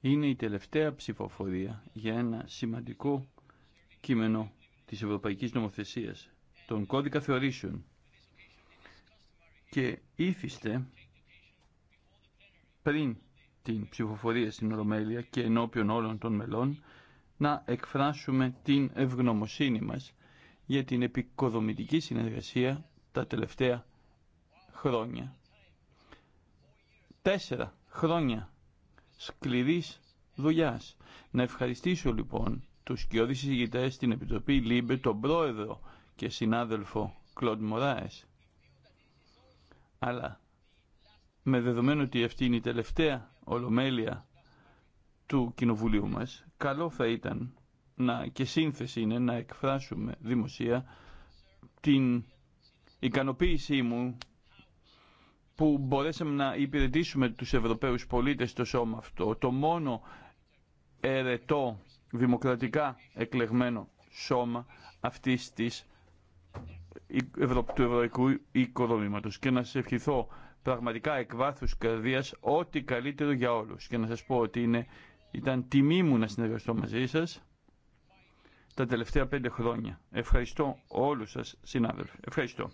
Είναι η τελευταία ψηφοφορία για ένα σημαντικό κείμενο της Ευρωπαϊκής Νομοθεσίας, τον κώδικα θεωρήσεων. Και ήφιστε πριν την ψηφοφορία στην Ορομέλεια και ενώπιον όλων των μελών να εκφράσουμε την ευγνωμοσύνη μας για την επικοδομητική συνεργασία τα τελευταία χρόνια. Τέσσερα χρόνια σκληρής δουλειάς. Να ευχαριστήσω λοιπόν τους κοιόδης συζητητές στην Επιτροπή Λίμπε, τον πρόεδρο και συνάδελφο Κλοντ Μωράες. Αλλά με δεδομένο ότι αυτή είναι η τελευταία ολομέλεια του Κοινοβουλίου μας, καλό θα ήταν να, και σύνθεση είναι να εκφράσουμε δημοσία την ικανοποίησή μου που μπορέσαμε να υπηρετήσουμε τους Ευρωπαίους πολίτες στο σώμα αυτό, το μόνο ερετό δημοκρατικά εκλεγμένο σώμα αυτής της του ευρωπαϊκού οικοδομήματος και να σας ευχηθώ πραγματικά εκ βάθους καρδίας ό,τι καλύτερο για όλους και να σας πω ότι είναι, ήταν τιμή μου να συνεργαστώ μαζί σας τα τελευταία πέντε χρόνια. Ευχαριστώ όλους σας συνάδελφοι. Ευχαριστώ.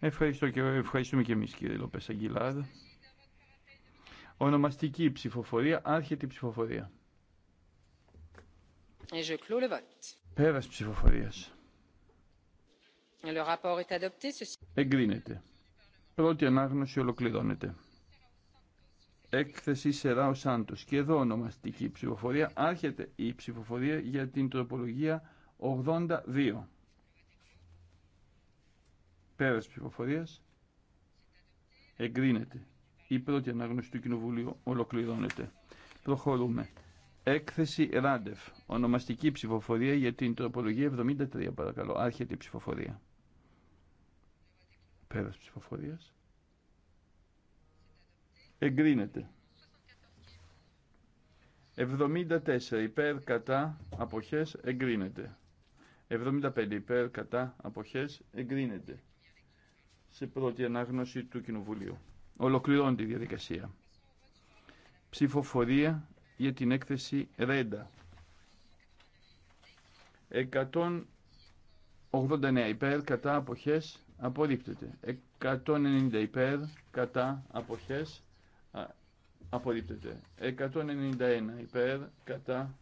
Ευχαριστώ και ευχαριστούμε και εμείς κύριε Λόπες Αγγιλάρ. Ονομαστική ψηφοφορία, άρχεται η ψηφοφορία. Πέρας ψηφοφορίας. Εγκρίνεται. Πρώτη ανάγνωση ολοκληρώνεται. Έκθεση Ράο Σάντο. Και εδώ ονομαστική ψηφοφορία. Άρχεται η ψηφοφορία για την τροπολογία 82. Πέρας ψηφοφορίας εγκρίνεται. Η πρώτη ανάγνωση του Κοινοβουλίου ολοκληρώνεται. Προχωρούμε. Έκθεση Ράντεφ. Ονομαστική ψηφοφορία για την τροπολογία 73 παρακαλώ. Άρχεται η ψηφοφορία. Πέρας ψηφοφορίας. Εγκρίνεται. 74 υπέρ κατά αποχές εγκρίνεται. 75 υπέρ κατά αποχές εγκρίνεται σε πρώτη ανάγνωση του Κοινοβουλίου. Ολοκληρώνεται η διαδικασία. Ψηφοφορία για την έκθεση Ρέντα. 189 υπέρ κατά αποχές απορρίπτεται. 190 υπέρ κατά αποχές απορρίπτεται. 191 υπέρ κατά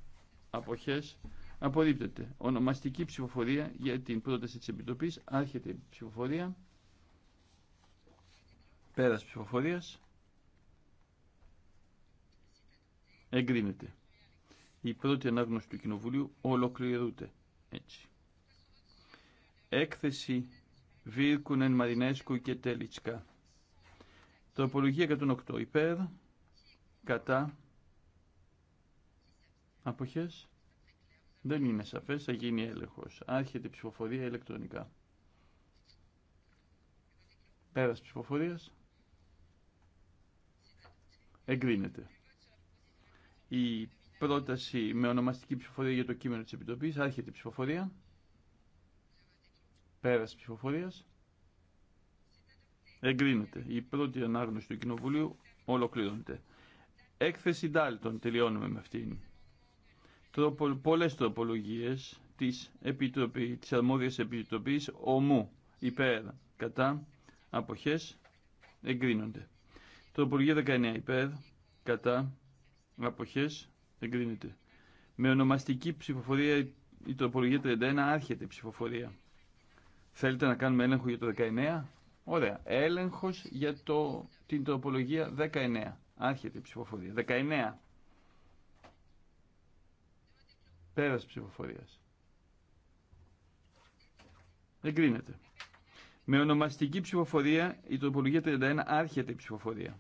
αποχές απορρίπτεται. Ονομαστική ψηφοφορία για την πρόταση της Επιτροπής. Άρχεται η ψηφοφορία. Πέρας ψηφοφορίας. Εγκρίνεται. Η πρώτη ανάγνωση του Κοινοβουλίου ολοκληρούται έτσι. Έκθεση Βίρκουνεν Μαρινέσκου και Τέλιτσκα. Τροπολογία 108 υπέρ, κατά, αποχές. Δεν είναι σαφές, θα γίνει έλεγχος. Άρχεται ψηφοφορία ηλεκτρονικά. Πέρας ψηφοφορίας. Εγκρίνεται. Η πρόταση με ονομαστική ψηφοφορία για το κείμενο της Επιτροπής. Άρχεται η ψηφοφορία. Πέρας ψηφοφορίας. Εγκρίνεται. Η πρώτη ανάγνωση του Κοινοβουλίου ολοκληρώνεται. Έκθεση Ντάλτον. Τελειώνουμε με αυτήν. Τροπο, πολλές τροπολογίες της, Επιτροπή, της αρμόδιας Επιτροπής ομού υπέρ κατά αποχές εγκρίνονται. Τροπολογία 19 υπέρ, κατά, αποχές, εγκρίνεται. Με ονομαστική ψηφοφορία η τροπολογία 31 άρχεται η ψηφοφορία. Θέλετε να κάνουμε έλεγχο για το 19. Ωραία. Έλεγχος για το, την τροπολογία 19. Άρχεται η ψηφοφορία. 19. Πέρας ψηφοφορίας. Εγκρίνεται. Με ονομαστική ψηφοφορία η τροπολογία 31 άρχεται η ψηφοφορία.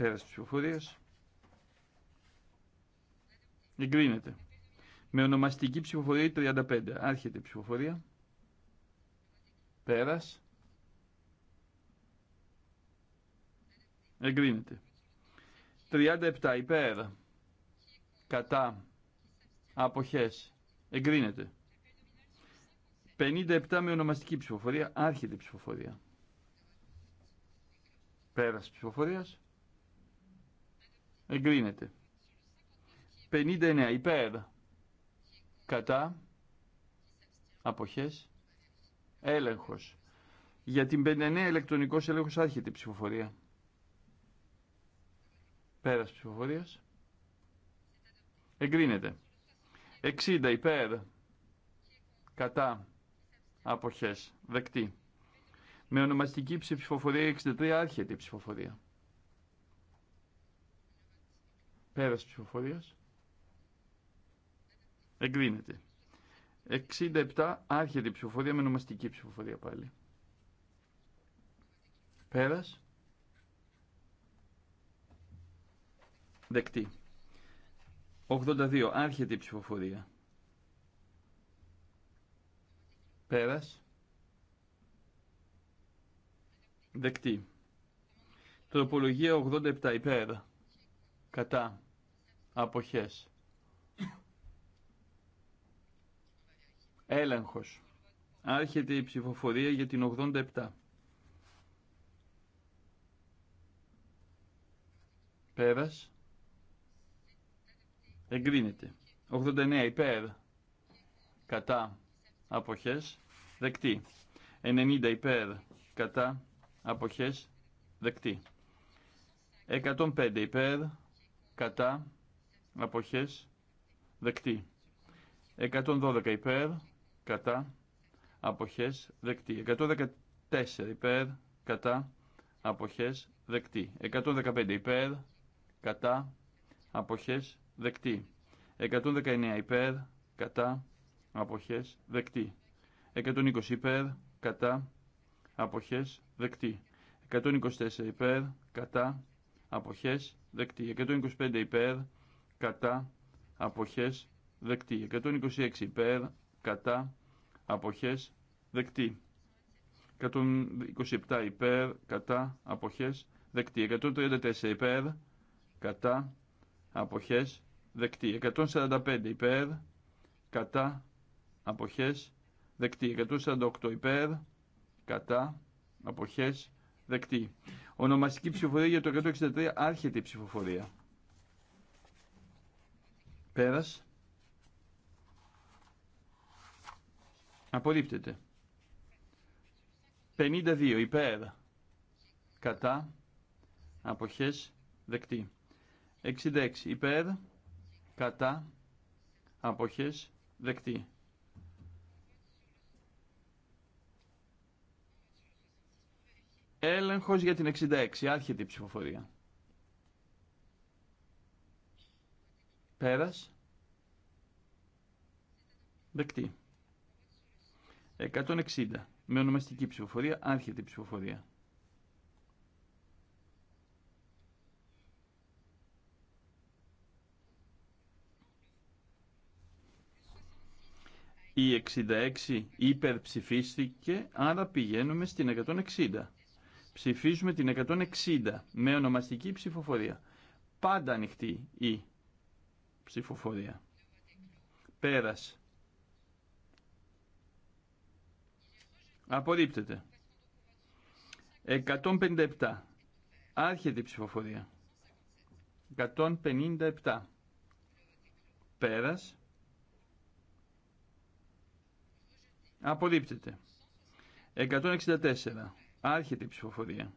Πέρας ψηφοφορίας. Εγκρίνεται. Με ονομαστική ψηφοφορία 35. Άρχεται η ψηφοφορία. Πέρας. Εγκρίνεται. 37 υπέρ. Κατά. Αποχές. Εγκρίνεται. 57 με ονομαστική ψηφοφορία. Άρχεται η ψηφοφορία. Πέρας ψηφοφορίας εγκρίνεται. 59 υπέρ κατά αποχές έλεγχος. Για την 59 ηλεκτρονικός έλεγχος άρχεται η ψηφοφορία. Πέρας ψηφοφορίας. Εγκρίνεται. 60 υπέρ κατά αποχές δεκτή. Με ονομαστική ψηφοφορία 63 άρχεται η ψηφοφορία. Πέρας ψηφοφορίας. Εγκρίνεται. 67 άρχεται η ψηφοφορία με νομαστική ψηφοφορία πάλι. Πέρας. Δεκτή. 82 άρχεται η ψηφοφορία. Πέρας. Δεκτή. Τροπολογία 87 υπέρ. Κατά αποχές. Έλεγχος. Άρχεται η ψηφοφορία για την 87. Πέρας. Εγκρίνεται. 89 υπέρ. Κατά. Αποχές. Δεκτή. 90 υπέρ. Κατά. Αποχές. Δεκτή. 105 υπέρ. Κατά αποχές δεκτή. 112 υπέρ κατά αποχές δεκτή. 114 υπέρ κατά αποχές δεκτή. 115 υπέρ κατά αποχές δεκτή. 119 υπέρ κατά αποχές δεκτή. 120 υπέρ κατά αποχές δεκτή. 124 υπέρ κατά αποχές δεκτή. 125 υπέρ κατά αποχές δεκτή. 126 υπέρ κατά αποχές δεκτή. 127 υπέρ κατά αποχές δεκτή. 134 υπέρ κατά αποχές δεκτή. 145 υπέρ κατά αποχές δεκτή. 148 υπέρ κατά αποχές δεκτή. Ονομαστική ψηφοφορία για το 163 άρχεται η ψηφοφορία. Πέρας. Απορρίπτεται. 52 υπέρ. Κατά. Αποχές δεκτή. 66 υπέρ. Κατά. Αποχές δεκτή. Έλεγχος για την 66. Άρχεται η ψηφοφορία. Πέρας. Δεκτή. 160. Με ονομαστική ψηφοφορία, άρχεται η ψηφοφορία. Η 66 υπερψηφίστηκε, άρα πηγαίνουμε στην 160. Ψηφίζουμε την 160 με ονομαστική ψηφοφορία. Πάντα ανοιχτή η ψηφοφορία. Πέρας. Απορρίπτεται. 157. Άρχεται η ψηφοφορία. 157. Πέρας. Απορρίπτεται. 164. Άρχεται η ψηφοφορία.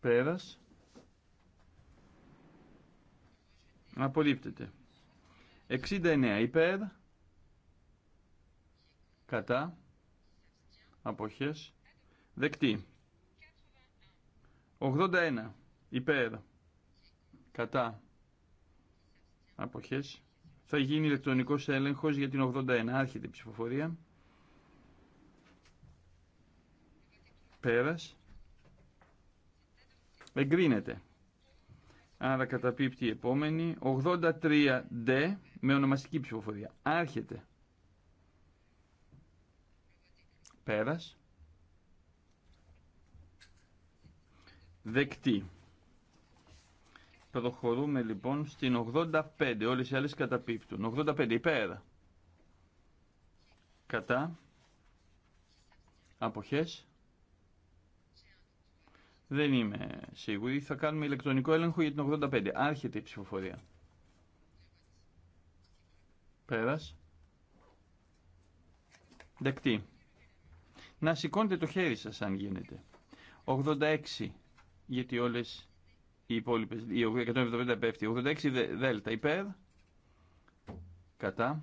Πέρας. Απορρίπτεται. 69 υπέρ. Κατά. Αποχές. Δεκτή. 81 υπέρ. Κατά. Αποχές. Θα γίνει ηλεκτρονικός έλεγχος για την 81. Άρχεται η ψηφοφορία. Πέρας. Εγκρίνεται. Άρα καταπίπτει η επόμενη. 83D με ονομαστική ψηφοφορία. Άρχεται. Πέρας. Δεκτή. Προχωρούμε λοιπόν στην 85. Όλες οι άλλες καταπίπτουν. 85 υπέρα. Κατά. Αποχές. Δεν είμαι σίγουρη. Θα κάνουμε ηλεκτρονικό έλεγχο για την 85. Άρχεται η ψηφοφορία. Πέρας. Δεκτή. Να σηκώνετε το χέρι σας αν γίνεται. 86 γιατί όλες οι υπόλοιπες, Η 175 πέφτει. 86 δέλτα υπέρ, κατά,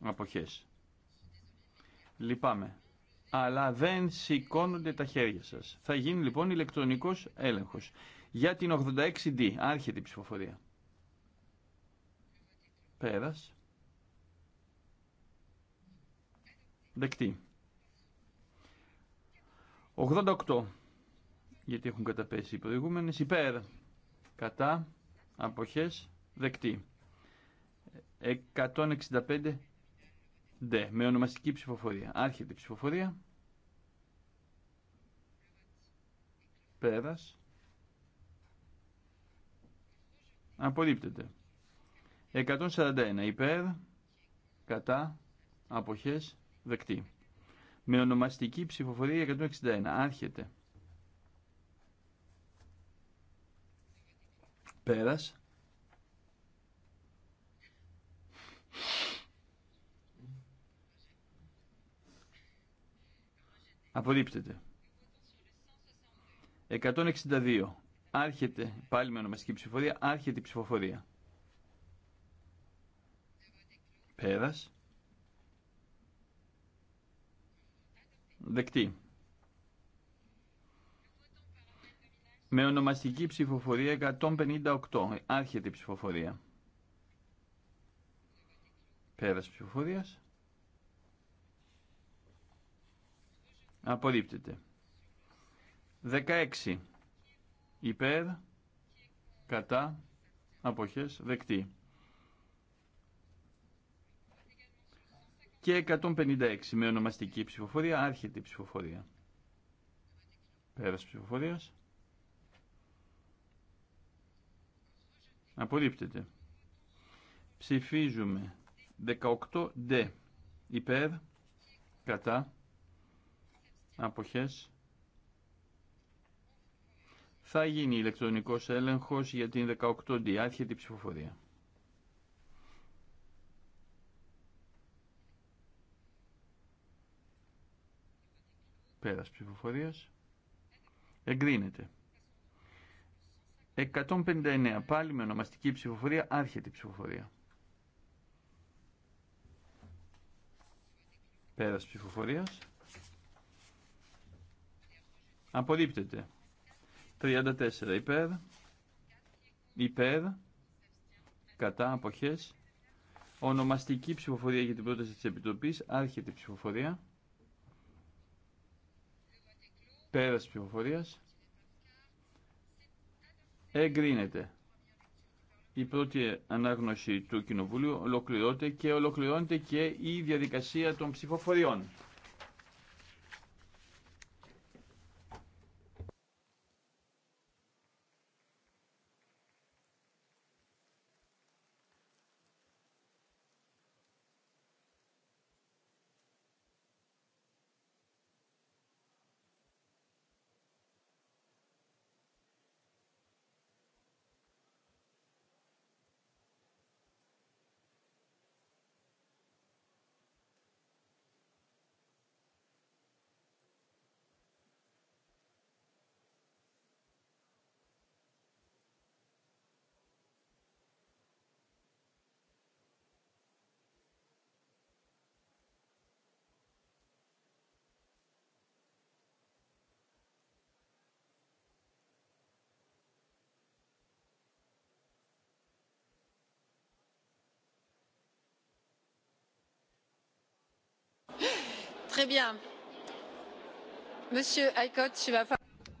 αποχές. Λυπάμαι αλλά δεν σηκώνονται τα χέρια σας. Θα γίνει λοιπόν ηλεκτρονικός έλεγχος. Για την 86D άρχεται η ψηφοφορία. Πέρας. Δεκτή. 88. Γιατί έχουν καταπέσει οι προηγούμενες. Υπέρ. Κατά. Αποχές. Δεκτή. 165 Ντε, ναι, με ονομαστική ψηφοφορία. Άρχεται η ψηφοφορία. Πέρας. Απορρίπτεται. 141 υπέρ, κατά, αποχές, δεκτή. Με ονομαστική ψηφοφορία 161. Άρχεται. Πέρας. Απορρίπτεται. 162. Άρχεται, πάλι με ονομαστική ψηφοφορία, άρχεται η ψηφοφορία. Πέρας. Δεκτή. Με ονομαστική ψηφοφορία 158. Άρχεται η ψηφοφορία. Πέρας ψηφοφορίας. Απορρίπτεται. 16. Υπέρ, κατά, αποχές, δεκτή. Και 156 με ονομαστική ψηφοφορία, άρχεται η ψηφοφορία. Πέρας ψηφοφορίας. Απορρίπτεται. Ψηφίζουμε Δε. υπέρ, κατά, αποχές θα γίνει ηλεκτρονικός έλεγχος για την 18η άρχεται ψηφοφορία. Πέρας ψηφοφορίας. Εγκρίνεται. 159. Πάλι με ονομαστική ψηφοφορία άρχεται η ψηφοφορία. Πέρας ψηφοφορίας. Απορρίπτεται. 34 υπέρ. Υπέρ. Κατά αποχές. Ονομαστική ψηφοφορία για την πρόταση της Επιτροπής. Άρχεται η ψηφοφορία. Πέρας ψηφοφορίας. Εγκρίνεται. Η πρώτη ανάγνωση του Κοινοβουλίου ολοκληρώνεται και ολοκληρώνεται και η διαδικασία των ψηφοφοριών.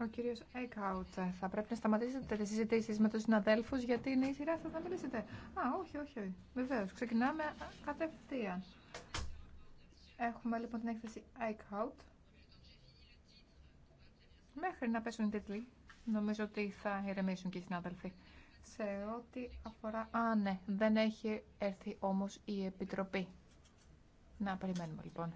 Ο κύριος Έκαουτ, ε, θα πρέπει να σταματήσετε τις συζητήσεις με τους συναδέλφους γιατί είναι η σειρά σας να μιλήσετε. Α, όχι, όχι, όχι. Βεβαίως, ξεκινάμε κατευθείαν. Έχουμε λοιπόν την έκθεση Αϊκάουτ. Μέχρι να πέσουν οι τίτλοι, νομίζω ότι θα ηρεμήσουν και οι συνάδελφοι. Σε ό,τι αφορά... Α, ναι, δεν έχει έρθει όμως η Επιτροπή. Να περιμένουμε λοιπόν.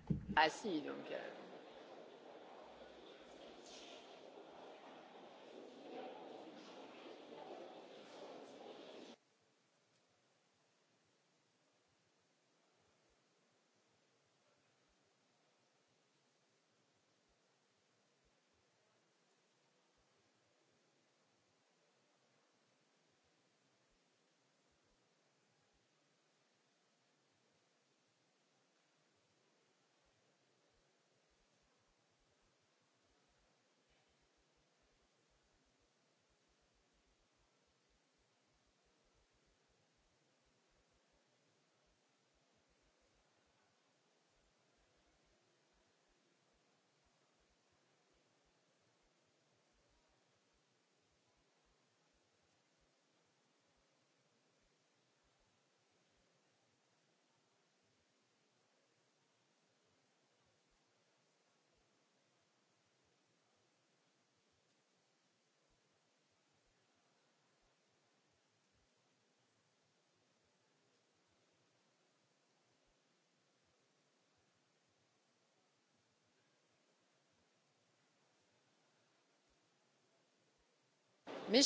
Euh,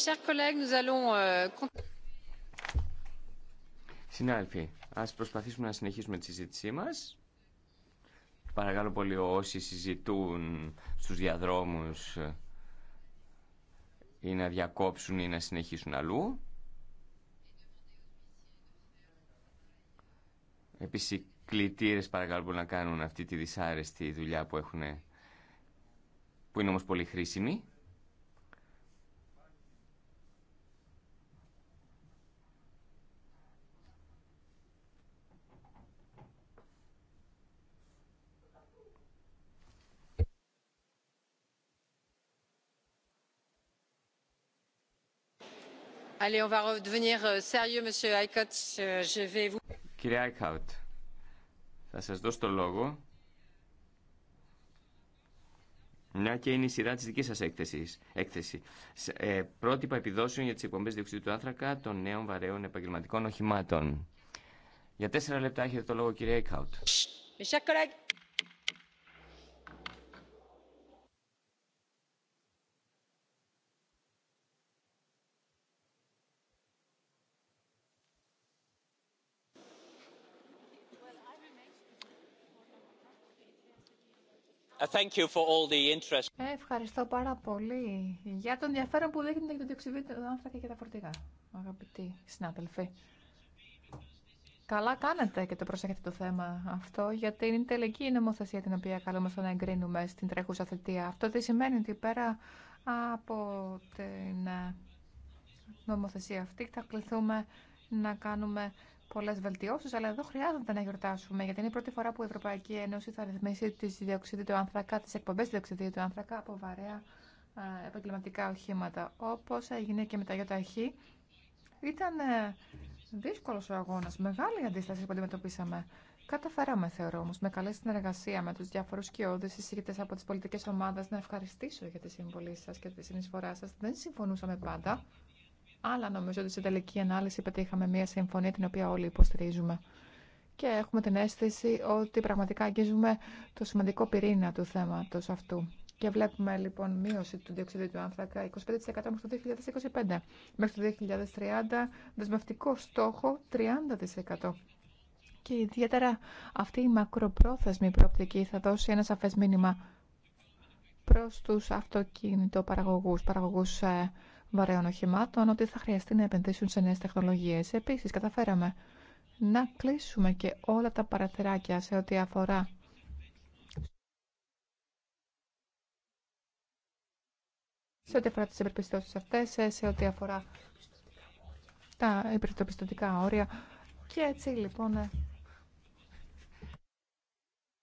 Συνάλφοι, ας προσπαθήσουμε να συνεχίσουμε τη συζήτησή μας. Παρακαλώ πολύ όσοι συζητούν στους διαδρόμους ε, ή να διακόψουν ή να συνεχίσουν αλλού. Επίσης οι κλητήρες παρακαλώ να κάνουν αυτή τη δυσάρεστη δουλειά που έχουν που είναι όμως πολύ χρήσιμη. Κύριε Άικαουτ, θα σας δώσω το λόγο. Μια και είναι η σειρά της δικής σας έκθεσης. έκθεση. Ε, πρότυπα επιδόσεων για τις εκπομπές διοξιδίου του άνθρακα των νέων βαρέων επαγγελματικών οχημάτων. Για τέσσερα λεπτά έχετε το λόγο, κύριε Άικαουτ. Uh, thank you for all the ευχαριστώ πάρα πολύ για τον ενδιαφέρον που δείχνετε για το διοξιδίτη του άνθρακα και τα φορτηγά, αγαπητοί συνάδελφοι. Καλά κάνετε και το προσέχετε το θέμα αυτό, γιατί είναι η νομοθεσία την οποία καλούμαστε να εγκρίνουμε στην τρέχουσα θετία. Αυτό τι σημαίνει ότι πέρα από την νομοθεσία αυτή θα κληθούμε να κάνουμε πολλέ βελτιώσει, αλλά εδώ χρειάζεται να γιορτάσουμε, γιατί είναι η πρώτη φορά που η Ευρωπαϊκή Ένωση θα ρυθμίσει τι του άνθρακα, τι εκπομπέ διοξιδίου του άνθρακα από βαρέα επαγγελματικά οχήματα. Όπω έγινε και με τα ΙΟΤΑΧΗ, ήταν ε, δύσκολο ο αγώνα. Μεγάλη αντίσταση που αντιμετωπίσαμε. Καταφέραμε, θεωρώ όμω, με καλή συνεργασία με του διάφορου κοιόδε συζητητέ από τι πολιτικέ ομάδε να ευχαριστήσω για τη συμβολή σα και τη συνεισφορά σα. Δεν συμφωνούσαμε πάντα. Αλλά νομίζω ότι σε τελική ανάλυση πετύχαμε μια συμφωνία την οποία όλοι υποστηρίζουμε. Και έχουμε την αίσθηση ότι πραγματικά αγγίζουμε το σημαντικό πυρήνα του θέματο αυτού. Και βλέπουμε λοιπόν μείωση του διοξιδίου του άνθρακα 25% μέχρι το 2025. Μέχρι το 2030 δεσμευτικό στόχο 30%. Και ιδιαίτερα αυτή η μακροπρόθεσμη προοπτική θα δώσει ένα σαφές μήνυμα προς τους αυτοκίνητο παραγωγούς ε, βαρέων οχημάτων ότι θα χρειαστεί να επενδύσουν σε νέες τεχνολογίες. Επίσης, καταφέραμε να κλείσουμε και όλα τα παραθυράκια σε ό,τι αφορά σε ό,τι αφορά τις υπερπιστώσεις αυτές, σε ό,τι αφορά τα υπερπιστωτικά όρια. Και έτσι λοιπόν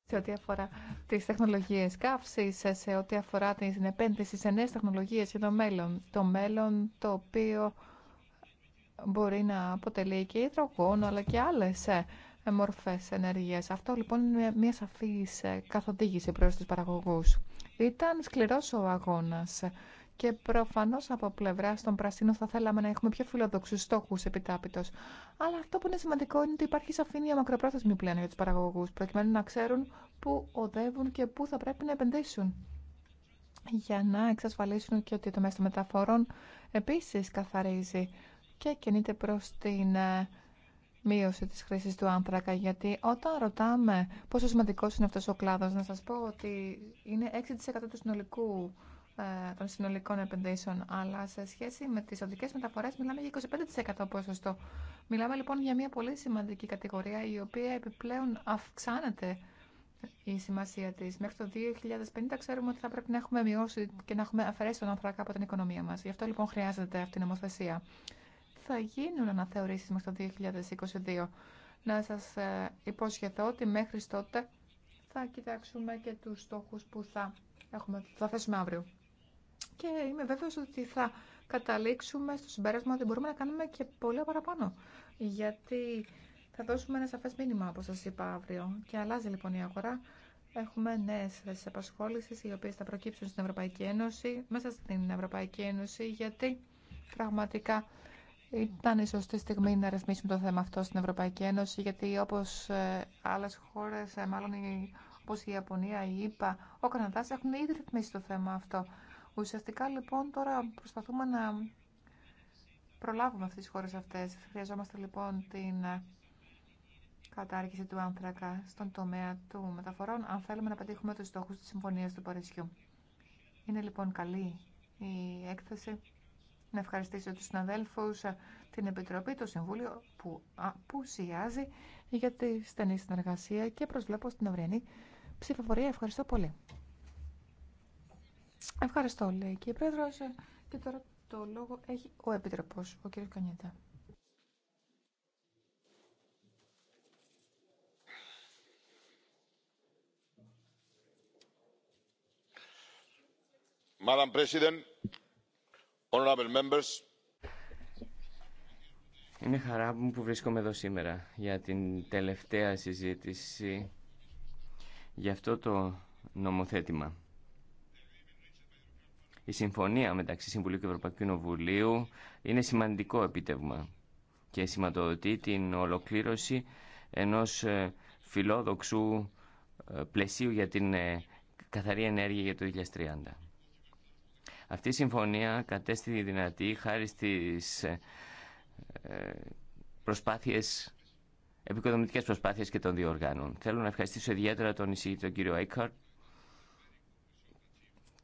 σε ό,τι αφορά τις τεχνολογίες καύσης, σε ό,τι αφορά την επένδυση σε νέες τεχνολογίες για το μέλλον. Το μέλλον το οποίο μπορεί να αποτελεί και υδρογόνο αλλά και άλλες ε, μορφές ενέργειας. Αυτό λοιπόν είναι μια σαφή ε, καθοδήγηση προς τους παραγωγούς. Ήταν σκληρός ο αγώνας και προφανώ από πλευρά των πρασίνων θα θέλαμε να έχουμε πιο φιλοδοξού στόχου επιτάπητο. Αλλά αυτό που είναι σημαντικό είναι ότι υπάρχει σαφήνεια μακροπρόθεσμη πλέον για του παραγωγού, προκειμένου να ξέρουν πού οδεύουν και πού θα πρέπει να επενδύσουν. Για να εξασφαλίσουν και ότι το μέσο μεταφορών επίση καθαρίζει και κινείται προ την ε, μείωση της χρήσης του άνθρακα, γιατί όταν ρωτάμε πόσο σημαντικός είναι αυτός ο κλάδος, να σας πω ότι είναι 6% του συνολικού ε, των συνολικών επενδύσεων, αλλά σε σχέση με τις οδικές μεταφορές μιλάμε για 25% ποσοστό. Μιλάμε λοιπόν για μια πολύ σημαντική κατηγορία η οποία επιπλέον αυξάνεται η σημασία της. Μέχρι το 2050 ξέρουμε ότι θα πρέπει να έχουμε μειώσει και να έχουμε αφαιρέσει τον ανθρακά από την οικονομία μας. Γι' αυτό λοιπόν χρειάζεται αυτή η νομοθεσία. Θα γίνουν αναθεωρήσεις μέχρι το 2022. Να σας ε, υποσχεθώ ότι μέχρι τότε θα κοιτάξουμε και τους στόχους που θα, έχουμε, θα θέσουμε αύριο και είμαι βέβαιος ότι θα καταλήξουμε στο συμπέρασμα ότι μπορούμε να κάνουμε και πολλά παραπάνω. Γιατί θα δώσουμε ένα σαφές μήνυμα, όπως σας είπα αύριο. Και αλλάζει λοιπόν η αγορά. Έχουμε νέε θέσει οι οποίε θα προκύψουν στην Ευρωπαϊκή Ένωση, μέσα στην Ευρωπαϊκή Ένωση, γιατί πραγματικά ήταν η σωστή στιγμή να ρυθμίσουμε το θέμα αυτό στην Ευρωπαϊκή Ένωση, γιατί όπω ε, άλλε χώρε, ε, μάλλον όπω η Ιαπωνία, η ΙΠΑ, ο Καναδά έχουν ήδη ρυθμίσει το θέμα αυτό. Ουσιαστικά λοιπόν τώρα προσπαθούμε να προλάβουμε αυτές τις χώρες αυτές. Χρειαζόμαστε λοιπόν την κατάργηση του άνθρακα στον τομέα του μεταφορών αν θέλουμε να πετύχουμε τους στόχους της Συμφωνίας του Παρισιού. Είναι λοιπόν καλή η έκθεση. Να ευχαριστήσω τους συναδέλφους, την Επιτροπή, το Συμβούλιο που απουσιάζει για τη στενή συνεργασία και προσβλέπω στην αυριανή ψηφοφορία. Ευχαριστώ πολύ. Ευχαριστώ, λέει και η πρόεδρο. Και τώρα το λόγο έχει ο επίτροπο, ο κύριος Κανιέτα. Madam President, honorable members. Είναι χαρά μου που βρίσκομαι εδώ σήμερα για την τελευταία συζήτηση για αυτό το νομοθέτημα. Η συμφωνία μεταξύ Συμβουλίου και Ευρωπαϊκού Κοινοβουλίου είναι σημαντικό επίτευγμα και σηματοδοτεί την ολοκλήρωση ενός ε, φιλόδοξου ε, πλαισίου για την ε, καθαρή ενέργεια για το 2030. Αυτή η συμφωνία κατέστη δυνατή χάρη στις προσπάθειες, επικοδομητικές προσπάθειες και των δύο οργάνων. Θέλω να ευχαριστήσω ιδιαίτερα τον εισηγητή τον κύριο Έικαρτ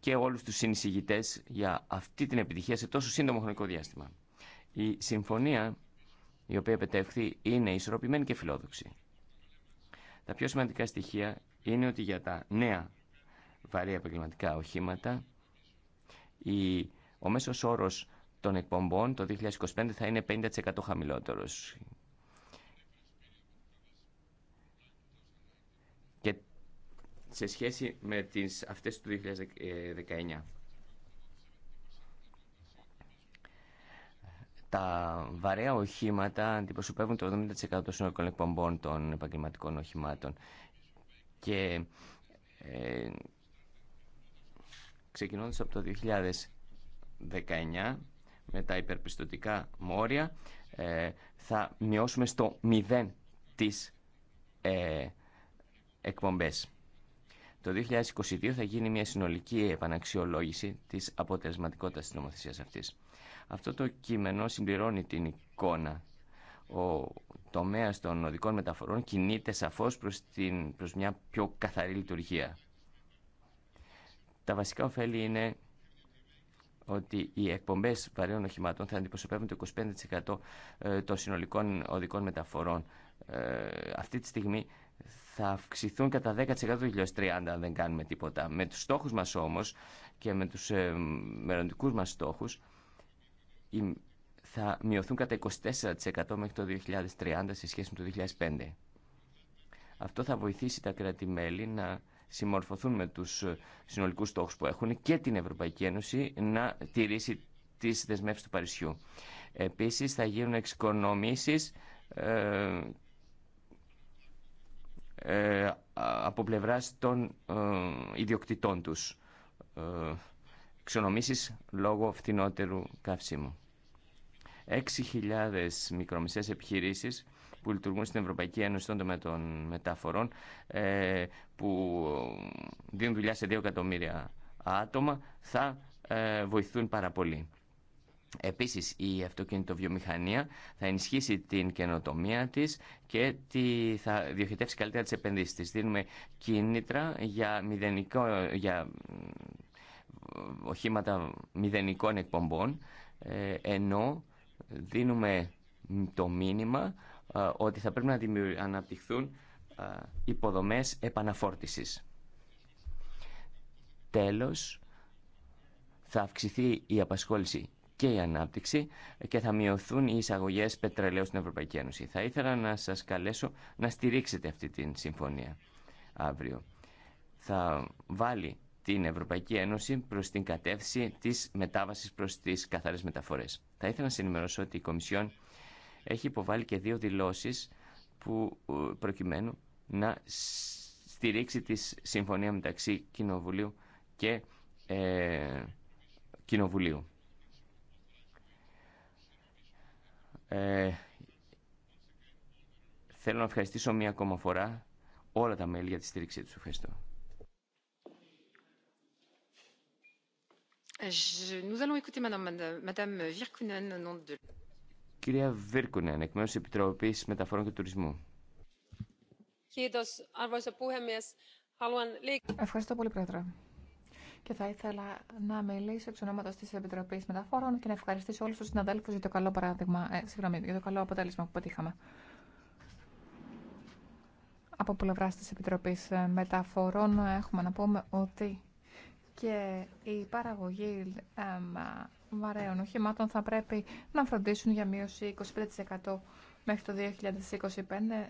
και όλους τους συνεισηγητέ για αυτή την επιτυχία σε τόσο σύντομο χρονικό διάστημα. Η συμφωνία η οποία πετεύχθη είναι ισορροπημένη και φιλόδοξη. Τα πιο σημαντικά στοιχεία είναι ότι για τα νέα βαρύ επαγγελματικά οχήματα η, ο μέσος όρος των εκπομπών το 2025 θα είναι 50% χαμηλότερος σε σχέση με τις αυτές του 2019. Τα βαρέα οχήματα αντιπροσωπεύουν το 70% των συνολικών εκπομπών των επαγγελματικών οχημάτων. Και ε, ξεκινώντας από το 2019 με τα υπερπιστωτικά μόρια ε, θα μειώσουμε στο 0 τις ε, εκπομπές. Το 2022 θα γίνει μια συνολική επαναξιολόγηση της αποτελεσματικότητας της νομοθεσίας αυτής. Αυτό το κείμενο συμπληρώνει την εικόνα. Ο τομέας των οδικών μεταφορών κινείται σαφώς προς, προς μια πιο καθαρή λειτουργία. Τα βασικά ωφέλη είναι ότι οι εκπομπές βαρέων οχημάτων θα αντιπροσωπεύουν το 25% ε, των συνολικών οδικών μεταφορών. Ε, αυτή τη στιγμή θα αυξηθούν κατά 10% το 2030 αν δεν κάνουμε τίποτα. Με τους στόχους μας όμως και με τους ε, μελλοντικού μας στόχους θα μειωθούν κατά 24% μέχρι το 2030 σε σχέση με το 2005. Αυτό θα βοηθήσει τα κράτη-μέλη να συμμορφωθούν με τους ε, συνολικούς στόχους που έχουν και την Ευρωπαϊκή Ένωση να τηρήσει τις δεσμεύσεις του Παρισιού. Επίσης θα γίνουν εξοικονομήσεις ε, ε, από πλευρά των ε, ιδιοκτητών τους. Ε, Ξονομήσεις λόγω φθηνότερου καυσίμου. 6.000 μικρομεσαίες επιχειρήσεις που λειτουργούν στην Ευρωπαϊκή Ένωση των των μεταφορών που δίνουν δουλειά σε 2 εκατομμύρια άτομα θα βοηθούν πάρα πολύ. Επίσης η αυτοκινητοβιομηχανία θα ενισχύσει την καινοτομία της και τη, θα διοχετεύσει καλύτερα τις επενδύσεις της. Δίνουμε κίνητρα για, μηδενικό, για οχήματα μηδενικών εκπομπών ε, ενώ δίνουμε το μήνυμα ε, ότι θα πρέπει να αναπτυχθούν ε, υποδομές επαναφόρτισης. Τέλος, θα αυξηθεί η απασχόληση και η ανάπτυξη και θα μειωθούν οι εισαγωγέ πετρελαίου στην Ευρωπαϊκή Ένωση. Θα ήθελα να σα καλέσω να στηρίξετε αυτή την συμφωνία αύριο. Θα βάλει την Ευρωπαϊκή Ένωση προ την κατεύθυνση τη μετάβαση προ τι καθαρέ μεταφορέ. Θα ήθελα να σα ενημερώσω ότι η Κομισιόν έχει υποβάλει και δύο δηλώσει που ε, προκειμένου να στηρίξει τη συμφωνία μεταξύ Κοινοβουλίου και ε, Κοινοβουλίου. Ε, θέλω να ευχαριστήσω μία ακόμα φορά όλα τα μέλη για τη στήριξή τους. Ευχαριστώ. Ε, Κυρία Βίρκουνεν, εκ μέρους της Επιτροπής Μεταφορών και Τουρισμού. Ευχαριστώ πολύ, Πρόεδρε και θα ήθελα να μιλήσω εξ ονόματο τη Επιτροπή Μεταφόρων και να ευχαριστήσω όλου του συναδέλφου για το καλό παράδειγμα, ε, για το καλό αποτέλεσμα που πετύχαμε. Από πλευρά τη Επιτροπή ε, Μεταφορών ε, έχουμε να πούμε ότι και η παραγωγή ε, βαρέων οχημάτων θα πρέπει να φροντίσουν για μείωση 25% μέχρι το 2025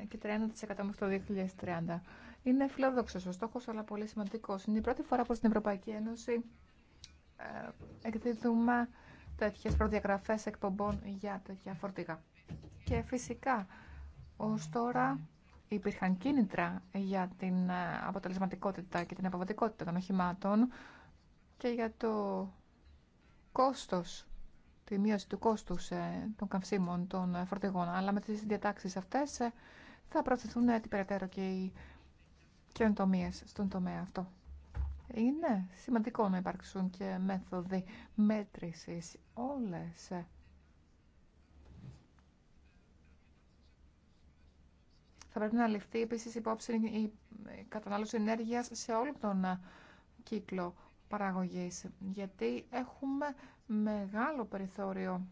και 30% μέχρι το 2030. Είναι φιλόδοξο ο στόχο, αλλά πολύ σημαντικό. Είναι η πρώτη φορά που στην Ευρωπαϊκή Ένωση ε, εκδίδουμε τέτοιε προδιαγραφέ εκπομπών για τέτοια φορτηγά. Και φυσικά, ω τώρα υπήρχαν κίνητρα για την ε, αποτελεσματικότητα και την αποβατικότητα των οχημάτων και για το κόστος, τη μείωση του κόστους ε, των καυσίμων των φορτηγών. Αλλά με τις διατάξεις αυτές θα προωθηθούν περαιτέρω και οι καινοτομίε στον τομέα αυτό. Είναι σημαντικό να υπάρξουν και μέθοδοι μέτρησης όλες ε, Θα πρέπει να ληφθεί επίση υπόψη η κατανάλωση ενέργεια σε όλο τον ε, κύκλο παραγωγή. Γιατί έχουμε μεγάλο περιθώριο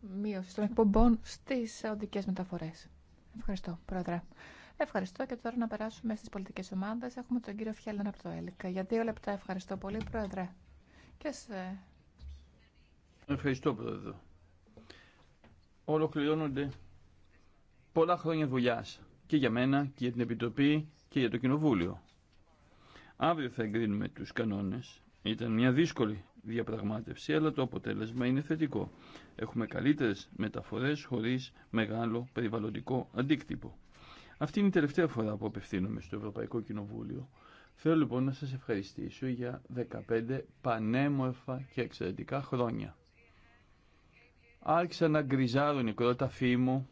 μείωση των εκπομπών στι οδικέ μεταφορέ. Ευχαριστώ, Πρόεδρε. Ευχαριστώ και τώρα να περάσουμε στι πολιτικέ ομάδε Έχουμε τον κύριο Φιέλνερ από το ΕΛΚΑ. Για δύο λεπτά ευχαριστώ πολύ, Πρόεδρε. Και σε... Ευχαριστώ, Πρόεδρε. Ολοκληρώνονται πολλά χρόνια δουλειά και για μένα και για την Επιτροπή και για το Κοινοβούλιο. Αύριο θα εγκρίνουμε τους κανόνες. Ήταν μια δύσκολη διαπραγμάτευση, αλλά το αποτέλεσμα είναι θετικό. Έχουμε καλύτερες μεταφορές χωρίς μεγάλο περιβαλλοντικό αντίκτυπο. Αυτή είναι η τελευταία φορά που απευθύνομαι στο Ευρωπαϊκό Κοινοβούλιο. Θέλω λοιπόν να σας ευχαριστήσω για 15 πανέμορφα και εξαιρετικά χρόνια. Άρχισα να γκριζάρω νικρό μου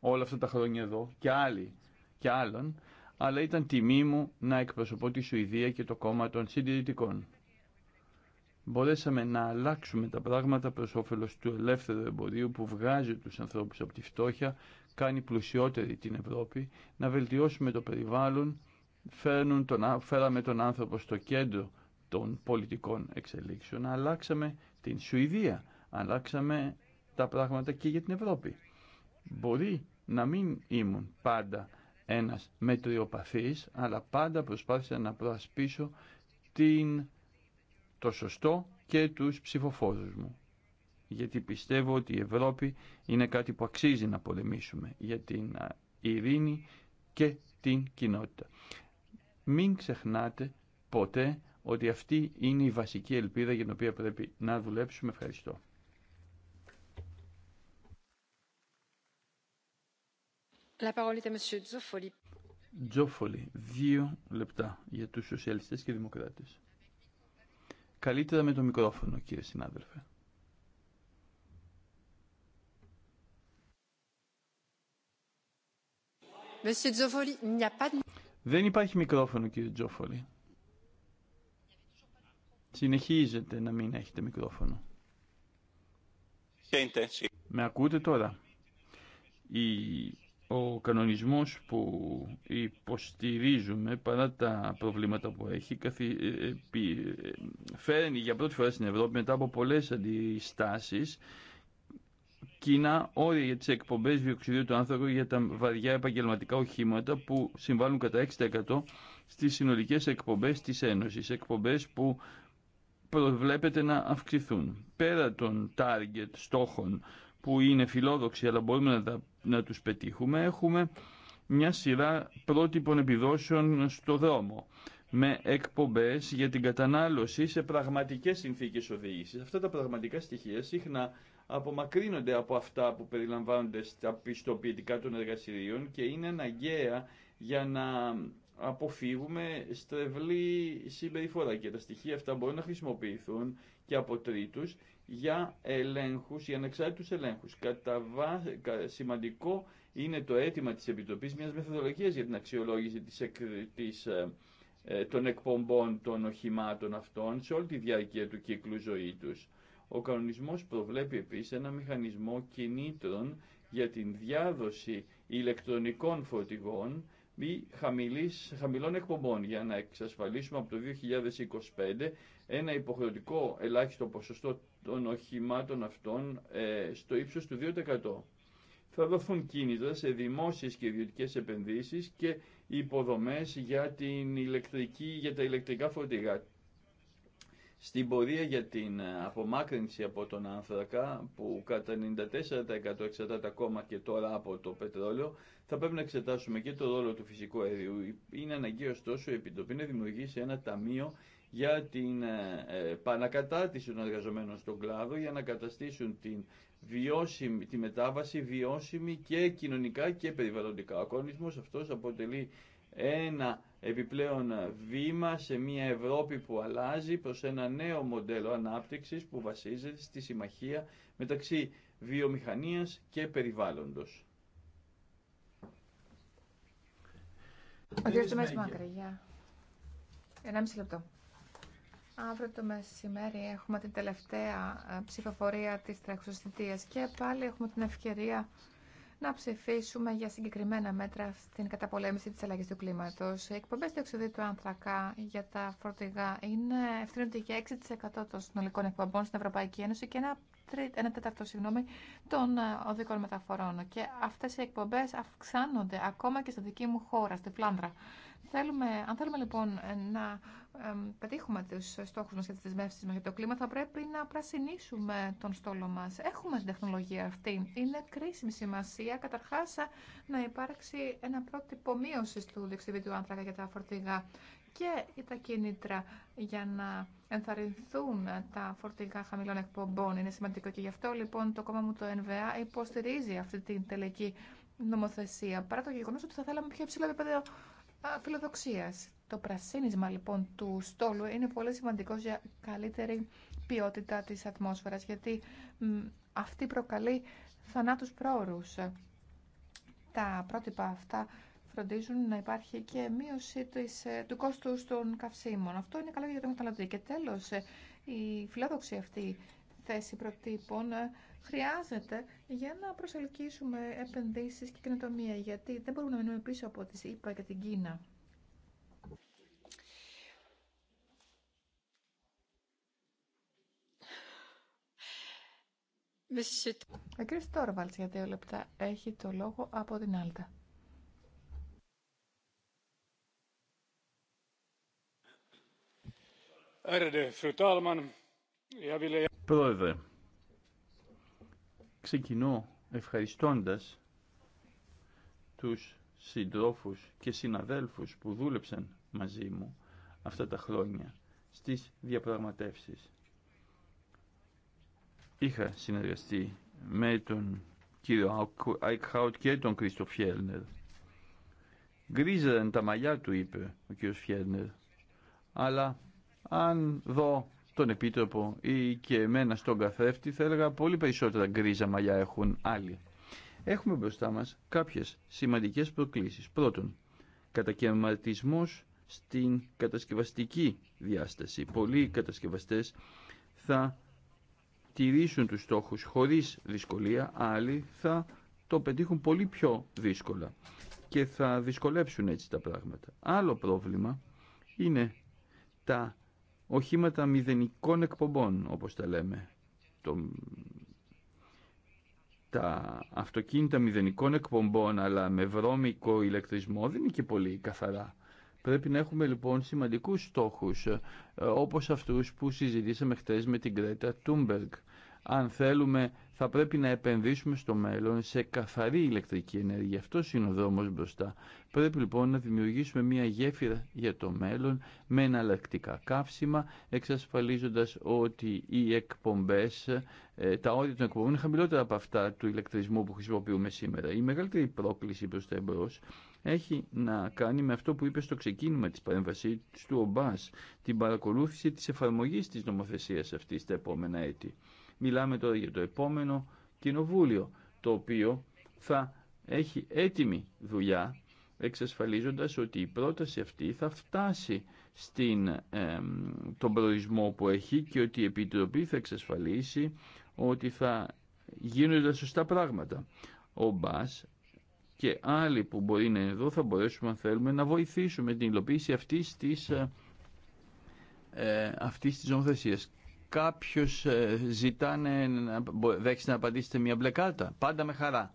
όλα αυτά τα χρόνια εδώ και άλλοι και άλλων, αλλά ήταν τιμή μου να εκπροσωπώ τη Σουηδία και το κόμμα των συντηρητικών. Μπορέσαμε να αλλάξουμε τα πράγματα προς όφελος του ελεύθερου εμπορίου που βγάζει τους ανθρώπους από τη φτώχεια κάνει πλουσιότερη την Ευρώπη, να βελτιώσουμε το περιβάλλον, φέρνουν τον, φέραμε τον άνθρωπο στο κέντρο των πολιτικών εξελίξεων, αλλάξαμε την Σουηδία, αλλάξαμε τα πράγματα και για την Ευρώπη. Μπορεί να μην ήμουν πάντα ένας μετριοπαθής, αλλά πάντα προσπάθησα να προασπίσω την, το σωστό και τους ψηφοφόρους μου γιατί πιστεύω ότι η Ευρώπη είναι κάτι που αξίζει να πολεμήσουμε για την ειρήνη και την κοινότητα. Μην ξεχνάτε ποτέ ότι αυτή είναι η βασική ελπίδα για την οποία πρέπει να δουλέψουμε. Ευχαριστώ. La parole Τζόφολη, δύο λεπτά για τους σοσιαλιστές και δημοκράτες. Καλύτερα με το μικρόφωνο, κύριε συνάδελφε. Δεν υπάρχει μικρόφωνο κύριε Τζόφολη. Συνεχίζετε να μην έχετε μικρόφωνο. Με ακούτε τώρα. Η, ο κανονισμός που υποστηρίζουμε παρά τα προβλήματα που έχει καθι, ε, ε, ε, φέρνει για πρώτη φορά στην Ευρώπη μετά από πολλές αντιστάσεις κοινά όρια για τι εκπομπέ διοξιδίου του άνθρακα για τα βαριά επαγγελματικά οχήματα που συμβάλλουν κατά 6% στις συνολικές εκπομπές τη Ένωση, εκπομπές που προβλέπεται να αυξηθούν. Πέρα των target στόχων που είναι φιλόδοξοι αλλά μπορούμε να, τα, τους πετύχουμε, έχουμε μια σειρά πρότυπων επιδόσεων στο δρόμο με εκπομπές για την κατανάλωση σε πραγματικές συνθήκες οδήγησης. Αυτά τα πραγματικά στοιχεία συχνά απομακρύνονται από αυτά που περιλαμβάνονται στα πιστοποιητικά των εργασιρίων και είναι αναγκαία για να αποφύγουμε στρεβλή συμπεριφορά και τα στοιχεία αυτά μπορούν να χρησιμοποιηθούν και από τρίτους για ελέγχους, για ανεξάρτητους ελέγχους. Κατά σημαντικό είναι το αίτημα της Επιτροπής μιας μεθοδολογίας για την αξιολόγηση ε, ε, των εκπομπών των οχημάτων αυτών σε όλη τη διάρκεια του κύκλου ζωή τους. Ο κανονισμός προβλέπει επίσης ένα μηχανισμό κινήτρων για την διάδοση ηλεκτρονικών φορτηγών ή χαμηλής, χαμηλών εκπομπών για να εξασφαλίσουμε από το 2025 ένα υποχρεωτικό ελάχιστο ποσοστό των οχημάτων αυτών ε, στο ύψος του 2%. Θα δοθούν κίνητρα σε δημόσιες και ιδιωτικές επενδύσεις και υποδομές για, την ηλεκτρική, για τα ηλεκτρικά φορτηγά. Στην πορεία για την ε, απομάκρυνση από τον άνθρακα, που κατά 94% εξαρτάται ακόμα και τώρα από το πετρόλαιο, θα πρέπει να εξετάσουμε και το ρόλο του φυσικού αερίου. Είναι αναγκαίο ωστόσο η Επιτροπή να δημιουργήσει ένα ταμείο για την ε, ε, πανακατάτηση των εργαζομένων στον κλάδο για να καταστήσουν την βιώσιμη, τη μετάβαση βιώσιμη και κοινωνικά και περιβαλλοντικά. Ο κόνισμος αυτός αποτελεί ένα επιπλέον βήμα σε μια Ευρώπη που αλλάζει προς ένα νέο μοντέλο ανάπτυξης που βασίζεται στη συμμαχία μεταξύ βιομηχανίας και περιβάλλοντος. Ο κύριος Μάκρη, λεπτό. Αύριο το μεσημέρι έχουμε την τελευταία ε, ψηφοφορία της τρέχουσας και πάλι έχουμε την ευκαιρία να ψηφίσουμε για συγκεκριμένα μέτρα στην καταπολέμηση της αλλαγής του κλίματος. Οι εκπομπές του του άνθρακα για τα φορτηγά είναι ευθύνονται για 6% των συνολικών εκπομπών στην Ευρωπαϊκή Ένωση και ένα ένα τέταρτο των ε, οδικών μεταφορών. Και αυτές οι εκπομπές αυξάνονται ακόμα και στη δική μου χώρα, στη Φλάνδρα. Θέλουμε, αν θέλουμε λοιπόν ε, να πετύχουμε τους στόχους μας για τις δεσμεύσει μα για το κλίμα, θα πρέπει να πρασινίσουμε τον στόλο μας. Έχουμε την τεχνολογία αυτή. Είναι κρίσιμη σημασία, καταρχά να υπάρξει ένα πρότυπο μείωση του διεξιδίου του άνθρακα για τα φορτηγά και τα κίνητρα για να ενθαρρυνθούν τα φορτηγά χαμηλών εκπομπών. Είναι σημαντικό και γι' αυτό λοιπόν το κόμμα μου το ΕΝΒΑ υποστηρίζει αυτή την τελική νομοθεσία παρά το γεγονό ότι θα θέλαμε πιο υψηλό επίπεδο φιλοδοξία. Το πρασίνισμα λοιπόν του στόλου είναι πολύ σημαντικό για καλύτερη ποιότητα τη ατμόσφαιρα γιατί αυτή προκαλεί θανάτους πρόωρους. Τα πρότυπα αυτά φροντίζουν να υπάρχει και μείωση της, ε, του κόστου των καυσίμων. Αυτό είναι καλό για το καταναλωτή. Και τέλος, ε, η φιλόδοξη αυτή θέση προτύπων ε, χρειάζεται για να προσελκύσουμε επενδύσεις και κοινοτομία. γιατί δεν μπορούμε να μείνουμε πίσω από τις ΗΠΑ και την Κίνα. Ο κ. για δύο λεπτά έχει το λόγο από την Άλτα. Πρόεδρε, ξεκινώ ευχαριστώντας τους συντρόφους και συναδέλφους που δούλεψαν μαζί μου αυτά τα χρόνια στις διαπραγματεύσεις. Είχα συνεργαστεί με τον κύριο Άικχαουτ και τον Κρίστο Φιέρνερ. Γκρίζαν τα μαλλιά του, είπε ο κύριος Φιέρνερ, αλλά αν δω τον Επίτροπο ή και εμένα στον καθρέφτη θα έλεγα πολύ περισσότερα γκρίζα μαλλιά έχουν άλλοι. Έχουμε μπροστά μας κάποιες σημαντικές προκλήσεις. Πρώτον, κατακαιρματισμός στην κατασκευαστική διάσταση. Πολλοί κατασκευαστές θα τηρήσουν τους στόχους χωρίς δυσκολία, άλλοι θα το πετύχουν πολύ πιο δύσκολα και θα δυσκολέψουν έτσι τα πράγματα. Άλλο πρόβλημα είναι τα οχήματα μηδενικών εκπομπών, όπως τα λέμε. Το... Τα αυτοκίνητα μηδενικών εκπομπών, αλλά με βρώμικο ηλεκτρισμό, δεν είναι και πολύ καθαρά. Πρέπει να έχουμε λοιπόν σημαντικούς στόχους, ε, όπως αυτούς που συζητήσαμε χτες με την Κρέτα Τούμπεργκ αν θέλουμε θα πρέπει να επενδύσουμε στο μέλλον σε καθαρή ηλεκτρική ενέργεια. Αυτό είναι ο δρόμος μπροστά. Πρέπει λοιπόν να δημιουργήσουμε μια γέφυρα για το μέλλον με εναλλακτικά καύσιμα, εξασφαλίζοντας ότι οι εκπομπές, ε, τα όρια των εκπομπών είναι χαμηλότερα από αυτά του ηλεκτρισμού που χρησιμοποιούμε σήμερα. Η μεγαλύτερη πρόκληση προς τα εμπρός έχει να κάνει με αυτό που είπε στο ξεκίνημα της παρέμβαση, του ΟΜΠΑΣ, την παρακολούθηση της εφαρμογής της νομοθεσίας αυτής τα επόμενα έτη. Μιλάμε τώρα για το επόμενο κοινοβούλιο, το οποίο θα έχει έτοιμη δουλειά, εξασφαλίζοντας ότι η πρόταση αυτή θα φτάσει στην, ε, τον προορισμό που έχει και ότι η Επιτροπή θα εξασφαλίσει ότι θα γίνονται τα σωστά πράγματα. Ο Μπάς και άλλοι που μπορεί να είναι εδώ θα μπορέσουμε αν θέλουμε να βοηθήσουμε την υλοποίηση αυτής της, ε, ε αυτής της κάποιος ε, ζητάνε να δέξει να απαντήσετε μια μπλε κάρτα. Πάντα με χαρά.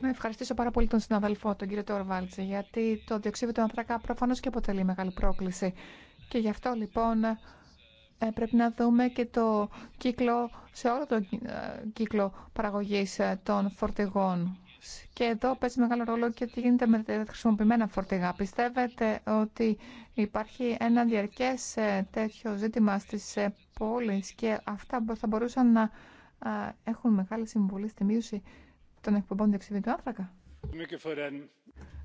Να ευχαριστήσω πάρα πολύ τον συναδελφό, τον κύριο Τόρβαλτζη, γιατί το διοξείδιο του ανθρακά προφανώ και αποτελεί μεγάλη πρόκληση. Και γι' αυτό λοιπόν ε, πρέπει να δούμε και το κύκλο, σε όλο τον ε, κύκλο παραγωγής των φορτηγών. Και εδώ παίζει μεγάλο ρόλο και τι γίνεται με τα χρησιμοποιημένα φορτηγά. Πιστεύετε ότι υπάρχει ένα διαρκές ε, τέτοιο ζήτημα στις ε, πόλεις και αυτά θα μπορούσαν να έχουν μεγάλη συμβολή στη μείωση των εκπομπών διοξιδίου του άνθρακα.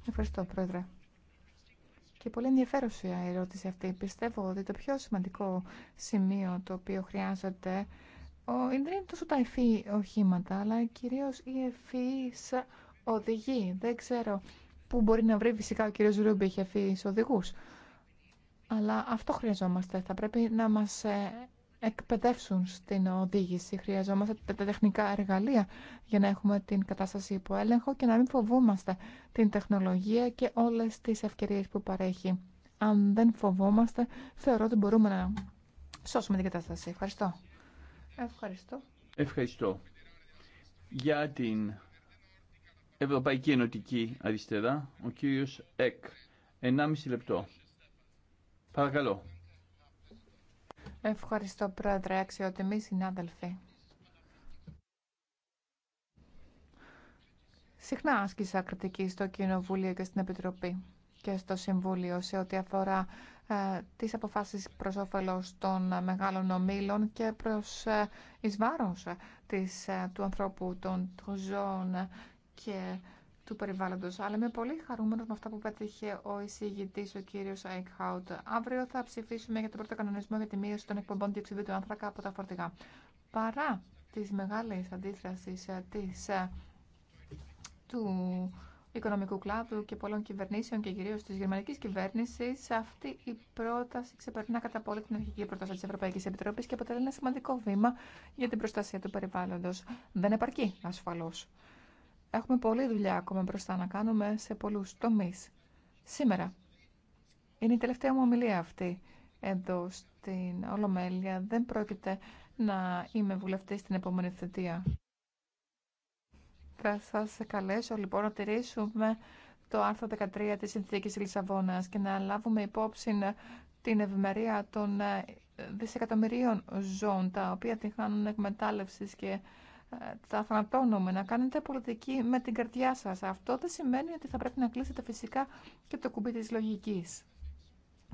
Ευχαριστώ, Πρόεδρε. Και πολύ ενδιαφέρουσα η ερώτηση αυτή. Πιστεύω ότι το πιο σημαντικό σημείο το οποίο χρειάζεται δεν είναι τόσο τα ευφύ οχήματα, αλλά κυρίω οι ευφύ οδηγοί. Δεν ξέρω πού μπορεί να βρει φυσικά ο κύριο Ρούμπι ευφύ οδηγού. Αλλά αυτό χρειαζόμαστε. Θα πρέπει να μας ε, εκπαιδεύσουν στην οδήγηση. Χρειαζόμαστε τα τεχνικά εργαλεία για να έχουμε την κατάσταση υπό έλεγχο και να μην φοβόμαστε την τεχνολογία και όλες τις ευκαιρίες που παρέχει. Αν δεν φοβόμαστε, θεωρώ ότι μπορούμε να σώσουμε την κατάσταση. Ευχαριστώ. Ευχαριστώ. Ευχαριστώ. Για την Ευρωπαϊκή Ενωτική Αριστερά, ο κύριος Εκ. 1,5 λεπτό. Παρακαλώ. Ευχαριστώ, Πρόεδρε, αξιότιμοι συνάδελφοι. Συχνά άσκησα κριτική στο Κοινοβούλιο και στην Επιτροπή και στο Συμβούλιο σε ό,τι αφορά ε, τις αποφάσεις προς όφελος των μεγάλων ομίλων και προς ε, εις βάρος ε, της, του ανθρώπου, των, των ζώων και του περιβάλλοντος. Αλλά είμαι πολύ χαρούμενος με αυτά που πέτυχε ο εισηγητής, ο κύριος Αικχάουτ. Αύριο θα ψηφίσουμε για τον πρώτο κανονισμό για τη μείωση των εκπομπών διοξιδίου του άνθρακα από τα φορτηγά. Παρά της μεγάλης αντίδρασης της, του οικονομικού κλάδου και πολλών κυβερνήσεων και κυρίω τη γερμανική κυβέρνηση, αυτή η πρόταση ξεπερνά κατά πολύ την αρχική πρόταση τη Ευρωπαϊκή Επιτροπή και αποτελεί ένα σημαντικό βήμα για την προστασία του περιβάλλοντο. Δεν επαρκεί, ασφαλώ. Έχουμε πολλή δουλειά ακόμα μπροστά να κάνουμε σε πολλού τομεί. Σήμερα είναι η τελευταία μου ομιλία αυτή εδώ στην Ολομέλεια. Δεν πρόκειται να είμαι βουλευτή στην επόμενη θετία. Θα σα καλέσω λοιπόν να τηρήσουμε το άρθρο 13 της Συνθήκης Λισαβόνα και να λάβουμε υπόψη την ευημερία των ε, δισεκατομμυρίων ζώων τα οποία τη χάνουν και ε, τα θανατώνουμε, να κάνετε πολιτική με την καρδιά σας. Αυτό δεν σημαίνει ότι θα πρέπει να κλείσετε φυσικά και το κουμπί της λογικής.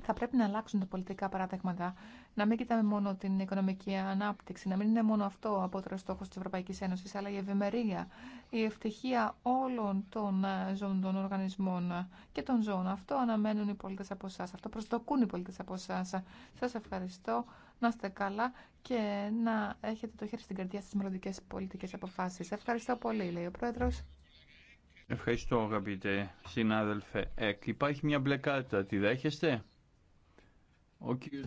Θα πρέπει να αλλάξουν τα πολιτικά παράδειγματα να μην κοιτάμε μόνο την οικονομική ανάπτυξη, να μην είναι μόνο αυτό ο απότερο στόχο τη Ευρωπαϊκή Ένωση, αλλά η ευημερία, η ευτυχία όλων των ε, ζώων, των οργανισμών και των ζώων. Αυτό αναμένουν οι πολίτε από εσά. Αυτό προσδοκούν οι πολίτε από εσά. Σα ευχαριστώ. Να είστε καλά και να έχετε το χέρι στην καρδιά στι μελλοντικέ πολιτικέ αποφάσει. Ευχαριστώ πολύ, λέει ο Πρόεδρο. Ευχαριστώ, αγαπητέ συνάδελφε Υπάρχει μια μπλε κάρτα. Τη δέχεστε? Ο κύριος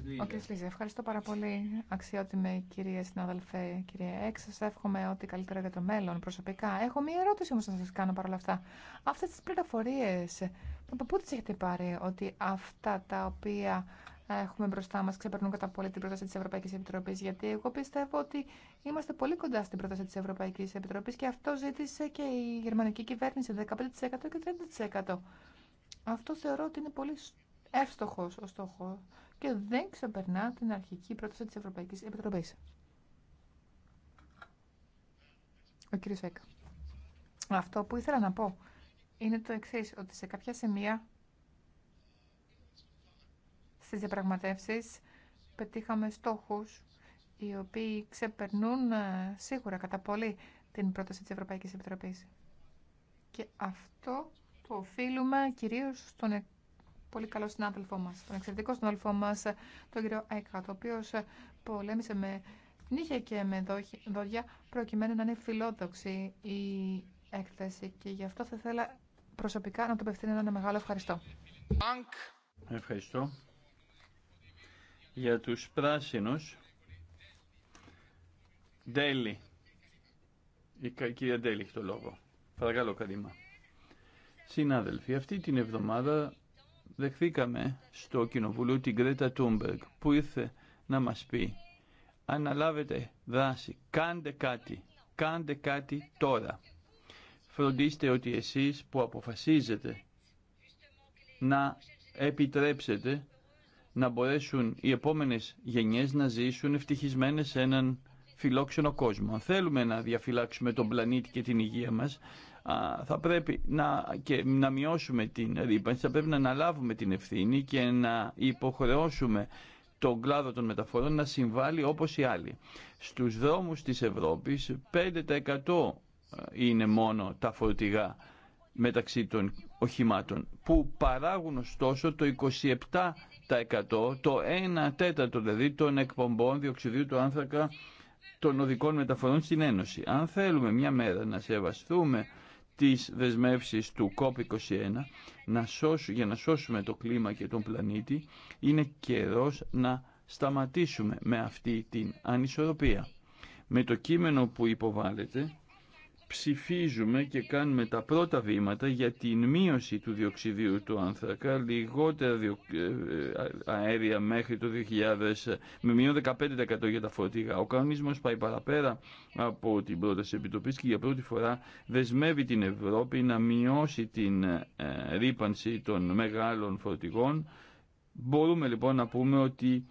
Λίζε, ευχαριστώ πάρα πολύ αξιότιμη κυρία συνάδελφε, κυρία Έξ. Σας εύχομαι ό,τι καλύτερο για το μέλλον προσωπικά. Έχω μία ερώτηση όμως να σας κάνω παρόλα αυτά. Αυτές τις πληροφορίες, από πού τις έχετε πάρει ότι αυτά τα οποία έχουμε μπροστά μας ξεπερνούν κατά πολύ την πρόταση της Ευρωπαϊκής Επιτροπής γιατί εγώ πιστεύω ότι είμαστε πολύ κοντά στην πρόταση της Ευρωπαϊκής Επιτροπής και αυτό ζήτησε και η γερμανική κυβέρνηση 15% και 30%. Αυτό θεωρώ ότι είναι πολύ εύστοχος ο στόχο και δεν ξεπερνά την αρχική πρόταση της Ευρωπαϊκής Επιτροπής. Ο κ. Σέκα. Αυτό που ήθελα να πω είναι το εξής, ότι σε κάποια σημεία στις διαπραγματεύσει πετύχαμε στόχους οι οποίοι ξεπερνούν ε, σίγουρα κατά πολύ την πρόταση της Ευρωπαϊκής Επιτροπής. Και αυτό το οφείλουμε κυρίως στον πολύ καλό συνάδελφό μα, τον εξαιρετικό συνάδελφό μα τον κύριο Έκα, ο οποίο ε, πολέμησε με νύχια και με δόντια προκειμένου να είναι φιλόδοξη η έκθεση και γι' αυτό θα ήθελα προσωπικά να του απευθύνω ένα μεγάλο ευχαριστώ. Ευχαριστώ. Για τους πράσινους, Ντέλη, η κυρία Ντέλη έχει το λόγο. Παρακαλώ, Καρύμα. Συνάδελφοι, αυτή την εβδομάδα δεχθήκαμε στο Κοινοβουλίο την Γκρέτα Τούμπεργκ που ήρθε να μας πει αναλάβετε δράση, κάντε κάτι, κάντε κάτι τώρα. Φροντίστε ότι εσείς που αποφασίζετε να επιτρέψετε να μπορέσουν οι επόμενες γενιές να ζήσουν ευτυχισμένες σε έναν φιλόξενο κόσμο. Αν θέλουμε να διαφυλάξουμε τον πλανήτη και την υγεία μας, θα πρέπει να, και να μειώσουμε την ρήπανση, θα πρέπει να αναλάβουμε την ευθύνη και να υποχρεώσουμε τον κλάδο των μεταφορών να συμβάλλει όπως οι άλλοι. Στους δρόμους της Ευρώπης 5% ε, είναι μόνο τα φορτηγά μεταξύ των οχημάτων που παράγουν ωστόσο το 27% το 1 τέταρτο δηλαδή των εκπομπών διοξιδίου του άνθρακα των οδικών μεταφορών στην Ένωση. Αν θέλουμε μια μέρα να σεβαστούμε τις δεσμεύσεις του COP21 να σώσουμε για να σώσουμε το κλίμα και τον πλανήτη είναι καιρός να σταματήσουμε με αυτή την ανισορροπία. Με το κείμενο που υποβάλλεται ψηφίζουμε και κάνουμε τα πρώτα βήματα για την μείωση του διοξιδίου του άνθρακα, λιγότερα ε, ε, αέρια μέχρι το 2000, με μείον 15% για τα φορτηγά. Ο κανονισμός πάει παραπέρα από την πρόταση επιτροπή και για πρώτη φορά δεσμεύει την Ευρώπη να μειώσει την ε, ρήπανση των μεγάλων φορτηγών. Μπορούμε λοιπόν να πούμε ότι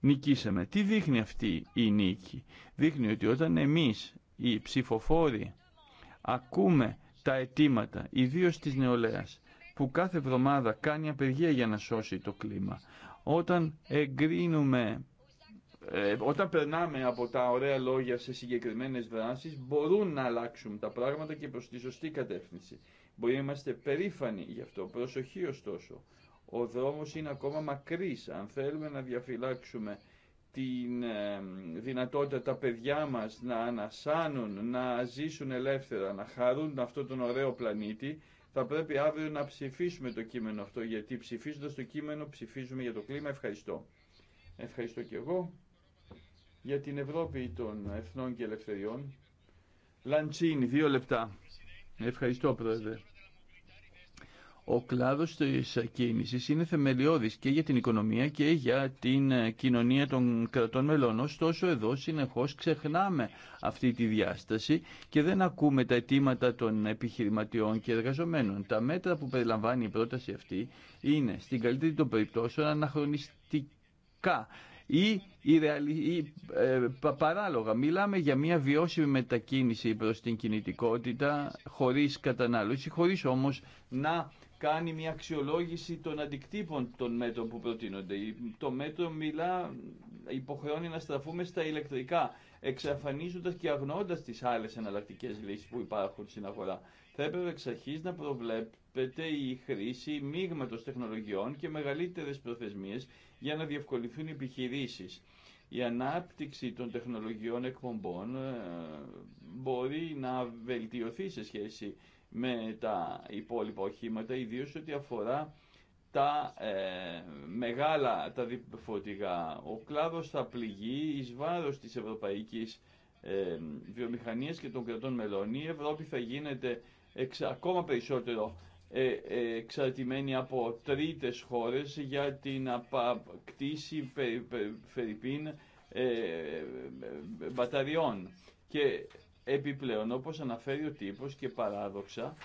νικήσαμε. Τι δείχνει αυτή η νίκη. Δείχνει ότι όταν εμείς οι ψηφοφόροι Ακούμε τα αιτήματα, ιδίως της νεολαίας, που κάθε εβδομάδα κάνει απεργία για να σώσει το κλίμα. Όταν εγκρίνουμε, ε, όταν περνάμε από τα ωραία λόγια σε συγκεκριμένες δράσεις, μπορούν να αλλάξουν τα πράγματα και προς τη σωστή κατεύθυνση. Μπορεί να είμαστε περήφανοι γι' αυτό. Προσοχή ωστόσο. Ο δρόμος είναι ακόμα μακρύς. Αν θέλουμε να διαφυλάξουμε την ε, δυνατότητα τα παιδιά μας να ανασάνουν, να ζήσουν ελεύθερα, να χαρούν αυτόν τον ωραίο πλανήτη, θα πρέπει αύριο να ψηφίσουμε το κείμενο αυτό, γιατί ψηφίζοντας το κείμενο ψηφίζουμε για το κλίμα. Ευχαριστώ. Ευχαριστώ και εγώ για την Ευρώπη των Εθνών και Ελευθεριών. Λαντσίνη, δύο λεπτά. Ευχαριστώ, Πρόεδρε. Ο κλάδος της κίνησης είναι θεμελιώδης και για την οικονομία και για την κοινωνία των κρατών μελών. Ωστόσο εδώ συνεχώς ξεχνάμε αυτή τη διάσταση και δεν ακούμε τα αιτήματα των επιχειρηματιών και εργαζομένων. Τα μέτρα που περιλαμβάνει η πρόταση αυτή είναι στην καλύτερη των περιπτώσεων αναχρονιστικά ή, ή ε, παράλογα. Μιλάμε για μια βιώσιμη μετακίνηση προς την κινητικότητα χωρίς κατανάλωση, χωρίς όμως να κάνει μια αξιολόγηση των αντικτύπων των μέτρων που προτείνονται. Το μέτρο μιλά, υποχρεώνει να στραφούμε στα ηλεκτρικά, εξαφανίζοντας και αγνώντας τις άλλες εναλλακτικέ λύσεις που υπάρχουν στην αγορά. Θα έπρεπε εξ αρχής να προβλέπεται η χρήση μείγματος τεχνολογιών και μεγαλύτερες προθεσμίες για να διευκολυθούν οι επιχειρήσεις. Η ανάπτυξη των τεχνολογιών εκπομπών ε, μπορεί να βελτιωθεί σε σχέση με τα υπόλοιπα οχήματα, ιδίως ό,τι αφορά τα ε, μεγάλα τα φωτιγά. Ο κλάδος θα πληγεί εις βάρος της ευρωπαϊκής ε, βιομηχανίας και των κρατών μελών. Η Ευρώπη θα γίνεται εξ, ακόμα περισσότερο ε, εξαρτημένη από τρίτες χώρες για την απακτήση ε, μπαταριών. Και Επιπλέον, όπως αναφέρει ο τύπος και παράδοξα,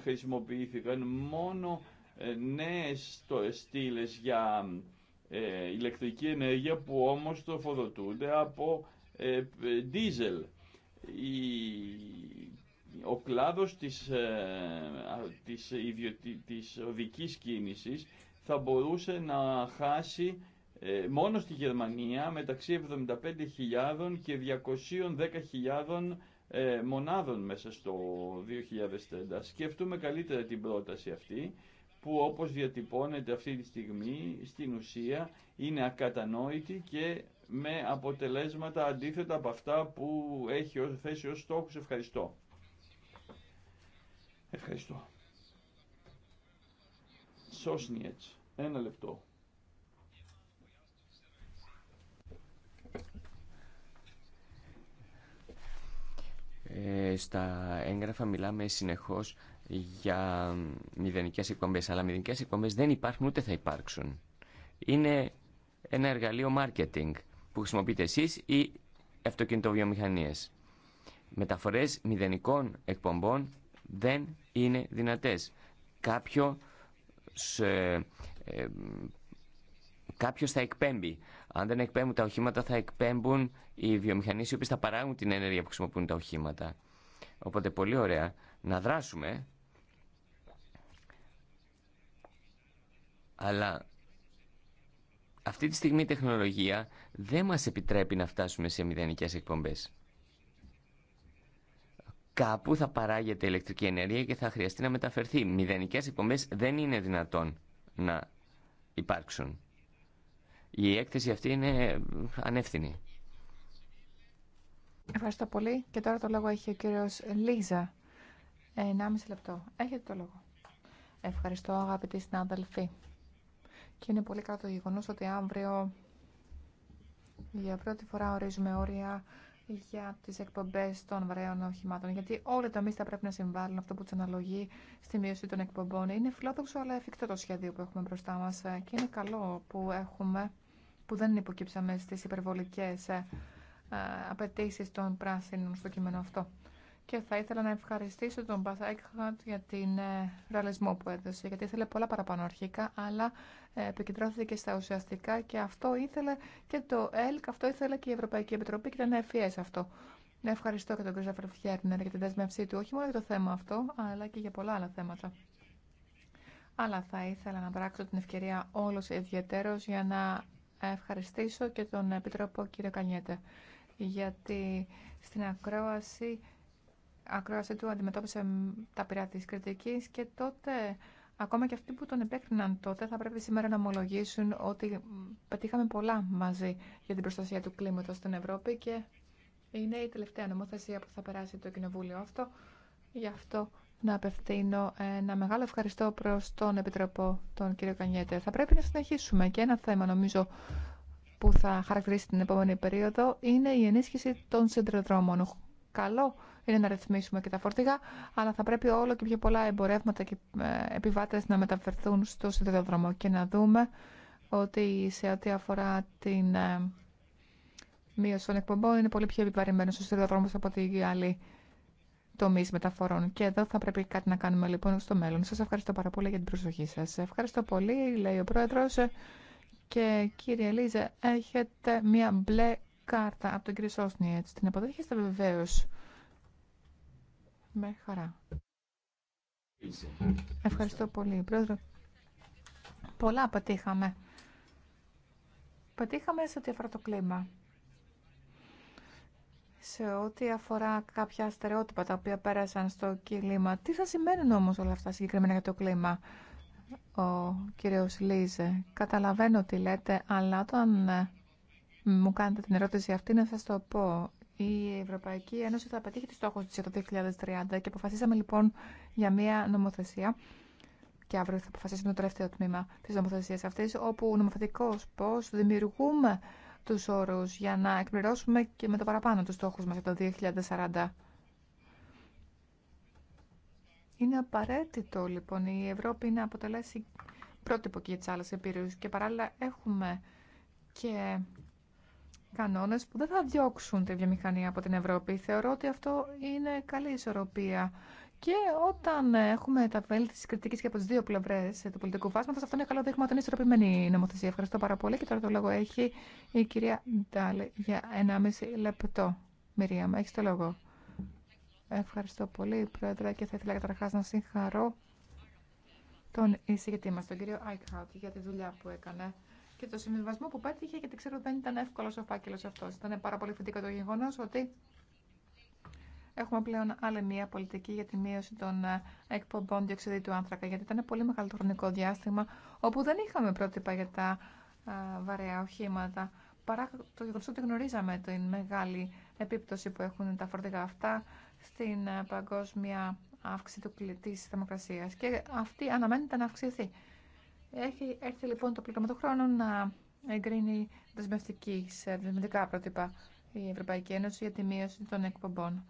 χρησιμοποιήθηκαν μόνο ε, νέες στήλε για ε, ηλεκτρική ενέργεια που όμως τροφοδοτούνται από ε, δίζελ. Η, ο κλάδος της, ε, της, της οδικής κίνησης θα μπορούσε να χάσει ε, μόνο στη Γερμανία μεταξύ 75.000 και 210.000 ε, μονάδων μέσα στο 2030. Σκεφτούμε καλύτερα την πρόταση αυτή που όπως διατυπώνεται αυτή τη στιγμή στην ουσία είναι ακατανόητη και με αποτελέσματα αντίθετα από αυτά που έχει ως θέση ως Ευχαριστώ. Ευχαριστώ. Σόσνιετς. Ένα λεπτό. Ε, στα έγγραφα μιλάμε συνεχώς για μηδενικές εκπομπές, αλλά μηδενικές εκπομπές δεν υπάρχουν ούτε θα υπάρξουν. Είναι ένα εργαλείο marketing που χρησιμοποιείτε εσείς ή αυτοκινητοβιομηχανίες. Μεταφορές μηδενικών εκπομπών δεν είναι δυνατές. Κάποιο ε, ε, κάποιος θα εκπέμπει αν δεν εκπέμπουν τα οχήματα, θα εκπέμπουν οι βιομηχανίε οι οποίε θα παράγουν την ενέργεια που χρησιμοποιούν τα οχήματα. Οπότε πολύ ωραία να δράσουμε, αλλά αυτή τη στιγμή η τεχνολογία δεν μας επιτρέπει να φτάσουμε σε μηδενικές εκπομπές. Κάπου θα παράγεται ηλεκτρική ενέργεια και θα χρειαστεί να μεταφερθεί. Μηδενικές εκπομπές δεν είναι δυνατόν να υπάρξουν η έκθεση αυτή είναι ανεύθυνη. Ευχαριστώ πολύ. Και τώρα το λόγο έχει ο κύριος Λίζα. μισή λεπτό. Έχετε το λόγο. Ευχαριστώ αγαπητοί συνάδελφοι. Και είναι πολύ καλό το γεγονό ότι αύριο για πρώτη φορά ορίζουμε όρια για τι εκπομπέ των βραιών οχημάτων. Γιατί όλοι τα μίστα πρέπει να συμβάλλουν αυτό που του αναλογεί στη μείωση των εκπομπών. Είναι φιλόδοξο αλλά εφικτό το σχέδιο που έχουμε μπροστά μα και είναι καλό που έχουμε που δεν υποκύψαμε στις υπερβολικές ε, ε, απαιτήσει των πράσινων στο κείμενο αυτό. Και θα ήθελα να ευχαριστήσω τον Μπάσα για την ε, ρεαλισμό που έδωσε, γιατί ήθελε πολλά παραπάνω αρχικά, αλλά επικεντρώθηκε στα ουσιαστικά και αυτό ήθελε και το ΕΛΚ, αυτό ήθελε και η Ευρωπαϊκή Επιτροπή και ήταν ευφυέ αυτό. Να ευχαριστώ και τον Κρίσταφερ Φιέρνερ για την δέσμευσή του, όχι μόνο για το θέμα αυτό, αλλά και για πολλά άλλα θέματα. Αλλά θα ήθελα να πράξω την ευκαιρία όλο ιδιαίτερος για να ευχαριστήσω και τον Επιτρόπο κύριο Κανιέτα, γιατί στην ακρόαση, ακρόαση του αντιμετώπισε τα πειρά της κριτικής και τότε ακόμα και αυτοί που τον επέκριναν τότε θα πρέπει σήμερα να ομολογήσουν ότι πετύχαμε πολλά μαζί για την προστασία του κλίματος στην Ευρώπη και είναι η τελευταία νομοθεσία που θα περάσει το Κοινοβούλιο αυτό. Γι' αυτό να απευθύνω ένα μεγάλο ευχαριστώ προς τον Επιτροπό, τον κύριο Κανιέτε. Θα πρέπει να συνεχίσουμε και ένα θέμα νομίζω που θα χαρακτηρίσει την επόμενη περίοδο είναι η ενίσχυση των συντροδρόμων. Καλό είναι να ρυθμίσουμε και τα φορτηγά, αλλά θα πρέπει όλο και πιο πολλά εμπορεύματα και ε, επιβάτες να μεταφερθούν στο συντροδρόμο και να δούμε ότι σε ό,τι αφορά την ε, μείωση των εκπομπών είναι πολύ πιο επιβαρημένος ο συντροδρόμος από ότι οι άλλοι τομεί μεταφορών. Και εδώ θα πρέπει κάτι να κάνουμε λοιπόν στο μέλλον. Σα ευχαριστώ πάρα πολύ για την προσοχή σας. Ευχαριστώ πολύ, λέει ο πρόεδρο. Και κύριε Λίζε, έχετε μία μπλε κάρτα από τον κύριο Σόσνη, έτσι. Την αποδέχεστε βεβαίω. Με χαρά. Ευχαριστώ πολύ, πρόεδρο. Πολλά πατήχαμε. Πετύχαμε σε ό,τι το κλίμα σε ό,τι αφορά κάποια στερεότυπα τα οποία πέρασαν στο κλίμα. Τι θα σημαίνουν όμως όλα αυτά συγκεκριμένα για το κλίμα, ο κύριος Λίζε. Καταλαβαίνω τι λέτε, αλλά όταν ε, μου κάνετε την ερώτηση αυτή να σας το πω. Η Ευρωπαϊκή Ένωση θα πετύχει τις στόχο της για το 2030 και αποφασίσαμε λοιπόν για μια νομοθεσία και αύριο θα αποφασίσουμε το τελευταίο τμήμα της νομοθεσίας αυτής, όπου νομοθετικός πώς δημιουργούμε τους όρους για να εκπληρώσουμε και με το παραπάνω τους στόχους μας για το 2040. Είναι απαραίτητο λοιπόν η Ευρώπη να αποτελέσει πρότυπο και για τις άλλες επίρρους και παράλληλα έχουμε και κανόνες που δεν θα διώξουν τη βιομηχανία από την Ευρώπη. Θεωρώ ότι αυτό είναι καλή ισορροπία και όταν έχουμε τα βέλη τη κριτική και από τι δύο πλευρέ του πολιτικού φάσματο, αυτό είναι καλό δείγμα ότι είναι ισορροπημένη η νομοθεσία. Ευχαριστώ πάρα πολύ. Και τώρα το λόγο έχει η κυρία Ντάλη για 1,5 λεπτό. Μυρία, έχει το λόγο. Ευχαριστώ πολύ, Πρόεδρε, και θα ήθελα καταρχά να συγχαρώ τον εισηγητή μα, τον κύριο Άικχαουτ, για τη δουλειά που έκανε και το συμβιβασμό που πέτυχε, γιατί ξέρω δεν ήταν εύκολο ο φάκελο αυτό. Ήταν πάρα πολύ φοιτικό το γεγονό ότι έχουμε πλέον άλλη μία πολιτική για τη μείωση των ε, εκπομπών διοξιδίου του άνθρακα, γιατί ήταν πολύ μεγάλο το χρονικό διάστημα όπου δεν είχαμε πρότυπα για τα ε, βαρέα οχήματα. Παρά το γεγονό ότι γνωρίζαμε την μεγάλη επίπτωση που έχουν τα φορτηγά αυτά στην ε, παγκόσμια αύξηση του τη θερμοκρασία. Και αυτή αναμένεται να αυξηθεί. Έχει έρθει λοιπόν το πλήρωμα του χρόνου να εγκρίνει δεσμευτικά πρότυπα η Ευρωπαϊκή Ένωση για τη μείωση των εκπομπών.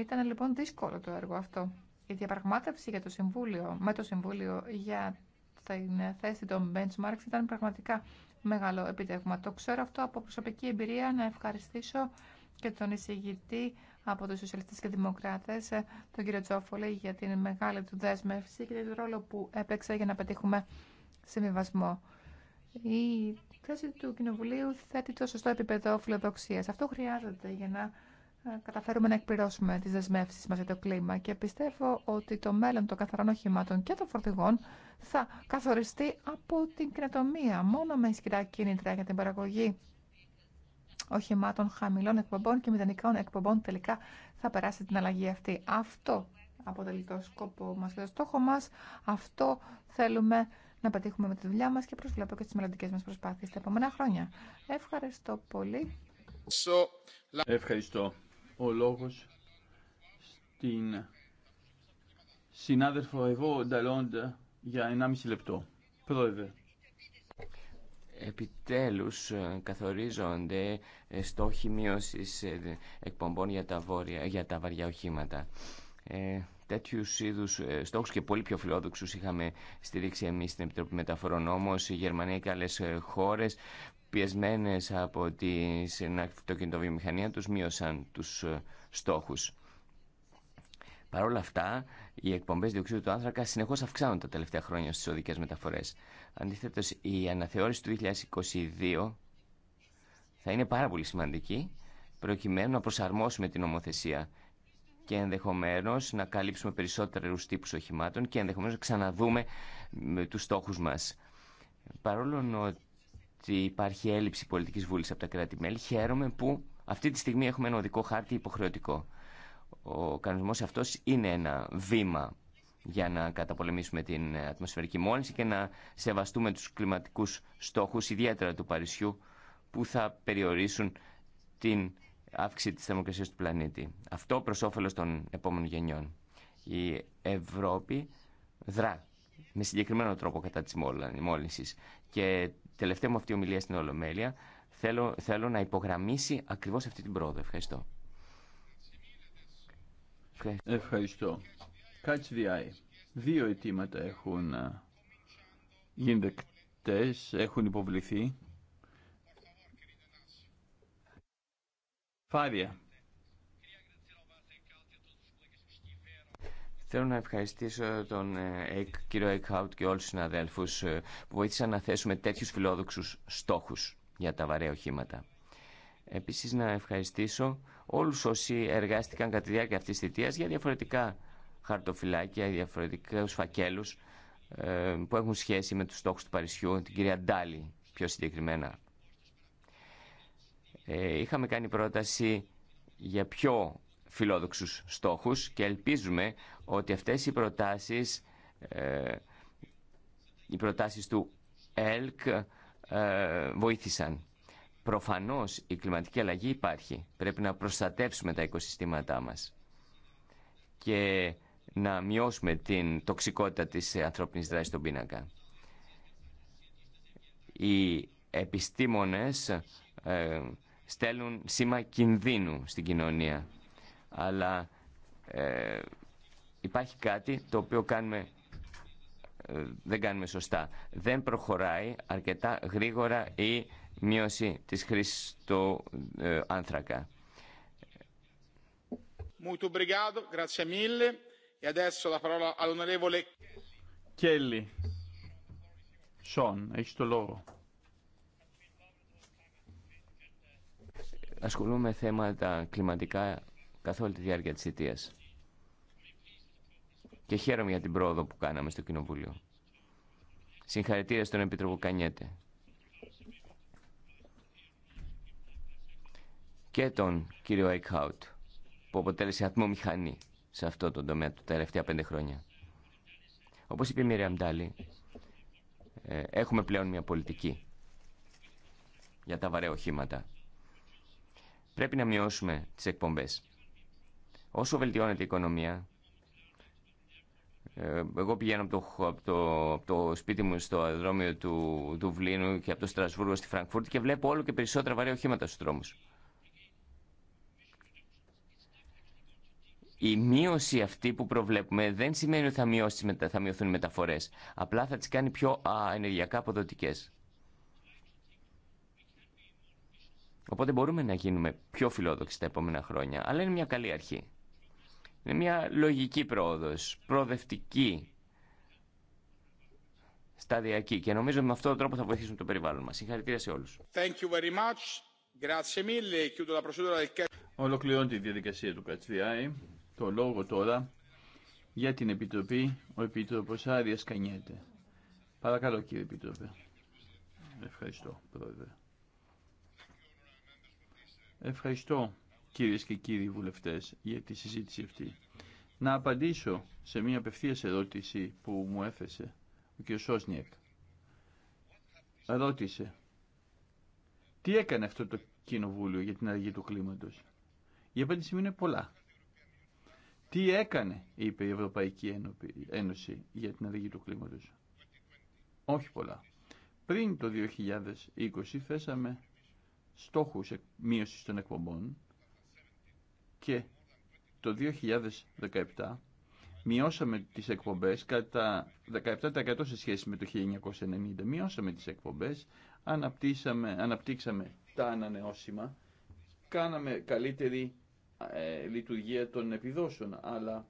Ήταν λοιπόν δύσκολο το έργο αυτό. Η διαπραγμάτευση για το Συμβούλιο, με το Συμβούλιο για την θέση των benchmarks ήταν πραγματικά μεγάλο επιτεύγμα. Το ξέρω αυτό από προσωπική εμπειρία να ευχαριστήσω και τον εισηγητή από τους Σοσιαλιστές και Δημοκράτες, ε, τον κύριο Τσόφολη, για την μεγάλη του δέσμευση και τον ρόλο που έπαιξε για να πετύχουμε συμβιβασμό. Η θέση του Κοινοβουλίου θέτει το σωστό επίπεδο φιλοδοξίας. Αυτό χρειάζεται για να ε, καταφέρουμε να εκπληρώσουμε τις δεσμεύσεις μας για το κλίμα και πιστεύω ότι το μέλλον των καθαρών οχημάτων και των φορτηγών θα καθοριστεί από την κρατομία μόνο με ισχυρά κίνητρα για την παραγωγή οχημάτων χαμηλών εκπομπών και μηδενικών εκπομπών τελικά θα περάσει την αλλαγή αυτή. Αυτό αποτελεί το σκόπο μας και το στόχο μας. Αυτό θέλουμε να πετύχουμε με τη δουλειά μας και προσβλέπω και τις μελλοντικές μας προσπάθειες τα επόμενα χρόνια. Ευχαριστώ πολύ. Ευχαριστώ ο λόγος στην συνάδελφο εγώ Νταλόντα για 1,5 λεπτό. Πρόεδρε. Επιτέλους ε, καθορίζονται ε, στόχοι μείωσης ε, εκπομπών για τα, βόρεια, για τα βαριά οχήματα. Ε, Τέτοιου είδου στόχου και πολύ πιο φιλόδοξου είχαμε στηρίξει εμεί στην Επιτροπή Μεταφορών. Όμω η Γερμανία και άλλε χώρε πιεσμένες από την αυτοκινητοβιομηχανία τους μείωσαν τους ε, στόχους. Παρ' όλα αυτά, οι εκπομπέ διοξείδου του άνθρακα συνεχώ αυξάνονται τα τελευταία χρόνια στι οδικές μεταφορέ. Αντίθετο, η αναθεώρηση του 2022 θα είναι πάρα πολύ σημαντική, προκειμένου να προσαρμόσουμε την νομοθεσία και ενδεχομένω να καλύψουμε περισσότερου τύπου οχημάτων και ενδεχομένω να ξαναδούμε του στόχου μα. Παρόλο ότι υπάρχει έλλειψη πολιτικής βούλης από τα κράτη-μέλη. Χαίρομαι που αυτή τη στιγμή έχουμε ένα οδικό χάρτη υποχρεωτικό. Ο κανονισμό αυτός είναι ένα βήμα για να καταπολεμήσουμε την ατμοσφαιρική μόλυνση και να σεβαστούμε τους κλιματικούς στόχους, ιδιαίτερα του Παρισιού, που θα περιορίσουν την αύξηση τη θερμοκρασία του πλανήτη. Αυτό προ όφελο των επόμενων γενιών. Η Ευρώπη δρά με συγκεκριμένο τρόπο κατά της μόλυνσης και τελευταία μου αυτή ομιλία στην Ολομέλεια, θέλω, θέλω να υπογραμμίσει ακριβώς αυτή την πρόοδο. Ευχαριστώ. Ευχαριστώ. κάτσε διάει. Δύο αιτήματα έχουν ε, γίνει δεκτές, έχουν υποβληθεί. Φάρια. Θέλω να ευχαριστήσω τον ε, κύριο Εκχάουτ και όλους τους συναδέλφους ε, που βοήθησαν να θέσουμε τέτοιους φιλόδοξους στόχους για τα βαρέα οχήματα. Επίσης να ευχαριστήσω όλους όσοι εργάστηκαν κατά τη διάρκεια αυτής της θητείας για διαφορετικά χαρτοφυλάκια, διαφορετικά φακέλους ε, που έχουν σχέση με τους στόχους του Παρισιού, την κυρία Ντάλη πιο συγκεκριμένα. Είχαμε κάνει πρόταση για πιο φιλόδοξους στόχους και ελπίζουμε ότι αυτές οι προτάσεις, ε, οι προτάσεις του ΕΛΚ ε, βοήθησαν. Προφανώς η κλιματική αλλαγή υπάρχει. Πρέπει να προστατεύσουμε τα οικοσυστήματά μας και να μειώσουμε την τοξικότητα της ανθρώπινης δράσης στον πίνακα. Οι επιστήμονες ε, στέλνουν σήμα κινδύνου στην κοινωνία αλλά ε, υπάρχει κάτι το οποίο κάνουμε, ε, δεν κάνουμε σωστά. Δεν προχωράει αρκετά γρήγορα η μείωση της χρήσης του ε, άνθρακα. Κέλλη, Σον, e έχεις το λόγο. Ασχολούμαι θέματα κλιματικά καθ' όλη τη διάρκεια της θητείας. Και χαίρομαι για την πρόοδο που κάναμε στο Κοινοβούλιο. Συγχαρητήρια στον Επίτροπο Κανιέτε. Και τον κύριο Eichhout, που αποτέλεσε ατμόμηχανή μηχανή σε αυτό το τομέα τα τελευταία πέντε χρόνια. Όπως είπε η Μύρια Μτάλη, ε, έχουμε πλέον μια πολιτική για τα βαρέα οχήματα. Πρέπει να μειώσουμε τις εκπομπές. Όσο βελτιώνεται η οικονομία, ε, εγώ πηγαίνω από το, από το, το σπίτι μου στο αεροδρόμιο του Δουβλίνου και από το Στρασβούργο στη Φραγκφούρτη και βλέπω όλο και περισσότερα βαρύ οχήματα στους δρόμους. Η μείωση αυτή που προβλέπουμε δεν σημαίνει ότι θα, μειώσει, θα μειωθούν οι μεταφορές. Απλά θα τις κάνει πιο α, ενεργειακά αποδοτικές. Οπότε μπορούμε να γίνουμε πιο φιλόδοξοι τα επόμενα χρόνια. Αλλά είναι μια καλή αρχή. Είναι μια λογική πρόοδος, προοδευτική, σταδιακή και νομίζω με αυτόν τον τρόπο θα βοηθήσουμε το περιβάλλον μας. Συγχαρητήρια σε όλους. Thank Ολοκληρώνει τη διαδικασία του Κατσδιάη. Το λόγο τώρα για την Επιτροπή ο Επίτροπος Άρια Κανιέται. Παρακαλώ κύριε Επίτροπε. Ευχαριστώ πρόεδρε. Ευχαριστώ κυρίες και κύριοι βουλευτές, για τη συζήτηση αυτή. Να απαντήσω σε μια απευθεία ερώτηση που μου έφεσε ο κ. Σόσνιεκ. Ρώτησε, τι έκανε αυτό το κοινοβούλιο για την αργή του κλίματος. Η απάντηση μου είναι πολλά. Τι έκανε, είπε η Ευρωπαϊκή Ένωση για την αργή του κλίματος. Όχι πολλά. Πριν το 2020 θέσαμε στόχους μείωσης των εκπομπών και το 2017 μειώσαμε τις εκπομπές κατά 17% σε σχέση με το 1990. Μειώσαμε τις εκπομπές, αναπτύξαμε, αναπτύξαμε τα ανανεώσιμα, κάναμε καλύτερη ε, λειτουργία των επιδόσεων, αλλά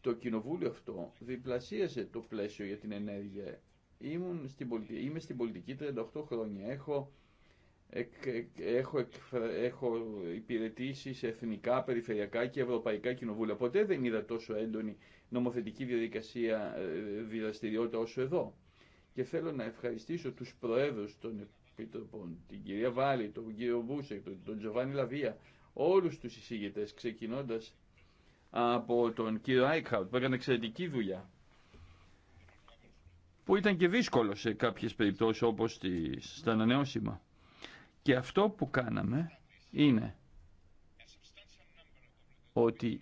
το κοινοβούλιο αυτό διπλασίασε το πλαίσιο για την ενέργεια. Ήμουν στην πολιτική, είμαι στην πολιτική 38 χρόνια. Έχω έχω, έχω υπηρετήσει σε εθνικά, περιφερειακά και ευρωπαϊκά κοινοβούλια. Ποτέ δεν είδα τόσο έντονη νομοθετική διαδικασία ε, δραστηριότητα όσο εδώ. Και θέλω να ευχαριστήσω τους προέδρους των επιτροπών, την κυρία Βάλη, τον κύριο Μπούσεκ, τον, τον Τζοβάνι Λαβία, όλους τους εισηγητές, ξεκινώντας από τον κύριο Άικχαουτ, που έκανε εξαιρετική δουλειά που ήταν και δύσκολο σε κάποιες περιπτώσεις όπως στα ανανεώσιμα. Και αυτό που κάναμε είναι ότι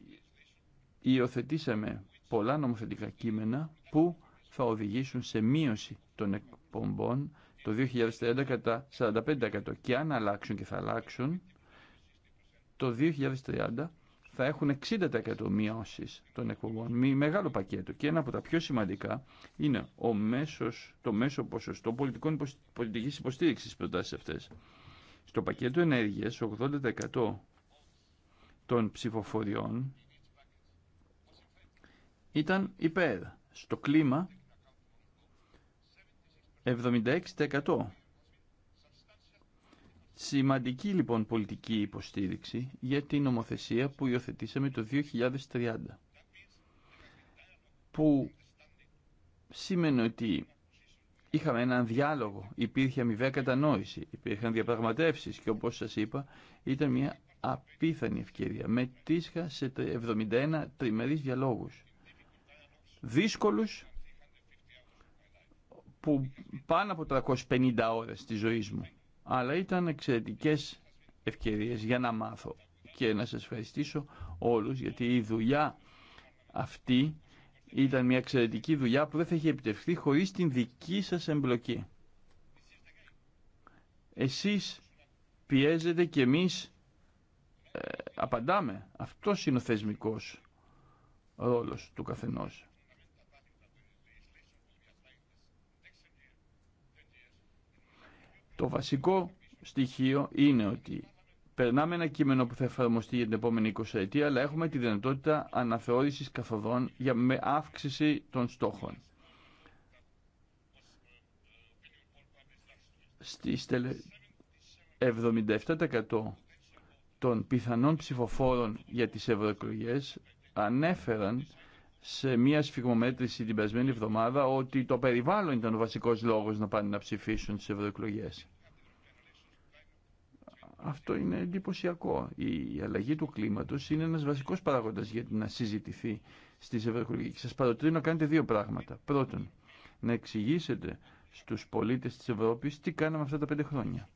υιοθετήσαμε πολλά νομοθετικά κείμενα που θα οδηγήσουν σε μείωση των εκπομπών το 2011 κατά 45% και αν αλλάξουν και θα αλλάξουν το 2030 θα έχουν 60% μειώσεις των εκπομπών, με μεγάλο πακέτο. Και ένα από τα πιο σημαντικά είναι ο μέσος, το μέσο ποσοστό πολιτικών, πολιτικής υποστήριξης προτάσεις αυτές. Στο πακέτο ενέργειας 80% των ψηφοφοριών ήταν υπέρ. Στο κλίμα 76%. Σημαντική λοιπόν πολιτική υποστήριξη για την νομοθεσία που υιοθετήσαμε το 2030 που σημαίνει ότι είχαμε έναν διάλογο, υπήρχε αμοιβαία κατανόηση, υπήρχαν διαπραγματεύσεις και όπως σας είπα ήταν μια απίθανη ευκαιρία. Μετήσχα σε 71 τριμερείς διαλόγους. Δύσκολους που πάνω από 350 ώρες της ζωής μου. Αλλά ήταν εξαιρετικές ευκαιρίες για να μάθω και να σας ευχαριστήσω όλους γιατί η δουλειά αυτή ήταν μια εξαιρετική δουλειά που δεν θα είχε επιτευχθεί χωρίς την δική σας εμπλοκή. Εσείς πιέζετε και εμείς ε, απαντάμε. Αυτός είναι ο θεσμικός ρόλος του καθενός. Το βασικό στοιχείο είναι ότι περνάμε ένα κείμενο που θα εφαρμοστεί για την επόμενη 20 ετία, αλλά έχουμε τη δυνατότητα αναθεώρησης καθοδών για, με αύξηση των στόχων. Στις 77% των πιθανών ψηφοφόρων για τις ευρωεκλογέ ανέφεραν σε μία σφιγμομέτρηση την περασμένη εβδομάδα ότι το περιβάλλον ήταν ο βασικός λόγος να πάνε να ψηφίσουν τις ευρωεκλογέ. Αυτό είναι εντυπωσιακό. Η αλλαγή του κλίματος είναι ένας βασικός παράγοντας για να συζητηθεί στις Ευρωεκλογές. Σα παροτρύνω να κάνετε δύο πράγματα. Πρώτον, να εξηγήσετε στους πολίτες της Ευρώπης τι κάναμε αυτά τα πέντε χρόνια.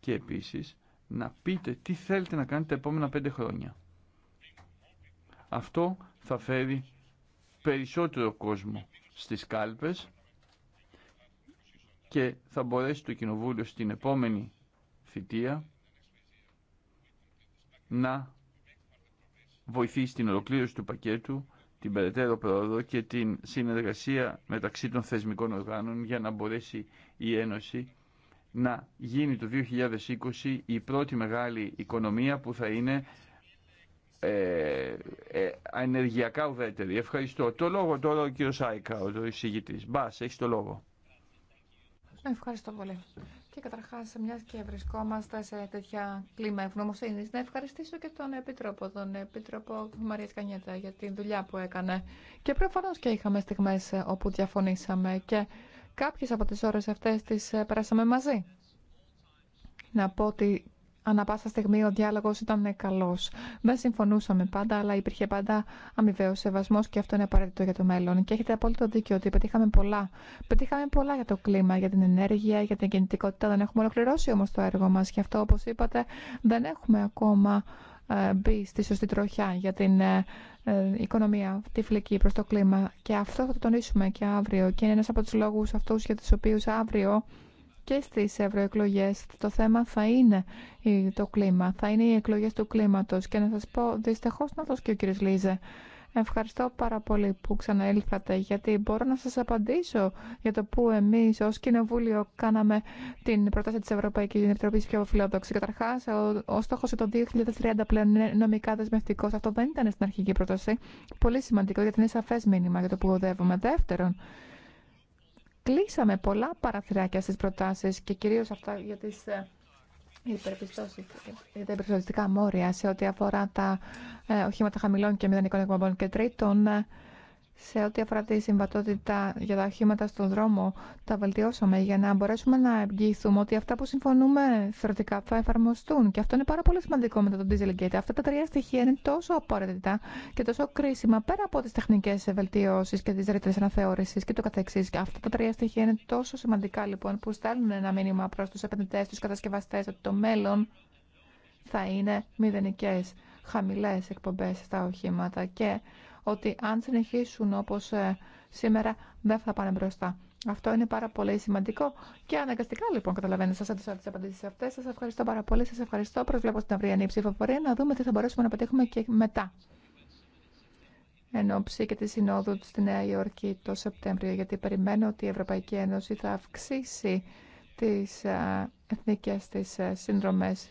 Και επίσης, να πείτε τι θέλετε να κάνετε τα επόμενα πέντε χρόνια. Αυτό θα φέρει περισσότερο κόσμο στις κάλπες και θα μπορέσει το Κοινοβούλιο στην επόμενη θητεία να βοηθήσει την ολοκλήρωση του πακέτου, την περαιτέρω πρόοδο και την συνεργασία μεταξύ των θεσμικών οργάνων για να μπορέσει η Ένωση να γίνει το 2020 η πρώτη μεγάλη οικονομία που θα είναι ε, ε ενεργειακά ουδέτερη. Ευχαριστώ. Το λόγο τώρα ο κ. Σάικα, ο εισηγητής. Μπάς, έχεις το λόγο. Ευχαριστώ πολύ. Και καταρχά, μια και βρισκόμαστε σε τέτοια κλίμα ευγνωμοσύνη, να ευχαριστήσω και τον Επίτροπο, τον Επίτροπο Μαρία Κανιέτα, για τη δουλειά που έκανε. Και προφανώ και είχαμε στιγμέ ε, όπου διαφωνήσαμε και κάποιε από τι ώρε αυτέ τι ε, περάσαμε μαζί. Να πω ότι Ανά πάσα στιγμή ο διάλογο ήταν καλό. Δεν συμφωνούσαμε πάντα, αλλά υπήρχε πάντα αμοιβαίο σεβασμό και αυτό είναι απαραίτητο για το μέλλον. Και έχετε απόλυτο δίκιο ότι πετύχαμε πολλά. Πετύχαμε πολλά για το κλίμα, για την ενέργεια, για την κινητικότητα. Δεν έχουμε ολοκληρώσει όμω το έργο μα. Και αυτό, όπω είπατε, δεν έχουμε ακόμα ε, μπει στη σωστή τροχιά για την ε, ε, οικονομία τυφλική προς το κλίμα. Και αυτό θα το τονίσουμε και αύριο. Και είναι ένας από τους λόγους αυτούς για του οποίου αύριο και στις ευρωεκλογέ. Το θέμα θα είναι το κλίμα, θα είναι οι εκλογές του κλίματος. Και να σας πω, δυστυχώς να δώσω και ο κύριος Λίζε. Ευχαριστώ πάρα πολύ που ξαναήλθατε, γιατί μπορώ να σας απαντήσω για το που εμείς ως Κοινοβούλιο κάναμε την πρόταση της Ευρωπαϊκής Επιτροπής πιο φιλόδοξη. Καταρχάς, ο, ο στόχος για το 2030 πλέον είναι νομικά δεσμευτικός. Αυτό δεν ήταν στην αρχική πρόταση. Πολύ σημαντικό, γιατί είναι σαφές μήνυμα για το που οδεύουμε. Δεύτερον, κλείσαμε πολλά παραθυράκια στις προτάσεις και κυρίως αυτά για τις ε, για τα υπερπιστωτικά μόρια σε ό,τι αφορά τα ε, οχήματα χαμηλών και μηδενικών εκπομπών και τρίτων ε, σε ό,τι αφορά τη συμβατότητα για τα οχήματα στον δρόμο, τα βελτιώσαμε για να μπορέσουμε να εγγυηθούμε ότι αυτά που συμφωνούμε θεωρητικά θα εφαρμοστούν. Και αυτό είναι πάρα πολύ σημαντικό μετά τον Dieselgate. Αυτά τα τρία στοιχεία είναι τόσο απαραίτητα και τόσο κρίσιμα πέρα από τι τεχνικέ βελτιώσει και τι ρήτρε αναθεώρηση και το καθεξή. Και αυτά τα τρία στοιχεία είναι τόσο σημαντικά λοιπόν που στέλνουν ένα μήνυμα προ του επενδυτέ, του κατασκευαστέ ότι το μέλλον θα είναι μηδενικέ χαμηλέ εκπομπέ στα οχήματα και ότι αν συνεχίσουν όπως ε, σήμερα δεν θα πάνε μπροστά. Αυτό είναι πάρα πολύ σημαντικό και αναγκαστικά λοιπόν καταλαβαίνω σας έδωσα τις απαντήσεις αυτές. Σας ευχαριστώ πάρα πολύ, σας ευχαριστώ. Προσβλέπω στην αυριανή ψηφοφορία να δούμε τι θα μπορέσουμε να πετύχουμε και μετά εν ώψη και τη Συνόδου στη Νέα Υόρκη το Σεπτέμβριο, γιατί περιμένω ότι η Ευρωπαϊκή Ένωση θα αυξήσει τις ε, εθνικές της ε, συνδρομές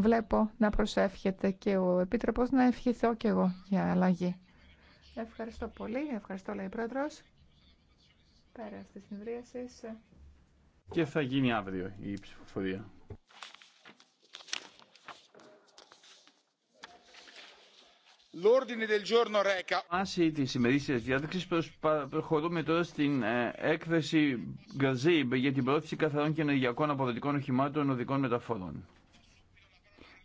βλέπω να προσεύχεται και ο Επίτροπος να ευχηθώ και εγώ για αλλαγή. Ευχαριστώ πολύ. Ευχαριστώ, λέει η Πρόεδρος. Πέρα τη συνδρίαση. Και θα γίνει αύριο η ψηφοφορία. Βάσει τη ημερήσια διάταξη, προχωρούμε τώρα στην ε, έκθεση Γκαζίμπ για την πρόθεση καθαρών και ενεργειακών αποδοτικών οχημάτων οδικών μεταφορών.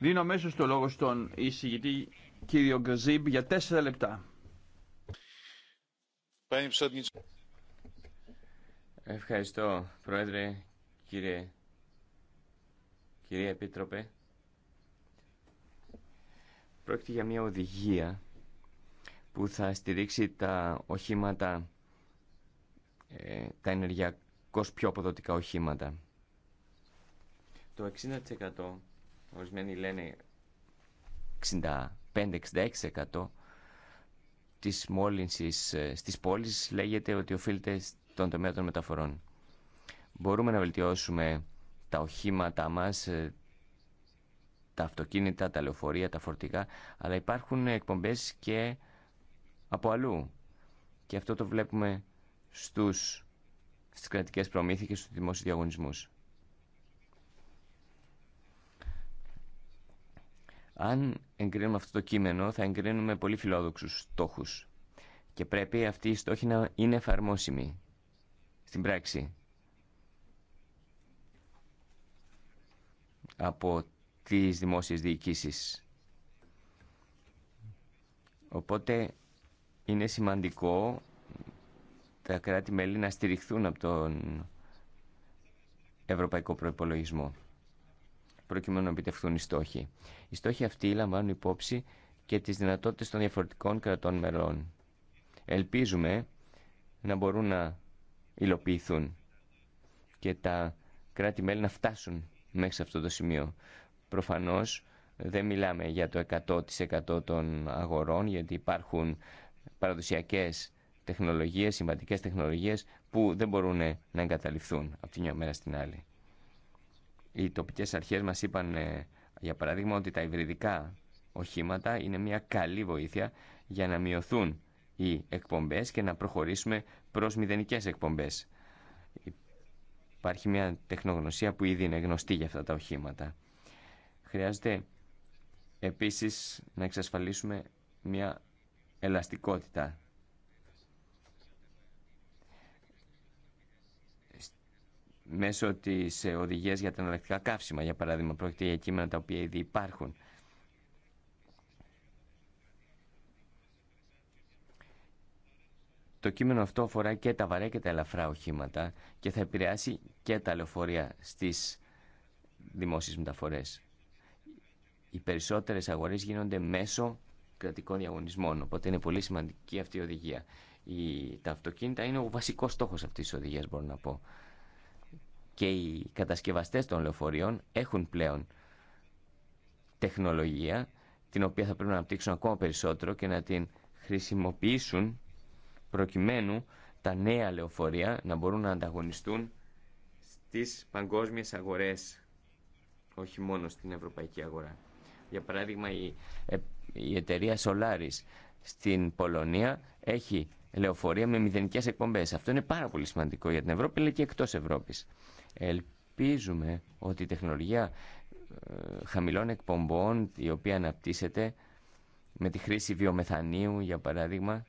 Δίνω αμέσω το λόγο στον εισηγητή κύριο Γκαζίμπ για τέσσερα λεπτά. Ευχαριστώ, Πρόεδρε, κύριε, κυρία Επίτροπε. Πρόκειται για μια οδηγία που θα στηρίξει τα οχήματα, ε, τα ενεργειακώς πιο αποδοτικά οχήματα. Το 60% ορισμένοι λένε 65-66% της μόλυνσης ε, στις πόλεις λέγεται ότι οφείλεται στον τομέα των μεταφορών. Μπορούμε να βελτιώσουμε τα οχήματά μας, ε, τα αυτοκίνητα, τα λεωφορεία, τα φορτηγά, αλλά υπάρχουν εκπομπές και από αλλού. Και αυτό το βλέπουμε στους, στις κρατικές προμήθειες και στους δημόσιους διαγωνισμούς. Αν εγκρίνουμε αυτό το κείμενο θα εγκρίνουμε πολύ φιλόδοξου στόχους και πρέπει αυτοί οι στόχοι να είναι εφαρμόσιμοι στην πράξη. από τις δημόσιες διοικήσεις. Οπότε είναι σημαντικό τα κράτη-μέλη να στηριχθούν από τον ευρωπαϊκό προϋπολογισμό προκειμένου να επιτευχθούν οι στόχοι. Οι στόχοι αυτοί λαμβάνουν υπόψη και τις δυνατότητες των διαφορετικών κρατών μελών. Ελπίζουμε να μπορούν να υλοποιηθούν και τα κράτη-μέλη να φτάσουν μέχρι αυτό το σημείο. Προφανώς δεν μιλάμε για το 100% των αγορών γιατί υπάρχουν παραδοσιακές τεχνολογίες, σημαντικές τεχνολογίες που δεν μπορούν να εγκαταλειφθούν από τη μια μέρα στην άλλη. Οι τοπικές αρχές μας είπαν, ε, για παράδειγμα, ότι τα υβριδικά οχήματα είναι μια καλή βοήθεια για να μειωθούν οι εκπομπές και να προχωρήσουμε προς μηδενικές εκπομπές. Υπάρχει μια τεχνογνωσία που ήδη είναι γνωστή για αυτά τα οχήματα. Χρειάζεται επίσης να εξασφαλίσουμε μια ελαστικότητα μέσω της ε, οδηγίας για τα εναλλακτικά καύσιμα. Για παράδειγμα, πρόκειται για κείμενα τα οποία ήδη υπάρχουν. Το κείμενο αυτό αφορά και τα βαρέ και τα ελαφρά οχήματα και θα επηρεάσει και τα λεωφορεία στις δημόσιες μεταφορές. Οι περισσότερες αγορές γίνονται μέσω κρατικών διαγωνισμών, οπότε είναι πολύ σημαντική αυτή η οδηγία. Η, τα αυτοκίνητα είναι ο βασικός στόχος αυτής της οδηγίας, μπορώ να πω και οι κατασκευαστές των λεωφορείων έχουν πλέον τεχνολογία την οποία θα πρέπει να αναπτύξουν ακόμα περισσότερο και να την χρησιμοποιήσουν προκειμένου τα νέα λεωφορεία να μπορούν να ανταγωνιστούν στις παγκόσμιες αγορές, όχι μόνο στην ευρωπαϊκή αγορά. Για παράδειγμα, η, ε, εταιρεία Solaris στην Πολωνία έχει λεωφορεία με μηδενικές εκπομπές. Αυτό είναι πάρα πολύ σημαντικό για την Ευρώπη, αλλά και εκτός Ευρώπης. Ελπίζουμε ότι η τεχνολογία ε, χαμηλών εκπομπών η οποία αναπτύσσεται με τη χρήση βιομεθανίου για παράδειγμα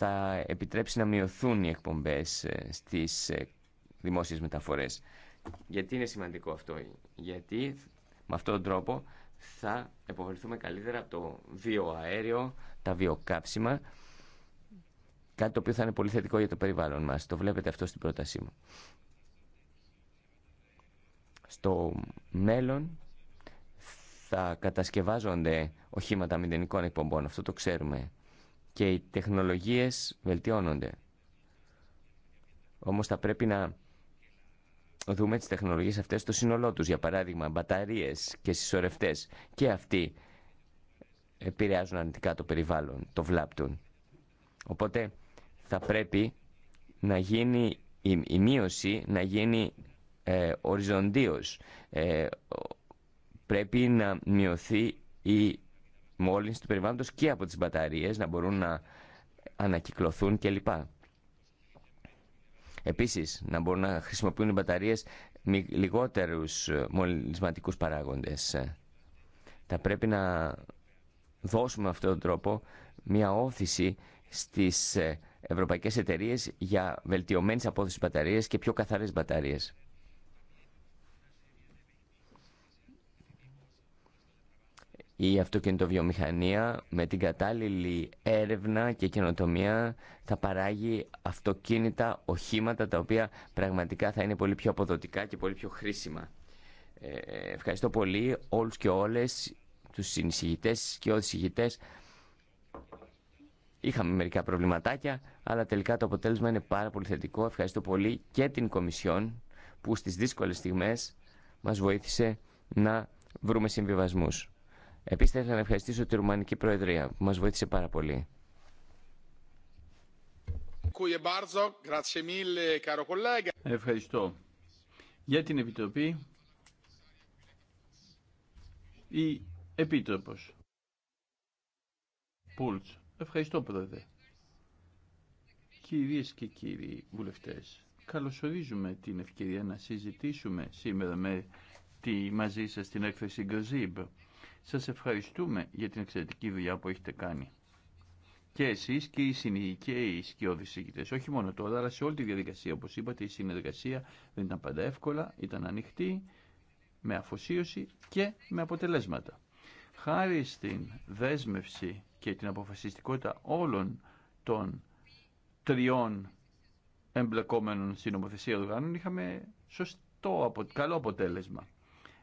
θα επιτρέψει να μειωθούν οι εκπομπές ε, στις ε, δημόσιες μεταφορές. Γιατί είναι σημαντικό αυτό. Γιατί με αυτόν τον τρόπο θα επωφεληθούμε καλύτερα από το βιοαέριο, τα βιοκάψιμα Κάτι το οποίο θα είναι πολύ θετικό για το περιβάλλον μας. Το βλέπετε αυτό στην πρότασή μου. Στο μέλλον θα κατασκευάζονται οχήματα μηδενικών εκπομπών. Αυτό το ξέρουμε. Και οι τεχνολογίες βελτιώνονται. Όμως θα πρέπει να δούμε τις τεχνολογίες αυτές στο σύνολό τους. Για παράδειγμα, μπαταρίες και συσσωρευτές. Και αυτοί επηρεάζουν αρνητικά το περιβάλλον, το βλάπτουν. Οπότε θα πρέπει να γίνει η, μείωση να γίνει ε, οριζοντίως. Ε, πρέπει να μειωθεί η μόλυνση του περιβάλλοντος και από τις μπαταρίες να μπορούν να ανακυκλωθούν κλπ. Επίσης, να μπορούν να χρησιμοποιούν οι μπαταρίες λιγότερους ε, μολυσματικούς παράγοντες. Θα πρέπει να δώσουμε αυτόν τον τρόπο μια όθηση στις ε, ευρωπαϊκές εταιρείες για βελτιωμένες απόδοσης μπαταρίες και πιο καθαρές μπαταρίες. Η αυτοκινητοβιομηχανία με την κατάλληλη έρευνα και καινοτομία θα παράγει αυτοκίνητα, οχήματα τα οποία πραγματικά θα είναι πολύ πιο αποδοτικά και πολύ πιο χρήσιμα. Ε, ευχαριστώ πολύ όλους και όλες τους συνεισηγητές και οδησηγητές Είχαμε μερικά προβληματάκια, αλλά τελικά το αποτέλεσμα είναι πάρα πολύ θετικό. Ευχαριστώ πολύ και την Κομισιόν που στις δύσκολες στιγμές μας βοήθησε να βρούμε συμβιβασμούς. Επίσης θα ήθελα να ευχαριστήσω τη Ρουμανική Προεδρία που μας βοήθησε πάρα πολύ. Ευχαριστώ. Για την Επιτροπή, η Επίτροπος. Πούλτς. Ευχαριστώ, Πρόεδρε. Κυρίες και κύριοι βουλευτές, καλωσορίζουμε την ευκαιρία να συζητήσουμε σήμερα με τη, μαζί σας την έκθεση Γκοζίμπ. Σας ευχαριστούμε για την εξαιρετική δουλειά που έχετε κάνει. Και εσείς και οι συνηγικαίοι και οι όχι μόνο τώρα, αλλά σε όλη τη διαδικασία. Όπως είπατε, η συνεργασία δεν ήταν πάντα εύκολα, ήταν ανοιχτή, με αφοσίωση και με αποτελέσματα. Χάρη στην δέσμευση και την αποφασιστικότητα όλων των τριών εμπλεκόμενων στην νομοθεσία οργάνων είχαμε σωστό, καλό αποτέλεσμα.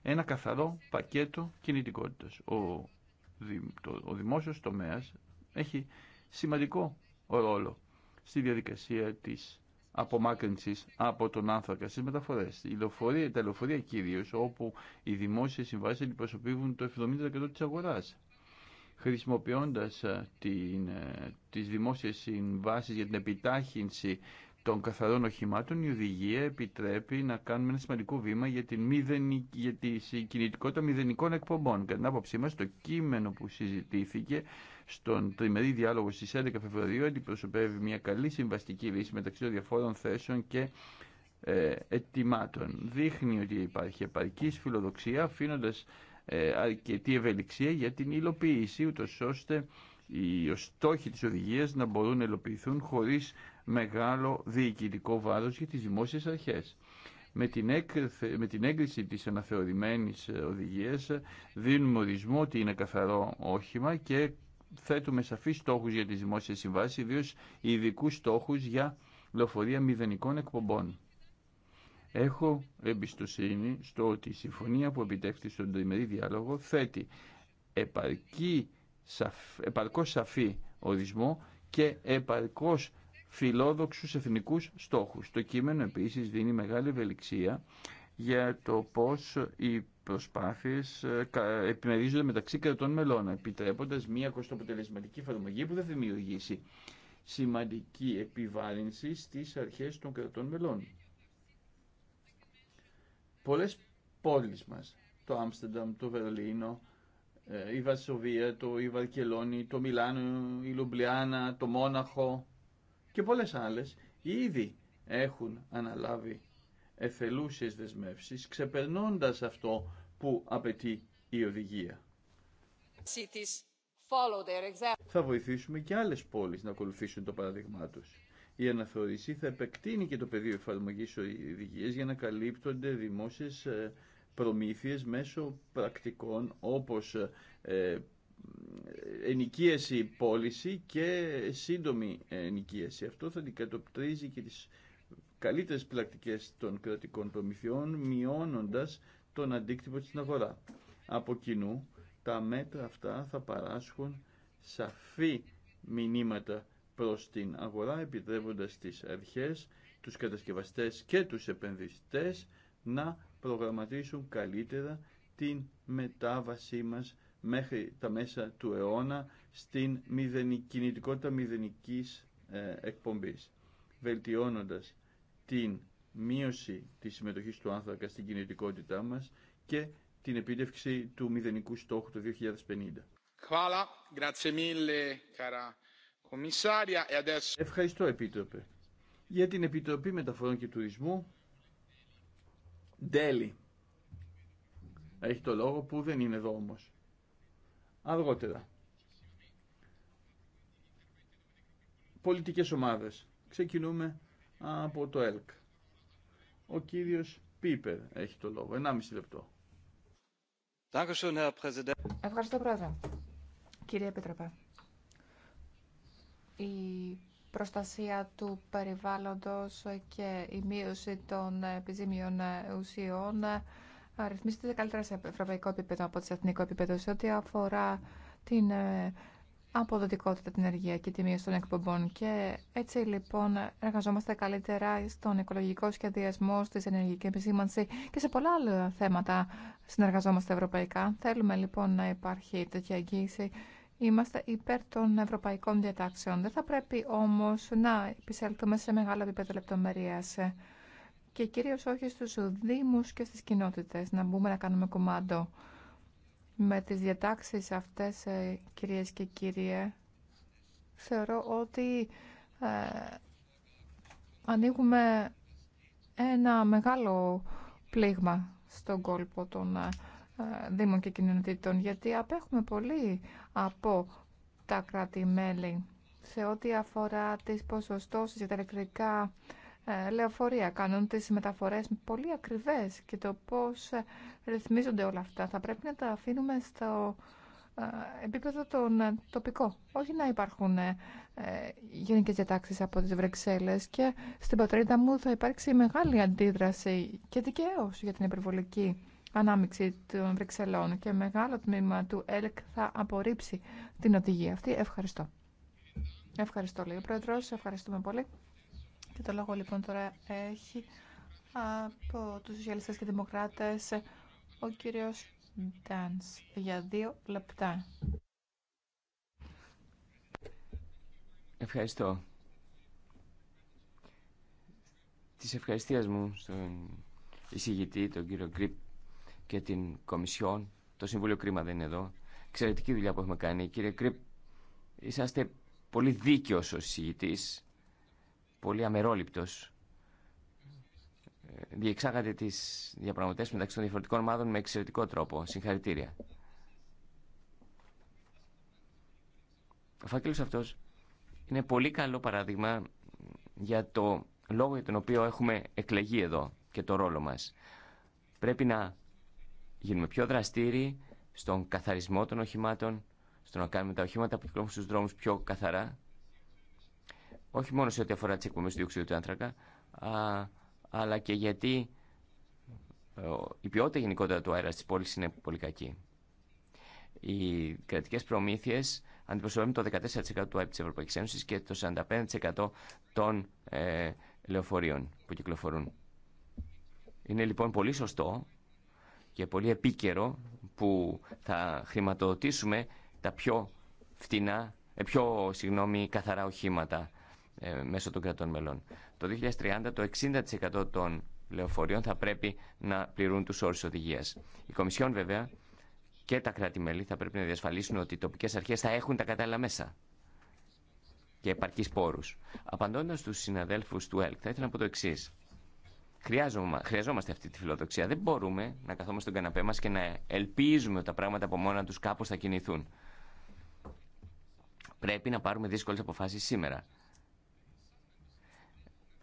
Ένα καθαρό πακέτο κινητικότητας. Ο, ο δημόσιος τομέας έχει σημαντικό ρόλο στη διαδικασία της απομάκρυνσης από τον άνθρακα στις μεταφορές. Η λεωφορία, τα λεωφορεία κυρίως όπου οι δημόσιες συμβάσεις αντιπροσωπεύουν το 70% της αγοράς χρησιμοποιώντας ε, την, ε, τις δημόσιες συμβάσεις για την επιτάχυνση των καθαρών οχημάτων, η οδηγία επιτρέπει να κάνουμε ένα σημαντικό βήμα για, την για τη συγκινητικότητα μηδενικών εκπομπών. Κατά την άποψή μα, το κείμενο που συζητήθηκε στον τριμερή διάλογο στις 11 Φεβρουαρίου αντιπροσωπεύει μια καλή συμβαστική λύση μεταξύ των διαφόρων θέσεων και ε, ετοιμάτων. Δείχνει ότι υπάρχει επαρκή φιλοδοξία, αφήνοντα ε, αρκετή ευελιξία για την υλοποίηση, ούτως ώστε οι στόχοι της οδηγίας να μπορούν να υλοποιηθούν χωρίς μεγάλο διοικητικό βάρος για τις δημόσιες αρχές. Με την, με την έγκριση της αναθεωρημένης οδηγίας δίνουμε ορισμό ότι είναι καθαρό όχημα και θέτουμε σαφείς στόχους για τις δημόσιες συμβάσεις, ιδίω ειδικού στόχους για λεωφορεία μηδενικών εκπομπών. Έχω εμπιστοσύνη στο ότι η συμφωνία που επιτεύχθη στον τριμερή διάλογο θέτει επαρκή, επαρκώς σαφή ορισμό και επαρκώς φιλόδοξους εθνικούς στόχους. Το κείμενο επίσης δίνει μεγάλη ευελιξία για το πώς οι προσπάθειες ε, επιμερίζονται μεταξύ κρατών μελών, επιτρέποντας μία κοστοποτελεσματική εφαρμογή που δεν θα δημιουργήσει σημαντική επιβάρυνση στις αρχές των κρατών μελών πολλές πόλεις μας, το Άμστερνταμ, το Βερολίνο, ε, η Βαρσοβία, το η Βαρκελόνη, το Μιλάνο, η Λουμπλιάνα, το Μόναχο και πολλές άλλες ήδη έχουν αναλάβει εθελούσιες δεσμεύσεις ξεπερνώντας αυτό που απαιτεί η οδηγία. Θα βοηθήσουμε και άλλες πόλεις να ακολουθήσουν το παραδείγμα τους. Η αναθεώρηση θα επεκτείνει και το πεδίο εφαρμογής οδηγίες για να καλύπτονται δημόσιες ε, προμήθειες μέσω πρακτικών όπως ε, ε, ενοικίαση πώληση και σύντομη ενοικίαση. Αυτό θα αντικατοπτρίζει και τις καλύτερες πρακτικές των κρατικών προμηθειών, μειώνοντας τον αντίκτυπο στην αγορά. Από κοινού, τα μέτρα αυτά θα παράσχουν σαφή μηνύματα προς την αγορά επιτρέποντας τις αρχές, τους κατασκευαστές και τους επενδυτές να προγραμματίσουν καλύτερα την μετάβασή μας μέχρι τα μέσα του αιώνα στην κινητικότητα μηδενικής ε, εκπομπής, βελτιώνοντας την μείωση της συμμετοχής του άνθρακα στην κινητικότητά μας και την επίτευξη του μηδενικού στόχου το 2050. E Ευχαριστώ Επίτροπε. Για την Επιτροπή Μεταφορών και Τουρισμού, Δέλη Έχει το λόγο που δεν είναι εδώ όμως. Αργότερα. Πολιτικές ομάδες. Ξεκινούμε από το ΕΛΚ. Ο κύριος Πίπερ έχει το λόγο. 1,5 λεπτό. Ευχαριστώ πρόεδρε. Κύριε Επίτροπε η προστασία του περιβάλλοντος και η μείωση των επιζήμιων ουσιών αριθμίζεται καλύτερα σε ευρωπαϊκό επίπεδο από σε εθνικό επίπεδο σε ό,τι αφορά την ε, αποδοτικότητα, την ενεργεία και τη μείωση των εκπομπών. Και έτσι λοιπόν εργαζόμαστε καλύτερα στον οικολογικό σχεδιασμό, στη ενεργειακή επισήμανση και σε πολλά άλλα θέματα συνεργαζόμαστε ευρωπαϊκά. Θέλουμε λοιπόν να υπάρχει τέτοια εγγύηση Είμαστε υπέρ των ευρωπαϊκών διατάξεων. Δεν θα πρέπει όμως να επισέλθουμε σε μεγάλο επίπεδο λεπτομερίας και κυρίως όχι στους δήμους και στις κοινότητες να μπούμε να κάνουμε κομμάτι με τις διατάξεις αυτές ε, κυρίες και κύριε θεωρώ ότι ε, ανοίγουμε ένα μεγάλο πλήγμα στον κόλπο των ε, δήμων και κοινωνιτήτων γιατί απέχουμε πολύ από τα κράτη-μέλη σε ό,τι αφορά τις ποσοστώσεις για τα ηλεκτρικά ε, λεωφορεία. Κάνουν τις μεταφορές πολύ ακριβές και το πώς ε, ρυθμίζονται όλα αυτά. Θα πρέπει να τα αφήνουμε στο ε, επίπεδο των τοπικό. Όχι να υπάρχουν ε, γενικές διατάξεις από τις Βρεξέλλες και στην πατρίδα μου θα υπάρξει μεγάλη αντίδραση και δικαίως για την υπερβολική ανάμειξη των Βρυξελών και μεγάλο τμήμα του ΕΛΚ θα απορρίψει την οδηγία αυτή. Ευχαριστώ. Ευχαριστώ, λέει ο Πρόεδρος. Ευχαριστούμε πολύ. Και το λόγο λοιπόν τώρα έχει από τους Σοσιαλιστές και Δημοκράτες ο κύριος Ντάνς για δύο λεπτά. Ευχαριστώ. Της ευχαριστίας μου στον εισηγητή, τον κύριο Γκριπ και την Κομισιόν. Το Συμβούλιο Κρίμα δεν είναι εδώ. Εξαιρετική δουλειά που έχουμε κάνει. Κύριε Κρύπ, είσαστε πολύ δίκαιος ως συγητής, πολύ αμερόληπτος. Ε, διεξάγατε τι διαπραγματεύσει μεταξύ των διαφορετικών ομάδων με εξαιρετικό τρόπο. Συγχαρητήρια. Ο φάκελο αυτός είναι πολύ καλό παράδειγμα για το λόγο για τον οποίο έχουμε εκλεγεί εδώ και το ρόλο μας. Πρέπει να γίνουμε πιο δραστήριοι στον καθαρισμό των οχημάτων, στο να κάνουμε τα οχήματα που κυκλοφορούν στους δρόμους πιο καθαρά, όχι μόνο σε ό,τι αφορά τις εκπομπές του διοξιδίου του άνθρακα, α, αλλά και γιατί ε, η ποιότητα γενικότερα του αέρα της πόλης είναι πολύ κακή. Οι κρατικές προμήθειες αντιπροσωπεύουν το 14% του ΑΕΠ της Ευρωπαϊκής Ένωσης και το 45% των ε, λεωφορείων που κυκλοφορούν. Είναι λοιπόν πολύ σωστό και πολύ επίκαιρο που θα χρηματοδοτήσουμε τα πιο φτηνά, ε, πιο συγγνώμη, καθαρά οχήματα ε, μέσω των κρατών μελών. Το 2030 το 60% των λεωφορείων θα πρέπει να πληρούν τους όρους οδηγίας. Η Κομισιόν βέβαια και τα κράτη-μέλη θα πρέπει να διασφαλίσουν ότι οι τοπικές αρχές θα έχουν τα κατάλληλα μέσα και επαρκείς πόρους. Απαντώντας στους συναδέλφους του ΕΛΚ θα ήθελα να πω το εξής. Χρειαζόμαστε αυτή τη φιλοδοξία. Δεν μπορούμε να καθόμαστε στον καναπέ μας και να ελπίζουμε ότι τα πράγματα από μόνα τους κάπως θα κινηθούν. Πρέπει να πάρουμε δύσκολες αποφάσεις σήμερα.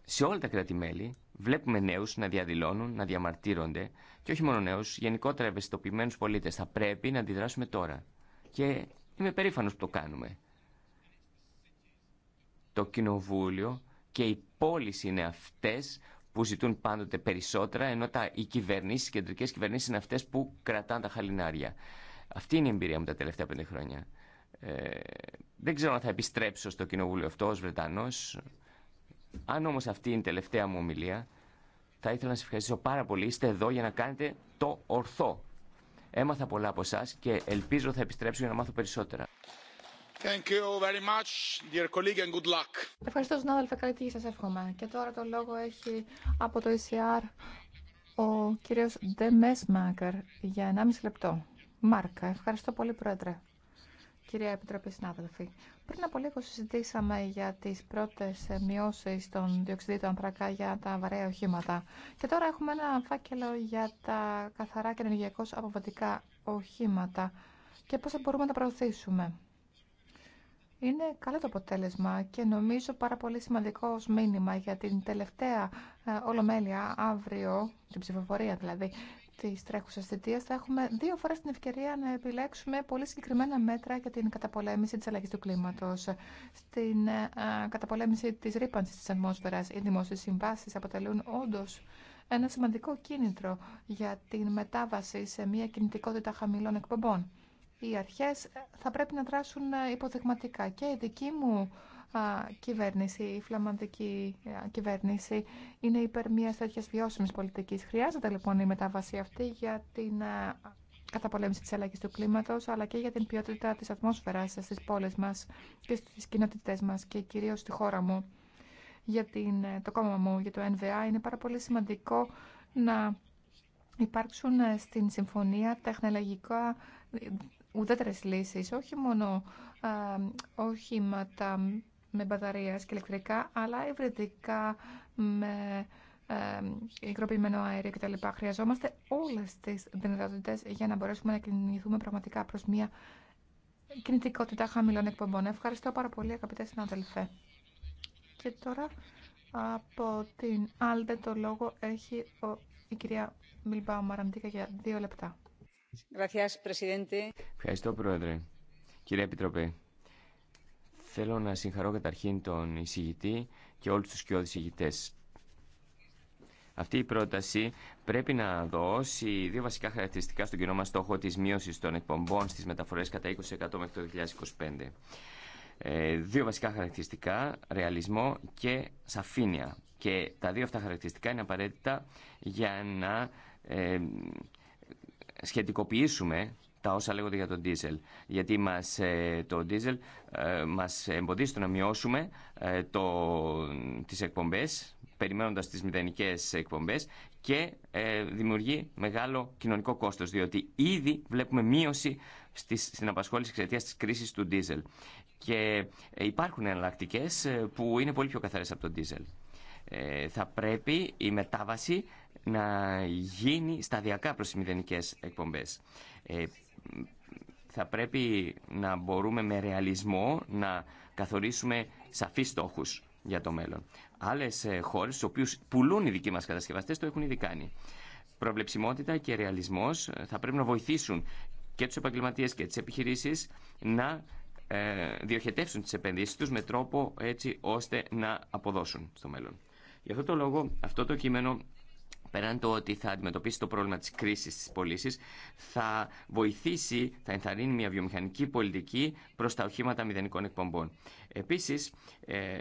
Σε όλα τα κράτη-μέλη βλέπουμε νέου να διαδηλώνουν, να διαμαρτύρονται και όχι μόνο νέου, γενικότερα ευαισθητοποιημένου πολίτε. Θα πρέπει να αντιδράσουμε τώρα. Και είμαι περήφανο που το κάνουμε. Το Κοινοβούλιο και οι πόλεις είναι αυτέ που ζητούν πάντοτε περισσότερα, ενώ τα, οι κυβερνήσει, οι κεντρικέ κυβερνήσει είναι αυτέ που κρατάνε τα χαλινάρια. Αυτή είναι η εμπειρία μου τα τελευταία πέντε χρόνια. Ε, δεν ξέρω αν θα επιστρέψω στο κοινοβούλιο αυτό ω Βρετανό. Αν όμω αυτή είναι η τελευταία μου ομιλία, θα ήθελα να σα ευχαριστήσω πάρα πολύ. Είστε εδώ για να κάνετε το ορθό. Έμαθα πολλά από εσά και ελπίζω θα επιστρέψω για να μάθω περισσότερα. Thank you very much, dear colleague, and good luck. Ευχαριστώ, συνάδελφε. Καλή τύχη σας εύχομαι. Και τώρα το λόγο έχει από το ECR ο κύριος Ντεμέσμακερ για 1,5 λεπτό. Μάρκα, ευχαριστώ πολύ, Πρόεδρε. Κυρία Επιτροπή, συνάδελφοι. Πριν από λίγο συζητήσαμε για τις πρώτες μειώσεις των διοξιδίτων ανθρακά για τα βαρέα οχήματα. Και τώρα έχουμε ένα φάκελο για τα καθαρά και ενεργειακώς αποβατικά οχήματα και πώς θα μπορούμε να τα προωθήσουμε. Είναι καλό το αποτέλεσμα και νομίζω πάρα πολύ σημαντικό ως μήνυμα για την τελευταία ε, ολομέλεια αύριο, την ψηφοφορία δηλαδή, τη τρέχουσα θητεία, θα έχουμε δύο φορέ την ευκαιρία να επιλέξουμε πολύ συγκεκριμένα μέτρα για την καταπολέμηση τη αλλαγή του κλίματο. Στην ε, καταπολέμηση τη ρήπανση τη ατμόσφαιρα, οι δημόσιε συμβάσει αποτελούν όντω ένα σημαντικό κίνητρο για την μετάβαση σε μια κινητικότητα χαμηλών εκπομπών οι αρχές θα πρέπει να δράσουν ε, υποδειγματικά. Και η δική μου κυβέρνηση, η φλαμανδική ε, κυβέρνηση, είναι υπέρ μια τέτοιας βιώσιμης πολιτικής. Χρειάζεται λοιπόν η μετάβαση αυτή για την ε, καταπολέμηση της αλλαγής του κλίματος, αλλά και για την ποιότητα της ατμόσφαιρας στις πόλεις μας και στις κοινότητε μας και κυρίως στη χώρα μου. Για την, το κόμμα μου, για το NVA, είναι πάρα πολύ σημαντικό να υπάρξουν στην συμφωνία τεχνολογικά ουδέτερες λύσεις, όχι μόνο α, οχήματα με μπαταρίες και ηλεκτρικά, αλλά υβριδικά με ε, υγροποιημένο αέριο κτλ. Χρειαζόμαστε όλες τις δυνατότητες για να μπορέσουμε να κινηθούμε πραγματικά προς μια κινητικότητα χαμηλών εκπομπών. Ευχαριστώ πάρα πολύ αγαπητέ συνάδελφε. Και τώρα από την Άλτε το λόγο έχει ο, η κυρία Μιλμπάου Μαραντίκα για δύο λεπτά. Ευχαριστώ, Πρόεδρε. Κύριε Επιτροπέ, θέλω να συγχαρώ καταρχήν τον εισηγητή και όλους τους κοιόδης εισηγητές. Αυτή η πρόταση πρέπει να δώσει δύο βασικά χαρακτηριστικά στον κοινό μας στόχο της μείωσης των εκπομπών στις μεταφορές κατά 20% μέχρι το 2025. Ε, δύο βασικά χαρακτηριστικά, ρεαλισμό και σαφήνεια. Και τα δύο αυτά χαρακτηριστικά είναι απαραίτητα για να... Ε, σχετικοποιήσουμε τα όσα λέγονται για τον δίζελ. Γιατί μας, ε, το δίζελ μας εμποδίζει να μειώσουμε ε, το, τις εκπομπές, περιμένοντας τις μηδενικές εκπομπές και ε, δημιουργεί μεγάλο κοινωνικό κόστος, διότι ήδη βλέπουμε μείωση στις, στην απασχόληση εξαιτία της κρίσης του δίζελ. Και υπάρχουν εναλλακτικέ που είναι πολύ πιο καθαρές από τον δίζελ. θα πρέπει η μετάβαση να γίνει σταδιακά προς τις μηδενικές εκπομπές. Ε, θα πρέπει να μπορούμε με ρεαλισμό να καθορίσουμε σαφείς στόχους για το μέλλον. Άλλες ε, χώρες, στους οποίες πουλούν οι δικοί μας κατασκευαστές, το έχουν ήδη κάνει. Προβλεψιμότητα και ρεαλισμός ε, θα πρέπει να βοηθήσουν και τους επαγγελματίες και τις επιχειρήσεις να ε, διοχετεύσουν τις επενδύσεις τους με τρόπο έτσι ώστε να αποδώσουν στο μέλλον. Γι' αυτό το λόγο αυτό το κείμενο πέραν το ότι θα αντιμετωπίσει το πρόβλημα της κρίσης της πωλήση, θα βοηθήσει, θα ενθαρρύνει μια βιομηχανική πολιτική προς τα οχήματα μηδενικών εκπομπών. Επίσης, ε,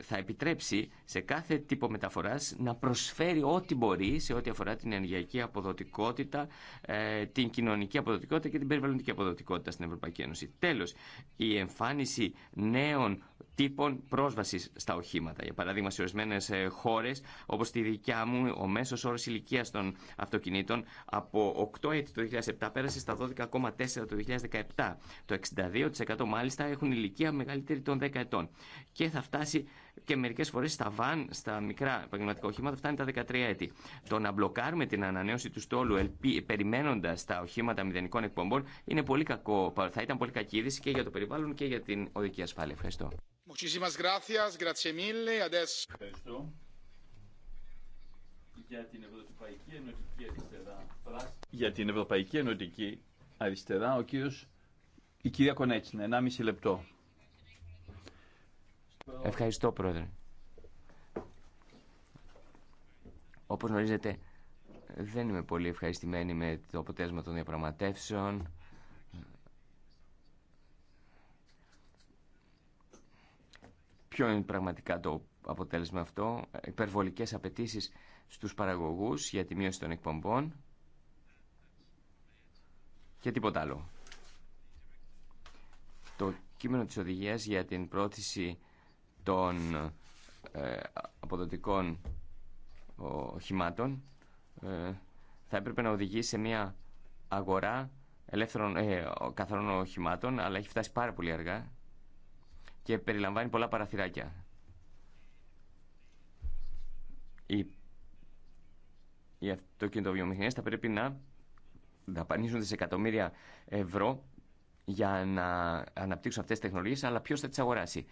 θα επιτρέψει σε κάθε τύπο μεταφοράς να προσφέρει ό,τι μπορεί σε ό,τι αφορά την ενεργειακή αποδοτικότητα, ε, την κοινωνική αποδοτικότητα και την περιβαλλοντική αποδοτικότητα στην Ευρωπαϊκή Ένωση. Τέλος, η εμφάνιση νέων τύπων πρόσβαση στα οχήματα. Για παράδειγμα, σε ορισμένε ε, χώρε, όπω τη δικιά μου, ο μέσο όρο ηλικία των αυτοκινήτων από 8 έτη το 2007 πέρασε στα 12,4 το 2017. Το 62% μάλιστα έχουν ηλικία μεγαλύτερη των 10 ετών. Και θα φτάσει και μερικέ φορέ στα βαν, στα μικρά επαγγελματικά οχήματα φτάνει τα 13 έτη. Το να μπλοκάρουμε την ανανέωση του στόλου περιμένοντα τα οχήματα μηδενικών εκπομπών είναι πολύ κακό, θα ήταν πολύ κακή είδηση και για το περιβάλλον και για την οδική ασφάλεια. Ευχαριστώ. Ευχαριστώ. Για την Ευρωπαϊκή Ενωτική Αριστερά, για την Ευρωπαϊκή Ενωτική Αριστερά ο κύριος, η κυρία Κονέτσινα, 1,5 λεπτό. Ευχαριστώ, Πρόεδρε. Όπως γνωρίζετε, δεν είμαι πολύ ευχαριστημένη με το αποτέλεσμα των διαπραγματεύσεων. Ποιο είναι πραγματικά το αποτέλεσμα αυτό. Υπερβολικές απαιτήσει στους παραγωγούς για τη μείωση των εκπομπών και τίποτα άλλο. Το κείμενο της οδηγίας για την πρόθεση των ε, αποδοτικών οχημάτων ε, θα έπρεπε να οδηγήσει σε μια αγορά ελεύθερων, ε, καθαρών οχημάτων, αλλά έχει φτάσει πάρα πολύ αργά και περιλαμβάνει πολλά παραθυράκια. Οι, οι αυτοκινητοβιομηχανίε θα πρέπει να δαπανίσουν δισεκατομμύρια ευρώ για να αναπτύξουν αυτές τις τεχνολογίες, αλλά ποιος θα τις αγοράσει.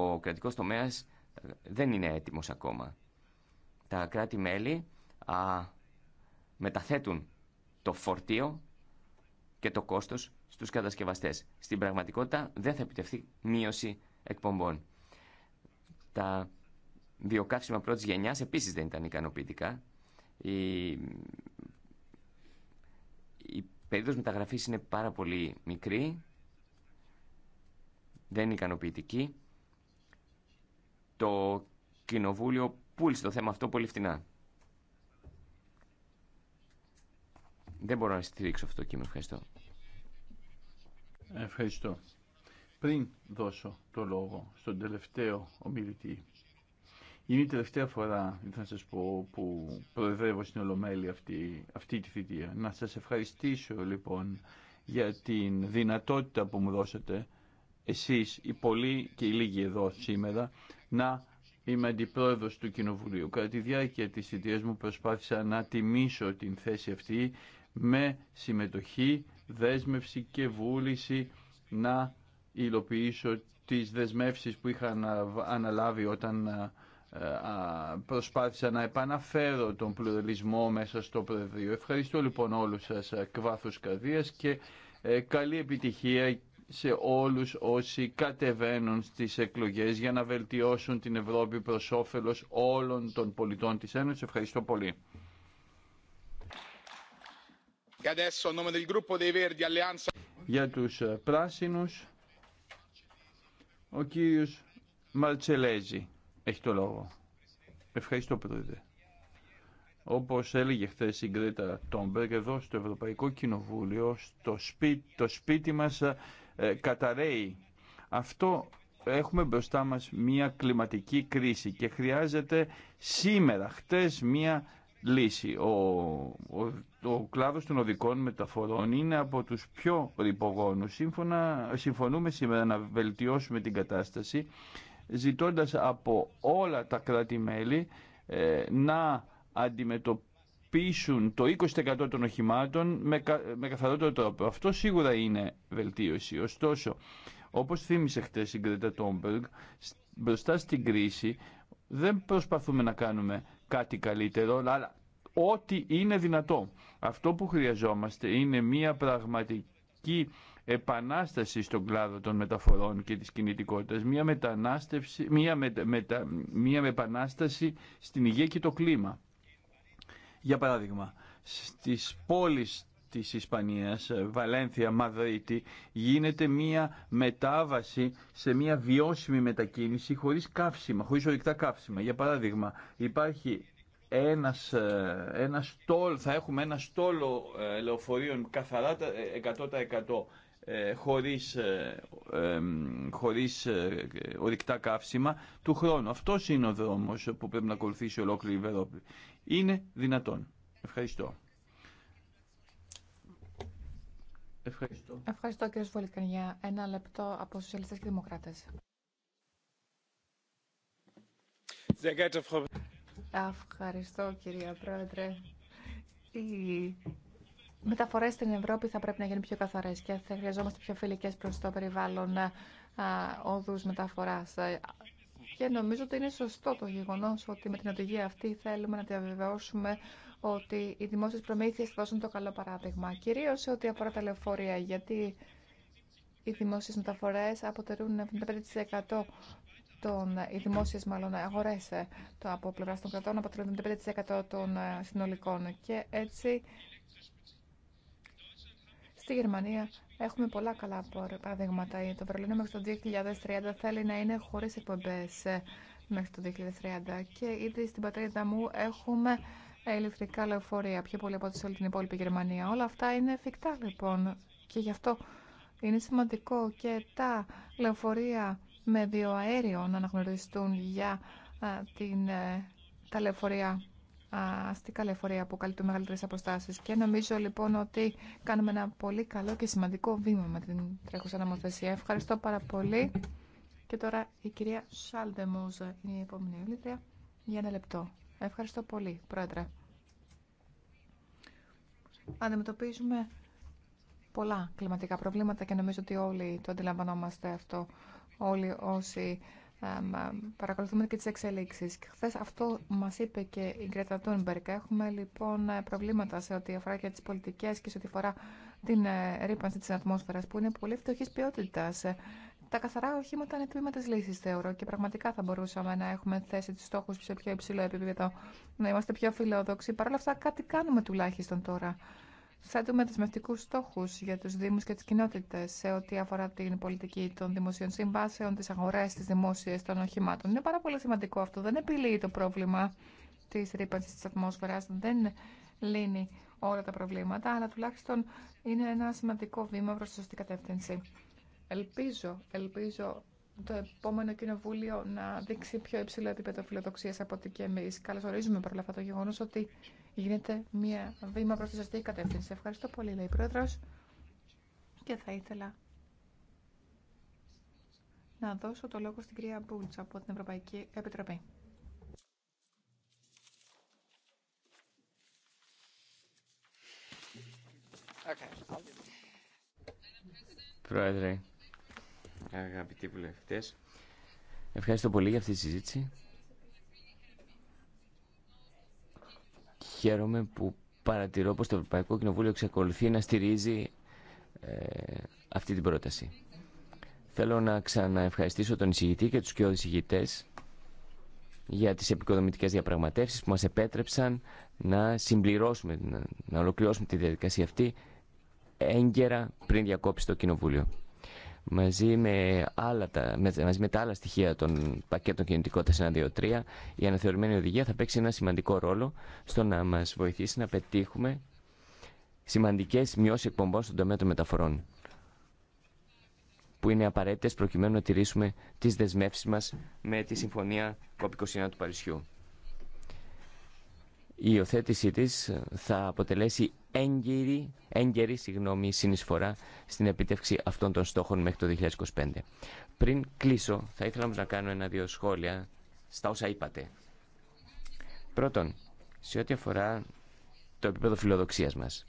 Ο κρατικός τομέας ε, δεν είναι έτοιμος ακόμα. Τα κράτη-μέλη μεταθέτουν το φορτίο και το κόστος στους κατασκευαστές. Στην πραγματικότητα δεν θα επιτευχθεί μείωση εκπομπών. Τα βιοκαύσιμα πρώτης γενιάς επίσης δεν ήταν ικανοποιητικά. Η, η περίοδος μεταγραφής είναι πάρα πολύ μικρή, δεν είναι ικανοποιητική. Το Κοινοβούλιο πούλησε το θέμα αυτό πολύ φτηνά. Δεν μπορώ να στηρίξω αυτό το κείμενο. Ευχαριστώ. Ευχαριστώ. Πριν δώσω το λόγο στον τελευταίο ομιλητή, είναι η τελευταία φορά, θα σας πω, που προεδρεύω στην Ολομέλη αυτή, τη θητεία. Να σας ευχαριστήσω λοιπόν για την δυνατότητα που μου δώσατε εσείς οι πολλοί και οι λίγοι εδώ σήμερα να είμαι αντιπρόεδρος του Κοινοβουλίου. Κατά τη διάρκεια της ιδέας μου προσπάθησα να τιμήσω την θέση αυτή με συμμετοχή, δέσμευση και βούληση να υλοποιήσω τις δεσμεύσεις που είχα αναλάβει όταν ε, προσπάθησα να επαναφέρω τον πλουραλισμό μέσα στο Προεδρείο. Ευχαριστώ λοιπόν όλους σας κβάθους καρδίας και ε, καλή επιτυχία σε όλους όσοι κατεβαίνουν στις εκλογές για να βελτιώσουν την Ευρώπη προς όφελος όλων των πολιτών της Ένωσης. Ευχαριστώ πολύ. Για τους ε, πράσινους, ο κύριος Μαρτσελέζη έχει το λόγο. Ευχαριστώ πρόεδρε. Όπως έλεγε χθε η Γκρέτα Τόμπεργκ εδώ στο Ευρωπαϊκό Κοινοβούλιο, στο σπίτι, το σπίτι μας ε, ε, καταραίει. Αυτό έχουμε μπροστά μας μια κλιματική κρίση και χρειάζεται σήμερα, χτες μια λύση. Ο, ο, κλάδος των οδικών μεταφορών είναι από τους πιο ρηπογόνους. συμφωνούμε σήμερα να βελτιώσουμε την κατάσταση ζητώντας από όλα τα κράτη-μέλη ε, να αντιμετωπίσουν πείσουν το 20% των οχημάτων με, με καθαρότερο τρόπο. Αυτό σίγουρα είναι βελτίωση. Ωστόσο, όπως θύμισε χτες η Γκρέτα Τόμπεργκ, μπροστά στην κρίση δεν προσπαθούμε να κάνουμε κάτι καλύτερο, αλλά ό,τι είναι δυνατό. Αυτό που χρειαζόμαστε είναι μια πραγματική επανάσταση στον κλάδο των μεταφορών και της κινητικότητας, μια, μια, μετα, μια επανάσταση στην υγεία και το κλίμα. Για παράδειγμα, στις πόλεις της Ισπανίας, ε, Βαλένθια, Μαδρίτη, γίνεται μία μετάβαση σε μία βιώσιμη μετακίνηση χωρίς καύσιμα, χωρίς ορυκτά καύσιμα. Για παράδειγμα, υπάρχει ένας, ε, ένας στόλ, θα έχουμε ένα στόλο ε, λεωφορείων καθαρά 100% ε, χωρίς, χωρίς ε, ορυκτά καύσιμα του χρόνου. Αυτό είναι ο δρόμος που πρέπει να ακολουθήσει ολόκληρη η Ευρώπη. Είναι δυνατόν. Ευχαριστώ. Ευχαριστώ. Ευχαριστώ κύριε Σβολικανιά. Ένα λεπτό από Σοσιαλιστές και Δημοκράτες. Ευχαριστώ κυρία Πρόεδρε μεταφορές στην Ευρώπη θα πρέπει να γίνουν πιο καθαρές και θα χρειαζόμαστε πιο φιλικές προς το περιβάλλον όδους μεταφοράς. Και νομίζω ότι είναι σωστό το γεγονός ότι με την οδηγία αυτή θέλουμε να διαβεβαιώσουμε ότι οι δημόσιες προμήθειες θα δώσουν το καλό παράδειγμα. Κυρίως σε ό,τι αφορά τα λεωφορεία, γιατί οι δημόσιες μεταφορές αποτελούν 75% των, ε, οι δημόσιες μάλλον αγορές ε, το από πλευρά των κρατών αποτελούν των ε, συνολικών και έτσι Στη Γερμανία έχουμε πολλά καλά παραδείγματα. Ε, το Βερολίνο μέχρι το 2030 θέλει να είναι χωρίς εκπομπές ε, μέχρι το 2030 και ήδη στην πατρίδα μου έχουμε ηλεκτρικά λεωφορεία, πιο πολύ από ό,τι σε όλη την υπόλοιπη Γερμανία. Όλα αυτά είναι εφικτά λοιπόν και γι' αυτό είναι σημαντικό και τα λεωφορεία με βιοαέριο να αναγνωριστούν για ε, τα λεωφορεία αστικά λεωφορεία που καλύπτουν μεγαλύτερε αποστάσει. Και νομίζω λοιπόν ότι κάνουμε ένα πολύ καλό και σημαντικό βήμα με την τρέχουσα νομοθεσία. Ευχαριστώ πάρα πολύ. Και τώρα η κυρία Σάλντεμούζα είναι η επόμενη ομιλήτρια για ένα λεπτό. Ευχαριστώ πολύ, Πρόεδρε. Αντιμετωπίζουμε πολλά κλιματικά προβλήματα και νομίζω ότι όλοι το αντιλαμβανόμαστε αυτό. Όλοι όσοι παρακολουθούμε και τις εξελίξεις. Και χθες αυτό μας είπε και η Γκρέτα Τούνμπερκ. Έχουμε λοιπόν ε, προβλήματα σε ό,τι αφορά και τις πολιτικές και σε ό,τι αφορά την ε, ρήπανση της ατμόσφαιρας που είναι πολύ φτωχή ποιότητα. Ε, τα καθαρά οχήματα είναι τμήμα τη λύση, θεωρώ, και πραγματικά θα μπορούσαμε να έχουμε θέσει του στόχου σε πιο υψηλό επίπεδο, να είμαστε πιο φιλόδοξοι. Παρ' όλα αυτά, κάτι κάνουμε τουλάχιστον τώρα θέτουμε δεσμευτικού στόχου για του Δήμου και τι κοινότητε σε ό,τι αφορά την πολιτική των δημοσίων συμβάσεων, τι αγορέ, τι δημόσιε των οχημάτων. Είναι πάρα πολύ σημαντικό αυτό. Δεν επιλύει το πρόβλημα τη ρήπανση τη ατμόσφαιρα, δεν λύνει όλα τα προβλήματα, αλλά τουλάχιστον είναι ένα σημαντικό βήμα προ τη σωστή κατεύθυνση. Ελπίζω, ελπίζω το επόμενο κοινοβούλιο να δείξει πιο υψηλό επίπεδο φιλοδοξία από ότι και εμεί. Καλωσορίζουμε παρόλα αυτά το γεγονό ότι γίνεται μία βήμα προς τη σωστή κατεύθυνση. Ευχαριστώ πολύ, λέει η Πρόεδρος. Και θα ήθελα να δώσω το λόγο στην κυρία Μπούλτς από την Ευρωπαϊκή Επιτροπή. Okay. Πρόεδρε, αγαπητοί βουλευτές, ευχαριστώ πολύ για αυτή τη συζήτηση. Χαίρομαι που παρατηρώ πως το Ευρωπαϊκό Κοινοβούλιο εξακολουθεί να στηρίζει ε, αυτή την πρόταση. Θέλω να ξαναευχαριστήσω τον εισηγητή και τους και εισηγητές για τις επικοδομητικές διαπραγματεύσεις που μας επέτρεψαν να συμπληρώσουμε, να ολοκληρώσουμε τη διαδικασία αυτή έγκαιρα πριν διακόψει το Κοινοβούλιο μαζί με, άλλα, μαζί με τα άλλα στοιχεία των πακετων κινητικότητας κινητικότητα 1-2-3, η αναθεωρημένη οδηγία θα παίξει ένα σημαντικό ρόλο στο να μα βοηθήσει να πετύχουμε σημαντικέ μειώσει εκπομπών στον τομέα των μεταφορών, που είναι απαραίτητες προκειμένου να τηρήσουμε τις δεσμεύσεις μας με τη Συμφωνία COP29 του Παρισιού. Η υιοθέτησή της θα αποτελέσει έγκυρη, έγκαιρη συγγνώμη, συνεισφορά στην επίτευξη αυτών των στόχων μέχρι το 2025. Πριν κλείσω, θα ήθελα όμως να κάνω ένα-δύο σχόλια στα όσα είπατε. Πρώτον, σε ό,τι αφορά το επίπεδο φιλοδοξίας μας.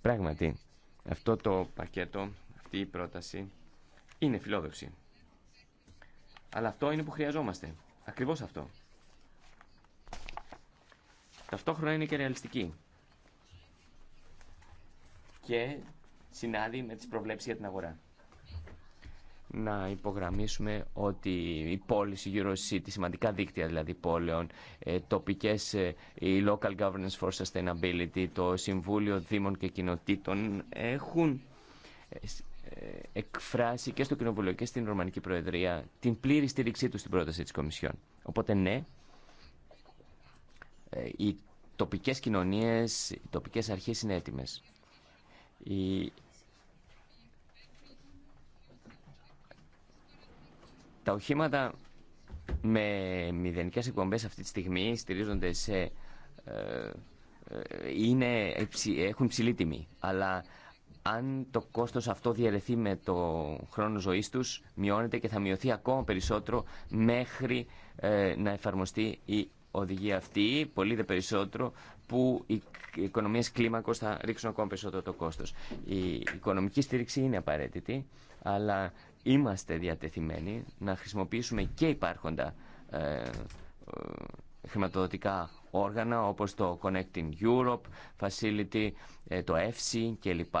Πράγματι, αυτό το πακέτο, αυτή η πρόταση, είναι φιλόδοξη. Αλλά αυτό είναι που χρειαζόμαστε. Ακριβώς αυτό. Ταυτόχρονα είναι και ρεαλιστική και συνάδει με τις προβλέψεις για την αγορά. Να υπογραμμίσουμε ότι η πώληση γύρω τη σημαντικά δίκτυα δηλαδή πόλεων, ε, τοπικές, ε, η Local Governance for Sustainability, το Συμβούλιο Δήμων και Κοινοτήτων έχουν ε, εκφράσει και στο Κοινοβουλίο και στην Ρωμανική Προεδρία την πλήρη στήριξή του στην πρόταση της Κομισιόν. Οπότε ναι, οι τοπικές κοινωνίες, οι τοπικές αρχές είναι έτοιμες. Τα οχήματα με μηδενικές εκπομπέ αυτή τη στιγμή στηρίζονται σε... Ε, ε, είναι, έχουν ψηλή τιμή, αλλά αν το κόστος αυτό διαιρεθεί με το χρόνο ζωής τους, μειώνεται και θα μειωθεί ακόμα περισσότερο μέχρι ε, να εφαρμοστεί η Οδηγεί αυτή, πολύ δε περισσότερο, που οι οικονομίες κλίμακος θα ρίξουν ακόμα περισσότερο το κόστος. Η οικονομική στήριξη είναι απαραίτητη, αλλά είμαστε διατεθειμένοι να χρησιμοποιήσουμε και υπάρχοντα ε, ε χρηματοδοτικά όργανα όπως το Connecting Europe, Facility, ε, το EFSI κλπ.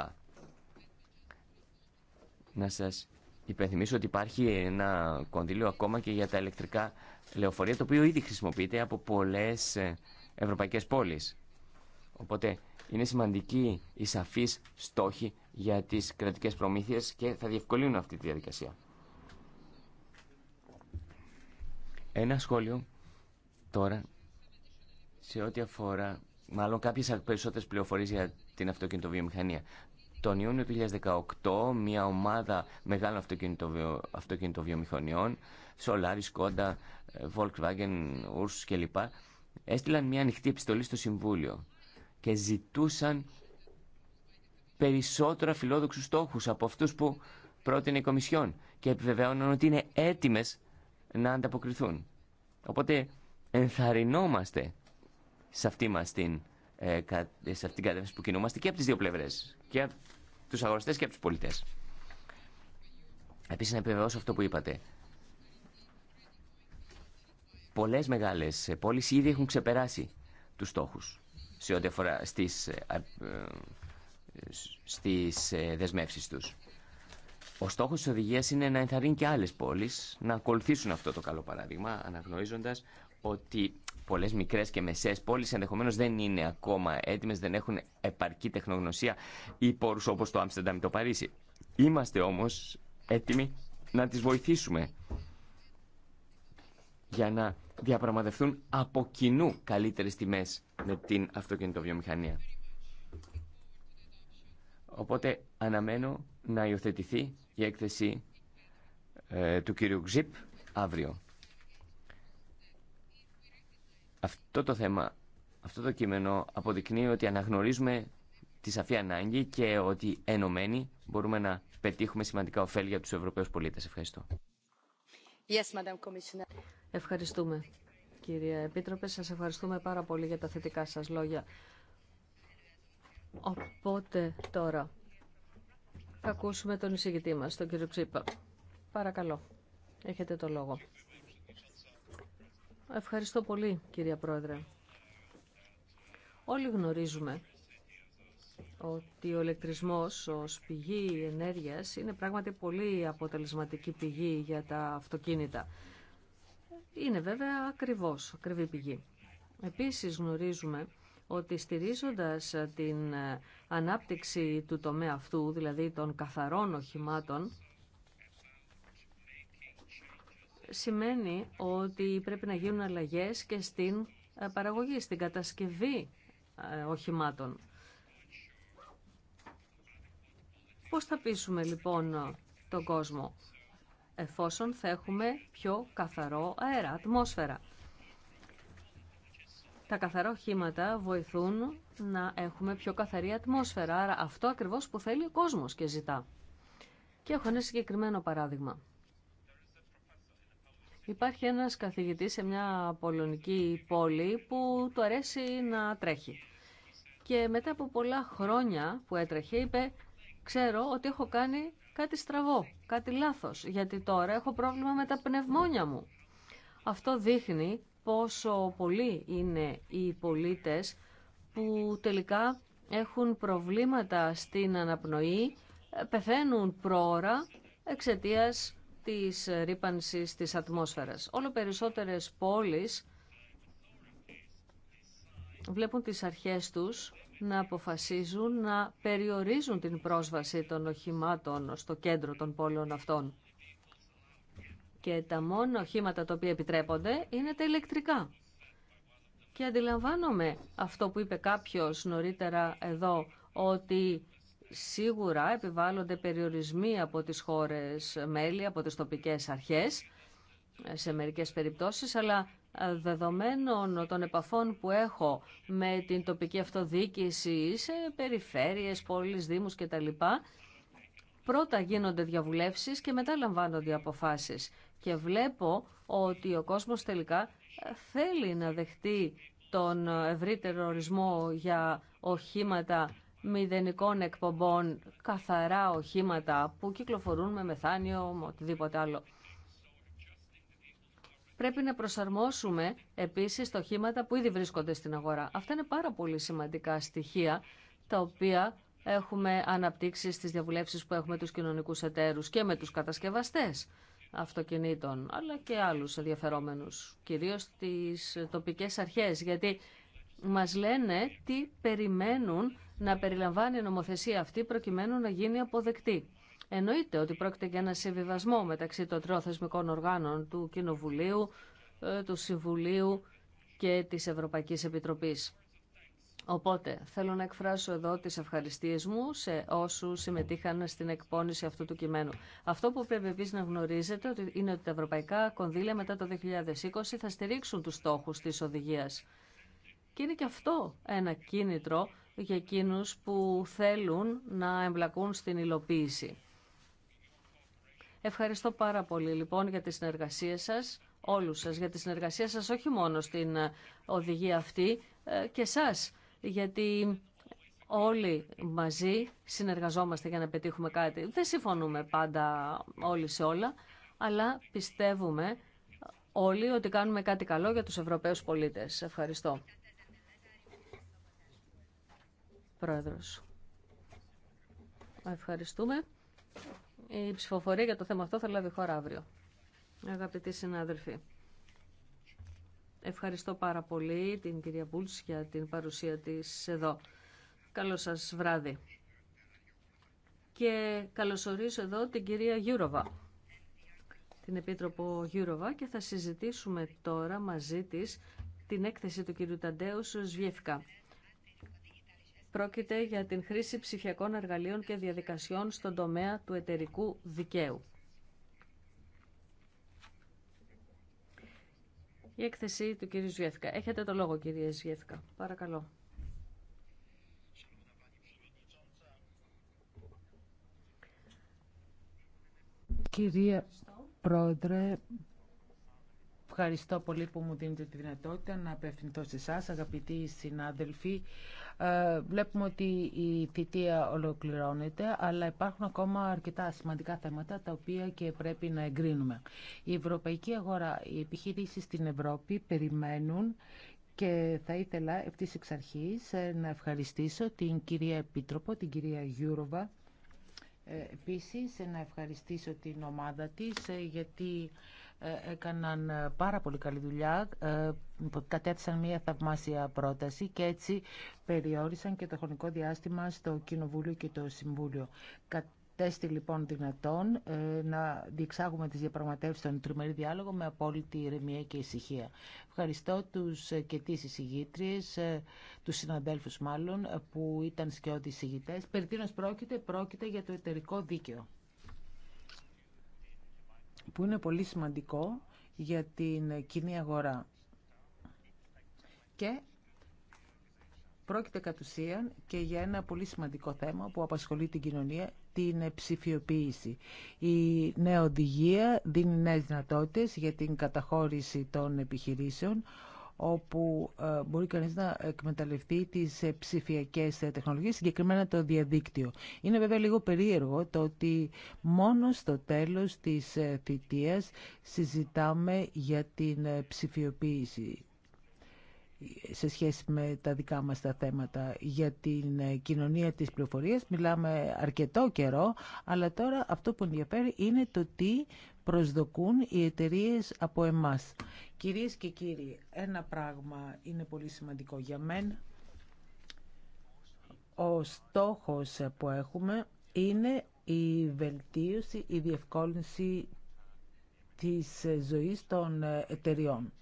Να σας υπενθυμίσω ότι υπάρχει ένα κονδύλιο ακόμα και για τα ηλεκτρικά λεωφορεία, το οποίο ήδη χρησιμοποιείται από πολλές ε, ευρωπαϊκές πόλεις. Οπότε είναι σημαντική η σαφής στόχη για τις κρατικές προμήθειες και θα διευκολύνουν αυτή τη διαδικασία. Ένα σχόλιο τώρα σε ό,τι αφορά μάλλον κάποιες περισσότερες πληροφορίες για την αυτοκινητοβιομηχανία. Τον Ιούνιο 2018 μια ομάδα μεγάλων αυτοκινητοβιο... αυτοκινητοβιομηχανιών, Solaris, Skoda, ε, Volkswagen, Ursus κλπ. έστειλαν μια ανοιχτή επιστολή στο Συμβούλιο και ζητούσαν περισσότερα φιλόδοξους στόχους από αυτούς που πρότεινε η Κομισιόν και επιβεβαίωναν ότι είναι έτοιμες να ανταποκριθούν. Οπότε ενθαρρυνόμαστε σε αυτή μας την, ε, σε αυτήν την κατεύθυνση που κινούμαστε και από τις δύο πλευρές. Και από τους αγοραστές και από τους πολιτές. Επίσης να επιβεβαιώσω αυτό που είπατε. Πολλές μεγάλες πόλεις ήδη έχουν ξεπεράσει τους στόχους σε ό,τι αφορά στις, ε, ε, στις ε, δεσμεύσεις τους. Ο στόχος της οδηγίας είναι να ενθαρρύνει και άλλες πόλεις να ακολουθήσουν αυτό το καλό παράδειγμα, αναγνωρίζοντας ότι Πολλέ μικρέ και μεσαίε πόλεις ενδεχομένω δεν είναι ακόμα έτοιμε, δεν έχουν επαρκή τεχνογνωσία ή πόρου όπω το Άμστερνταμ ή το Παρίσι. Είμαστε όμω έτοιμοι να τι βοηθήσουμε για να διαπραγματευτούν από κοινού καλύτερε τιμέ με την αυτοκινητοβιομηχανία. Οπότε αναμένω να υιοθετηθεί η έκθεση ε, του κύριου Ξύπ αύριο. Αυτό το θέμα, αυτό το κείμενο αποδεικνύει ότι αναγνωρίζουμε τη σαφή ανάγκη και ότι ενωμένοι μπορούμε να πετύχουμε σημαντικά ωφέλη για τους Ευρωπαίους πολίτες. Ευχαριστώ. Yes, Madam Ευχαριστούμε, κυρία Επίτροπε. Σας ευχαριστούμε πάρα πολύ για τα θετικά σας λόγια. Οπότε τώρα θα ακούσουμε τον εισηγητή μας, τον κύριο Τσίπα. Παρακαλώ, έχετε το λόγο. Ευχαριστώ πολύ, κυρία Πρόεδρε. Όλοι γνωρίζουμε ότι ο ηλεκτρισμός ως πηγή ενέργειας είναι πράγματι πολύ αποτελεσματική πηγή για τα αυτοκίνητα. Είναι βέβαια ακριβώς, ακριβή πηγή. Επίσης γνωρίζουμε ότι στηρίζοντας την ανάπτυξη του τομέα αυτού, δηλαδή των καθαρών οχημάτων, σημαίνει ότι πρέπει να γίνουν αλλαγές και στην ε, παραγωγή, στην κατασκευή ε, οχημάτων. Πώς θα πείσουμε λοιπόν τον κόσμο εφόσον θα έχουμε πιο καθαρό αέρα, ατμόσφαιρα. Τα καθαρά οχήματα βοηθούν να έχουμε πιο καθαρή ατμόσφαιρα, άρα αυτό ακριβώς που θέλει ο κόσμος και ζητά. Και έχω ένα συγκεκριμένο παράδειγμα. Υπάρχει ένας καθηγητής σε μια πολωνική πόλη που του αρέσει να τρέχει. Και μετά από πολλά χρόνια που έτρεχε είπε «Ξέρω ότι έχω κάνει κάτι στραβό, κάτι λάθος, γιατί τώρα έχω πρόβλημα με τα πνευμόνια μου». Αυτό δείχνει πόσο πολλοί είναι οι πολίτες που τελικά έχουν προβλήματα στην αναπνοή, πεθαίνουν πρόωρα εξαιτίας της ρήπανσης της ατμόσφαιρας. Όλο περισσότερες πόλεις βλέπουν τις αρχές τους να αποφασίζουν να περιορίζουν την πρόσβαση των οχημάτων στο κέντρο των πόλεων αυτών. Και τα μόνα οχήματα τα οποία επιτρέπονται είναι τα ηλεκτρικά. Και αντιλαμβάνομαι αυτό που είπε κάποιος νωρίτερα εδώ, ότι Σίγουρα επιβάλλονται περιορισμοί από τις χώρες μέλη, από τις τοπικές αρχές, σε μερικές περιπτώσεις, αλλά ε, δεδομένων των επαφών που έχω με την τοπική αυτοδιοίκηση σε περιφέρειες, πόλεις, δήμους κτλ. Πρώτα γίνονται διαβουλεύσεις και μετά λαμβάνονται αποφάσεις. Και βλέπω ότι ο κόσμος τελικά ε, θέλει να δεχτεί τον ευρύτερο ορισμό για οχήματα μηδενικών εκπομπών, καθαρά οχήματα που κυκλοφορούν με μεθάνιο, με οτιδήποτε άλλο. Πρέπει να προσαρμόσουμε επίσης τα οχήματα που ήδη βρίσκονται στην αγορά. Αυτά είναι πάρα πολύ σημαντικά στοιχεία τα οποία έχουμε αναπτύξει στις διαβουλεύσεις που έχουμε τους κοινωνικούς εταίρους και με τους κατασκευαστές αυτοκινήτων, αλλά και άλλους ενδιαφερόμενους, κυρίως τις τοπικές αρχές, γιατί μας λένε τι περιμένουν να περιλαμβάνει η νομοθεσία αυτή προκειμένου να γίνει αποδεκτή. Εννοείται ότι πρόκειται για ένα συμβιβασμό μεταξύ των τριών θεσμικών οργάνων του Κοινοβουλίου, ε, του Συμβουλίου και της Ευρωπαϊκής Επιτροπής. Οπότε θέλω να εκφράσω εδώ τις ευχαριστίες μου σε όσους συμμετείχαν στην εκπόνηση αυτού του κειμένου. Αυτό που πρέπει επίσης να γνωρίζετε είναι ότι τα ευρωπαϊκά κονδύλια μετά το 2020 θα στηρίξουν τους στόχους της οδηγίας. Και είναι και αυτό ένα κίνητρο για εκείνους που θέλουν να εμπλακούν στην υλοποίηση. Ευχαριστώ πάρα πολύ λοιπόν για τη συνεργασία σας, όλους σας, για τη συνεργασία σας όχι μόνο στην οδηγία αυτή ε, και σας, γιατί όλοι μαζί συνεργαζόμαστε για να πετύχουμε κάτι. Δεν συμφωνούμε πάντα όλοι σε όλα, αλλά πιστεύουμε όλοι ότι κάνουμε κάτι καλό για τους Ευρωπαίους πολίτες. Ευχαριστώ. Πρόεδρος. Ευχαριστούμε. Η ψηφοφορία για το θέμα αυτό θα λάβει χώρα αύριο. Αγαπητοί συνάδελφοι, ευχαριστώ πάρα πολύ την κυρία Μπούλς για την παρουσία της εδώ. Καλό σας βράδυ. Και καλωσορίζω εδώ την κυρία Γιούροβα, την Επίτροπο Γιούροβα και θα συζητήσουμε τώρα μαζί της την έκθεση του κυρίου Ταντέου Σβιεύκα. Πρόκειται για την χρήση ψηφιακών εργαλείων και διαδικασιών στον τομέα του εταιρικού δικαίου. Η έκθεση του κ. Ζιέφκα. Έχετε το λόγο κ. Ζιέφκα. Παρακαλώ. Κυρία Πρόεδρε, ευχαριστώ πολύ που μου δίνετε τη δυνατότητα να απευθυνθώ σε εσά, αγαπητοί συνάδελφοι. Ε, βλέπουμε ότι η θητεία ολοκληρώνεται, αλλά υπάρχουν ακόμα αρκετά σημαντικά θέματα τα οποία και πρέπει να εγκρίνουμε. Η ευρωπαϊκή αγορά, οι επιχειρήσει στην Ευρώπη περιμένουν και θα ήθελα ευθύ εξ αρχή ε, να ευχαριστήσω την κυρία Επίτροπο, την κυρία Γιούροβα, ε, Επίσης, να ευχαριστήσω την ομάδα της γιατί ε, έκαναν ε, πάρα πολύ καλή δουλειά, ε, κατέθεσαν μια θαυμάσια πρόταση και έτσι περιόρισαν και το χρονικό διάστημα στο Κοινοβούλιο και το Συμβούλιο. Τέστη λοιπόν δυνατόν να διεξάγουμε τις διαπραγματεύσεις στον τριμερή διάλογο με απόλυτη ηρεμία και ησυχία. Ευχαριστώ τους και τις εισηγήτριες, τους συναδέλφους μάλλον, που ήταν σκιώδη εισηγητές. Περί πρόκειται, πρόκειται για το εταιρικό δίκαιο που είναι πολύ σημαντικό για την κοινή αγορά. Και πρόκειται κατ' ουσίαν και για ένα πολύ σημαντικό θέμα που απασχολεί την κοινωνία, την ψηφιοποίηση. Η νέα οδηγία δίνει νέες δυνατότητες για την καταχώρηση των επιχειρήσεων, όπου ε, μπορεί κανείς να εκμεταλλευτεί τις ε, ψηφιακές ε, τεχνολογίες, συγκεκριμένα το διαδίκτυο. Είναι βέβαια λίγο περίεργο το ότι μόνο στο τέλος της θητείας συζητάμε για την ψηφιοποίηση σε σχέση με τα δικά μας τα θέματα για την κοινωνία της πληροφορίας. Μιλάμε αρκετό καιρό, αλλά τώρα αυτό που ενδιαφέρει είναι το τι προσδοκούν οι εταιρείε από εμάς. Κυρίες και κύριοι, ένα πράγμα είναι πολύ σημαντικό για μένα. Ο στόχος που έχουμε είναι η βελτίωση, η διευκόλυνση της ζωής των εταιριών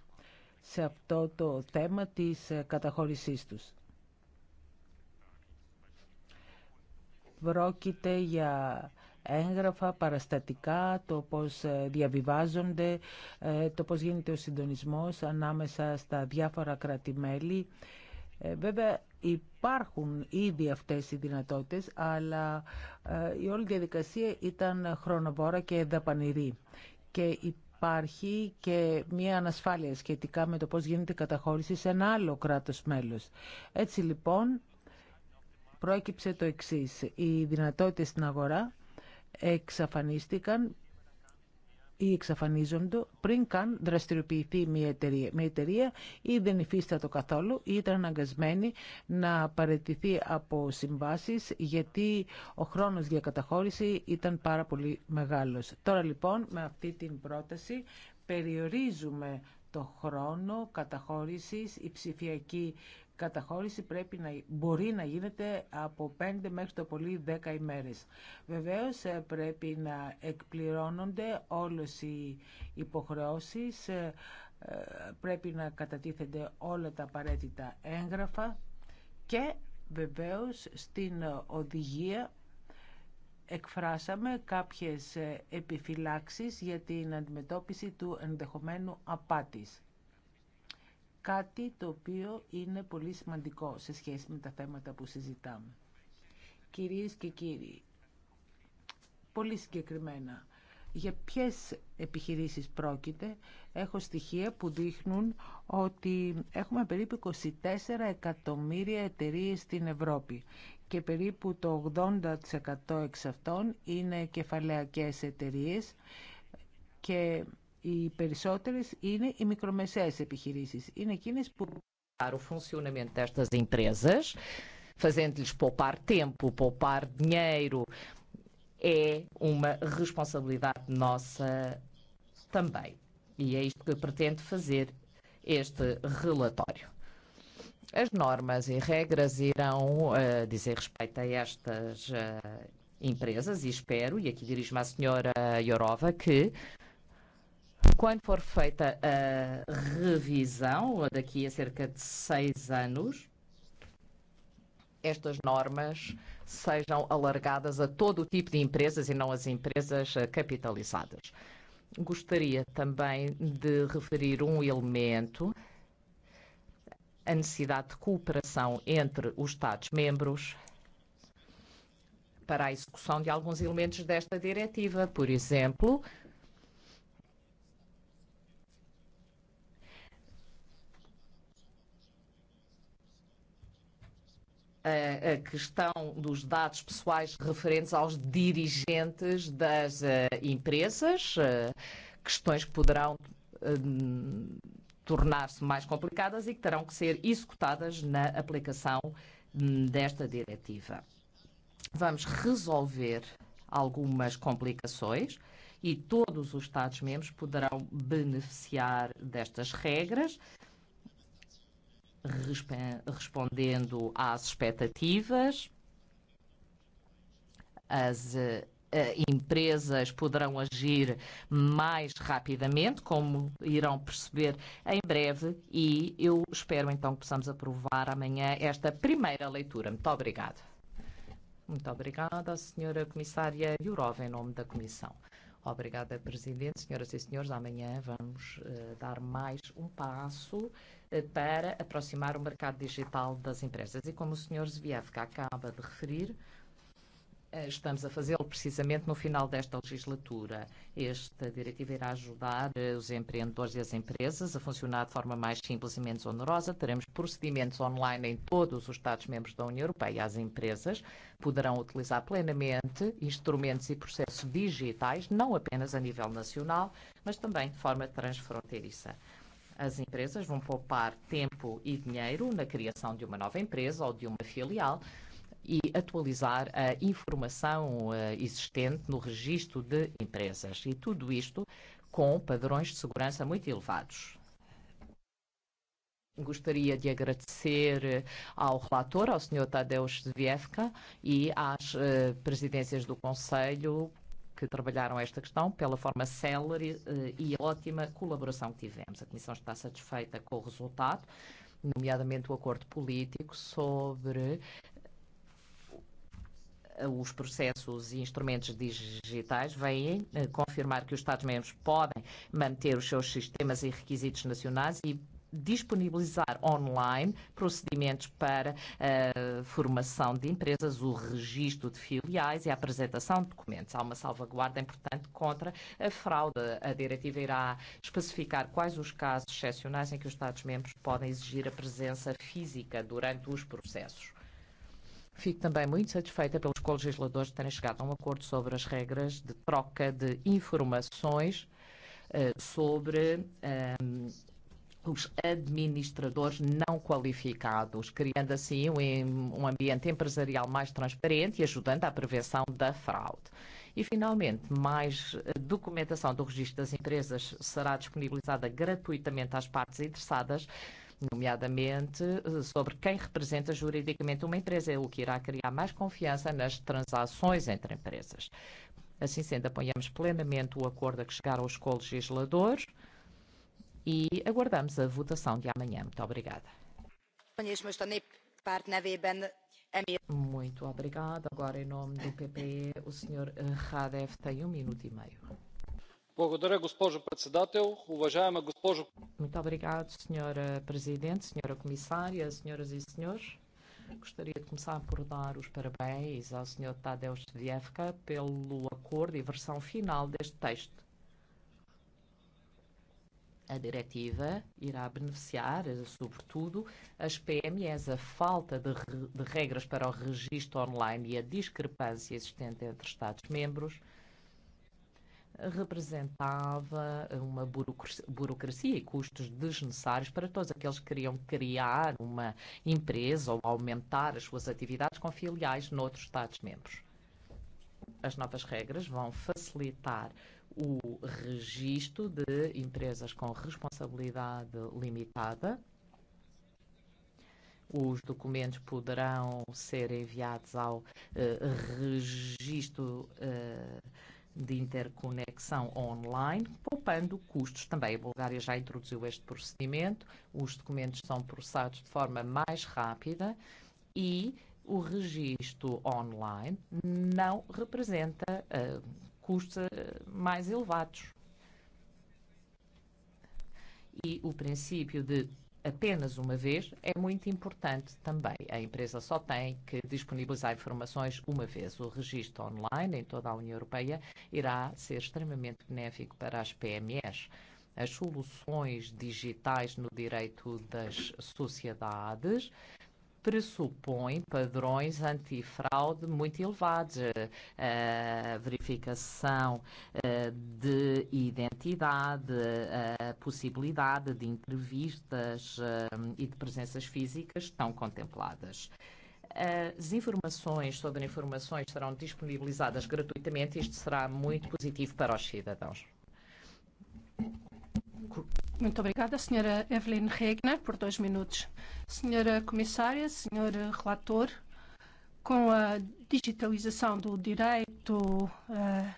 σε αυτό το θέμα της καταχώρησής τους. Πρόκειται για έγγραφα, παραστατικά, το πώς ε, διαβιβάζονται, ε, το πώς γίνεται ο συντονισμός ανάμεσα στα διάφορα κράτη-μέλη. Ε, βέβαια υπάρχουν ήδη αυτές οι δυνατότητες, αλλά η όλη διαδικασία ήταν χρονοβόρα και δαπανηρή. Και υπάρχει και μια ανασφάλεια σχετικά με το πώς γίνεται η καταχώρηση σε ένα άλλο κράτος μέλος. Έτσι λοιπόν πρόκυψε το εξής. Οι δυνατότητες στην αγορά εξαφανίστηκαν ή εξαφανίζονται πριν καν δραστηριοποιηθεί μια εταιρεία. Μια εταιρεία ή δεν υφίστατο καθόλου ή ήταν αναγκασμένη να παραιτηθεί από συμβάσεις γιατί ο χρόνος για καταχώρηση ήταν πάρα πολύ μεγάλος. Τώρα λοιπόν με αυτή την πρόταση περιορίζουμε το χρόνο καταχώρησης. Η ψηφιακή καταχώρηση πρέπει να, μπορεί να γίνεται από 5 μέχρι το πολύ 10 ημέρες. Βεβαίως ε, πρέπει να εκπληρώνονται όλες οι υποχρεώσεις, ε, ε, πρέπει να κατατίθενται όλα τα απαραίτητα έγγραφα και βεβαίως στην οδηγία εκφράσαμε κάποιες επιφυλάξεις για την αντιμετώπιση του ενδεχομένου απάτης κάτι το οποίο είναι πολύ σημαντικό σε σχέση με τα θέματα που συζητάμε. Κυρίες και κύριοι, πολύ συγκεκριμένα, για ποιες επιχειρήσεις πρόκειται, έχω στοιχεία που δείχνουν ότι έχουμε περίπου 24 εκατομμύρια εταιρείες στην Ευρώπη και περίπου το 80% εξ αυτών είναι κεφαλαιακές εταιρείες και οι περισσότερες είναι οι μικρομεσαίες επιχειρήσεις. Είναι εκείνες που... ...o funcionamento destas empresas, fazendo-lhes poupar tempo, poupar dinheiro, é uma responsabilidade nossa também. E é isto que pretende fazer este relatório. As normas e regras irão dizer respeito a estas empresas e espero, e aqui dirijo-me à senhora Iorova, que quando for feita a revisão, daqui a cerca de seis anos, estas normas sejam alargadas a todo o tipo de empresas e não às empresas capitalizadas. Gostaria também de referir um elemento, a necessidade de cooperação entre os Estados-membros para a execução de alguns elementos desta diretiva, por exemplo, a questão dos dados pessoais referentes aos dirigentes das empresas, questões que poderão tornar-se mais complicadas e que terão que ser executadas na aplicação desta diretiva. Vamos resolver algumas complicações e todos os Estados-membros poderão beneficiar destas regras respondendo às expectativas. As empresas poderão agir mais rapidamente, como irão perceber em breve, e eu espero então que possamos aprovar amanhã esta primeira leitura. Muito obrigada. Muito obrigada, Senhora Comissária Jurova, em nome da Comissão. Obrigada, Presidente. Senhoras e senhores, amanhã vamos dar mais um passo para aproximar o mercado digital das empresas. E como o Sr. Zviavka acaba de referir, estamos a fazê-lo precisamente no final desta legislatura. Esta diretiva irá ajudar os empreendedores e as empresas a funcionar de forma mais simples e menos onerosa. Teremos procedimentos online em todos os Estados-membros da União Europeia. As empresas poderão utilizar plenamente instrumentos e processos digitais, não apenas a nível nacional, mas também de forma transfronteiriça. As empresas vão poupar tempo e dinheiro na criação de uma nova empresa ou de uma filial e atualizar a informação existente no registro de empresas. E tudo isto com padrões de segurança muito elevados. Gostaria de agradecer ao relator, ao Sr. Tadeusz Zwiefka, e às presidências do Conselho que trabalharam esta questão, pela forma célere e ótima colaboração que tivemos. A Comissão está satisfeita com o resultado, nomeadamente o acordo político sobre os processos e instrumentos digitais vêm confirmar que os Estados-membros podem manter os seus sistemas e requisitos nacionais e disponibilizar online procedimentos para a formação de empresas, o registro de filiais e a apresentação de documentos. Há uma salvaguarda importante contra a fraude. A diretiva irá especificar quais os casos excepcionais em que os Estados-membros podem exigir a presença física durante os processos. Fico também muito satisfeita pelos colegisladores terem chegado a um acordo sobre as regras de troca de informações sobre os administradores não qualificados, criando assim um ambiente empresarial mais transparente e ajudando à prevenção da fraude. E, finalmente, mais documentação do registro das empresas será disponibilizada gratuitamente às partes interessadas, nomeadamente sobre quem representa juridicamente uma empresa, o que irá criar mais confiança nas transações entre empresas. Assim sendo, apoiamos plenamente o acordo a que chegaram os colegisladores. legisladores e aguardamos a votação de amanhã. Muito obrigada. Muito obrigada. Agora, em nome do PPE, o Sr. Radev tem um minuto e meio. Muito obrigado, Sra. Presidente, Sra. Comissária, Sras e Srs. Gostaria de começar por dar os parabéns ao Sr. Tadeusz Dievka pelo acordo e versão final deste texto. A diretiva irá beneficiar, sobretudo, as PMEs. A falta de, de regras para o registro online e a discrepância existente entre Estados-membros representava uma burocracia e custos desnecessários para todos aqueles que queriam criar uma empresa ou aumentar as suas atividades com filiais noutros Estados-membros. As novas regras vão facilitar o registro de empresas com responsabilidade limitada. Os documentos poderão ser enviados ao registro de interconexão online, poupando custos também. A Bulgária já introduziu este procedimento, os documentos são processados de forma mais rápida e o registro online não representa custos mais elevados. E o princípio de apenas uma vez é muito importante também. A empresa só tem que disponibilizar informações uma vez. O registro online em toda a União Europeia irá ser extremamente benéfico para as PMEs. As soluções digitais no direito das sociedades pressupõe padrões antifraude muito elevados, a verificação de identidade, a possibilidade de entrevistas e de presenças físicas estão contempladas. As informações sobre informações serão disponibilizadas gratuitamente. Isto será muito positivo para os cidadãos. Muito obrigada, Sra. Evelyn Regner, por dois minutos. Senhora Comissária, Sr. Relator, com a digitalização do direito uh,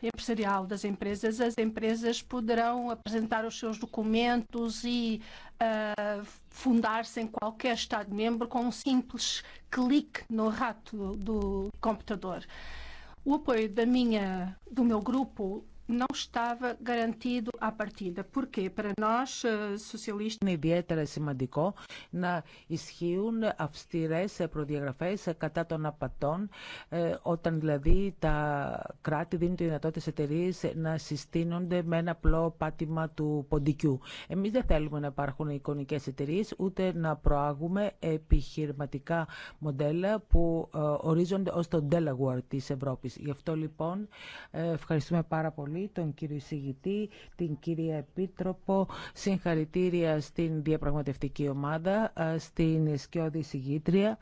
empresarial das empresas, as empresas poderão apresentar os seus documentos e uh, fundar-se em qualquer Estado-membro com um simples clique no rato do computador. O apoio da minha, do meu grupo não estava garantido à partida. Porquê? Para nós, Είναι ιδιαίτερα σημαντικό να ισχύουν αυστηρέ προδιαγραφέ κατά των απατών, όταν δηλαδή τα κράτη δίνουν τη δυνατότητα στις εταιρείε να συστήνονται με ένα απλό πάτημα του ποντικού. Εμεί δεν θέλουμε να υπάρχουν εικονικέ εταιρείε, ούτε να προάγουμε επιχειρηματικά μοντέλα που ορίζονται ω το Delaware τη Ευρώπη. Γι' αυτό λοιπόν ευχαριστούμε πάρα πολύ τον κύριο Συγητή, την κυρία Επίτροπο, συγχαρητήρια στην διαπραγματευτική ομάδα, στην Σκιώδη Συγήτρια.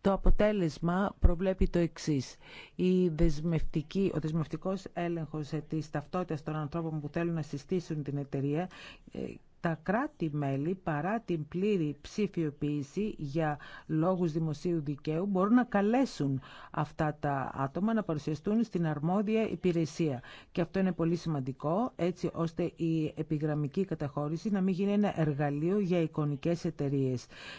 Το αποτέλεσμα προβλέπει το εξή. Ο δεσμευτικό έλεγχο τη ταυτότητα των ανθρώπων που θέλουν να συστήσουν την εταιρεία ε, τα κράτη-μέλη παρά την πλήρη ψηφιοποίηση για λόγους δημοσίου δικαίου μπορούν να καλέσουν αυτά τα άτομα να παρουσιαστούν στην αρμόδια υπηρεσία. Και αυτό είναι πολύ σημαντικό έτσι ώστε η επιγραμμική καταχώρηση να μην γίνει ένα εργαλείο για εικονικές εταιρείε.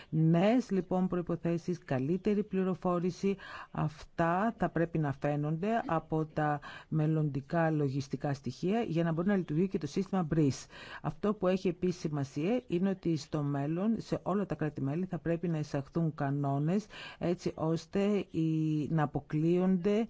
Νέε λοιπόν προϋποθέσεις, καλύτερη πληροφόρηση, αυτά θα πρέπει να φαίνονται από τα μελλοντικά λογιστικά στοιχεία για να μπορεί να λειτουργεί και το σύστημα BRIS. Αυτό που έχει επίσης σημασία είναι ότι στο μέλλον σε όλα τα κράτη-μέλη θα πρέπει να εισαχθούν κανόνες έτσι ώστε να αποκλείονται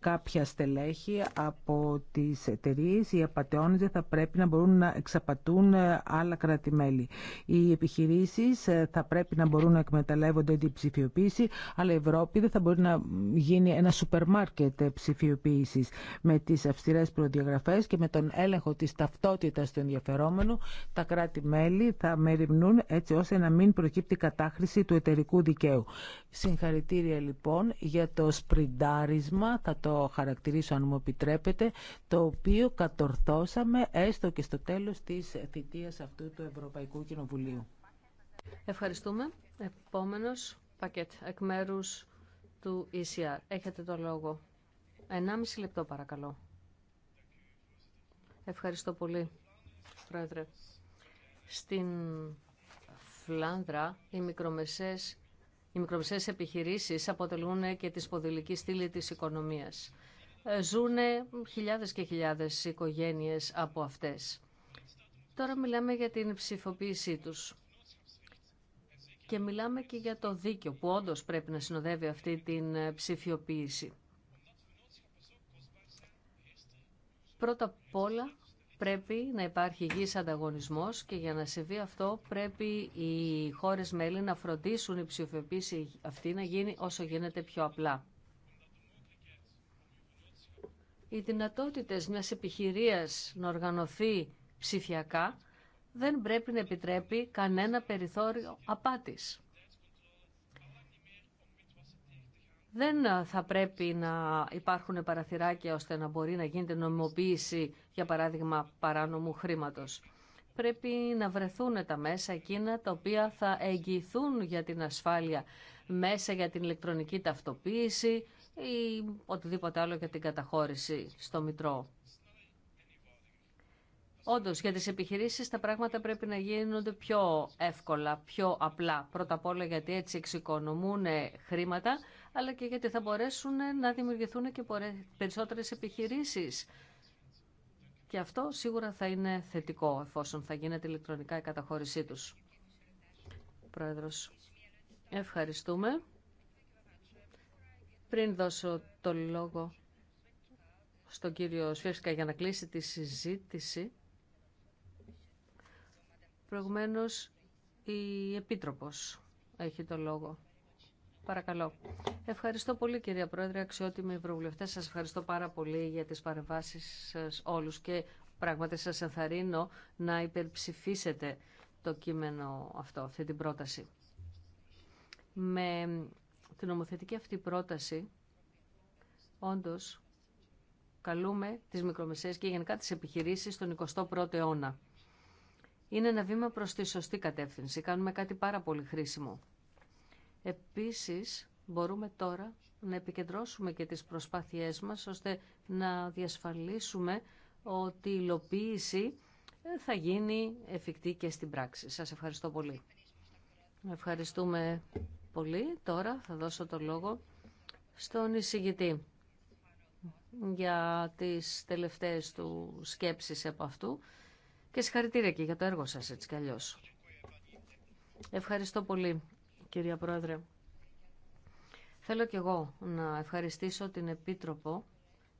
κάποια στελέχη από τις εταιρείε οι απαταιώνες δεν θα πρέπει να μπορούν να εξαπατούν ε, άλλα κράτη-μέλη. Οι επιχειρήσεις ε, θα πρέπει να μπορούν να εκμεταλλεύονται την ψηφιοποίηση, αλλά η Ευρώπη δεν θα μπορεί να γίνει ένα σούπερ μάρκετ ε, ψηφιοποίηση με τις αυστηρές προδιαγραφές και με τον έλεγχο της ταυτότητας του ενδιαφερόμενου. Τα κράτη-μέλη θα μεριμνούν έτσι ώστε να μην προκύπτει κατάχρηση του εταιρικού δικαίου. Συγχαρητήρια λοιπόν για το σπριντάρισμα. Θα το χαρακτηρίσω αν μου επιτρέπετε, το οποίο κατορθώσαμε έστω και στο τέλος της θητείας αυτού του Ευρωπαϊκού Κοινοβουλίου. Ευχαριστούμε. Επόμενος πακέτ εκ μέρου του ECR. Έχετε το λόγο. 1,5 λεπτό παρακαλώ. Ευχαριστώ πολύ, Πρόεδρε. Στην Φλάνδρα οι μικρομεσές οι μικρομεσαίες επιχειρήσεις αποτελούν και τη σποδηλική στήλη της οικονομίας. Ε, ζούνε χιλιάδες και χιλιάδες οικογένειες από αυτές. Τώρα μιλάμε για την ψηφοποίησή τους. Και μιλάμε και για το δίκαιο που όντως πρέπει να συνοδεύει αυτή την ε, ψηφιοποίηση. Πρώτα απ' όλα πρέπει να υπάρχει υγιής ανταγωνισμός και για να συμβεί αυτό πρέπει οι χώρες μέλη να φροντίσουν η ψηφιοποίηση αυτή να γίνει όσο γίνεται πιο απλά. Οι δυνατότητες μιας επιχειρίας να οργανωθεί ψηφιακά δεν πρέπει να επιτρέπει κανένα περιθώριο απάτης. δεν θα πρέπει να υπάρχουν παραθυράκια ώστε να μπορεί να γίνεται νομιμοποίηση, για παράδειγμα, παράνομου χρήματος. Πρέπει να βρεθούν τα μέσα εκείνα τα οποία θα εγγυηθούν για την ασφάλεια, μέσα για την ηλεκτρονική ταυτοποίηση ή οτιδήποτε άλλο για την καταχώρηση στο Μητρό. Όντως, για τις επιχειρήσεις τα πράγματα πρέπει να γίνονται πιο εύκολα, πιο απλά. Πρώτα απ' όλα γιατί έτσι εξοικονομούν χρήματα αλλά και γιατί θα μπορέσουν να δημιουργηθούν και περισσότερες επιχειρήσεις. Και αυτό σίγουρα θα είναι θετικό εφόσον θα γίνεται ηλεκτρονικά η καταχώρησή τους. Πρόεδρος, ευχαριστούμε. Πριν δώσω το λόγο στον κύριο Σφιεύσκα για να κλείσει τη συζήτηση, προηγουμένως η Επίτροπος έχει το λόγο. Παρακαλώ. Ευχαριστώ πολύ κυρία Πρόεδρε, αξιότιμοι ευρωβουλευτέ. Σας ευχαριστώ πάρα πολύ για τις παρεμβάσεις σας όλους και πράγματι σας ενθαρρύνω να υπερψηφίσετε το κείμενο αυτό, αυτή την πρόταση. Με την νομοθετική αυτή πρόταση, όντως, καλούμε τις μικρομεσαίες και γενικά τις επιχειρήσεις στον 21ο αιώνα. Είναι ένα βήμα προς τη σωστή κατεύθυνση. Κάνουμε κάτι πάρα πολύ χρήσιμο. Επίσης, μπορούμε τώρα να επικεντρώσουμε και τις προσπάθειές μας, ώστε να διασφαλίσουμε ότι η υλοποίηση θα γίνει εφικτή και στην πράξη. Σας ευχαριστώ πολύ. Ευχαριστούμε πολύ. Τώρα θα δώσω το λόγο στον εισηγητή για τις τελευταίες του σκέψεις από αυτού και συγχαρητήρια και για το έργο σας έτσι κι αλλιώς. Ευχαριστώ πολύ κυρία Πρόεδρε. Θέλω και εγώ να ευχαριστήσω την Επίτροπο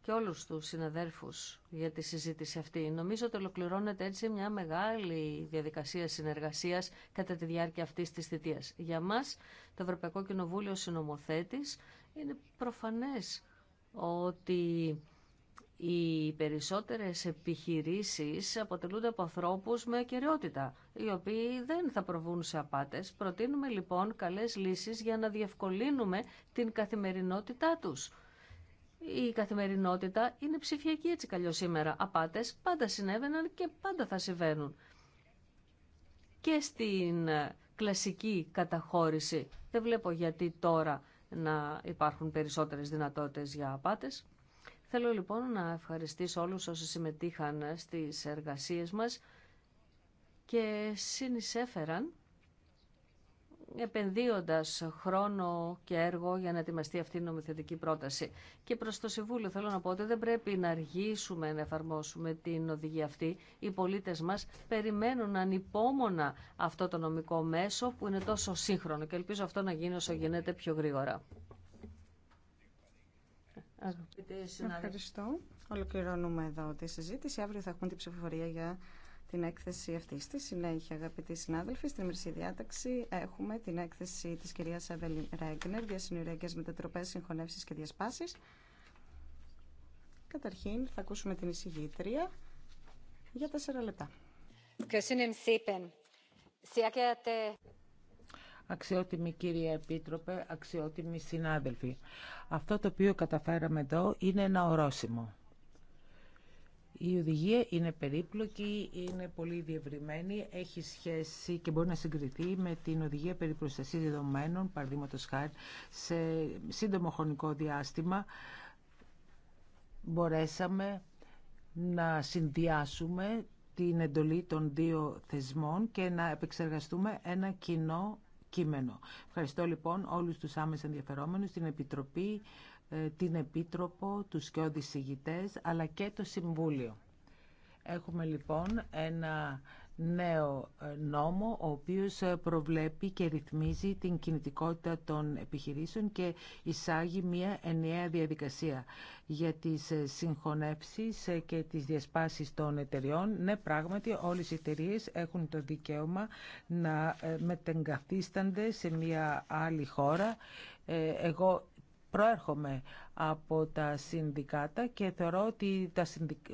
και όλους τους συναδέρφους για τη συζήτηση αυτή. Νομίζω ότι ολοκληρώνεται έτσι μια μεγάλη διαδικασία συνεργασίας κατά τη διάρκεια αυτής της θητείας. Για μας, το Ευρωπαϊκό Κοινοβούλιο Συνομοθέτης, είναι προφανές ότι οι περισσότερες επιχειρήσεις αποτελούνται από ανθρώπου με κυριότητα, οι οποίοι δεν θα προβούν σε απάτες. Προτείνουμε λοιπόν καλές λύσεις για να διευκολύνουμε την καθημερινότητά τους. Η καθημερινότητα είναι ψηφιακή έτσι καλλιώς σήμερα. Απάτες πάντα συνέβαιναν και πάντα θα συμβαίνουν. Και στην κλασική καταχώρηση δεν βλέπω γιατί τώρα να υπάρχουν περισσότερες δυνατότητες για απάτες. Θέλω λοιπόν να ευχαριστήσω όλους όσοι συμμετείχαν στις εργασίες μας και συνεισέφεραν επενδύοντας χρόνο και έργο για να ετοιμαστεί αυτή η νομοθετική πρόταση. Και προς το Συμβούλιο θέλω να πω ότι δεν πρέπει να αργήσουμε να εφαρμόσουμε την οδηγία αυτή. Οι πολίτες μας περιμένουν ανυπόμονα αυτό το νομικό μέσο που είναι τόσο σύγχρονο και ελπίζω αυτό να γίνει όσο γίνεται πιο γρήγορα. Ευχαριστώ. Ολοκληρώνουμε εδώ τη συζήτηση. Αύριο θα έχουμε την ψηφοφορία για την έκθεση αυτή. Στη συνέχεια, αγαπητοί συνάδελφοι, στην μερική διάταξη έχουμε την έκθεση τη κυρία Εύελιν Ρέγκνερ για συνοριακέ μετατροπέ, συγχωνεύσει και διασπάσει. Καταρχήν, θα ακούσουμε την εισηγήτρια για τέσσερα λεπτά. Αξιότιμη κυρία Επίτροπε, αξιότιμοι συνάδελφοι. Αυτό το οποίο καταφέραμε εδώ είναι ένα ορόσημο. Η οδηγία είναι περίπλοκη, είναι πολύ διευρυμένη, έχει σχέση και μπορεί να συγκριθεί με την οδηγία περί προστασίας δεδομένων, παραδείγματο χάρη, σε σύντομο χρονικό διάστημα μπορέσαμε να συνδυάσουμε την εντολή των δύο θεσμών και να επεξεργαστούμε ένα κοινό κείμενο. Ευχαριστώ λοιπόν όλους τους άμεσα ενδιαφερόμενους, την Επιτροπή, ε, την Επίτροπο, τους και οδησηγητές, αλλά και το Συμβούλιο. Έχουμε λοιπόν ένα νέο ε, νόμο ο οποίος ε, προβλέπει και ρυθμίζει την κινητικότητα των επιχειρήσεων και εισάγει μια ενιαία διαδικασία για τις ε, συγχωνεύσεις και τις διασπάσεις των εταιριών. Ναι, πράγματι όλες οι εταιρείε έχουν το δικαίωμα να μετεγκαθίστανται σε μια άλλη χώρα. Εγώ Προέρχομαι από τα συνδικάτα και θεωρώ ότι τα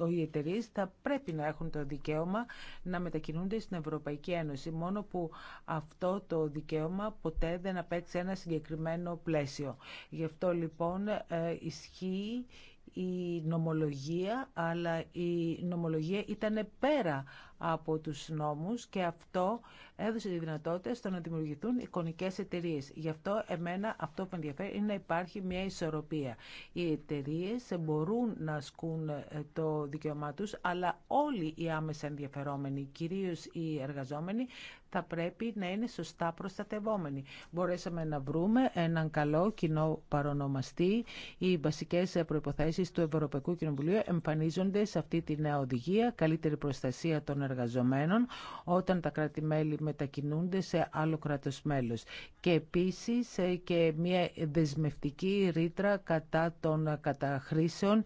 οι εταιρείε θα πρέπει να έχουν το δικαίωμα να μετακινούνται στην Ευρωπαϊκή Ένωση, μόνο που αυτό το δικαίωμα ποτέ δεν απέτυχε ένα συγκεκριμένο πλαίσιο. Γι' αυτό λοιπόν ε, ισχύει η νομολογία, αλλά η νομολογία ήταν πέρα από τους νόμους και αυτό έδωσε τη δυνατότητα στο να δημιουργηθούν εικονικές εταιρείε. Γι' αυτό εμένα αυτό που ενδιαφέρει είναι να υπάρχει μια ισορροπία. Οι εταιρείε μπορούν να ασκούν ε, το δικαίωμά τους, αλλά όλοι οι άμεσα ενδιαφερόμενοι, κυρίως οι εργαζόμενοι, θα πρέπει να είναι σωστά προστατευόμενοι. Μπορέσαμε να βρούμε έναν καλό κοινό παρονομαστή. Οι βασικέ προποθέσει του Ευρωπαϊκού Κοινοβουλίου εμφανίζονται σε αυτή τη νέα οδηγία, καλύτερη προστασία των εργαζομένων όταν τα κράτη-μέλη μετακινούνται σε άλλο κράτος μέλος. Και επίσης ε, και μια δεσμευτική ρήτρα κατά των καταχρήσεων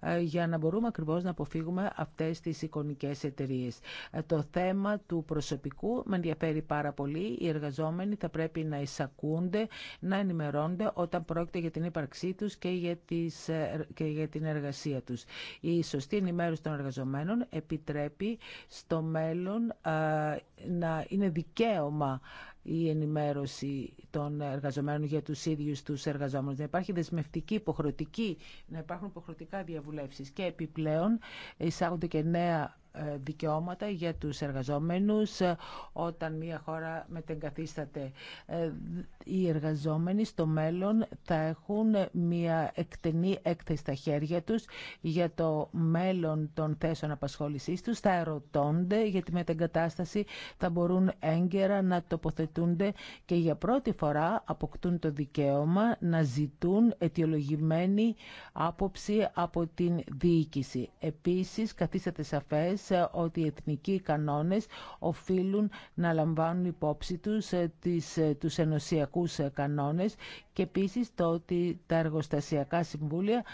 ε, για να μπορούμε ακριβώς να αποφύγουμε αυτές τις εικονικές εταιρείε. Ε, το θέμα του προσωπικού με ενδιαφέρει πάρα πολύ. Οι εργαζόμενοι θα πρέπει να εισακούνται, να ενημερώνονται όταν πρόκειται για την ύπαρξή τους και για, και για την εργασία τους. Η σωστή ενημέρωση των εργαζομένων επιτρέπει στο μέλλον να είναι δικαίωμα η ενημέρωση των εργαζομένων για τους ίδιους τους εργαζόμενους. Να υπάρχει δεσμευτική, υποχρεωτική, να υπάρχουν υποχρεωτικά διαβουλεύσεις και επιπλέον εισάγονται και νέα ε, δικαιώματα για τους εργαζόμενους ε, όταν μια χώρα μετεγκαθίσταται. Ε, οι εργαζόμενοι στο μέλλον θα έχουν μια εκτενή έκθεση στα χέρια τους για το μέλλον των θέσεων απασχόλησής τους. Θα ερωτώνται για τη μετεγκατάσταση, θα μπορούν έγκαιρα να τοποθετούνται και για πρώτη φορά αποκτούν το δικαίωμα να ζητούν αιτιολογημένη άποψη από την διοίκηση. Επίσης, καθίσατε σαφές ότι οι εθνικοί κανόνες οφείλουν να λαμβάνουν υπόψη τους ε, τις, ε, τους ενωσιακούς ε, κανόνες και επίσης το ότι τα εργοστασιακά συμβούλια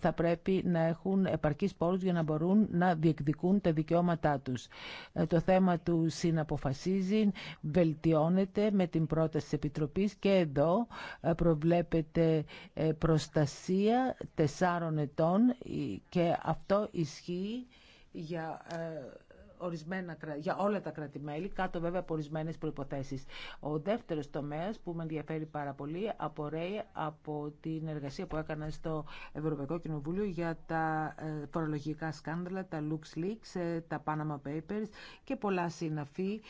θα πρέπει να έχουν επαρκείς πόρους για να μπορούν να διεκδικούν τα δικαιώματά τους. Το θέμα του συναποφασίζει, βελτιώνεται με την πρόταση της Επιτροπής και εδώ προβλέπεται προστασία τεσσάρων ετών και αυτό ισχύει για ε, ορισμένα, για όλα τα κρατημέλη, κάτω βέβαια από ορισμένε προποθέσει. Ο δεύτερο τομέα που με ενδιαφέρει πάρα πολύ απορρέει από την εργασία που έκανα στο Ευρωπαϊκό Κοινοβούλιο για τα ε, φορολογικά σκάνδαλα, τα LuxLeaks, ε, τα Panama Papers και πολλά συναφή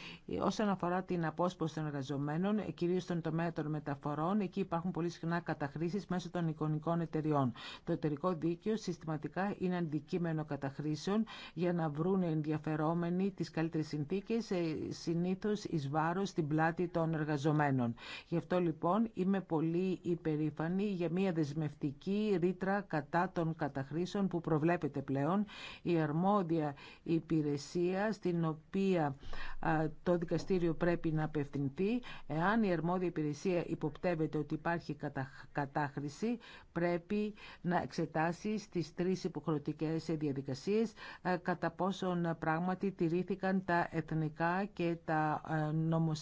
όσον αφορά την απόσποση των εργαζομένων, κυρίω στον τομέα των μεταφορών. Εκεί υπάρχουν πολύ συχνά καταχρήσει μέσω των εικονικών εταιριών. Το εταιρικό δίκαιο συστηματικά είναι αντικείμενο καταχρήσεων για να βρουν ενδιαφερόμενοι εργαζόμενοι τις καλύτερες συνθήκες ε, συνήθως εις βάρος στην πλάτη των εργαζομένων. Γι' αυτό λοιπόν είμαι πολύ υπερήφανη για μια δεσμευτική ρήτρα κατά των καταχρήσεων που προβλέπεται πλέον η αρμόδια υπηρεσία στην οποία το δικαστήριο πρέπει να απευθυνθεί εάν η αρμόδια υπηρεσία υποπτεύεται ότι υπάρχει κατάχρηση πρέπει να εξετάσει στις τρεις υποχρεωτικές διαδικασίες ε, κατά πόσον πράγματι τηρήθηκαν τα εθνικά και τα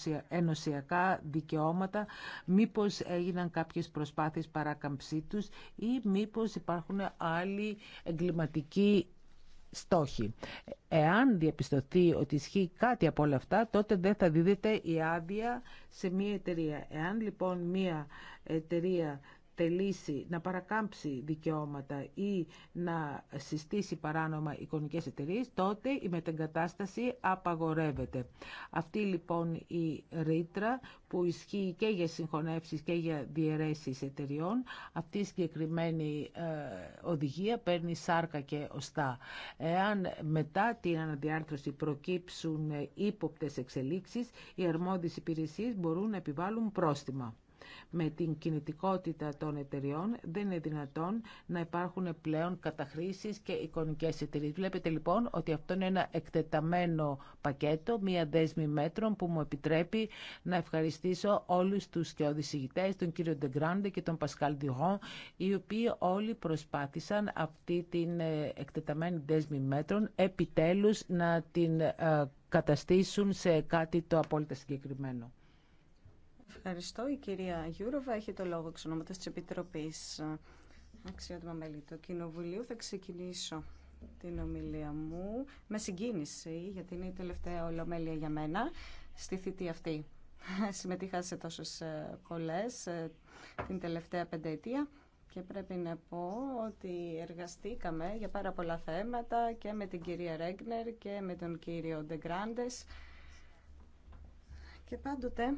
ε, ενωσιακά δικαιώματα, μήπως έγιναν κάποιες προσπάθειες παράκαμψή τους ή μήπως υπάρχουν άλλοι εγκληματικοί στόχοι. Εάν διαπιστωθεί ότι ισχύει κάτι από όλα αυτά, τότε δεν θα δίδεται η άδεια σε μια εταιρεία. Εάν λοιπόν μια εταιρεία τελήσει, να παρακάμψει δικαιώματα ή να συστήσει παράνομα εικονικές εταιρείες, τότε η μετεγκατάσταση απαγορεύεται. εικονικες είναι λοιπόν η ρήτρα που ισχύει και για συγχωνεύσεις και για διαιρέσεις εταιριών, αυτή η συγκεκριμένη ε, οδηγία παίρνει σάρκα και οστά. Εάν μετά την αναδιάρθρωση προκύψουν ε, ύποπτες εξελίξεις, οι αρμόδιες υπηρεσίες μπορούν να επιβάλλουν πρόστιμα. Με την κινητικότητα των εταιριών δεν είναι δυνατόν να υπάρχουν πλέον καταχρήσεις και εικονικές εταιρείε. Βλέπετε λοιπόν ότι αυτό είναι ένα εκτεταμένο πακέτο, μία δέσμη μέτρων που μου επιτρέπει να ευχαριστήσω όλους τους και τον κύριο Ντεγκράντε και τον Πασκάλ Ντιγόν, οι οποίοι όλοι προσπάθησαν αυτή την ε, εκτεταμένη δέσμη μέτρων επιτέλους να την ε, καταστήσουν σε κάτι το απόλυτα συγκεκριμένο. Ευχαριστώ. Η κυρία Γιούροβα έχει το λόγο εξ ονόματος της Επιτροπής. Αξιότιμα μέλη του Κοινοβουλίου. Θα ξεκινήσω την ομιλία μου με συγκίνηση, γιατί είναι η τελευταία ολομέλεια για μένα στη θητή αυτή. Συμμετείχα σε τόσε πολλέ ε, την τελευταία πενταετία και πρέπει να πω ότι εργαστήκαμε για πάρα πολλά θέματα και με την κυρία Ρέγνερ και με τον κύριο Ντεγκράντες και πάντοτε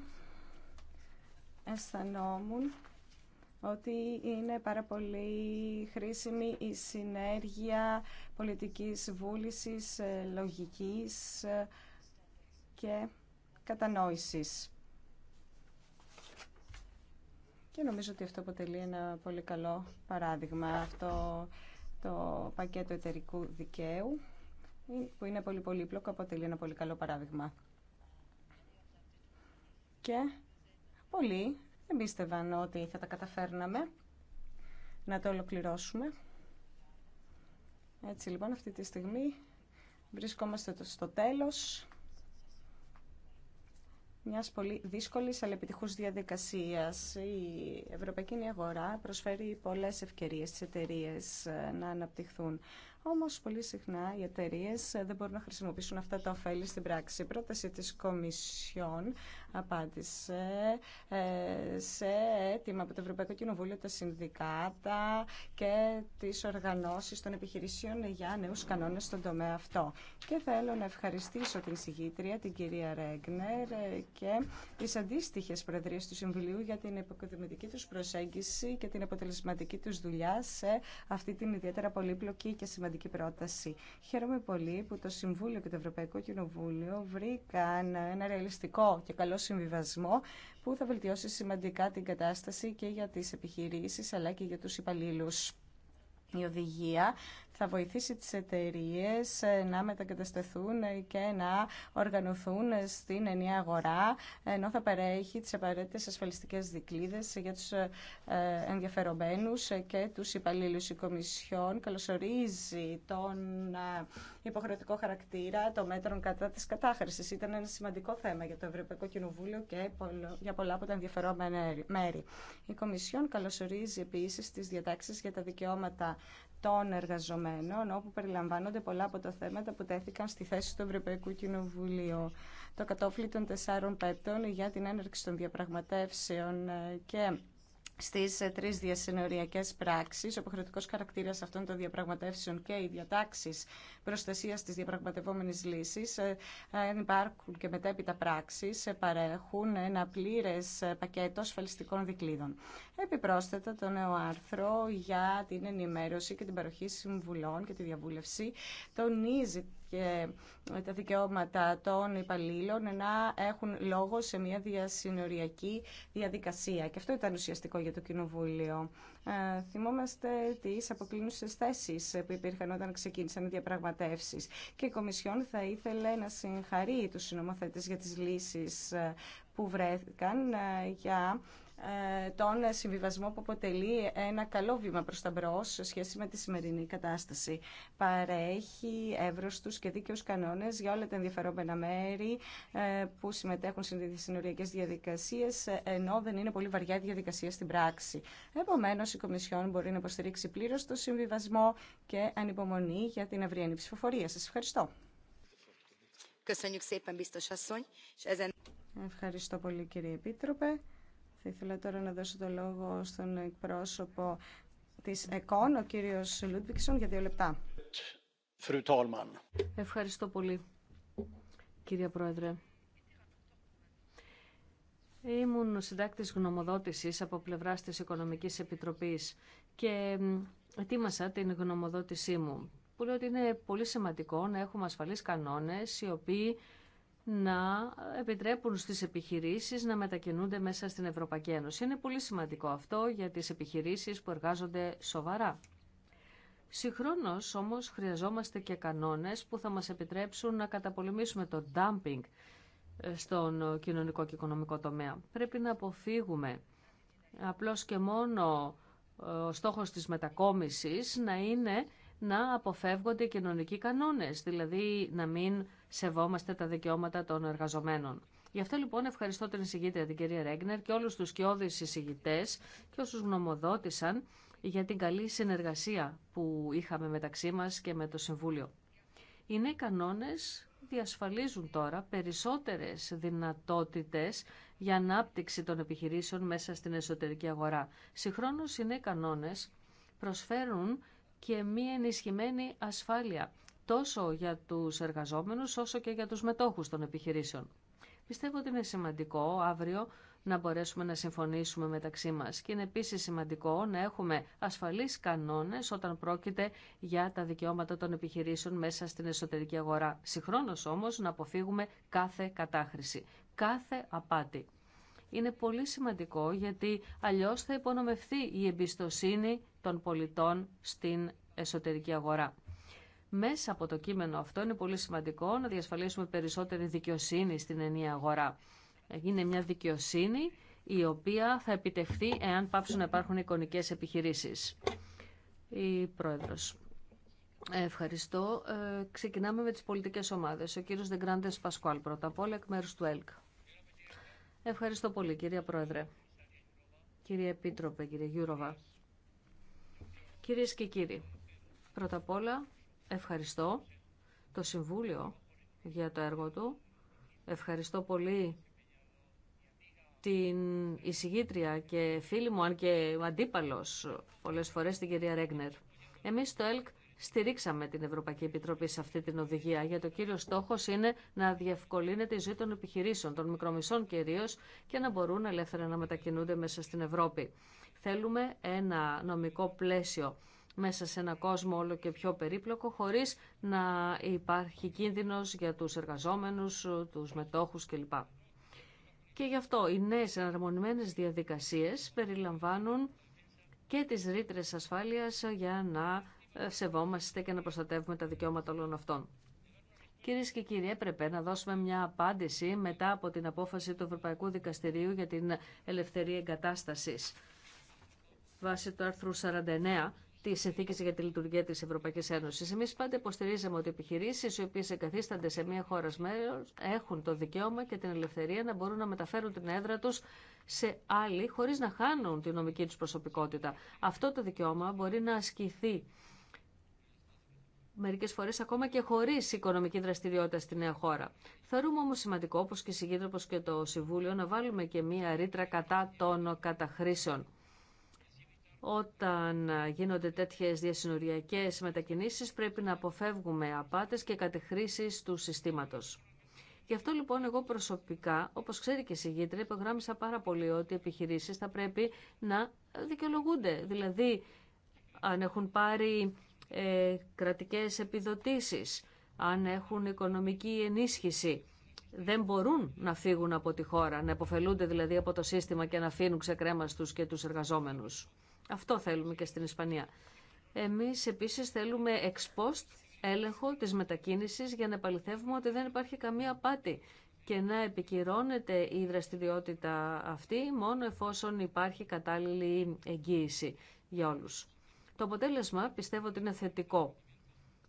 αισθανόμουν ότι είναι πάρα πολύ χρήσιμη η συνέργεια πολιτικής βούλησης, ε, λογικής ε, και κατανόησης. Και νομίζω ότι αυτό αποτελεί ένα πολύ καλό παράδειγμα. Αυτό το πακέτο εταιρικού δικαίου, ε, που είναι πολύ πολύπλοκο, αποτελεί ένα πολύ καλό παράδειγμα. Και πολλοί δεν πίστευαν ότι θα τα καταφέρναμε να το ολοκληρώσουμε. Έτσι λοιπόν αυτή τη στιγμή βρισκόμαστε στο τέλος μιας πολύ δύσκολης αλλά επιτυχούς διαδικασίας. Η ευρωπαϊκή αγορά προσφέρει πολλές ευκαιρίες στις εταιρείε ε, να αναπτυχθούν. Όμω, πολύ συχνά οι εταιρείε ε, δεν μπορούν να χρησιμοποιήσουν αυτά τα ωφέλη στην πράξη. Η πρόταση τη Κομισιόν απάντησε ε, σε αίτημα από το Ευρωπαϊκό Κοινοβούλιο, τα συνδικάτα και τι οργανώσει των επιχειρήσεων για νέου κανόνε στον τομέα αυτό. Και θέλω να ευχαριστήσω την συγγήτρια, την κυρία Ρέγνερ ε, και τι αντίστοιχε προεδρίε του Συμβουλίου για την υποκριτική του προσέγγιση και την αποτελεσματική του δουλειά σε αυτή την ιδιαίτερα πολύπλοκη και σημαντική σημαντική πρόταση. Χαίρομαι πολύ που το Συμβούλιο και το Ευρωπαϊκό Κοινοβούλιο βρήκαν ένα ρεαλιστικό και καλό συμβιβασμό που θα βελτιώσει σημαντικά την κατάσταση και για τις επιχειρήσεις αλλά και για τους υπαλλήλους. Η οδηγία θα βοηθήσει τις εταιρείες ε, να μετακατασταθούν ε, και να οργανωθούν στην ενιαία αγορά, ενώ θα παρέχει τις απαραίτητες ασφαλιστικές δικλείδες για τους ε, ενδιαφερομένους και τους υπαλλήλους. Η Κομισιόν καλωσορίζει τον υποχρεωτικό χαρακτήρα των μέτρων κατά της κατάχρησης. Ήταν ένα σημαντικό θέμα για το Ευρωπαϊκό Κοινοβούλιο και για πολλά από τα ενδιαφερόμενα μέρη. Η Κομισιόν καλωσορίζει επίσης τις διατάξεις για τα δικαιώματα των εργαζομένων, όπου περιλαμβάνονται πολλά από τα θέματα που τέθηκαν στη θέση του Ευρωπαϊκού Κοινοβουλίου. Το κατόφλι των τεσσάρων πέτων για την έναρξη των διαπραγματεύσεων ε, και Στι ε, τρει διασυνοριακές πράξεις. Ο υποχρεωτικό χαρακτήρας αυτών των διαπραγματεύσεων και οι διατάξει προστασία τη διαπραγματευόμενης λύση ε, ε, αν υπάρχουν και μετέπειτα πράξεις, παρέχουν ένα πλήρες πακέτο ασφαλιστικών δικλείδων. Επιπρόσθετα, το νέο άρθρο για την ενημέρωση και την παροχή συμβουλών και τη διαβούλευση τονίζει και τα δικαιώματα των υπαλλήλων να έχουν λόγο σε μια διασυνοριακή διαδικασία. Και αυτό ήταν ουσιαστικό για το Κοινοβούλιο. Ε, θυμόμαστε τι αποκλίνουσε θέσει που υπήρχαν όταν ξεκίνησαν οι διαπραγματεύσει. Και η Κομισιόν θα ήθελε να συγχαρεί του συνομοθέτε για τι λύσει ε, που βρέθηκαν ε, για ε, τον συμβιβασμό που αποτελεί ένα καλό βήμα προς τα μπρος σε σχέση με τη σημερινή κατάσταση. Παρέχει εύρωστους και δίκαιους κανόνες για όλα τα ενδιαφερόμενα μέρη ε, που συμμετέχουν στις συνοριακές διαδικασίες, ενώ δεν είναι πολύ βαριά διαδικασία στην πράξη. Επομένως, η Κομισιόν μπορεί να υποστηρίξει πλήρως το συμβιβασμό και ανυπομονή για την αυριανή ψηφοφορία. Σας ευχαριστώ. Ευχαριστώ πολύ κύριε Επίτροπε. Θα ήθελα τώρα να δώσω το λόγο στον εκπρόσωπο της ΕΚΟΝ, ο κύριος Λούντβικσον, για δύο λεπτά. Ευχαριστώ πολύ, κύριε Πρόεδρε. Ήμουν συντάκτης γνωμοδότησης από πλευράς της Οικονομικής Επιτροπής και ετοίμασα την γνωμοδότησή μου που λέω ότι είναι πολύ σημαντικό να έχουμε ασφαλείς κανόνες οι οποίοι να επιτρέπουν στις επιχειρήσεις να μετακινούνται μέσα στην Ευρωπαϊκή Ένωση. Είναι πολύ σημαντικό αυτό για τις επιχειρήσεις που εργάζονται σοβαρά. Συγχρόνως όμως χρειαζόμαστε και κανόνες που θα μας επιτρέψουν να καταπολεμήσουμε το dumping ε, στον κοινωνικό και οικονομικό τομέα. Πρέπει να αποφύγουμε απλώς και μόνο ε, ο στόχος της μετακόμισης να είναι να αποφεύγονται οι κοινωνικοί κανόνες, δηλαδή να μην σεβόμαστε τα δικαιώματα των εργαζομένων. Γι' αυτό λοιπόν ευχαριστώ την εισηγήτρια την κυρία Ρέγνερ και όλους τους σκιώδεις εισηγητές και όσους γνωμοδότησαν για την καλή συνεργασία που είχαμε μεταξύ μας και με το Συμβούλιο. Οι νέοι κανόνες διασφαλίζουν τώρα περισσότερες δυνατότητες για ανάπτυξη των επιχειρήσεων μέσα στην εσωτερική αγορά. Συγχρόνως οι νέοι κανόνες προσφέρουν και μία ενισχυμένη ασφάλεια τόσο για τους εργαζόμενους όσο και για τους μετόχους των επιχειρήσεων. Πιστεύω ότι είναι σημαντικό αύριο να μπορέσουμε να συμφωνήσουμε μεταξύ μας και είναι επίσης σημαντικό να έχουμε ασφαλείς κανόνες όταν πρόκειται για τα δικαιώματα των επιχειρήσεων μέσα στην εσωτερική αγορά. Συγχρόνως όμως να αποφύγουμε κάθε κατάχρηση, κάθε απάτη. Είναι πολύ σημαντικό γιατί αλλιώς θα υπονομευθεί η εμπιστοσύνη των πολιτών στην εσωτερική αγορά. Μέσα από το κείμενο αυτό είναι πολύ σημαντικό να διασφαλίσουμε περισσότερη δικαιοσύνη στην ενιαία αγορά. Είναι μια δικαιοσύνη η οποία θα επιτευχθεί εάν πάψουν να υπάρχουν εικονικές επιχειρήσεις. Η Πρόεδρος. Ευχαριστώ. Ε, ξεκινάμε με τις πολιτικές ομάδες. Ο κύριος Δεγκράντες Πασκουάλ πρώτα απ' όλα εκ μέρους του ΕΛΚ. Ευχαριστώ πολύ κυρία Πρόεδρε. Κύριε Επίτροπε, κύριε Γιούροβα. Κυρίες και κύριοι, πρώτα απ' όλα ευχαριστώ το Συμβούλιο για το έργο του. Ευχαριστώ πολύ την εισηγήτρια και φίλη μου, αν και ο αντίπαλος πολλές φορές, την κυρία Ρέγνερ. Εμείς στο ΕΛΚ στηρίξαμε την Ευρωπαϊκή Επιτροπή σε αυτή την οδηγία, γιατί το κύριο στόχος είναι να διευκολύνεται η ζωή των επιχειρήσεων, των μικρομισών κυρίω και να μπορούν ελεύθερα να μετακινούνται μέσα στην Ευρώπη. Θέλουμε ένα νομικό πλαίσιο μέσα σε ένα κόσμο όλο και πιο περίπλοκο, χωρίς να υπάρχει κίνδυνος για τους εργαζόμενους, τους μετόχους κλπ. Και γι' αυτό οι νέες εναρμονημένες διαδικασίες περιλαμβάνουν και τις ρήτρε ασφάλειας για να σεβόμαστε και να προστατεύουμε τα δικαιώματα όλων αυτών. Κυρίε και κύριοι, έπρεπε να δώσουμε μια απάντηση μετά από την απόφαση του Ευρωπαϊκού Δικαστηρίου για την ελευθερία εγκατάστασης βάσει του άρθρου 49 τη συνθήκη για τη λειτουργία τη Ευρωπαϊκή Ένωση. Εμεί πάντα υποστηρίζαμε ότι οι επιχειρήσει οι οποίε εγκαθίστανται σε μια χώρα μέρο έχουν το δικαίωμα και την ελευθερία να μπορούν να μεταφέρουν την έδρα του σε άλλη χωρί να χάνουν τη νομική του προσωπικότητα. Αυτό το δικαίωμα μπορεί να ασκηθεί Μερικέ φορέ, ακόμα και χωρί οικονομική δραστηριότητα στη νέα χώρα. Θεωρούμε όμω σημαντικό, όπω και η Συγκίτροπος και το Συμβούλιο, να βάλουμε και μία ρήτρα κατά των καταχρήσεων όταν γίνονται τέτοιες διασυνοριακές μετακινήσεις πρέπει να αποφεύγουμε απάτες και κατεχρήσεις του συστήματος. Γι' αυτό λοιπόν εγώ προσωπικά, όπως ξέρει και η συγγήτρια, υπογράμμισα πάρα πολύ ότι οι επιχειρήσεις θα πρέπει να δικαιολογούνται. Δηλαδή, αν έχουν πάρει ε, κρατικές επιδοτήσεις, αν έχουν οικονομική ενίσχυση, δεν μπορούν να φύγουν από τη χώρα, να υποφελούνται δηλαδή από το σύστημα και να αφήνουν ξεκρέμα και τους εργαζόμενους. Αυτό θέλουμε και στην Ισπανία. Εμείς επίσης θέλουμε εξ έλεγχο της μετακίνησης για να επαληθεύουμε ότι δεν υπάρχει καμία πάτη και να επικυρώνεται η δραστηριότητα αυτή μόνο εφόσον υπάρχει κατάλληλη εγγύηση για όλους. Το αποτέλεσμα πιστεύω ότι είναι θετικό.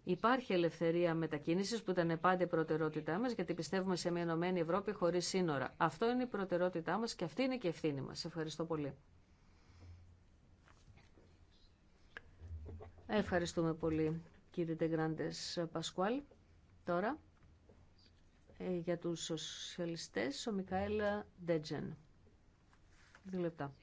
Υπάρχει ελευθερία μετακίνηση που ήταν πάντα η προτεραιότητά μα, γιατί πιστεύουμε σε μια Ενωμένη Ευρώπη χωρί σύνορα. Αυτό είναι η προτεραιότητά μα και αυτή είναι και η ευθύνη μα. Ευχαριστώ πολύ. Ευχαριστούμε πολύ κύριε Τεγκράντες Πασκουάλ. Τώρα ε, για τους σοσιαλιστές ο Μικαέλ Ντέτζεν. Δύο λεπτά.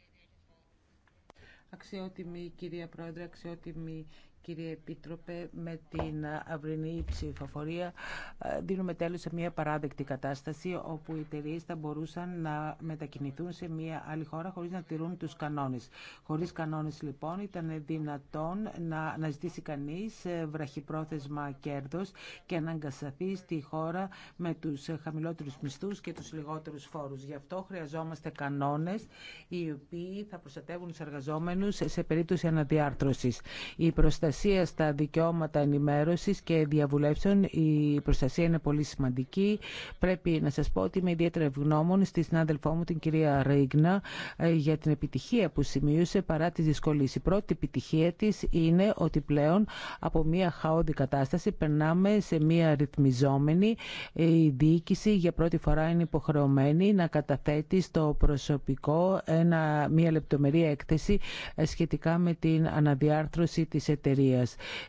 Αξιότιμη κυρία Πρόεδρε, αξιότιμη Κύριε Επίτροπε, με την αυρινή ψηφοφορία ε, δίνουμε τέλος σε μια παράδεκτη κατάσταση όπου οι εταιρείε θα μπορούσαν να μετακινηθούν σε μια άλλη χώρα χωρίς να τηρούν τους κανόνες. Χωρίς κανόνες λοιπόν ήταν δυνατόν να αναζητήσει κανείς ε, βραχυπρόθεσμα κέρδος και να εγκασταθεί στη χώρα με τους ε, χαμηλότερους μισθούς και τους λιγότερους φόρους. Γι' αυτό χρειαζόμαστε κανόνες οι οποίοι θα προστατεύουν τους εργαζόμενους σε περίπτωση αναδιάρθρωσης. Η προστασία προστασία στα δικαιώματα ενημέρωση και διαβουλεύσεων. Η προστασία είναι πολύ σημαντική. Πρέπει να σας πω ότι είμαι ιδιαίτερα ευγνώμων στη συνάδελφό μου την κυρία Ρίγνα ε, για την επιτυχία που σημείωσε παρά τις δυσκολίες. Η πρώτη επιτυχία τη είναι ότι πλέον από μια χαόδη κατάσταση περνάμε σε μια ρυθμιζόμενη η ε, διοίκηση για πρώτη φορά είναι υποχρεωμένη να καταθέτει στο προσωπικό ένα, μια λεπτομερή έκθεση ε, σχετικά με την αναδιάρθρωση της εταιρεία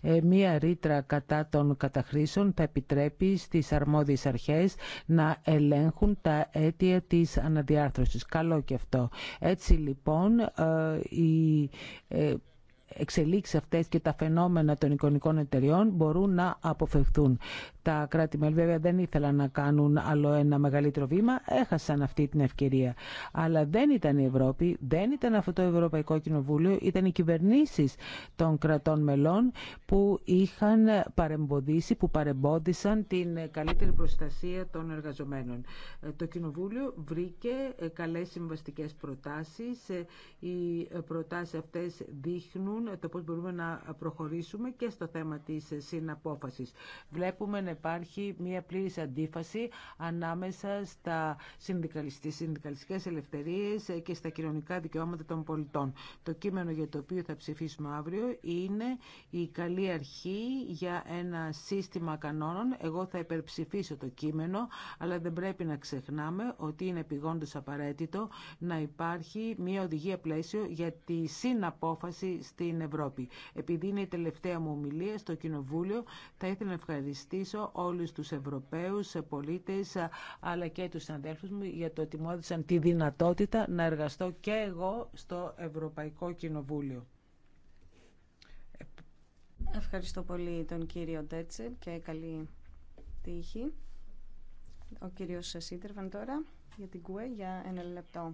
ε, μία ρήτρα κατά των καταχρήσεων θα επιτρέπει στις αρμόδιες αρχές να ελέγχουν τα αίτια της αναδιάρθρωσης. Καλό και αυτό. Έτσι λοιπόν η ε, ε, εξελίξει αυτές και τα φαινόμενα των εικονικών εταιριών μπορούν να αποφευθούν τα κράτη-μέλη βέβαια δεν ήθελαν να κάνουν άλλο ένα μεγαλύτερο βήμα, έχασαν αυτή την ευκαιρία. Αλλά δεν ήταν η Ευρώπη, δεν ήταν αυτό το Ευρωπαϊκό Κοινοβούλιο, ήταν οι κυβερνήσεις των κρατών μελών που είχαν παρεμποδίσει, που παρεμπόδισαν την καλύτερη προστασία των εργαζομένων. Ε, το Κοινοβούλιο βρήκε ε, καλές συμβαστικέ προτάσει. Ε, οι προτάσει αυτέ δείχνουν το πώ μπορούμε να προχωρήσουμε και στο θέμα τη συναπόφαση. Βλέπουμε υπάρχει μια πλήρης αντίφαση ανάμεσα στα συνδικαλιστικές ελευθερίες και στα κοινωνικά δικαιώματα των πολιτών. Το κείμενο για το οποίο θα ψηφίσουμε αύριο είναι η καλή αρχή για ένα σύστημα κανόνων. Εγώ θα υπερψηφίσω το κείμενο, αλλά δεν πρέπει να ξεχνάμε ότι είναι επιγόντως απαραίτητο να υπάρχει μια οδηγία πλαίσιο για τη συναπόφαση στην Ευρώπη. Επειδή είναι η τελευταία μου ομιλία στο Κοινοβούλιο, θα ήθελα να ευχαριστήσω όλους τους Ευρωπαίους πολίτες αλλά και τους συναδέλφους μου για το ότι μου τη δυνατότητα να εργαστώ και εγώ στο Ευρωπαϊκό Κοινοβούλιο. Ευχαριστώ πολύ τον κύριο Τέτσελ και καλή τύχη. Ο κύριος Σίτερβαν τώρα για την ΚΟΕ για ένα λεπτό.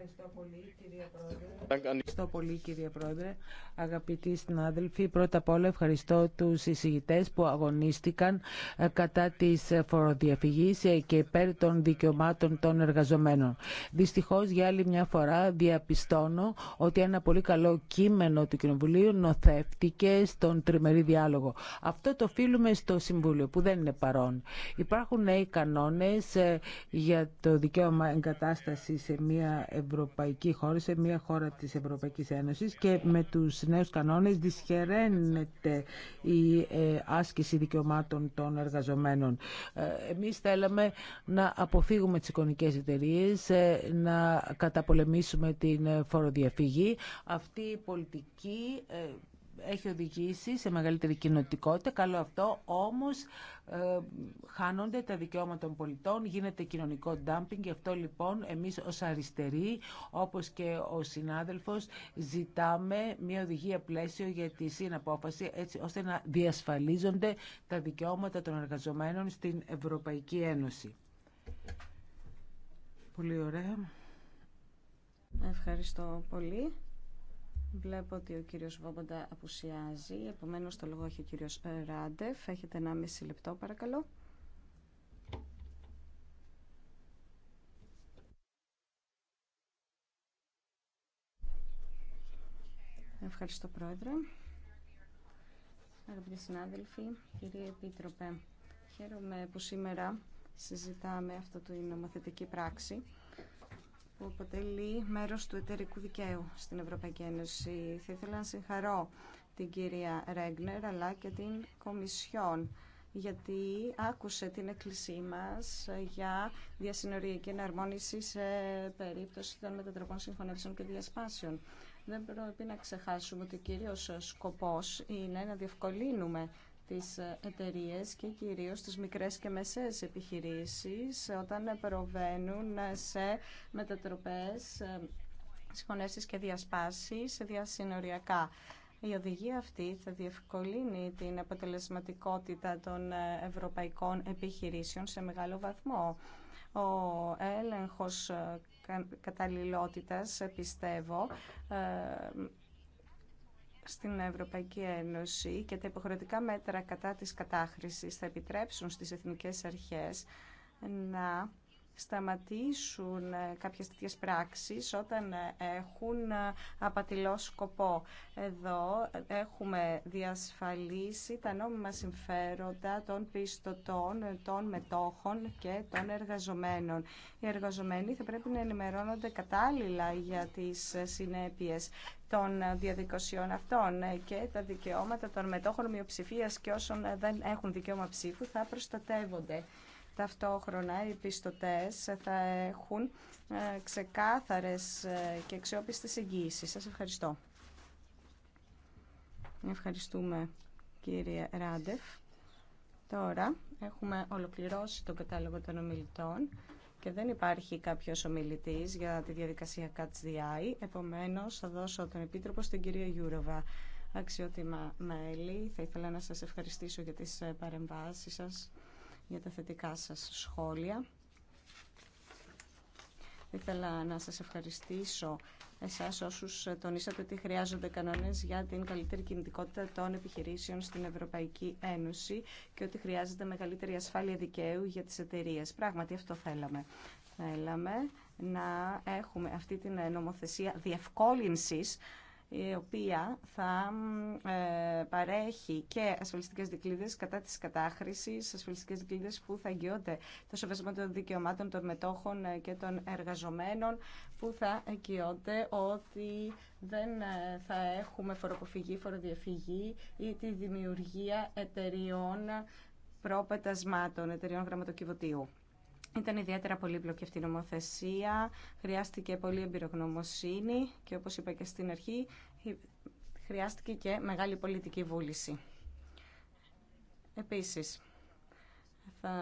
Ευχαριστώ πολύ, κύριε Πρόεδρε. Ευχαριστώ πολύ, κυρία Πρόεδρε. Αγαπητοί συνάδελφοι, πρώτα απ' όλα ευχαριστώ τους εισηγητές που αγωνίστηκαν ε, κατά της φοροδιαφυγής ε, και υπέρ των δικαιωμάτων των εργαζομένων. Δυστυχώς, για άλλη μια φορά διαπιστώνω ότι ένα πολύ καλό κείμενο του Κοινοβουλίου νοθεύτηκε στον τριμερή διάλογο. Αυτό το οφείλουμε στο Συμβούλιο που δεν είναι παρόν. Υπάρχουν νέοι κανόνες ε, για το δικαίωμα εγκατάσταση σε μια ευρωπαϊκή χώρα, σε μια χώρα της Ευρωπαϊκής Ένωσης και με τους νέους κανόνες δυσχεραίνεται η ε, άσκηση δικαιωμάτων των εργαζομένων. Ε, εμείς θέλαμε να αποφύγουμε τις εικονικές εταιρείε, ε, να καταπολεμήσουμε την φοροδιαφυγή. Αυτή η πολιτική έχει οδηγήσει σε μεγαλύτερη κοινωτικότητα, καλό αυτό, όμως ε, χάνονται τα δικαιώματα των πολιτών, γίνεται κοινωνικό ντάμπινγκ, γι' αυτό λοιπόν εμείς ως αριστεροί, όπως και ο συνάδελφος, ζητάμε μια οδηγία πλαίσιο για τη συναπόφαση, έτσι ώστε να διασφαλίζονται τα δικαιώματα των εργαζομένων στην Ευρωπαϊκή Ένωση. Πολύ ωραία. Ευχαριστώ πολύ. Βλέπω ότι ο κύριος Βόμποντα απουσιάζει, επομένως το λόγο έχει ο κύριος Ράντεφ. Έχετε μισή λεπτό παρακαλώ. Ευχαριστώ Πρόεδρε. Αγαπητοί συνάδελφοι, κύριε Επίτροπε, χαίρομαι που σήμερα συζητάμε αυτό το νομοθετική πράξη που αποτελεί μέρος του εταιρικού δικαίου στην Ευρωπαϊκή Ένωση. Θα ήθελα να συγχαρώ την κυρία Ρέγνερ αλλά και την Κομισιόν γιατί άκουσε την εκκλησή μας για διασυνοριακή εναρμόνιση σε περίπτωση των μετατροπών συμφωνήσεων και διασπάσεων. Δεν πρέπει να ξεχάσουμε ότι ο κύριος σκοπός είναι να διευκολύνουμε τις ε, εταιρείε και κυρίως τις μικρές και μεσαίες επιχειρήσεις όταν προβαίνουν σε μετατροπές, ε, συγχωνεύσεις και διασπάσεις διασυνοριακά. Η οδηγία αυτή θα διευκολύνει την αποτελεσματικότητα των ε, ευρωπαϊκών επιχειρήσεων σε μεγάλο βαθμό. Ο έλεγχος καταλληλότητας, πιστεύω, στην Ευρωπαϊκή Ένωση και τα υποχρεωτικά μέτρα κατά της κατάχρησης θα επιτρέψουν στις εθνικές αρχές να σταματήσουν ε, κάποιες τέτοιες πράξεις όταν ε, έχουν ε, απατηλό σκοπό. Εδώ έχουμε διασφαλίσει τα νόμιμα συμφέροντα των πιστωτών, των μετόχων και των εργαζομένων. Οι εργαζομένοι θα πρέπει να ενημερώνονται κατάλληλα για τις συνέπειες των διαδικασιών αυτών και τα δικαιώματα των μετόχων μειοψηφία και όσων δεν έχουν δικαίωμα ψήφου θα προστατεύονται. Ταυτόχρονα οι πιστωτές θα έχουν ε, ξεκάθαρες ε, και αξιόπιστες εγγύησεις. Σας ευχαριστώ. Ευχαριστούμε κύριε Ράντεφ. Τώρα έχουμε ολοκληρώσει τον κατάλογο των ομιλητών δεν υπάρχει κάποιο ομιλητή για τη διαδικασια the Επομένω, Επομένως, θα δώσω τον Επίτροπο στην κυρία Γιούροβα. Αξιότιμα μέλη, θα ήθελα να σας ευχαριστήσω για τις ε, παρεμβάσεις σας, για τα θετικά σας σχόλια. Θα ήθελα να σας ευχαριστήσω εσάς όσους ε, τονίσατε ότι χρειάζονται κανόνες για την καλύτερη κινητικότητα των επιχειρήσεων στην Ευρωπαϊκή Ένωση και ότι χρειάζεται μεγαλύτερη ασφάλεια δικαίου για τις εταιρείε. Πράγματι αυτό θέλαμε. Θέλαμε να έχουμε αυτή την ε, νομοθεσία διευκόλυνσης η οποία θα ε, παρέχει και ασφαλιστικέ δικλείδε κατά της κατάχρηση, ασφαλιστικέ δικλείδε που θα εγγυώνται το σεβασμό των δικαιωμάτων των μετόχων ε, και των εργαζομένων, που θα εγγυώνται ότι δεν ε, θα έχουμε φοροποφυγή, φοροδιαφυγή ή τη δημιουργία εταιριών προπετασμάτων, εταιριών γραμματοκιβωτίου. Ήταν ιδιαίτερα πολύπλοκη αυτή η νομοθεσία, χρειάστηκε πολύ εμπειρογνωμοσύνη και όπως είπα και στην αρχή, χρειάστηκε και μεγάλη πολιτική βούληση. Επίσης, θα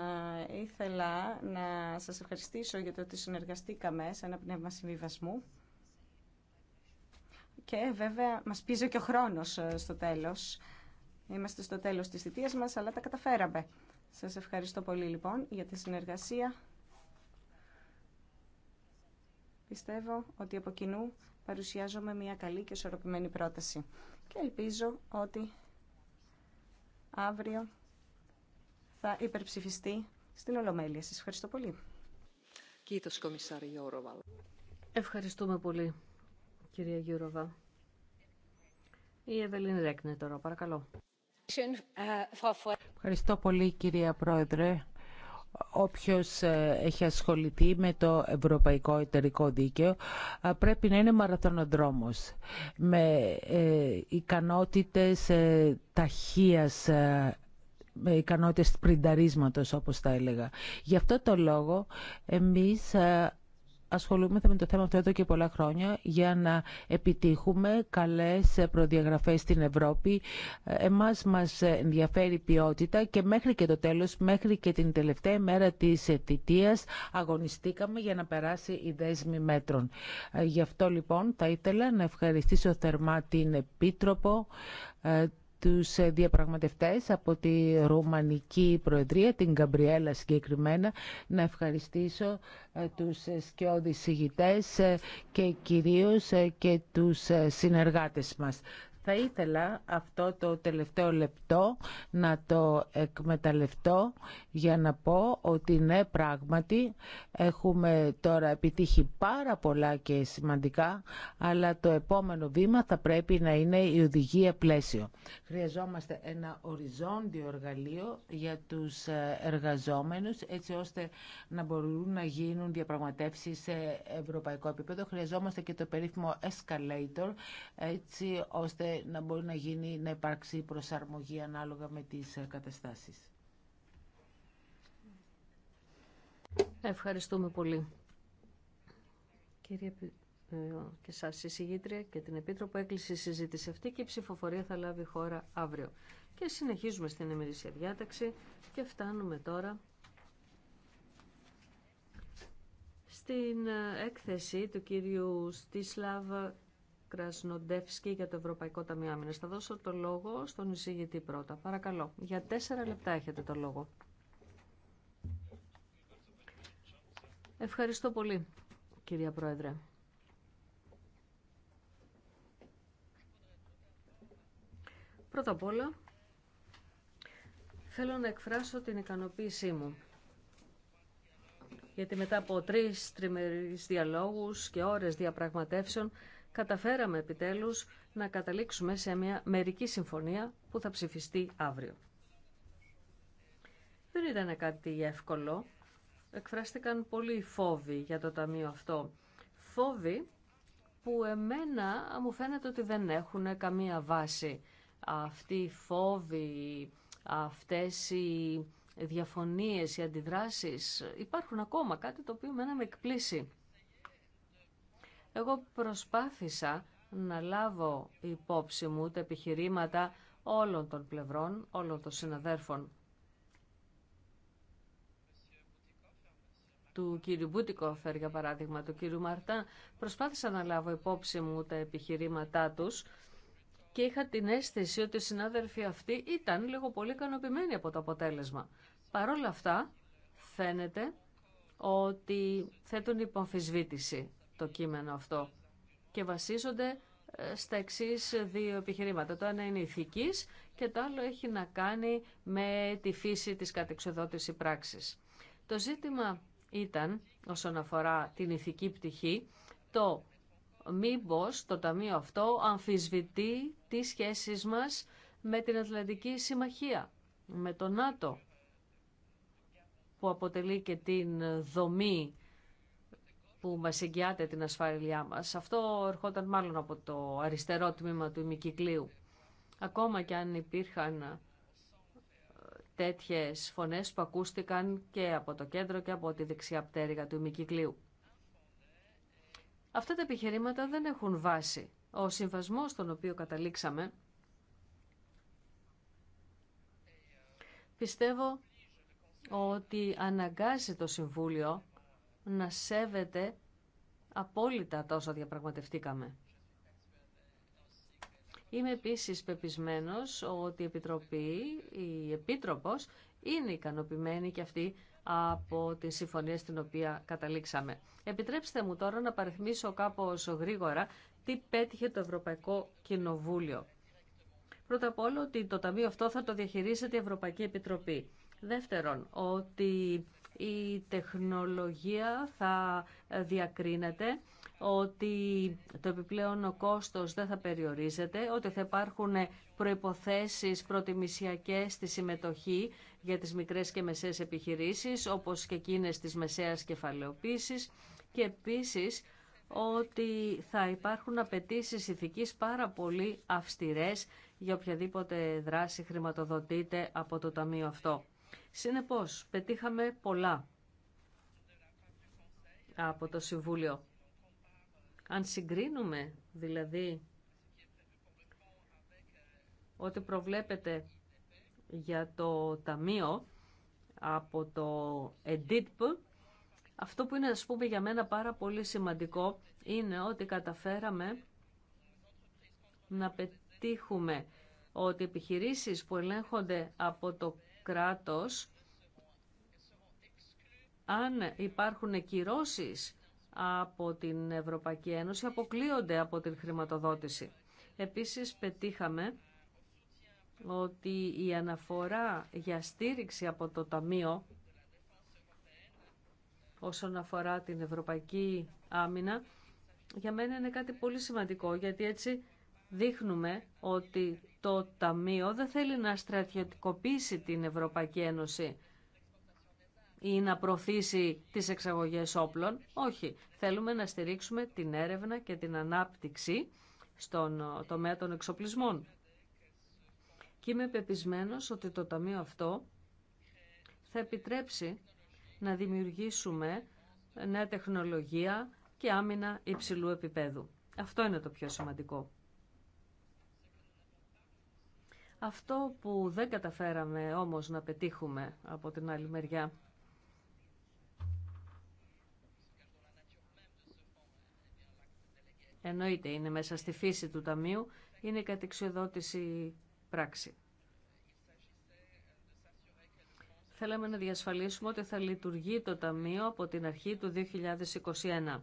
ήθελα να σας ευχαριστήσω για το ότι συνεργαστήκαμε σε ένα πνεύμα συμβιβασμού και βέβαια μας πίζει και ο χρόνος ε, στο τέλος. Είμαστε στο τέλος της θητείας μας, αλλά τα καταφέραμε. Σας ευχαριστώ πολύ λοιπόν για τη συνεργασία Πιστεύω ότι από κοινού παρουσιάζομαι μια καλή και ισορροπημένη πρόταση και ελπίζω ότι αύριο θα υπερψηφιστεί στην Ολομέλεια. Σας ευχαριστώ πολύ. Ευχαριστούμε πολύ, κυρία Γιούροβα. Η Ευελίν Ρέκνε τώρα, παρακαλώ. Ευχαριστώ πολύ, κυρία Πρόεδρε όποιος ε, έχει ασχοληθεί με το Ευρωπαϊκό Εταιρικό Δίκαιο ε, πρέπει να είναι μαραθωνοδρόμος με ε, ικανότητες ταχείας με ικανότητες πρινταρίσματος όπως τα έλεγα. Γι' αυτό το λόγο εμείς ασχολούμαστε με το θέμα αυτό εδώ και πολλά χρόνια για να επιτύχουμε καλές προδιαγραφές στην Ευρώπη. Εμάς μας ενδιαφέρει ποιότητα και μέχρι και το τέλος, μέχρι και την τελευταία μέρα της θητείας αγωνιστήκαμε για να περάσει η δέσμη μέτρων. Γι' αυτό λοιπόν θα ήθελα να ευχαριστήσω θερμά την Επίτροπο, ε, τους ε, διαπραγματευτές από τη Ρουμανική Προεδρία, την Καμπριέλα συγκεκριμένα, να ευχαριστήσω ε, τους ε, σκιώδης ηγητές και κυρίως και τους συνεργάτες μας. Θα ήθελα αυτό το τελευταίο λεπτό να το εκμεταλλευτώ για να πω ότι ναι πράγματι έχουμε τώρα επιτύχει πάρα πολλά και σημαντικά αλλά το επόμενο βήμα θα πρέπει να είναι η οδηγία πλαίσιο. Χρειαζόμαστε ένα οριζόντιο εργαλείο για τους ε, εργαζόμενους έτσι ώστε να μπορούν να γίνουν διαπραγματεύσεις σε ευρωπαϊκό επίπεδο. Χρειαζόμαστε και το περίφημο escalator έτσι ώστε να μπορεί να γίνει, να υπάρξει προσαρμογή ανάλογα με τις ε, καταστάσεις. Ευχαριστούμε πολύ. Κύριε ε, και σας εισηγήτρια και την Επίτροπο έκλεισε η συζήτηση αυτή και η ψηφοφορία θα λάβει χώρα αύριο. Και συνεχίζουμε στην ημερήσια διάταξη και φτάνουμε τώρα στην ε, έκθεση του κύριου Στίσλαβ Κρασνοντεύσκη για το Ευρωπαϊκό Ταμείο Άμυνα. Θα δώσω το λόγο στον εισηγητή πρώτα. Παρακαλώ. Για τέσσερα λεπτά έχετε το λόγο. Ευχαριστώ πολύ, κυρία Πρόεδρε. Πρώτα απ' όλα, θέλω να εκφράσω την ικανοποίησή μου. Γιατί μετά από τρεις τριμερείς διαλόγους και ώρες διαπραγματεύσεων, καταφέραμε επιτέλους να καταλήξουμε σε μια μερική συμφωνία που θα ψηφιστεί αύριο. Δεν ήταν κάτι εύκολο. Εκφράστηκαν πολλοί φόβοι για το ταμείο αυτό. Φόβοι που εμένα μου φαίνεται ότι δεν έχουν καμία βάση. Αυτοί οι φόβοι, αυτές οι διαφωνίες, οι αντιδράσεις υπάρχουν ακόμα κάτι το οποίο μένα με εκπλήσει. Εγώ προσπάθησα να λάβω υπόψη μου τα επιχειρήματα όλων των πλευρών, όλων των συναδέρφων του κύριου Μπούτικοφερ, για παράδειγμα, του κύριου Μαρτά, προσπάθησα να λάβω υπόψη μου τα επιχειρήματά τους και είχα την αίσθηση ότι οι συνάδελφοι αυτοί ήταν λίγο πολύ ικανοποιημένοι από το αποτέλεσμα. Παρ' όλα αυτά, φαίνεται ότι θέτουν υπομφισβήτηση το κείμενο αυτό και βασίζονται ε, στα εξή δύο επιχειρήματα. Το ένα είναι ηθικής και το άλλο έχει να κάνει με τη φύση της κατεξοδότησης πράξης. Το ζήτημα ήταν, όσον αφορά την ηθική πτυχή, το μήπως το Ταμείο αυτό αμφισβητεί τις σχέσεις μας με την Ατλαντική Συμμαχία, με το ΝΑΤΟ, που αποτελεί και την δομή που μα εγγυάται την ασφάλειά μας. Αυτό ερχόταν μάλλον από το αριστερό τμήμα του ημικυκλίου. Ακόμα και αν υπήρχαν ε, τέτοιες φωνές που ακούστηκαν και από το κέντρο και από τη δεξιά πτέρυγα του ημικυκλίου. Αυτά τα επιχειρήματα δεν έχουν βάση. Ο συμβασμός στον οποίο καταλήξαμε πιστεύω ότι αναγκάζει το Συμβούλιο να σέβεται απόλυτα τόσο όσα διαπραγματευτήκαμε. Είμαι επίσης πεπισμένος ότι η Επιτροπή, η Επίτροπος, είναι ικανοποιημένη και αυτή από τη συμφωνία στην οποία καταλήξαμε. Επιτρέψτε μου τώρα να παριθμίσω κάπως γρήγορα τι πέτυχε το Ευρωπαϊκό Κοινοβούλιο. Πρώτα απ' όλο ότι το Ταμείο αυτό θα το διαχειρίζεται η Ευρωπαϊκή Επιτροπή. Δεύτερον, ότι η τεχνολογία θα διακρίνεται ότι το επιπλέον κόστος δεν θα περιορίζεται, ότι θα υπάρχουν προϋποθέσεις προτιμησιακές στη συμμετοχή για τις μικρές και μεσαίες επιχειρήσεις, όπως και εκείνες της μεσαίας κεφαλαιοποίησης και επίσης ότι θα υπάρχουν απαιτήσει ηθικής πάρα πολύ αυστηρές για οποιαδήποτε δράση χρηματοδοτείται από το Ταμείο αυτό. Συνεπώς, πετύχαμε πολλά από το Συμβούλιο. Αν συγκρίνουμε, δηλαδή, ότι προβλέπεται για το Ταμείο από το ΕΔΙΤΠ αυτό που είναι, ας πούμε, για μένα πάρα πολύ σημαντικό είναι ότι καταφέραμε να πετύχουμε ότι επιχειρήσεις που ελέγχονται από το κράτος, αν υπάρχουν κυρώσεις από την Ευρωπαϊκή Ένωση, αποκλείονται από την χρηματοδότηση. Επίσης, πετύχαμε ότι η αναφορά για στήριξη από το Ταμείο όσον αφορά την Ευρωπαϊκή Άμυνα, για μένα είναι κάτι πολύ σημαντικό, γιατί έτσι δείχνουμε ότι το Ταμείο δεν θέλει να στρατιωτικοποιήσει την Ευρωπαϊκή Ένωση ή να προωθήσει τις εξαγωγές όπλων. Όχι. Θέλουμε να στηρίξουμε την έρευνα και την ανάπτυξη στον τομέα των εξοπλισμών. Και είμαι πεπισμένος ότι το Ταμείο αυτό θα επιτρέψει να δημιουργήσουμε νέα τεχνολογία και άμυνα υψηλού επίπεδου. Αυτό είναι το πιο σημαντικό. Αυτό που δεν καταφέραμε όμως να πετύχουμε από την άλλη μεριά εννοείται είναι μέσα στη φύση του Ταμείου, είναι η κατεξιοδότηση πράξη. Θέλαμε να διασφαλίσουμε ότι θα λειτουργεί το Ταμείο από την αρχή του 2021.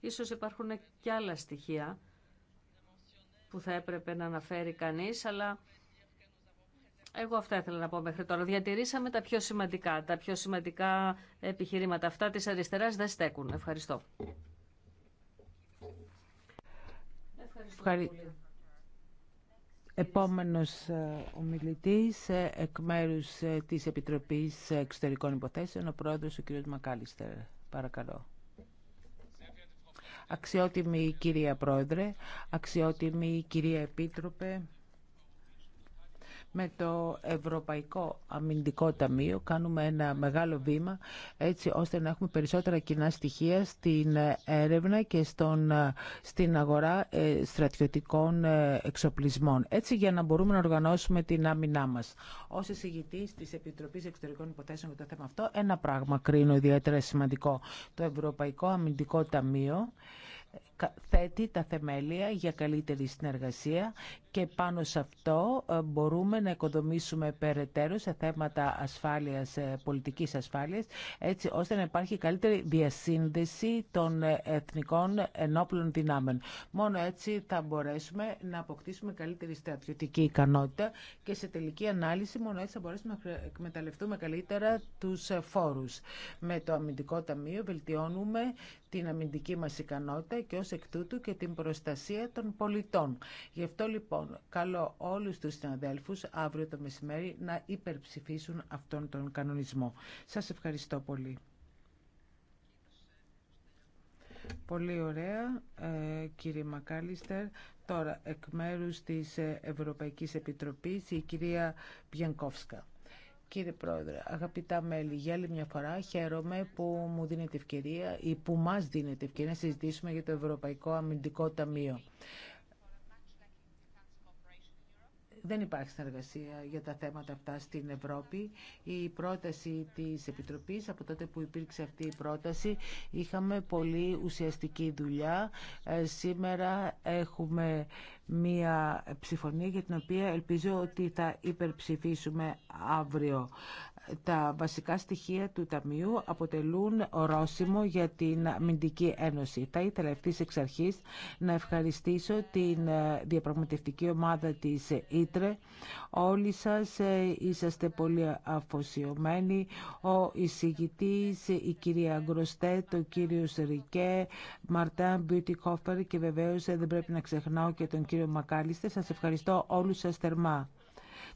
Ίσως υπάρχουν και άλλα στοιχεία που θα έπρεπε να αναφέρει κανείς, αλλά εγώ αυτά ήθελα να πω μέχρι τώρα. Διατηρήσαμε τα πιο σημαντικά. Τα πιο σημαντικά επιχειρήματα αυτά της αριστεράς δεν στέκουν. Ευχαριστώ. Ευχαριστώ Ευχαρι... πολύ. Επόμενος ε, ε, εκ μέρους ε, της Επιτροπής Εξωτερικών Υποθέσεων, ο πρόεδρος ο κ. Μακάλιστερ. Παρακαλώ. Αξιότιμη κυρία Πρόεδρε, αξιότιμη κυρία Επίτροπε, με το Ευρωπαϊκό Αμυντικό Ταμείο κάνουμε ένα μεγάλο βήμα έτσι ώστε να έχουμε περισσότερα κοινά στοιχεία στην ε, έρευνα και στον, ε, στην αγορά ε, στρατιωτικών εξοπλισμών. Έτσι για να μπορούμε να οργανώσουμε την άμυνά μας. Ως εισηγητής της Επιτροπής Εξωτερικών Υποθέσεων για το θέμα αυτό, ένα πράγμα κρίνω ιδιαίτερα σημαντικό. Το Ευρωπαϊκό Αμυντικό Ταμείο θέτει τα θεμέλια για καλύτερη συνεργασία και πάνω σε αυτό ε, μπορούμε να οικοδομήσουμε περαιτέρω σε θέματα ασφάλειας, ε, πολιτικής ασφάλειας, έτσι ώστε να υπάρχει καλύτερη διασύνδεση των ε, εθνικών ενόπλων δυνάμεων. Μόνο έτσι θα μπορέσουμε να αποκτήσουμε καλύτερη στρατιωτική ικανότητα και σε τελική ανάλυση μόνο έτσι θα μπορέσουμε να εκμεταλλευτούμε καλύτερα τους φόρους. Με το αμυντικό ταμείο βελτιώνουμε την αμυντική μας ικανότητα και ως εκ τούτου και την προστασία των πολιτών. Γι' αυτό λοιπόν καλώ όλους τους συναδέλφους αύριο το μεσημέρι να υπερψηφίσουν αυτόν τον κανονισμό. Σας ευχαριστώ πολύ. Πολύ ωραία, ε, κύριε Μακάλιστερ. Τώρα, εκ μέρους της Ευρωπαϊκής Επιτροπής, η κυρία Πιενκόφσκα. Κύριε Πρόεδρε, αγαπητά μέλη, για άλλη μια φορά χαίρομαι που μου δίνετε ευκαιρία ή που μας δίνετε ευκαιρία να συζητήσουμε για το Ευρωπαϊκό Αμυντικό Ταμείο. Δεν υπάρχει συνεργασία για τα θέματα αυτά στην Ευρώπη. Η πρόταση της Επιτροπής, από τότε που υπήρξε αυτή η πρόταση, είχαμε πολύ ουσιαστική δουλειά. Ε, σήμερα έχουμε μία ψηφωνία για την οποία ελπίζω ότι θα υπερψηφίσουμε αύριο τα βασικά στοιχεία του Ταμείου αποτελούν ορόσημο για την Αμυντική Ένωση. Θα ήθελα ευθύ εξ αρχή να ευχαριστήσω την ε, διαπραγματευτική ομάδα της Ήτρε. Όλοι σας ε, είσαστε πολύ αφοσιωμένοι. Ο εισηγητή, η κυρία Γκροστέ, το κύριο Ρικέ, Μαρτάν Κόφερ και βεβαίως ε, δεν πρέπει να ξεχνάω και τον κύριο Μακάλιστε. Σα ευχαριστώ όλου σα θερμά.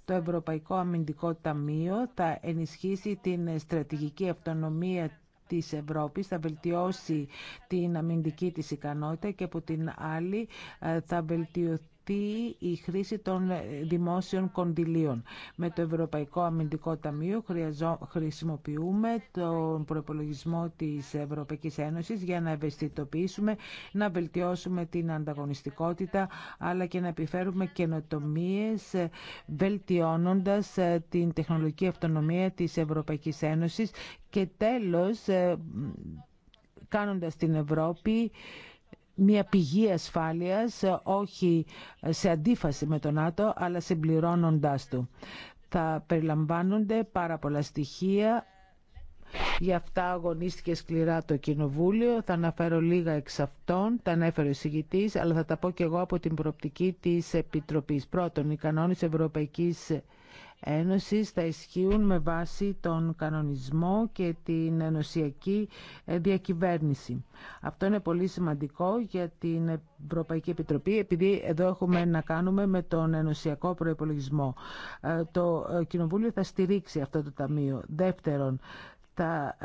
Το Ευρωπαϊκό Αμυντικό Ταμείο θα ενισχύσει την στρατηγική αυτονομία της Ευρώπης, θα βελτιώσει την αμυντική της ικανότητα και από την άλλη ε, θα βελτιωθεί η χρήση των ε, δημόσιων κονδυλίων. Με το Ευρωπαϊκό Αμυντικό Ταμείο χρησιμοποιούμε τον προπολογισμό της Ευρωπαϊκής Ένωσης για να ευαισθητοποιήσουμε, να βελτιώσουμε την ανταγωνιστικότητα, αλλά και να επιφέρουμε καινοτομίε ε, βελτιώνοντας ε, την τεχνολογική αυτονομία της Ευρωπαϊκής Ένωσης και τέλος κάνοντας την Ευρώπη μια πηγή ασφάλειας, ε, όχι ε, σε αντίφαση με τον ΝΑΤΟ, αλλά συμπληρώνοντάς του. Θα περιλαμβάνονται πάρα πολλά στοιχεία Γι' αυτά αγωνίστηκε σκληρά το Κοινοβούλιο. Θα αναφέρω λίγα εξ αυτών. Τα ανέφερε ο εισηγητή, αλλά θα τα πω και εγώ από την προοπτική τη Επιτροπή. Πρώτον, οι κανόνε Ευρωπαϊκή Ένωσης θα ισχύουν με βάση τον κανονισμό και την ενωσιακή ε, διακυβέρνηση. Αυτό είναι πολύ σημαντικό για την Ευρωπαϊκή Επιτροπή, επειδή εδώ έχουμε να κάνουμε με τον ενωσιακό προϋπολογισμό. Ε, το ε, Κοινοβούλιο θα στηρίξει αυτό το Ταμείο. Δεύτερον, θα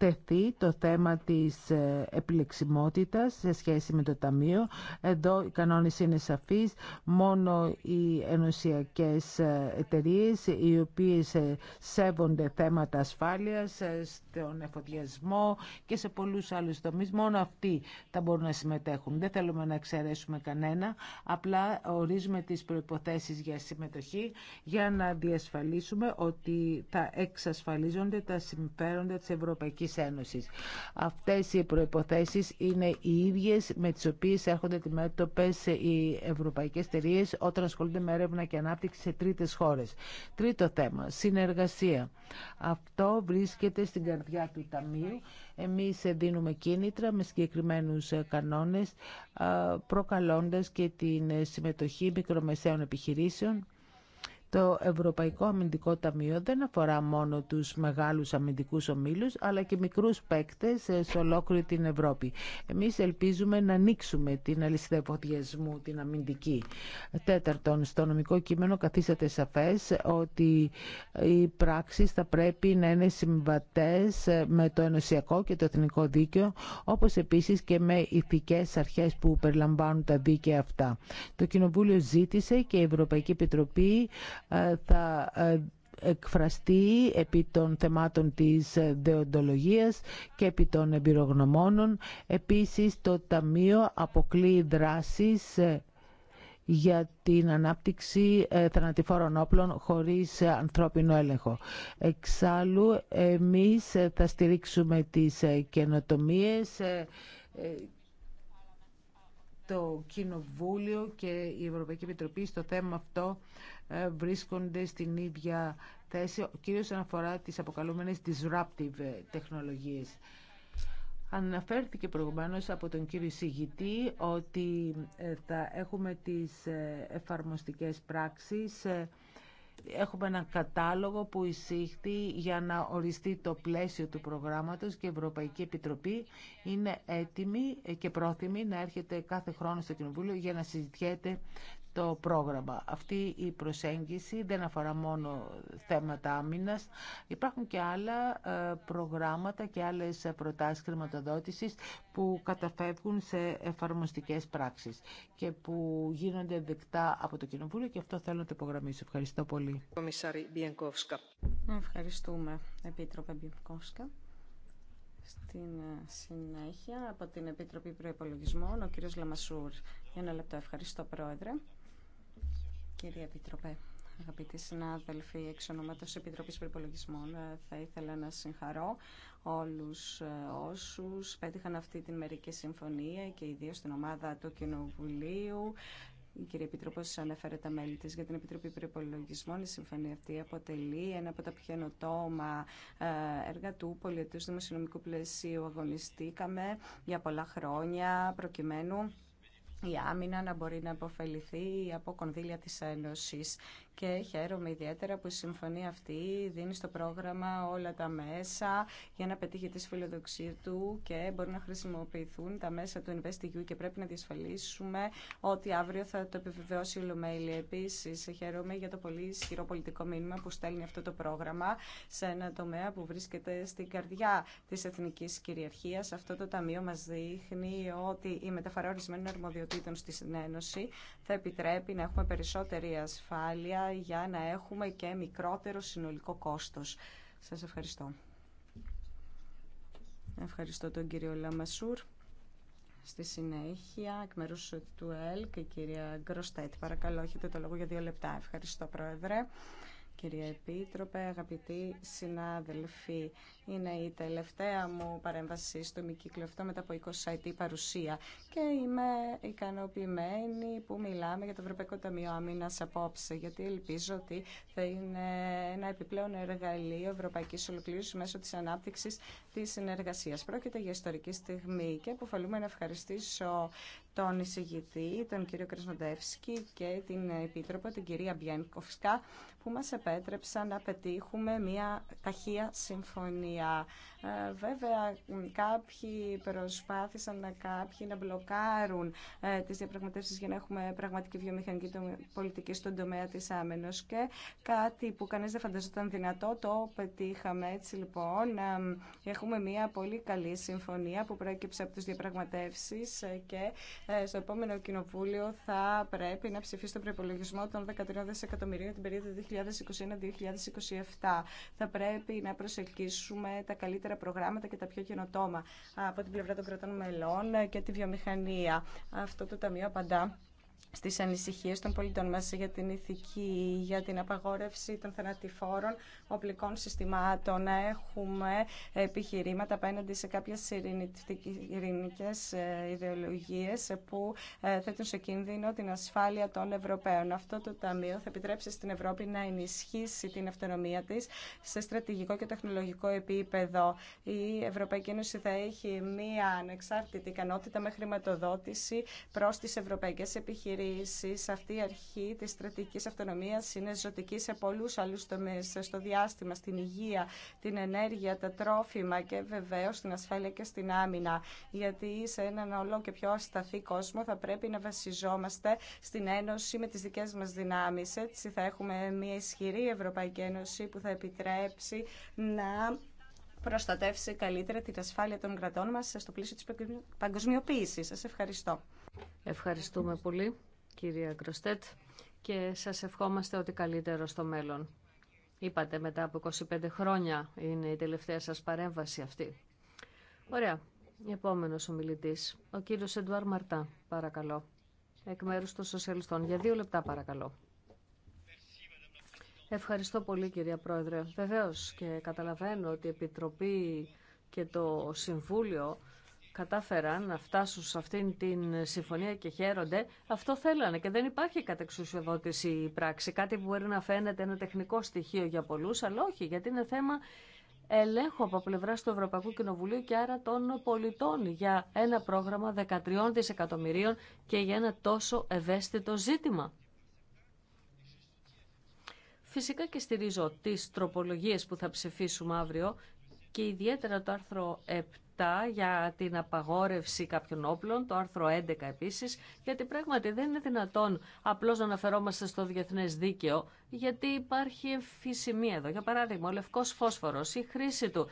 τεθεί το θέμα της ε, επιλεξιμότητας σε σχέση με το Ταμείο. Εδώ οι κανόνες είναι σαφείς. Μόνο οι ενωσιακές ε, εταιρείε, οι οποίες ε, σέβονται θέματα ασφάλειας στον εφοδιασμό και σε πολλούς άλλους τομείς, μόνο αυτοί θα μπορούν να συμμετέχουν. Δεν θέλουμε να εξαιρέσουμε κανένα, απλά ορίζουμε τις προϋποθέσεις για συμμετοχή για να διασφαλίσουμε ότι θα εξασφαλίζονται τα συμφέροντα της Ευρωπαϊκής Ευρωπαϊκής Ένωσης. Αυτές οι προϋποθέσεις είναι οι ίδιες με τις οποίες έρχονται αντιμέτωπες οι ευρωπαϊκές εταιρείε όταν ασχολούνται με έρευνα και ανάπτυξη σε τρίτες χώρες. Τρίτο θέμα, συνεργασία. Αυτό βρίσκεται στην καρδιά του Ταμείου. Εμείς δίνουμε κίνητρα με συγκεκριμένους κανόνες, προκαλώντας και την συμμετοχή μικρομεσαίων επιχειρήσεων το Ευρωπαϊκό Αμυντικό Ταμείο δεν αφορά μόνο τους μεγάλους αμυντικούς ομίλους, αλλά και μικρούς παίκτες ε, σε ολόκληρη την Ευρώπη. Εμείς ελπίζουμε να ανοίξουμε την αλυσίδα εφοδιασμού, την αμυντική. Τέταρτον, στο νομικό κείμενο καθίσατε σαφές ότι οι πράξεις θα πρέπει να είναι συμβατές ε, με το ενωσιακό και το εθνικό δίκαιο, όπως επίσης και με ηθικές αρχές που περιλαμβάνουν τα δίκαια αυτά. Το Κοινοβούλιο ζήτησε και η Ευρωπαϊκή Επιτροπή ε, θα ε, εκφραστεί επί των θεμάτων της δεοντολογίας και επί των εμπειρογνωμόνων. Επίσης το Ταμείο αποκλεί δράσεις ε, για την ανάπτυξη θανατηφόρων όπλων χωρίς ανθρώπινο έλεγχο. Εξάλλου, εμείς θα στηρίξουμε τις καινοτομίες το Κοινοβούλιο και η Ευρωπαϊκή Επιτροπή στο θέμα αυτό ε, βρίσκονται στην ίδια θέση, κυρίως αναφορά τις αποκαλούμενες disruptive τεχνολογίες. Αναφέρθηκε προηγουμένως από τον κύριο Σιγητή ότι ε, θα έχουμε τις ε, εφαρμοστικές πράξεις Έχουμε ένα κατάλογο που εισήχθη για να οριστεί το πλαίσιο του προγράμματος και η Ευρωπαϊκή Επιτροπή είναι έτοιμη και πρόθυμη να έρχεται κάθε χρόνο στο Κοινοβούλιο για να συζητιέται το πρόγραμμα. Αυτή η προσέγγιση δεν αφορά μόνο θέματα άμυνας. Υπάρχουν και άλλα ε, προγράμματα και άλλες προτάσεις χρηματοδότησης που καταφεύγουν σε εφαρμοστικές πράξεις και που γίνονται δεκτά από το Κοινοβούλιο και αυτό θέλω να το υπογραμμίσω. Ευχαριστώ πολύ. Ευχαριστούμε, Επίτροπε Μπιενκόφσκα. Στην ε, συνέχεια, από την Επίτροπη Προϋπολογισμών, ο κύριος Λαμασούρ. Για ένα λεπτό, ευχαριστώ, Πρόεδρε. Κύριε Επιτροπέ, αγαπητοί συνάδελφοι εξ ονόματος Επιτροπής Περιπολογισμών, ε, θα ήθελα να συγχαρώ όλους ε, όσους πέτυχαν αυτή την μερική συμφωνία και ιδίως την ομάδα του Κοινοβουλίου η κυρία Επιτροπό ανέφερε τα μέλη τη για την Επιτροπή Προπολογισμών. Η συμφωνία αυτή αποτελεί ένα από τα πιο ενωτόμα ε, έργα του πολιτού δημοσιονομικού πλαισίου. Αγωνιστήκαμε για πολλά χρόνια προκειμένου η άμυνα να μπορεί να αποφεληθεί από κονδύλια της Ένωσης. Και χαίρομαι ιδιαίτερα που η συμφωνία αυτή δίνει στο πρόγραμμα όλα τα μέσα για να πετύχει τις φιλοδοξίες του και μπορεί να χρησιμοποιηθούν τα μέσα του InvestEU και πρέπει να διασφαλίσουμε ότι αύριο θα το επιβεβαιώσει η Ολομέλη. Επίσης, χαίρομαι για το πολύ ισχυρό πολιτικό μήνυμα που στέλνει αυτό το πρόγραμμα σε ένα τομέα που βρίσκεται στην καρδιά της εθνικής κυριαρχίας. Αυτό το ταμείο μας δείχνει ότι η μεταφορά ορισμένων αρμοδιοτήτων δραστηριοτήτων στη Ένωση θα επιτρέπει να έχουμε περισσότερη ασφάλεια για να έχουμε και μικρότερο συνολικό κόστος. Σας ευχαριστώ. Ευχαριστώ τον κύριο Λαμασούρ. Στη συνέχεια, εκ μέρου του ΕΛ και η κυρία Γκροστέτ. Παρακαλώ, έχετε το λόγο για δύο λεπτά. Ευχαριστώ, Πρόεδρε. Κυρία Επίτροπε, αγαπητοί συνάδελφοι, είναι η τελευταία μου παρέμβαση στο κύκλο αυτό μετά από 20 ετή παρουσία και είμαι ικανοποιημένη που μιλάμε για το Ευρωπαϊκό Ταμείο Αμήνας απόψε γιατί ελπίζω ότι θα είναι ένα επιπλέον εργαλείο Ευρωπαϊκή Ολοκλήρωση μέσω τη ανάπτυξη τη συνεργασία. Πρόκειται για ιστορική στιγμή και αποφαλούμε να ευχαριστήσω τον εισηγητή, τον κύριο Κρασμοντεύσκη και την Επίτροπο, την κυρία Μπιάνκοφσκα, που μας επέτρεψαν να πετύχουμε μια ταχεία συμφωνία ε, βέβαια, κάποιοι προσπάθησαν να κάποιοι να μπλοκάρουν ε, τις διαπραγματεύσεις για να έχουμε πραγματική βιομηχανική πολιτική στον τομέα της άμενος και κάτι που κανείς δεν φανταζόταν δυνατό το πετύχαμε. Έτσι λοιπόν, ε, έχουμε μια πολύ καλή συμφωνία που προέκυψε από τις διαπραγματεύσεις και στο επόμενο κοινοβούλιο θα πρέπει να ψηφίσει τον προπολογισμό των 13 δισεκατομμυρίων την περίοδο 2021-2027. Θα πρέπει να προσελκύσουμε τα καλύτερα προγράμματα και τα πιο καινοτόμα από την πλευρά των κρατών μελών και τη βιομηχανία. Αυτό το Ταμείο απαντά στις ανησυχίες των πολιτών μας για την ηθική, για την απαγόρευση των θανατηφόρων οπλικών συστημάτων. Έχουμε επιχειρήματα απέναντι σε κάποιες ειρηνικές ε, ιδεολογίες που ε, θέτουν σε κίνδυνο την ασφάλεια των Ευρωπαίων. Αυτό το Ταμείο θα επιτρέψει στην Ευρώπη να ενισχύσει την αυτονομία της σε στρατηγικό και τεχνολογικό επίπεδο. Η Ευρωπαϊκή Ένωση θα έχει μία ανεξάρτητη ικανότητα με χρηματοδότηση προς τις ευρωπαϊκές επιχειρήσεις αυτή η αρχή τη στρατηγική αυτονομία, είναι ζωτική σε πολλού άλλου τομεί, στο διάστημα, στην υγεία, την ενέργεια, τα τρόφιμα και βεβαίω στην ασφάλεια και στην άμυνα. Γιατί σε έναν όλο και πιο ασταθή κόσμο θα πρέπει να βασιζόμαστε στην ένωση με τι δικέ μα δυνάμει. Έτσι θα έχουμε μια ισχυρή Ευρωπαϊκή Ένωση που θα επιτρέψει να προστατεύσει καλύτερα την ασφάλεια των κρατών μας στο πλαίσιο της παγκοσμιοποίησης. Σας ευχαριστώ. Ευχαριστούμε πολύ, κυρία Γκροστέτ, και σας ευχόμαστε ότι καλύτερο στο μέλλον. Είπατε μετά από 25 χρόνια είναι η τελευταία σας παρέμβαση αυτή. Ωραία. Επόμενος ομιλητής, ο κύριος Εντουάρ Μαρτά, παρακαλώ. Εκ μέρους των Σοσιαλιστών. Για δύο λεπτά παρακαλώ. Ευχαριστώ πολύ κυρία Πρόεδρε. Βεβαίως και καταλαβαίνω ότι η Επιτροπή και το Συμβούλιο κατάφεραν να φτάσουν σε αυτήν την συμφωνία και χαίρονται, αυτό θέλανε και δεν υπάρχει κατεξουσιοδότηση πράξη. Κάτι που μπορεί να φαίνεται ένα τεχνικό στοιχείο για πολλού, αλλά όχι, γιατί είναι θέμα ελέγχου από πλευρά του Ευρωπαϊκού Κοινοβουλίου και άρα των πολιτών για ένα πρόγραμμα 13 δισεκατομμυρίων και για ένα τόσο ευαίσθητο ζήτημα. Φυσικά και στηρίζω τις τροπολογίες που θα ψηφίσουμε αύριο και ιδιαίτερα το άρθρο για την απαγόρευση κάποιων όπλων, το άρθρο 11 επίσης, γιατί πράγματι δεν είναι δυνατόν απλώς να αναφερόμαστε στο διεθνές δίκαιο, γιατί υπάρχει εμφυσιμία εδώ. Για παράδειγμα, ο λευκός φόσφορος, η χρήση του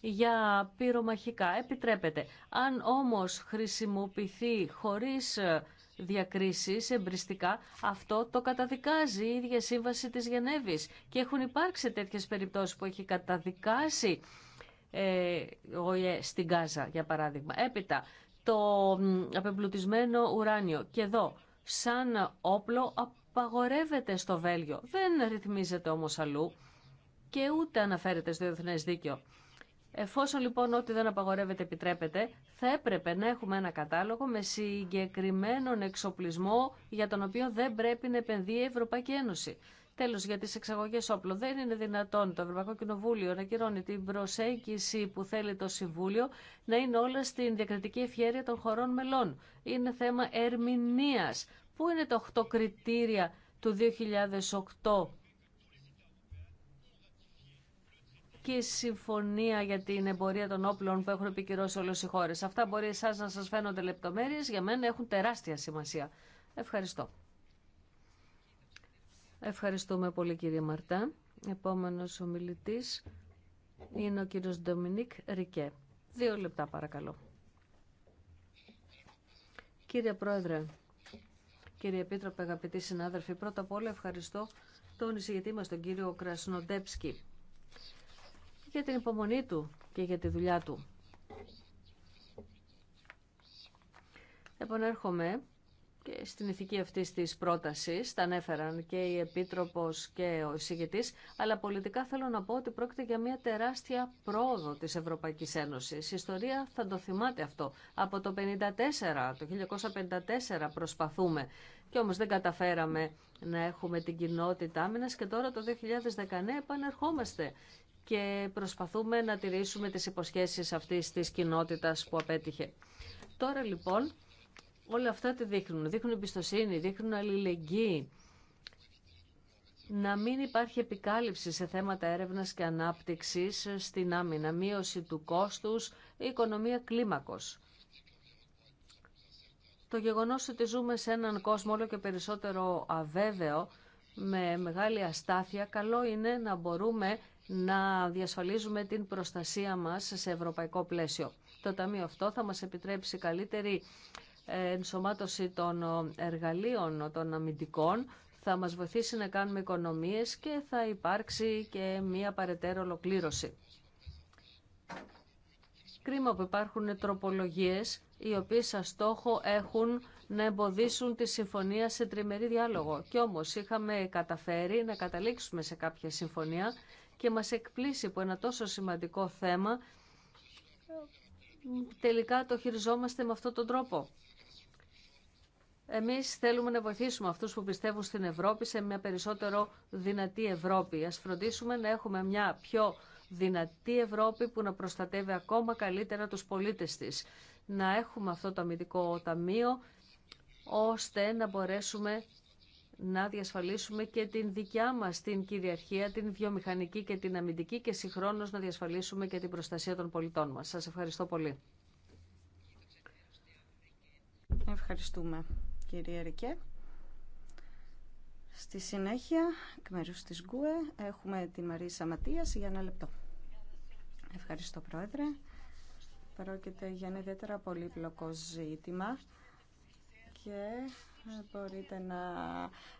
για πυρομαχικά επιτρέπεται. Αν όμως χρησιμοποιηθεί χωρίς ε, διακρίσεις εμπριστικά, αυτό το καταδικάζει η ίδια σύμβαση της Γενέβης. Και έχουν υπάρξει τέτοιες περιπτώσεις που έχει καταδικάσει ε, στην Γάζα, για παράδειγμα. Έπειτα, το απεμπλουτισμένο ουράνιο και εδώ, σαν όπλο, απαγορεύεται στο Βέλγιο. Δεν ρυθμίζεται όμως αλλού και ούτε αναφέρεται στο διεθνέ δίκαιο. Εφόσον λοιπόν ό,τι δεν απαγορεύεται επιτρέπεται, θα έπρεπε να έχουμε ένα κατάλογο με συγκεκριμένον εξοπλισμό για τον οποίο δεν πρέπει να επενδύει η Ευρωπαϊκή Ένωση. Τέλο, για τι εξαγωγέ όπλων. Δεν είναι δυνατόν το Ευρωπαϊκό Κοινοβούλιο να κυρώνει την προσέγγιση που θέλει το Συμβούλιο να είναι όλα στην διακριτική ευχέρεια των χωρών μελών. Είναι θέμα ερμηνεία. Πού είναι τα 8 κριτήρια του 2008 και η συμφωνία για την εμπορία των όπλων που έχουν επικυρώσει όλε οι χώρε. Αυτά μπορεί εσά να σα φαίνονται λεπτομέρειε, για μένα έχουν τεράστια σημασία. Ευχαριστώ. Ευχαριστούμε πολύ κύριε Μαρτά. Επόμενος ομιλητής είναι ο κύριος Ντομινίκ Ρικέ. Δύο λεπτά παρακαλώ. Κύριε Πρόεδρε, κύριε Επίτροπε, αγαπητοί συνάδελφοι, πρώτα απ' όλα ευχαριστώ τον εισηγητή μας, τον κύριο Κρασνοντέψκι, για την υπομονή του και για τη δουλειά του. Επανέρχομαι και στην ηθική αυτή τη πρόταση, τα ανέφεραν και η Επίτροπο και ο εισηγητή, αλλά πολιτικά θέλω να πω ότι πρόκειται για μια τεράστια πρόοδο τη Ευρωπαϊκή Ένωση. Η ιστορία θα το θυμάται αυτό. Από το 54, το 1954 προσπαθούμε και όμως δεν καταφέραμε να έχουμε την κοινότητα άμυνας και τώρα το 2019 επανερχόμαστε και προσπαθούμε να τηρήσουμε τις υποσχέσεις αυτής της κοινότητας που απέτυχε. Τώρα λοιπόν Όλα αυτά τι δείχνουν. Δείχνουν εμπιστοσύνη, δείχνουν αλληλεγγύη. Να μην υπάρχει επικάλυψη σε θέματα έρευνας και ανάπτυξης στην άμυνα, μείωση του κόστους, η οικονομία κλίμακος. Το γεγονός ότι ζούμε σε έναν κόσμο όλο και περισσότερο αβέβαιο, με μεγάλη αστάθεια, καλό είναι να μπορούμε να διασφαλίζουμε την προστασία μας σε ευρωπαϊκό πλαίσιο. Το Ταμείο αυτό θα μας επιτρέψει καλύτερη ενσωμάτωση των εργαλείων των αμυντικών θα μας βοηθήσει να κάνουμε οικονομίες και θα υπάρξει και μία παρετέρω ολοκλήρωση. Κρίμα που υπάρχουν τροπολογίες οι οποίες σαν στόχο έχουν να εμποδίσουν τη συμφωνία σε τριμερή διάλογο. Κι όμως είχαμε καταφέρει να καταλήξουμε σε κάποια συμφωνία και μας εκπλήσει που ένα τόσο σημαντικό θέμα τελικά το χειριζόμαστε με αυτόν τον τρόπο. Εμείς θέλουμε να βοηθήσουμε αυτούς που πιστεύουν στην Ευρώπη, σε μια περισσότερο δυνατή Ευρώπη. Ας φροντίσουμε να έχουμε μια πιο δυνατή Ευρώπη που να προστατεύει ακόμα καλύτερα τους πολίτες της. Να έχουμε αυτό το αμυντικό ταμείο, ώστε να μπορέσουμε να διασφαλίσουμε και την δικιά μας την κυριαρχία, την βιομηχανική και την αμυντική και συγχρόνως να διασφαλίσουμε και την προστασία των πολιτών μας. Σας ευχαριστώ πολύ. Ευχαριστούμε κυρία Στη συνέχεια, εκ μέρου τη ΓΚΟΕ, έχουμε τη Μαρίσα Ματία για ένα λεπτό. Ευχαριστώ, Πρόεδρε. Πρόκειται για ένα ιδιαίτερα πολύπλοκο ζήτημα και μπορείτε να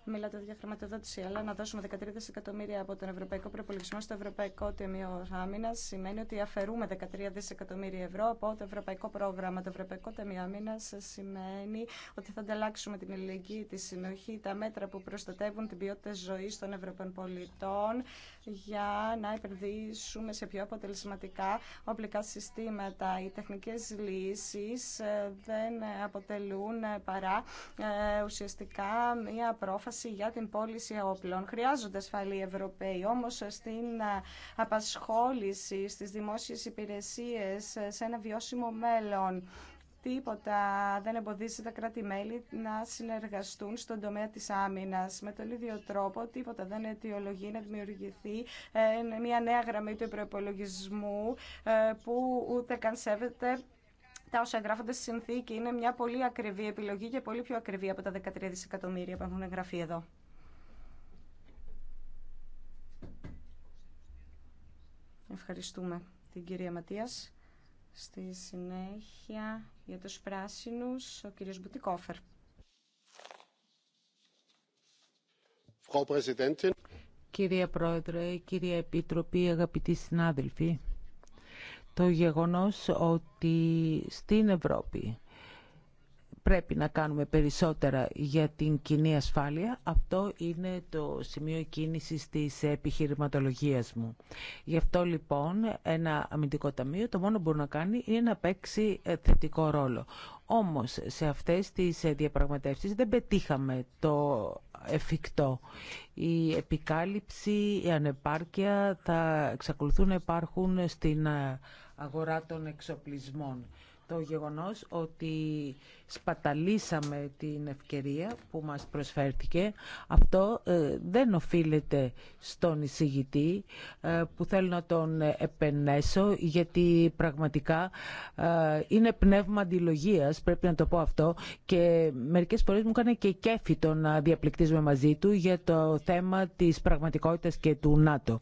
μιλάτε για χρηματοδότηση, αλλά να δώσουμε 13 δισεκατομμύρια από τον Ευρωπαϊκό Προπολογισμό στο Ευρωπαϊκό Ταμείο Άμυνα σημαίνει ότι αφαιρούμε 13 δισεκατομμύρια ευρώ από το Ευρωπαϊκό Πρόγραμμα. Το Ευρωπαϊκό Ταμείο Άμυνα σημαίνει ότι θα ανταλλάξουμε την ελληνική, τη συνοχή, τα μέτρα που προστατεύουν την ποιότητα ζωή των Ευρωπαϊκών πολιτών για να επενδύσουμε σε πιο αποτελεσματικά οπλικά συστήματα. Οι τεχνικέ λύσει ε, δεν αποτελούν παρά ε, ουσιαστικά μια πρόφαση για την πώληση όπλων. Χρειάζονται ασφαλή Ευρωπαίοι, όμως στην απασχόληση, στις δημόσιες υπηρεσίες, σε ένα βιώσιμο μέλλον. Τίποτα δεν εμποδίζει τα κράτη-μέλη να συνεργαστούν στον τομέα της άμυνας. Με τον ίδιο τρόπο, τίποτα δεν αιτιολογεί να δημιουργηθεί ε, μια νέα γραμμή του προπολογισμού ε, που ούτε καν σέβεται τα όσα εγγράφονται στη συνθήκη είναι μια πολύ ακριβή επιλογή και πολύ πιο ακριβή από τα 13 δισεκατομμύρια που έχουν εγγραφεί εδώ. Ευχαριστούμε την κυρία Ματίας. Στη συνέχεια για τους πράσινους ο κύριος Μπουτικόφερ. Κυρία Πρόεδρε, κυρία Επιτροπή, αγαπητοί συνάδελφοι, το γεγονός ότι στην Ευρώπη πρέπει να κάνουμε περισσότερα για την κοινή ασφάλεια. Αυτό είναι το σημείο κίνησης της επιχειρηματολογίας μου. Γι' αυτό λοιπόν ένα αμυντικό ταμείο το μόνο που μπορεί να κάνει είναι να παίξει ε, θετικό ρόλο. Όμως σε αυτές τις ε, διαπραγματεύσεις δεν πετύχαμε το εφικτό. Η επικάλυψη, η ανεπάρκεια θα εξακολουθούν να υπάρχουν στην ε, αγορά των εξοπλισμών το γεγονός ότι σπαταλήσαμε την ευκαιρία που μας προσφέρθηκε. Αυτό ε, δεν οφείλεται στον εισηγητή ε, που θέλω να τον επενέσω γιατί πραγματικά ε, είναι πνεύμα αντιλογίας, πρέπει να το πω αυτό και μερικές φορές μου έκανε και κέφι το να διαπληκτίζουμε μαζί του για το θέμα της πραγματικότητας και του ΝΑΤΟ.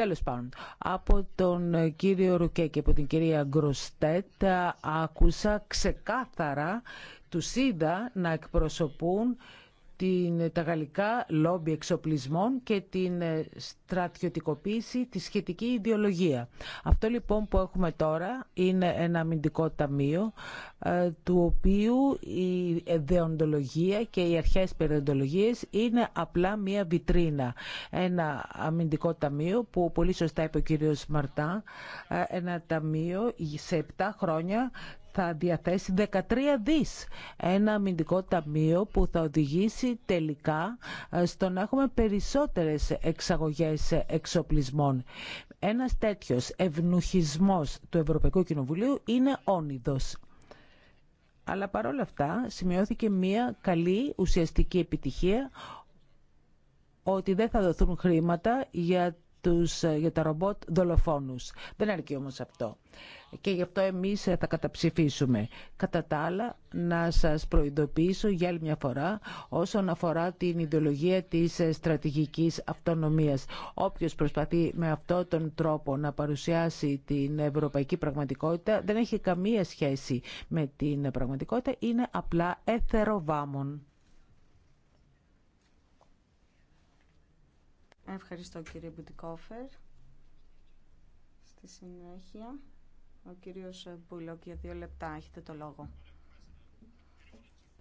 Τέλος πάντων, από τον ε, κύριο Ρουκέ και από την κυρία Γκροστέτ ε, άκουσα ξεκάθαρα του είδα να εκπροσωπούν την, τα γαλλικά λόμπι εξοπλισμών και την ε, στρατιωτικοποίηση, της σχετική ιδεολογία. Αυτό λοιπόν που έχουμε τώρα είναι ένα αμυντικό ταμείο ε, του οποίου η δεοντολογία και οι αρχές περιοντολογίες είναι απλά μία βιτρίνα. Ένα αμυντικό ταμείο που πολύ σωστά είπε ο κύριος Μαρτά, ε, ένα ταμείο σε 7 χρόνια θα διαθέσει 13 δις. Ένα αμυντικό ταμείο που θα οδηγήσει τελικά ε, στο να έχουμε περισσότερες εξαγωγές εξοπλισμών. Ένας τέτοιος ευνουχισμός του Ευρωπαϊκού Κοινοβουλίου είναι όνειδος. Αλλά παρόλα αυτά σημειώθηκε μια καλή ουσιαστική επιτυχία ότι δεν θα δοθούν χρήματα για τους, ε, για τα ρομπότ δολοφόνους. Δεν αρκεί όμως αυτό. Και γι' αυτό εμείς ε, θα καταψηφίσουμε. Κατά τα άλλα, να σας προειδοποιήσω για άλλη μια φορά όσον αφορά την ιδεολογία της ε, στρατηγικής αυτονομίας. Όποιος προσπαθεί με αυτόν τον τρόπο να παρουσιάσει την ευρωπαϊκή πραγματικότητα δεν έχει καμία σχέση με την πραγματικότητα, είναι απλά εθεροβάμων. Ευχαριστώ κύριε Μπουτικόφερ. Στη συνέχεια, ο κύριος Μπουλόκ για δύο λεπτά έχετε το λόγο.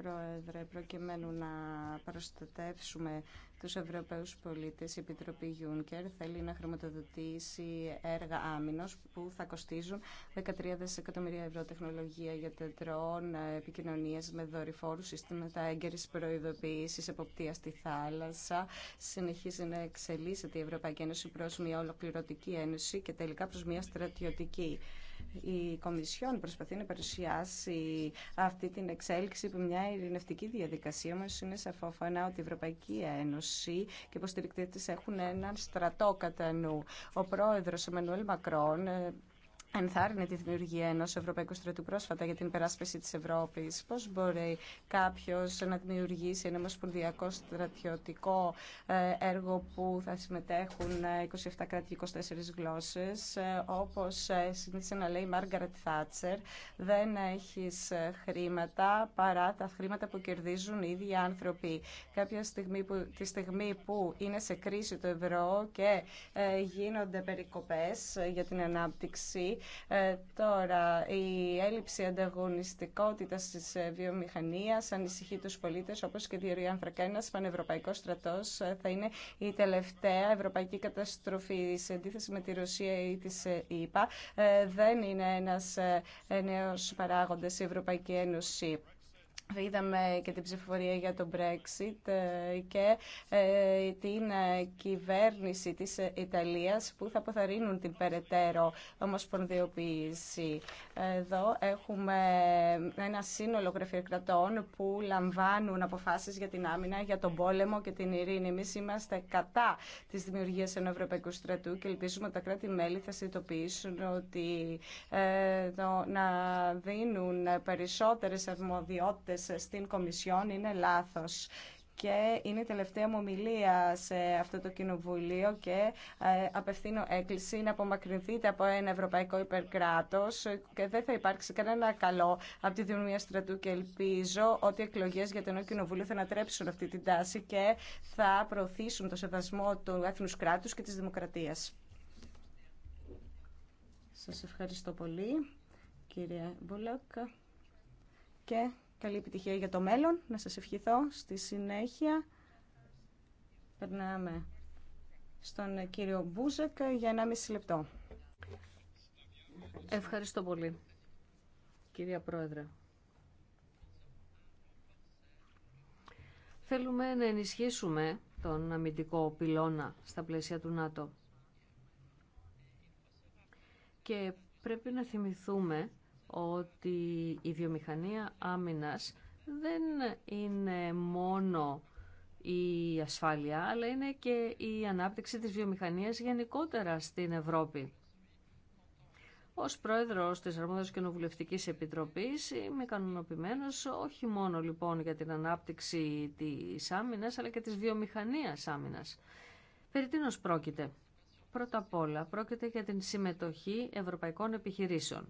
Πρόεδρε, προκειμένου να προστατεύσουμε τους Ευρωπαίους πολίτες, η Επιτροπή Γιούνκερ θέλει να χρηματοδοτήσει έργα άμυνος που θα κοστίζουν 13 δισεκατομμύρια ευρώ τεχνολογία για τετρών, επικοινωνίες με δορυφόρους, συστήματα έγκαιρης προειδοποίησης, εποπτεία στη θάλασσα. Συνεχίζει να εξελίσσεται η Ευρωπαϊκή Ένωση προς μια ολοκληρωτική ένωση και τελικά προς μια στρατιωτική. Η Κομισιόν προσπαθεί να παρουσιάσει αυτή την εξέλιξη που μια ειρηνευτική διαδικασία, όμω είναι σαφόφωνα ότι η Ευρωπαϊκή Ένωση και οι υποστηρικτέ τη έχουν έναν στρατό κατά νου. Ο πρόεδρο Εμμανουέλ Μακρόν ε, ενθάρρυνε τη δημιουργία ενό Ευρωπαϊκού Στρατού πρόσφατα για την υπεράσπιση τη Ευρώπη. Πώ μπορεί κάποιο να δημιουργήσει ένα ομοσπονδιακό στρατιωτικό ε, έργο που θα συμμετέχουν 27 ε, κράτη και 24 γλώσσε, ε, όπω συνήθισε να λέει η Μάργαρετ Θάτσερ, δεν έχει χρήματα παρά τα χρήματα που κερδίζουν οι ίδιοι άνθρωποι. Κάποια στιγμή που, τη στιγμή που είναι σε κρίση το ευρώ και γίνονται περικοπές για την ανάπτυξη, ε, τώρα, η έλλειψη ανταγωνιστικότητας τη ε, βιομηχανία ανησυχεί του πολίτε όπως και διαιρεί άνθρακα. Ένα πανευρωπαϊκός στρατός ε, θα είναι η τελευταία ευρωπαϊκή καταστροφή σε αντίθεση με τη Ρωσία ή τη ΕΠΑ. Δεν είναι ένας νέο παράγοντας η Ευρωπαϊκή Ένωση. Είδαμε και την ψηφοφορία για το Brexit ε, και ε, την ε, κυβέρνηση της Ιταλίας που θα αποθαρρύνουν την περαιτέρω ομοσπονδιοποίηση. Εδώ έχουμε ένα σύνολο γραφειοκρατών που λαμβάνουν αποφάσεις για την άμυνα, για τον πόλεμο και την ειρήνη. Εμεί είμαστε κατά της δημιουργίας ενός Ευρωπαϊκού στρατού και ελπίζουμε ότι τα κράτη-μέλη θα συνειδητοποιήσουν ότι να δίνουν περισσότερες αρμοδιότητες στην Κομισιόν είναι λάθος και είναι η τελευταία μου ομιλία σε αυτό το κοινοβούλιο και ε, απευθύνω έκκληση να απομακρυνθείτε από ένα ευρωπαϊκό υπερκράτος και δεν θα υπάρξει κανένα καλό από τη δημιουργία στρατού και ελπίζω ότι οι εκλογές για το νέο κοινοβούλιο θα ανατρέψουν αυτή την τάση και θα προωθήσουν το σεβασμό του έθνους κράτους και της δημοκρατίας. Σας ευχαριστώ πολύ, κυρία Μπουλοκ Και Καλή επιτυχία για το μέλλον. Να σας ευχηθώ. Στη συνέχεια περνάμε στον κύριο Μπούζεκ για μισή λεπτό. Ευχαριστώ πολύ, κυρία Πρόεδρε. Θέλουμε να ενισχύσουμε τον αμυντικό πυλώνα στα πλαίσια του ΝΑΤΟ. Και πρέπει να θυμηθούμε ότι η βιομηχανία άμυνας δεν είναι μόνο η ασφάλεια, αλλά είναι και η ανάπτυξη της βιομηχανίας γενικότερα στην Ευρώπη. Ως πρόεδρος της Αρμόδιας Κοινοβουλευτικής Επιτροπής είμαι ικανοποιημένο όχι μόνο λοιπόν για την ανάπτυξη της άμυνας, αλλά και της βιομηχανίας άμυνας. Περί τίνος πρόκειται. Πρώτα απ' όλα πρόκειται για την συμμετοχή ευρωπαϊκών επιχειρήσεων.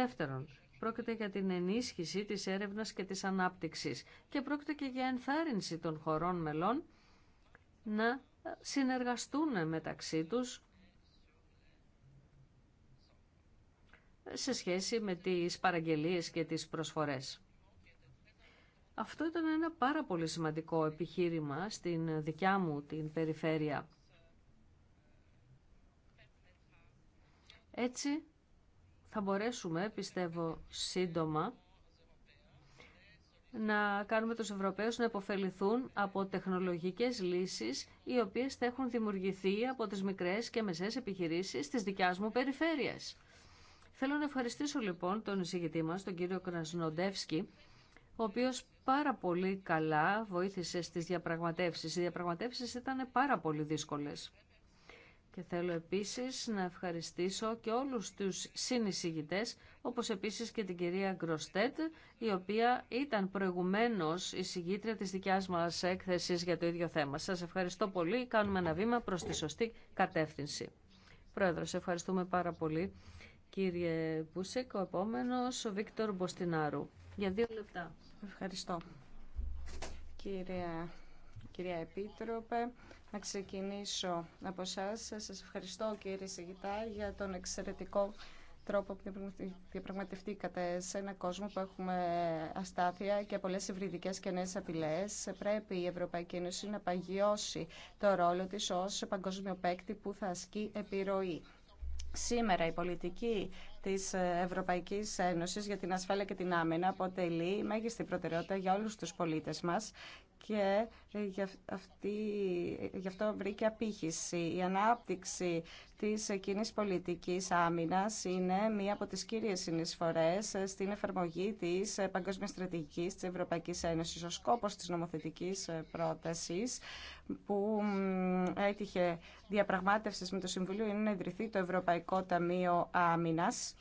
Δεύτερον, πρόκειται για την ενίσχυση της έρευνας και της ανάπτυξης και πρόκειται και για ενθάρρυνση των χωρών μελών να συνεργαστούν μεταξύ τους σε σχέση με τις παραγγελίες και τις προσφορές. Αυτό ήταν ένα πάρα πολύ σημαντικό επιχείρημα στην δικιά μου την περιφέρεια. Έτσι θα μπορέσουμε, πιστεύω, σύντομα να κάνουμε τους Ευρωπαίους να υποφεληθούν από τεχνολογικές λύσεις οι οποίες θα έχουν δημιουργηθεί από τις μικρές και μεσές επιχειρήσεις της δικιάς μου περιφέρειας. Θέλω να ευχαριστήσω λοιπόν τον εισηγητή μας, τον κύριο Κρασνοντεύσκη, ο οποίος πάρα πολύ καλά βοήθησε στις διαπραγματεύσεις. Οι διαπραγματεύσεις ήταν πάρα πολύ δύσκολες. Και θέλω επίσης να ευχαριστήσω και όλους τους συνεισηγητές, όπως επίσης και την κυρία Γκροστέτ, η οποία ήταν προηγουμένως η συγγήτρια της δικιάς μας έκθεσης για το ίδιο θέμα. Σας ευχαριστώ πολύ. Κάνουμε ένα βήμα προς τη σωστή κατεύθυνση. Πρόεδρος, ευχαριστούμε πάρα πολύ. Κύριε Πούσεκ, ο επόμενος, ο Βίκτορ Μποστινάρου. Για δύο λεπτά. Ευχαριστώ. κυρία Επίτροπε, να ξεκινήσω από εσά. Σα ευχαριστώ κύριε Σιγητά για τον εξαιρετικό τρόπο που διαπραγματευτήκατε σε ένα κόσμο που έχουμε αστάθεια και πολλές ευρυδικές και νέες απειλές. Πρέπει η Ευρωπαϊκή Ένωση να παγιώσει το ρόλο της ως παγκόσμιο παίκτη που θα ασκεί επιρροή. Σήμερα η πολιτική της Ευρωπαϊκής Ένωσης για την ασφάλεια και την άμυνα αποτελεί μέγιστη προτεραιότητα για όλους τους πολίτες μας και ε, ε, γι' αυτό βρήκε απήχηση. Η ανάπτυξη της ε, κοινή πολιτικής άμυνας είναι μία από τις κύριες συνεισφορές στην εφαρμογή της παγκόσμιας στρατηγικής της Ευρωπαϊκής Ένωσης. Ο σκόπος της νομοθετικής πρότασης που έτυχε διαπραγμάτευσης με το Συμβουλίο είναι να ιδρυθεί το Ευρωπαϊκό Ταμείο Άμυνας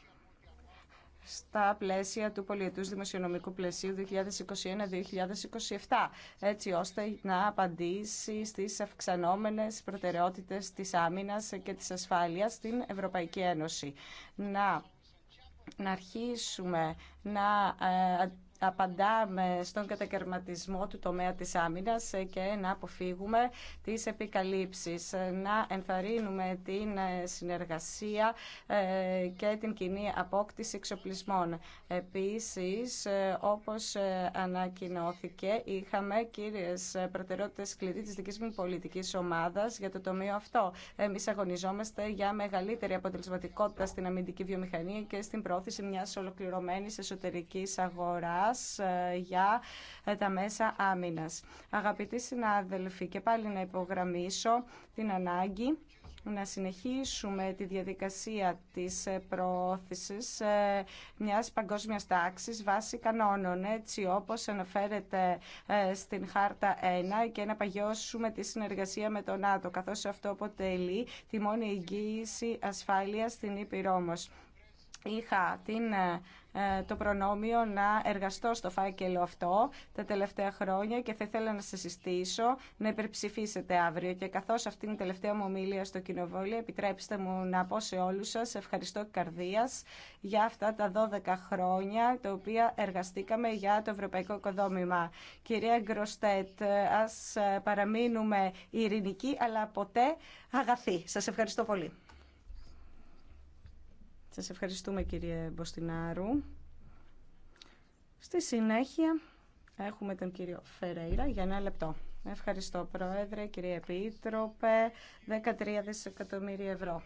στα πλαίσια του πολιετου δημοσιονομικου δημοσιονομικού πλαισίου 2021-2027, έτσι ώστε να απαντήσει στις αυξανόμενε προτεραιότητες της άμυνας και της ασφάλειας στην Ευρωπαϊκή Ένωση. Να να αρχίσουμε να ε, απαντάμε στον κατακαιρματισμό του τομέα της άμυνας και να αποφύγουμε τις επικαλύψεις, να ενθαρρύνουμε την συνεργασία ε, και την κοινή απόκτηση εξοπλισμών. Επίσης, όπως ε, ανακοινώθηκε, είχαμε κύριες προτεραιότητες κλειδί της δικής μου πολιτικής ομάδας για το τομείο αυτό. Εμείς αγωνιζόμαστε για μεγαλύτερη αποτελεσματικότητα στην αμυντική βιομηχανία και στην πρόθεση μιας ολοκληρωμένης εσωτερικής αγοράς ε, για ε, τα μέσα άμυνας. Αγαπητοί συνάδελφοι, και πάλι να υπογραμμίσω την ανάγκη να συνεχίσουμε τη διαδικασία της ε, προώθησης μιας παγκόσμιας τάξης βάσει κανόνων, έτσι όπως αναφέρεται στην Χάρτα 1 και να παγιώσουμε τη συνεργασία με τον ΝΑΤΟ, καθώς αυτό αποτελεί τη μόνη εγγύηση ασφάλειας στην Ήπειρό μας είχα την, ε, το προνόμιο να εργαστώ στο φάκελο αυτό τα τελευταία χρόνια και θα ήθελα να σας συστήσω να υπερψηφίσετε αύριο και καθώς αυτή είναι η τελευταία μου ομιλία στο κοινοβόλιο, επιτρέψτε μου να πω σε όλους σας ευχαριστώ καρδίας για αυτά τα 12 χρόνια τα οποία εργαστήκαμε για το Ευρωπαϊκό Οικοδόμημα. Κυρία Γκροστέτ, ας ε, παραμείνουμε ειρηνικοί αλλά ποτέ αγαθοί. Σας ευχαριστώ πολύ. Σας ευχαριστούμε κύριε Μποστινάρου. Στη συνέχεια έχουμε τον κύριο Φερέιρα για ένα λεπτό. Ευχαριστώ Πρόεδρε, κύριε Επίτροπε, 13 δισεκατομμύρια ευρώ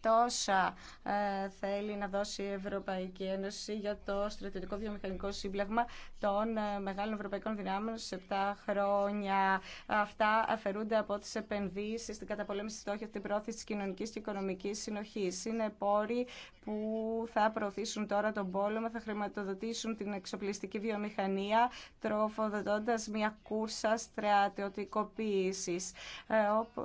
τόσα ε, θέλει να δώσει η Ευρωπαϊκή Ένωση για το στρατιωτικό βιομηχανικό σύμπλεγμα των ε, μεγάλων ευρωπαϊκών δυνάμεων σε 7 χρόνια. Αυτά αφαιρούνται από τις επενδύσεις στην καταπολέμηση στόχια, την πρόθεση της κοινωνικής και οικονομικής συνοχής. Είναι πόροι που θα προωθήσουν τώρα τον πόλεμο, θα χρηματοδοτήσουν την εξοπλιστική βιομηχανία, τροφοδοτώντας μια κούρσα στρατιωτικοποίησης. Ε,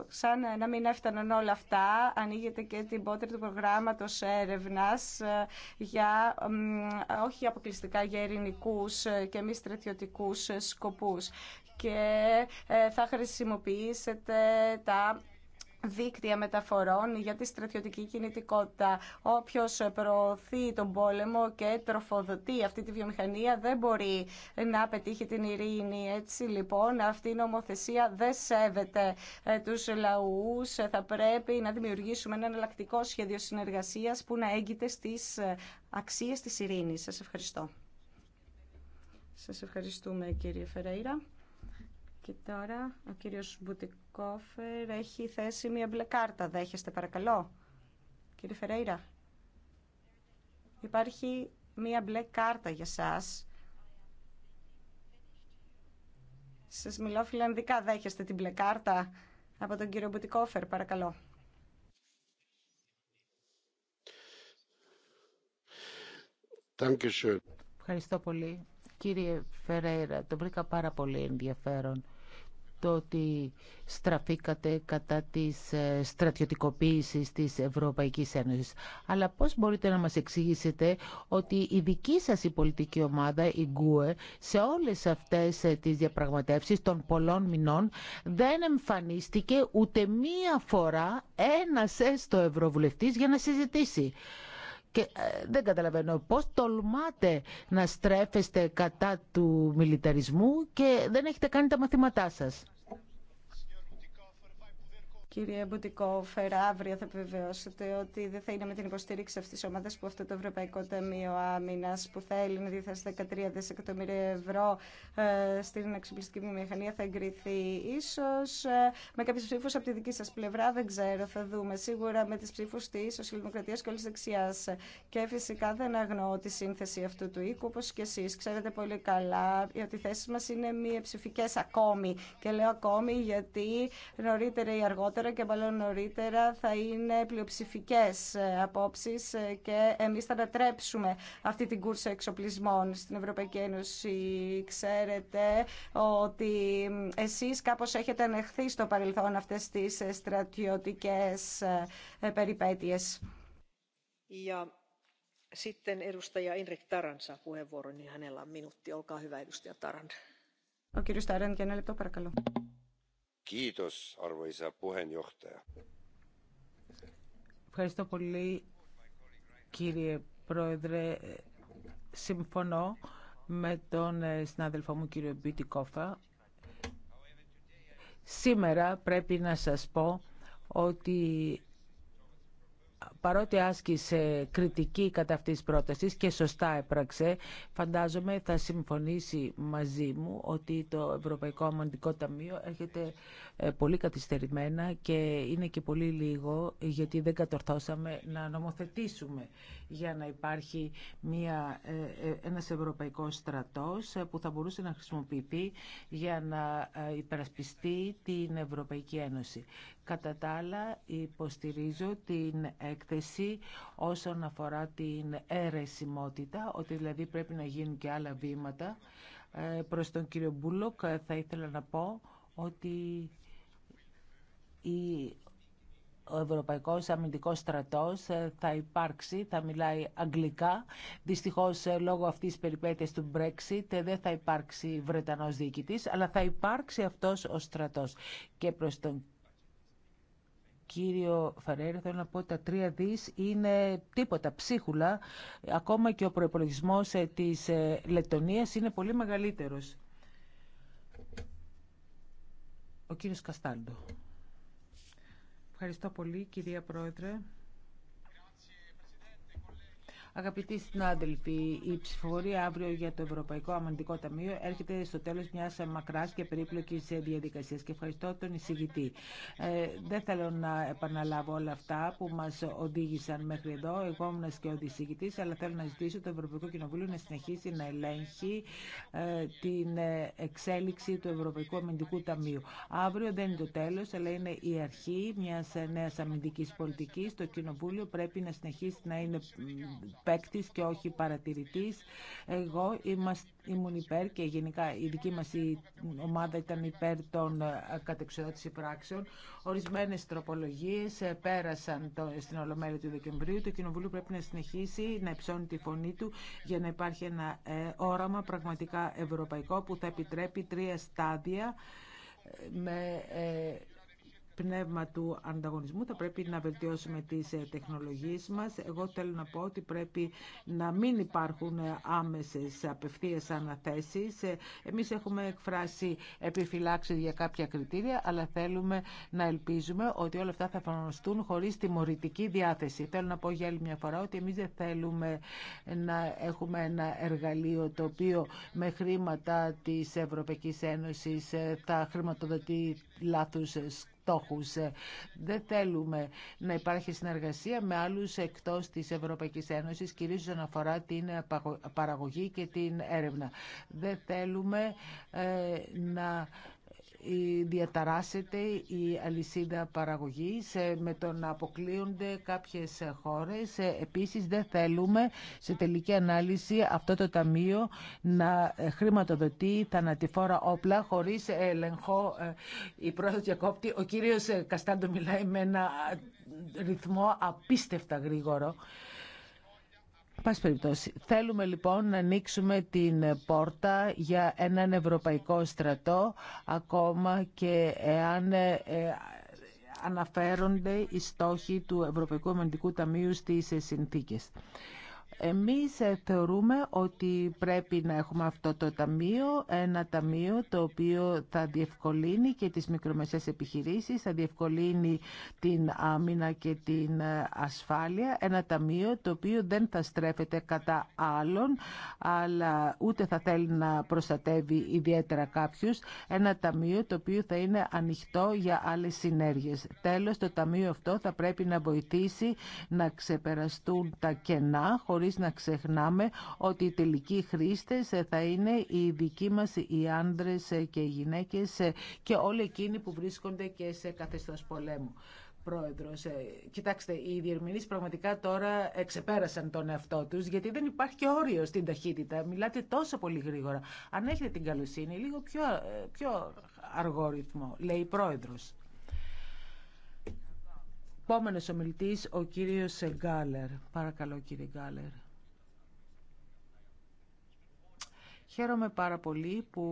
σαν να μην έφταναν όλα αυτά, ανοίγεται και την πότρη του προγράμματος έρευνας ε, για, όχι αποκλειστικά για ε, και μη στρατιωτικούς σκοπούς και ε, θα χρησιμοποιήσετε τα δίκτυα μεταφορών για τη στρατιωτική κινητικότητα. Όποιο προωθεί τον πόλεμο και τροφοδοτεί αυτή τη βιομηχανία δεν μπορεί να πετύχει την ειρήνη. Έτσι λοιπόν αυτή η νομοθεσία δεν σέβεται ε, τους λαούς. Θα πρέπει να δημιουργήσουμε ένα εναλλακτικό σχέδιο συνεργασίας που να έγκυται στις ε, αξίες της Ειρηνή. Σα ευχαριστώ. Σας ευχαριστούμε κύριε Φεραίρα. Και τώρα ο κύριος Κοφέρ έχει θέσει μια μπλε κάρτα. Δέχεστε παρακαλώ. Κύριε Φερέιρα, υπάρχει μια μπλε κάρτα για σας. Σας μιλώ φιλανδικά. Δέχεστε την μπλε κάρτα από τον κύριο Μπουτικόφερ, παρακαλώ. Ευχαριστώ πολύ. Κύριε Φερέιρα, το βρήκα πάρα πολύ ενδιαφέρον το ότι στραφήκατε κατά της ε, στρατιωτικοποίησης της Ευρωπαϊκής Ένωσης. Αλλά πώς μπορείτε να μας εξηγήσετε ότι η δική σας η πολιτική ομάδα, η ΓΚΟΕ, σε όλες αυτές ε, τις διαπραγματεύσεις των πολλών μηνών δεν εμφανίστηκε ούτε μία φορά ένας έστω ευρωβουλευτής για να συζητήσει. Και ε, δεν καταλαβαίνω πώς τολμάτε να στρέφεστε κατά του μιλιταρισμού και δεν έχετε κάνει τα μαθήματά σας. Κύριε φέρα αύριο θα επιβεβαιώσετε ότι δεν θα είναι με την υποστήριξη αυτή τη ομάδα που αυτό το Ευρωπαϊκό Ταμείο Άμυνα που θέλει να διαθέσει 13 δισεκατομμύρια ευρώ ε, στην εξοπλιστική μηχανία θα εγκριθεί. σω ε, με κάποιε ψήφου από τη δική σα πλευρά, δεν ξέρω, θα δούμε. Σίγουρα με τι ψήφου τη Σοσιαλδημοκρατία και όλη δεξιά. Και φυσικά δεν αγνοώ τη σύνθεση αυτού του οίκου, όπω και εσεί. Ξέρετε πολύ καλά ότι οι θέσει μα είναι μη ψηφικέ ακόμη. Και λέω ακόμη γιατί νωρίτερα ή αργότερα νωρίτερα και μάλλον νωρίτερα θα είναι πλειοψηφικέ ε, απόψει ε, και εμεί θα ανατρέψουμε αυτή την κούρσα εξοπλισμών στην Ευρωπαϊκή Ένωση. Ξέρετε ότι εσεί κάπω έχετε ανεχθεί στο παρελθόν αυτέ τι ε, στρατιωτικέ περιπέτειε. Yeah. sitten edustaja Inrik Taran saa puheenvuoron, niin hänellä on minuutti. Olkaa hyvä, edustaja Taran. Ο κύριος Ταράν, για ένα λεπτό παρακαλώ. Ευχαριστώ πολύ, κύριε Πρόεδρε. Συμφωνώ με τον ε, συνάδελφό μου, κύριο Μπίτι Κόφα. Σήμερα πρέπει να σας πω ότι παρότι άσκησε κριτική κατά αυτής τη πρόταση και σωστά έπραξε, φαντάζομαι θα συμφωνήσει μαζί μου ότι το Ευρωπαϊκό Αμαντικό Ταμείο έρχεται ε, πολύ καθυστερημένα και είναι και πολύ λίγο γιατί δεν κατορθώσαμε να νομοθετήσουμε για να υπάρχει μια, ε, ε, ένας ευρωπαϊκός στρατός που θα μπορούσε να χρησιμοποιηθεί για να υπερασπιστεί την Ευρωπαϊκή Ένωση. Κατά τα υποστηρίζω την έκθεση όσον αφορά την αίρεσιμότητα, ότι δηλαδή πρέπει να γίνουν και άλλα βήματα. Ε, προς τον κύριο Μπούλοκ ε, θα ήθελα να πω ότι ο Ευρωπαϊκός Αμυντικός Στρατός ε, θα υπάρξει, θα μιλάει αγγλικά. Δυστυχώς λόγω αυτής της περιπέτειας του Brexit δεν θα υπάρξει Βρετανός διοικητής, αλλά θα υπάρξει αυτός ο στρατός. Και προς τον κύριο φαρέρη, θέλω να πω ότι τα τρία δις είναι τίποτα, ψίχουλα. Ακόμα και ο προπολογισμό ε, της ε, Λετωνία είναι πολύ μεγαλύτερο. Ο κύριος Καστάλντο. Ευχαριστώ πολύ, κυρία Πρόεδρε. Αγαπητοί συνάδελφοι, η ψηφοφορία αύριο για το Ευρωπαϊκό Αμυντικό Ταμείο έρχεται στο τέλο μια μακρά και περίπλοκη διαδικασία και ευχαριστώ τον εισηγητή. Ε, δεν θέλω να επαναλάβω όλα αυτά που μα οδήγησαν μέχρι εδώ. Εγώ ήμουν και ο εισηγητή, αλλά θέλω να ζητήσω το Ευρωπαϊκό Κοινοβούλιο να συνεχίσει να ελέγχει ε, την ε, εξέλιξη του Ευρωπαϊκού Αμυντικού Ταμείου. Αύριο δεν είναι το τέλο, αλλά είναι η αρχή μια ε, νέα αμυντική πολιτική. Το Κοινοβούλιο πρέπει να συνεχίσει να είναι παίκτη και όχι παρατηρητής. Εγώ ήμουν υπέρ και γενικά η δική μας ομάδα ήταν υπέρ των ε, κατεξοδότηση πράξεων. Ορισμένες τροπολογίες ε, πέρασαν το, στην Ολομέλεια του Δεκεμβρίου. Το Κοινοβούλιο πρέπει να συνεχίσει να υψώνει τη φωνή του για να υπάρχει ένα ε, όραμα πραγματικά ευρωπαϊκό που θα επιτρέπει τρία στάδια με πνεύμα του ανταγωνισμού θα πρέπει να βελτιώσουμε τις ε, τεχνολογίες μας. Εγώ θέλω να πω ότι πρέπει να μην υπάρχουν ε, άμεσες απευθείας αναθέσεις. Ε, εμείς έχουμε εκφράσει επιφυλάξεις για κάποια κριτήρια, αλλά θέλουμε να ελπίζουμε ότι όλα αυτά θα εφαρμοστούν χωρίς τιμωρητική διάθεση. Θέλω να πω για άλλη μια φορά ότι εμείς δεν θέλουμε να έχουμε ένα εργαλείο το οποίο με χρήματα της Ευρωπαϊκής Ένωσης θα χρηματοδοτεί λάθους δεν θέλουμε να υπάρχει συνεργασία με άλλους εκτός της Ευρωπαϊκής Ένωσης, κυρίως όσον αφορά την παραγωγή και την έρευνα. Δεν θέλουμε ε, να διαταράσσεται η αλυσίδα παραγωγής ε, με το να αποκλείονται κάποιες χώρες. Ε, επίσης δεν θέλουμε σε τελική ανάλυση αυτό το ταμείο να ε, χρηματοδοτεί θανατηφόρα όπλα χωρίς ελεγχό η πρόεδρο διακόπτη. Ο κύριος Καστάντο μιλάει με ένα ρυθμό απίστευτα γρήγορο. Πάση περιπτώσει, θέλουμε λοιπόν να ανοίξουμε την πόρτα για έναν ευρωπαϊκό στρατό, ακόμα και εάν ε, ε, αναφέρονται οι στόχοι του Ευρωπαϊκού Αμυντικού Ταμείου στις συνθήκες. Εμείς ε, θεωρούμε ότι πρέπει να έχουμε αυτό το ταμείο, ένα ταμείο το οποίο θα διευκολύνει και τις μικρομεσαίες επιχειρήσεις, θα διευκολύνει την άμυνα και την ε, ασφάλεια, ένα ταμείο το οποίο δεν θα στρέφεται κατά άλλων, αλλά ούτε θα θέλει να προστατεύει ιδιαίτερα κάποιους, ένα ταμείο το οποίο θα είναι ανοιχτό για άλλες συνέργειες. Τέλος, το ταμείο αυτό θα πρέπει να βοηθήσει να ξεπεραστούν τα κενά, χωρίς να ξεχνάμε ότι οι τελικοί χρήστες ε, θα είναι οι δικοί μας οι άντρες ε, και οι γυναίκες ε, και όλοι εκείνοι που βρίσκονται και σε καθεστώς πολέμου. Πρόεδρος, κοιτάξτε, οι διερμηνείς πραγματικά τώρα εξεπέρασαν τον εαυτό τους, γιατί δεν υπάρχει και όριο στην ταχύτητα. Μιλάτε τόσο πολύ γρήγορα. Αν έχετε την καλοσύνη, λίγο πιο, πιο αργό ρυθμό, λέει η πρόεδρος. Επόμενος ομιλητής, ο κύριος Γκάλερ. Παρακαλώ κύριε Γκάλερ. Χαίρομαι πάρα πολύ που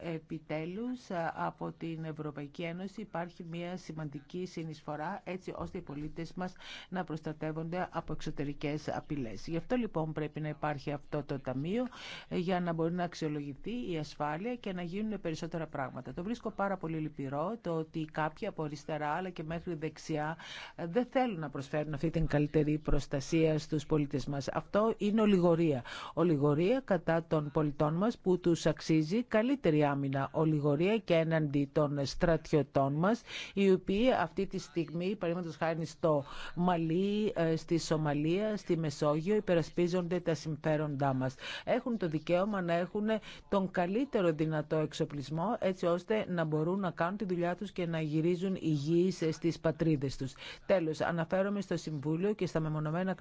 επιτέλους ε, από την Ευρωπαϊκή Ένωση υπάρχει μια σημαντική συνεισφορά έτσι ώστε οι πολίτες μας να προστατεύονται από εξωτερικές απειλές. Γι' αυτό λοιπόν πρέπει να υπάρχει αυτό το ταμείο ε, για να μπορεί να αξιολογηθεί η ασφάλεια και να γίνουν περισσότερα πράγματα. Το βρίσκω πάρα πολύ λυπηρό το ότι κάποιοι από αριστερά αλλά και μέχρι δεξιά ε, δεν θέλουν να προσφέρουν αυτή την καλύτερη προστασία στους πολίτες μας. Αυτό είναι ολιγορία. Ολιγορία κατά των πολιτών μας που τους αξίζει καλύτερη άμυνα ολιγορία και έναντι των στρατιωτών μας οι οποίοι αυτή τη στιγμή παραδείγματος χάρη στο Μαλί, ε, στη Σομαλία, στη Μεσόγειο υπερασπίζονται τα συμφέροντά μας. Έχουν το δικαίωμα να έχουν τον καλύτερο δυνατό εξοπλισμό έτσι ώστε να μπορούν να κάνουν τη δουλειά τους και να γυρίζουν υγιείς στις πατρίδες τους. Τέλος, αναφέρομαι στο Συμβούλιο και στα μεμονωμένα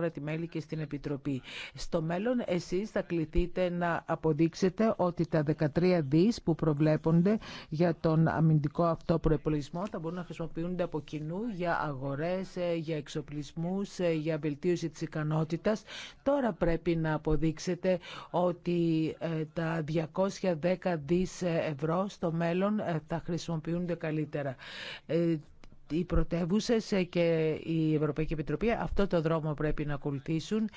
και στην Επιτροπή. Στο μέλλον εσείς θα κληθείτε να αποδείξετε δείξετε ότι τα 13 δις που προβλέπονται για τον αμυντικό αυτό προπολογισμό θα μπορούν να χρησιμοποιούνται από κοινού για αγορές, ε, για εξοπλισμούς, ε, για βελτίωση τη ικανότητας. Τώρα πρέπει να αποδείξετε ότι ε, τα 210 δις ευρώ στο μέλλον θα χρησιμοποιούνται καλύτερα οι πρωτεύουσε και η Ευρωπαϊκή Επιτροπή αυτό το δρόμο πρέπει να ακολουθήσουν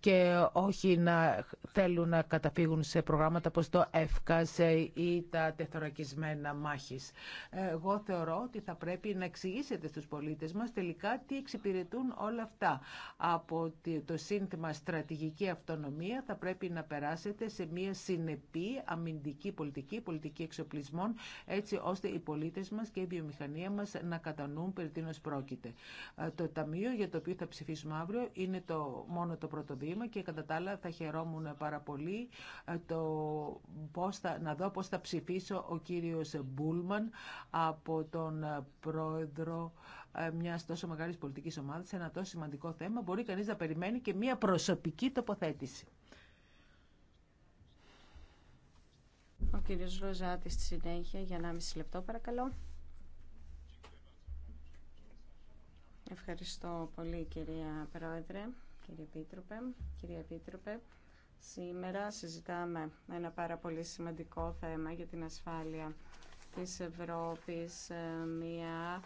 και όχι να θέλουν να καταφύγουν σε προγράμματα όπως το ΕΦΚΑΣ ή τα τεθωρακισμένα μάχης. Εγώ θεωρώ ότι θα πρέπει να εξηγήσετε στους πολίτες μας τελικά τι εξυπηρετούν όλα αυτά. Από το σύνθημα στρατηγική αυτονομία θα πρέπει να περάσετε σε μια συνεπή αμυντική πολιτική, πολιτική εξοπλισμών, έτσι ώστε οι πολίτες μας και η βιομηχανία μας να κατανοούν περί πρόκειται. Ε, το ταμείο για το οποίο θα ψηφίσουμε αύριο είναι το, μόνο το πρώτο βήμα και κατά τα άλλα θα χαιρόμουν πάρα πολύ ε, το πώς θα, να δω πώς θα ψηφίσω ο κύριος Μπούλμαν από τον πρόεδρο ε, μια τόσο μεγάλη πολιτική ομάδα σε ένα τόσο σημαντικό θέμα, μπορεί κανεί να περιμένει και μια προσωπική τοποθέτηση. Ο κύριος Ροζάτης στη συνέχεια για 1,5 λεπτό παρακαλώ. Ευχαριστώ πολύ κυρία Πρόεδρε, κύριε Επίτροπε. Κυρία Επίτροπε, σήμερα συζητάμε ένα πάρα πολύ σημαντικό θέμα για την ασφάλεια της Ευρώπης, ε, μια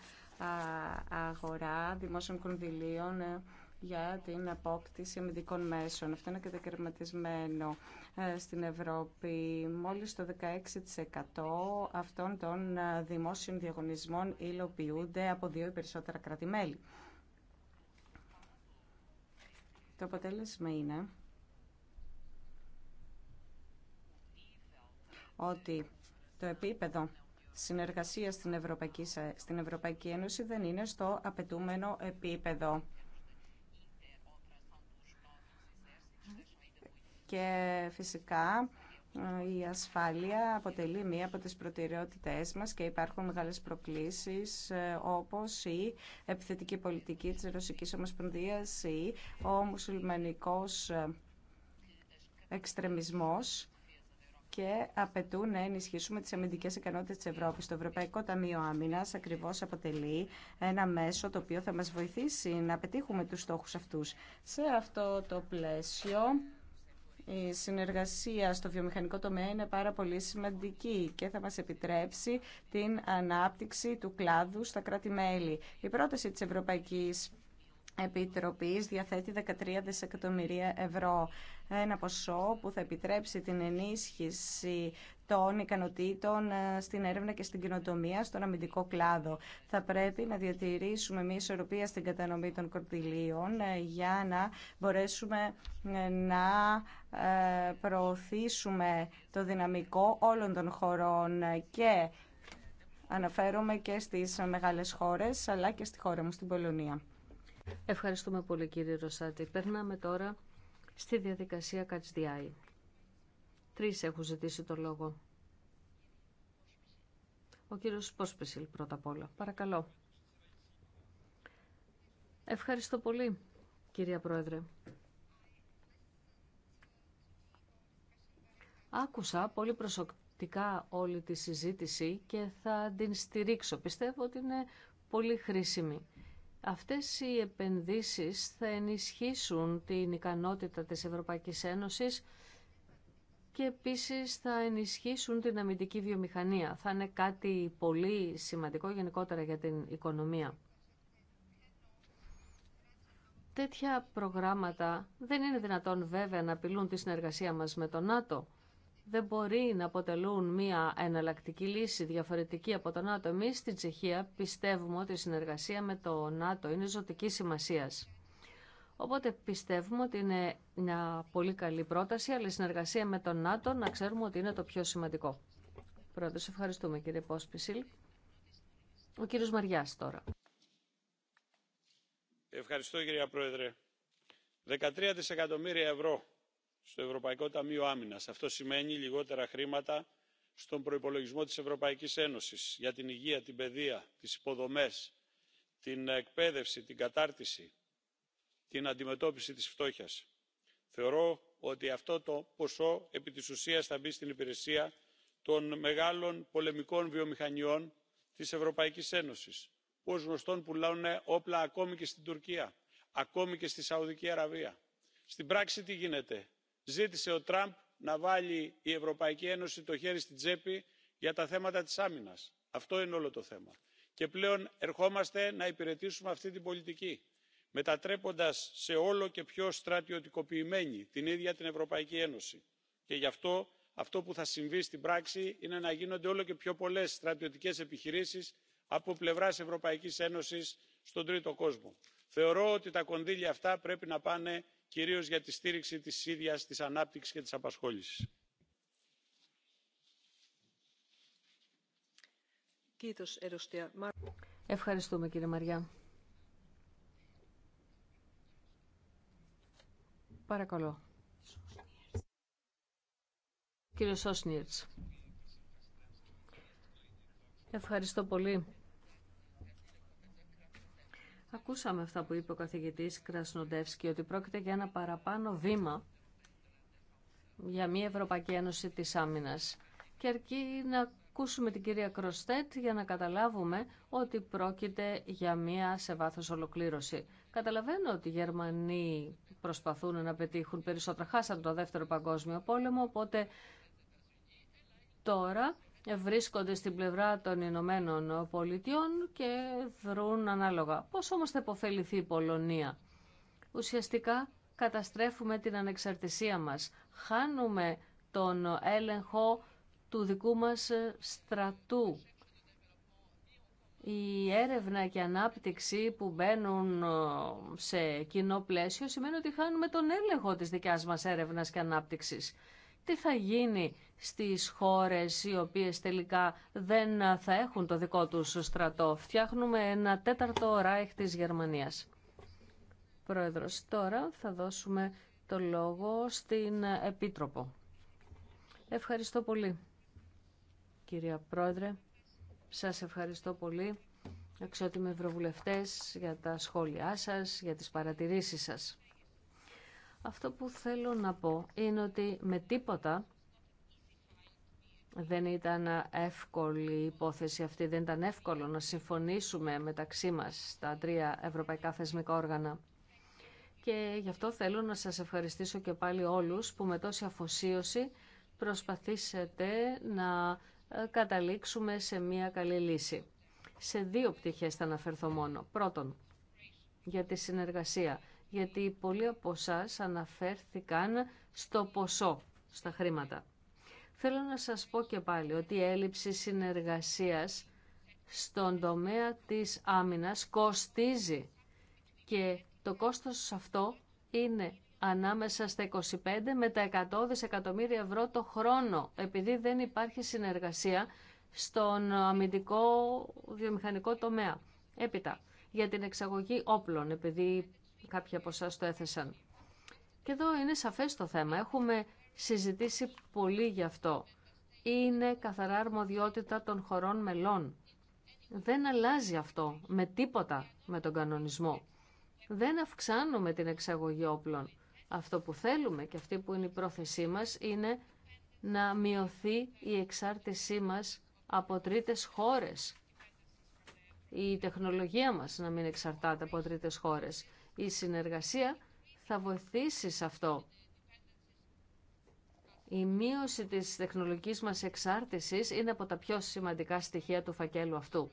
αγορά δημόσιων κονδυλίων ε, για την απόκτηση αμυντικών μέσων. Αυτό είναι κατακαιρματισμένο ε, στην Ευρώπη. Μόλις το 16% αυτών των ε, δημόσιων διαγωνισμών υλοποιούνται από δύο ή περισσότερα κρατημέλη. Το αποτέλεσμα είναι ότι το επίπεδο συνεργασίας στην Ευρωπαϊκή, στην Ευρωπαϊκή Ένωση δεν είναι στο απαιτούμενο επίπεδο. και φυσικά ε, η ασφάλεια αποτελεί μία από τις προτεραιότητές μας και υπάρχουν μεγάλες προκλήσεις ε, όπως η επιθετική πολιτική της Ρωσικής Ομοσπονδίας ή ο μουσουλμανικός ε, εξτρεμισμός και απαιτούν να ενισχύσουμε τις αμυντικές ικανότητες της Ευρώπης. Το Ευρωπαϊκό Ταμείο Άμυνας ακριβώς αποτελεί ένα μέσο το οποίο θα μας βοηθήσει να πετύχουμε τους στόχους αυτούς. Σε αυτό το πλαίσιο η συνεργασία στο βιομηχανικό τομέα είναι πάρα πολύ σημαντική και θα μας επιτρέψει την ανάπτυξη του κλάδου στα κράτη-μέλη. Η πρόταση της Ευρωπαϊκής Επιτροπής διαθέτει 13 δισεκατομμυρία ευρώ. Ένα ποσό που θα επιτρέψει την ενίσχυση των ικανοτήτων ε, στην έρευνα και στην κοινοτομία στον αμυντικό κλάδο. Θα πρέπει να διατηρήσουμε μια ισορροπία στην κατανομή των κορτιλίων ε, για να μπορέσουμε ε, να προωθήσουμε το δυναμικό όλων των χωρών και αναφέρομαι και στις μεγάλες χώρες αλλά και στη χώρα μου στην Πολωνία. Ευχαριστούμε πολύ κύριε Ρωσάτη. Περνάμε τώρα στη διαδικασία Κατσδιάη. Τρεις έχουν ζητήσει το λόγο. Ο κύριος Πόσπεσιλ πρώτα απ' όλα. Παρακαλώ. Ευχαριστώ πολύ, κυρία Πρόεδρε. Άκουσα πολύ προσωπικά όλη τη συζήτηση και θα την στηρίξω. Πιστεύω ότι είναι πολύ χρήσιμη. Αυτές οι επενδύσεις θα ενισχύσουν την ικανότητα της Ευρωπαϊκής Ένωσης και επίσης θα ενισχύσουν την αμυντική βιομηχανία. Θα είναι κάτι πολύ σημαντικό γενικότερα για την οικονομία. Τέτοια προγράμματα δεν είναι δυνατόν βέβαια να απειλούν τη συνεργασία μας με το ΝΑΤΟ. Δεν μπορεί να αποτελούν μια εναλλακτική λύση διαφορετική από το ΝΑΤΟ. Εμείς στην Τσεχία πιστεύουμε ότι η συνεργασία με το ΝΑΤΟ είναι ζωτική σημασίας. Οπότε πιστεύουμε ότι είναι μια πολύ καλή πρόταση, αλλά η συνεργασία με τον ΝΑΤΟ να ξέρουμε ότι είναι το πιο σημαντικό. Πρώτα, ευχαριστούμε κύριε Πόσπισιλ. Ο κύριος Μαριάς τώρα. Ευχαριστώ κυρία Πρόεδρε. 13 δισεκατομμύρια ευρώ στο Ευρωπαϊκό Ταμείο Άμυνας. Αυτό σημαίνει λιγότερα χρήματα στον προϋπολογισμό της Ευρωπαϊκής Ένωσης για την υγεία, την παιδεία, τις υποδομές, την εκπαίδευση, την κατάρτιση την αντιμετώπιση της φτώχειας. θεωρώ ότι αυτό το ποσό επί της ουσίας θα μπει στην υπηρεσία των μεγάλων πολεμικών βιομηχανιών της ευρωπαϊκής ένωσης που ως γνωστόν πουλάνε όπλα ακόμη και στην τουρκία ακόμη και στη σαουδική αραβία. στην πράξη τι γίνεται; ζήτησε ο τραμπ να βάλει η ευρωπαϊκή ένωση το χέρι στην τσέπη για τα θέματα της άμυνας. αυτό είναι όλο το θέμα. και πλέον ερχόμαστε να υπηρετήσουμε αυτή την πολιτική μετατρέποντας σε όλο και πιο στρατιωτικοποιημένη την ίδια την ευρωπαϊκή ένωση και γι' αυτό αυτό που θα συμβεί στην πράξη είναι να γίνονται όλο και πιο πολλές στρατιωτικές επιχειρήσεις από πλευράς ευρωπαϊκής ένωσης στον τρίτο κόσμο. θεωρώ ότι τα κονδύλια αυτά πρέπει να πάνε κυρίως για τη στήριξη της ίδιας της ανάπτυξης και της απασχόλησης. Ευχαριστούμε κύριε Μαριά. Παρακαλώ. Κύριε Σόσνιερτς. Ευχαριστώ πολύ. Ακούσαμε αυτά που είπε ο καθηγητής Κρασνοντεύσκη, ότι πρόκειται για ένα παραπάνω βήμα για μια Ευρωπαϊκή Ένωση της Άμυνας. Και αρκεί να ακούσουμε την κυρία Κροστέτ για να καταλάβουμε ότι πρόκειται για μία σε βάθος ολοκλήρωση. Καταλαβαίνω ότι οι Γερμανοί προσπαθούν να πετύχουν περισσότερα. Χάσαν το δεύτερο παγκόσμιο πόλεμο, οπότε τώρα βρίσκονται στην πλευρά των Ηνωμένων Πολιτειών και δρούν ανάλογα. Πώς όμως θα υποφεληθεί η Πολωνία. Ουσιαστικά καταστρέφουμε την ανεξαρτησία μας. Χάνουμε τον έλεγχο του δικού μας ε, στρατού. Η έρευνα και ανάπτυξη που μπαίνουν ε, σε κοινό πλαίσιο σημαίνει ότι χάνουμε τον έλεγχο της δικιάς μας έρευνας και ανάπτυξης. Τι θα γίνει στις χώρες οι οποίες τελικά δεν θα έχουν το δικό τους στρατό. Φτιάχνουμε ένα τέταρτο ράιχ της Γερμανίας. Πρόεδρος, τώρα θα δώσουμε το λόγο στην Επίτροπο. Ευχαριστώ πολύ κυρία Πρόεδρε. Σας ευχαριστώ πολύ, εξότιμοι ευρωβουλευτές, για τα σχόλιά σας, για τις παρατηρήσεις σας. Αυτό που θέλω να πω είναι ότι με τίποτα δεν ήταν εύκολη η υπόθεση αυτή, δεν ήταν εύκολο να συμφωνήσουμε μεταξύ μας τα τρία ευρωπαϊκά θεσμικά όργανα. Και γι' αυτό θέλω να σας ευχαριστήσω και πάλι όλους που με τόση αφοσίωση προσπαθήσετε να ε, καταλήξουμε σε μια καλή λύση. Σε δύο πτυχές θα αναφερθώ μόνο. Πρώτον, για τη συνεργασία, γιατί πολλοί από εσά αναφέρθηκαν στο ποσό, στα χρήματα. Θέλω να σας πω και πάλι ότι η έλλειψη συνεργασίας στον τομέα της άμυνας κοστίζει και το κόστος αυτό είναι ανάμεσα στα 25 με τα 100 δισεκατομμύρια ευρώ το χρόνο, επειδή δεν υπάρχει συνεργασία στον αμυντικό βιομηχανικό τομέα. Έπειτα, για την εξαγωγή όπλων, επειδή κάποιοι από εσά το έθεσαν. Και εδώ είναι σαφές το θέμα. Έχουμε συζητήσει πολύ γι' αυτό. Είναι καθαρά αρμοδιότητα των χωρών μελών. Δεν αλλάζει αυτό με τίποτα με τον κανονισμό. Δεν αυξάνουμε την εξαγωγή όπλων. Αυτό που θέλουμε και αυτή που είναι η πρόθεσή μας είναι να μειωθεί η εξάρτησή μας από τρίτες χώρες. Η τεχνολογία μας να μην εξαρτάται από τρίτες χώρες. Η συνεργασία θα βοηθήσει σε αυτό. Η μείωση της τεχνολογικής μας εξάρτησης είναι από τα πιο σημαντικά στοιχεία του φακέλου αυτού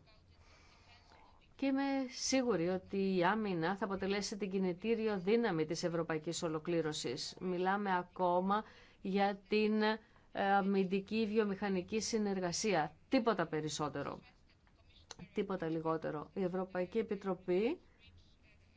και είμαι σίγουρη ότι η άμυνα θα αποτελέσει την κινητήριο δύναμη της ευρωπαϊκής ολοκλήρωσης. Μιλάμε ακόμα για την ε, αμυντική βιομηχανική συνεργασία. Τίποτα περισσότερο. Τίποτα λιγότερο. Η Ευρωπαϊκή Επιτροπή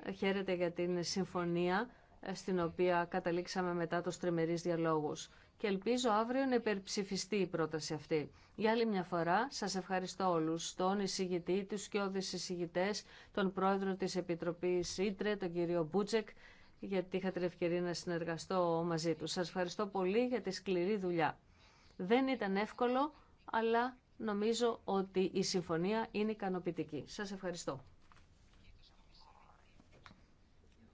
ε, χαίρεται για την συμφωνία ε, στην οποία καταλήξαμε μετά τους τριμερείς διαλόγους και ελπίζω αύριο να υπερψηφιστεί η πρόταση αυτή. Για άλλη μια φορά σας ευχαριστώ όλους, τον εισηγητή, τους σκιώδες εισηγητέ, τον πρόεδρο της Επιτροπής Ήτρε, τον κύριο Μπούτσεκ, γιατί είχα την ευκαιρία να συνεργαστώ μαζί του. Σας ευχαριστώ πολύ για τη σκληρή δουλειά. Δεν ήταν εύκολο, αλλά νομίζω ότι η συμφωνία είναι ικανοποιητική. Σας ευχαριστώ.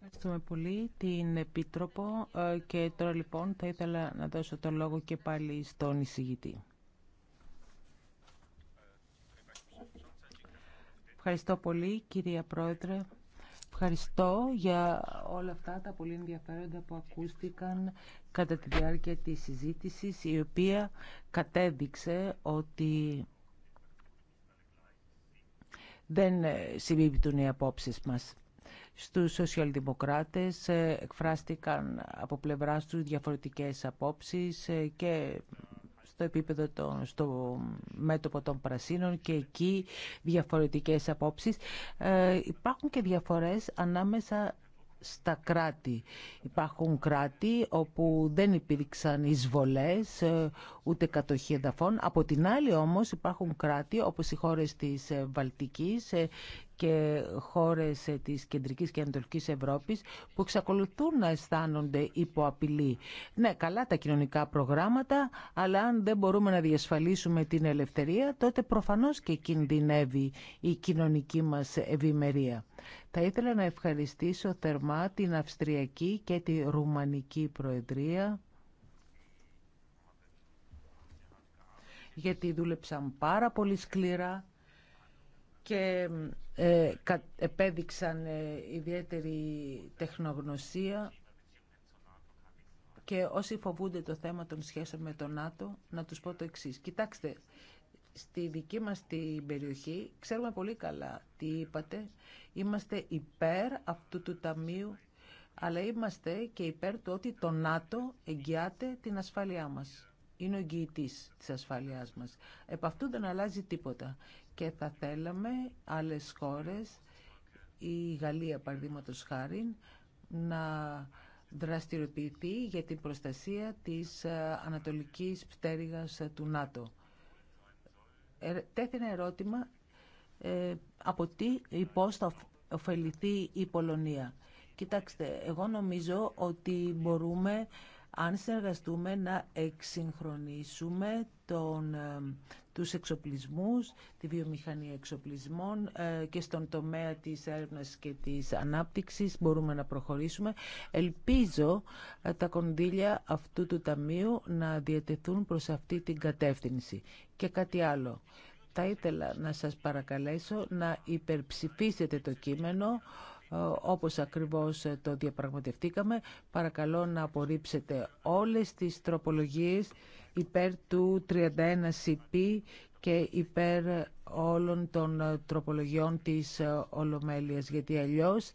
Ευχαριστούμε πολύ την Επίτροπο ε, και τώρα λοιπόν θα ήθελα να δώσω το λόγο και πάλι στον εισηγητή. Ευχαριστώ πολύ κυρία Πρόεδρε. Ευχαριστώ για όλα αυτά τα πολύ ενδιαφέροντα που ακούστηκαν κατά τη διάρκεια της συζήτησης η οποία κατέδειξε ότι δεν ε, συμπίπτουν οι απόψεις μας. Στους σοσιαλδημοκράτες ε, εκφράστηκαν από πλευράς τους διαφορετικές απόψεις ε, και στο επίπεδο των, στο μέτωπο των πρασίνων και εκεί διαφορετικές απόψεις. Ε, υπάρχουν και διαφορές ανάμεσα στα κράτη. Υπάρχουν κράτη όπου δεν υπήρξαν εισβολές, ε, ούτε κατοχή εδαφών. Από την άλλη όμως υπάρχουν κράτη όπως οι χώρες της ε, Βαλτικής ε, και χώρες ε, της Κεντρικής και Ανατολικής Ευρώπης που εξακολουθούν να αισθάνονται υπό απειλή. Ναι, καλά τα κοινωνικά προγράμματα, αλλά αν δεν μπορούμε να διασφαλίσουμε την ελευθερία, τότε προφανώς και κινδυνεύει η κοινωνική μας ευημερία. Θα ήθελα να ευχαριστήσω θερμά την Αυστριακή και τη Ρουμανική Προεδρία γιατί δούλεψαν πάρα πολύ σκληρά και ε, επέδειξαν ε, ιδιαίτερη τεχνογνωσία και όσοι φοβούνται το θέμα των σχέσεων με τον ΝΑΤΟ, να τους πω το εξής. Κοιτάξτε, στη δική μας την περιοχή ξέρουμε πολύ καλά τι είπατε. Είμαστε υπέρ αυτού του ταμείου, αλλά είμαστε και υπέρ του ότι το ΝΑΤΟ εγγυάται την ασφαλειά μας είναι ο εγγυητής της ασφαλείας μας. Επ' αυτού δεν αλλάζει τίποτα. Και θα θέλαμε άλλες χώρες, η Γαλλία Παραδείγματο χάρη, να δραστηριοποιηθεί για την προστασία της ε, ανατολικής πτέρυγας ε, του ΝΑΤΟ. Ε, Τέθηνε ερώτημα από τι ή πώς θα ωφεληθεί η Πολωνία. Κοιτάξτε, εγώ νομίζω ότι μπορούμε αν συνεργαστούμε να εξυγχρονίσουμε τον, ε, τους εξοπλισμούς, τη βιομηχανία εξοπλισμών ε, και στον τομέα της έρευνας και της ανάπτυξης μπορούμε να προχωρήσουμε. Ελπίζω ε, τα κονδύλια αυτού του ταμείου να διατεθούν προς αυτή την κατεύθυνση. Και κάτι άλλο. Θα ήθελα να σας παρακαλέσω να υπερψηφίσετε το κείμενο όπως ακριβώς ε, το διαπραγματευτήκαμε. Παρακαλώ να απορρίψετε όλες τις τροπολογίες υπέρ του 31CP και υπέρ όλων των ε, τροπολογιών της ε, Ολομέλειας, γιατί αλλιώς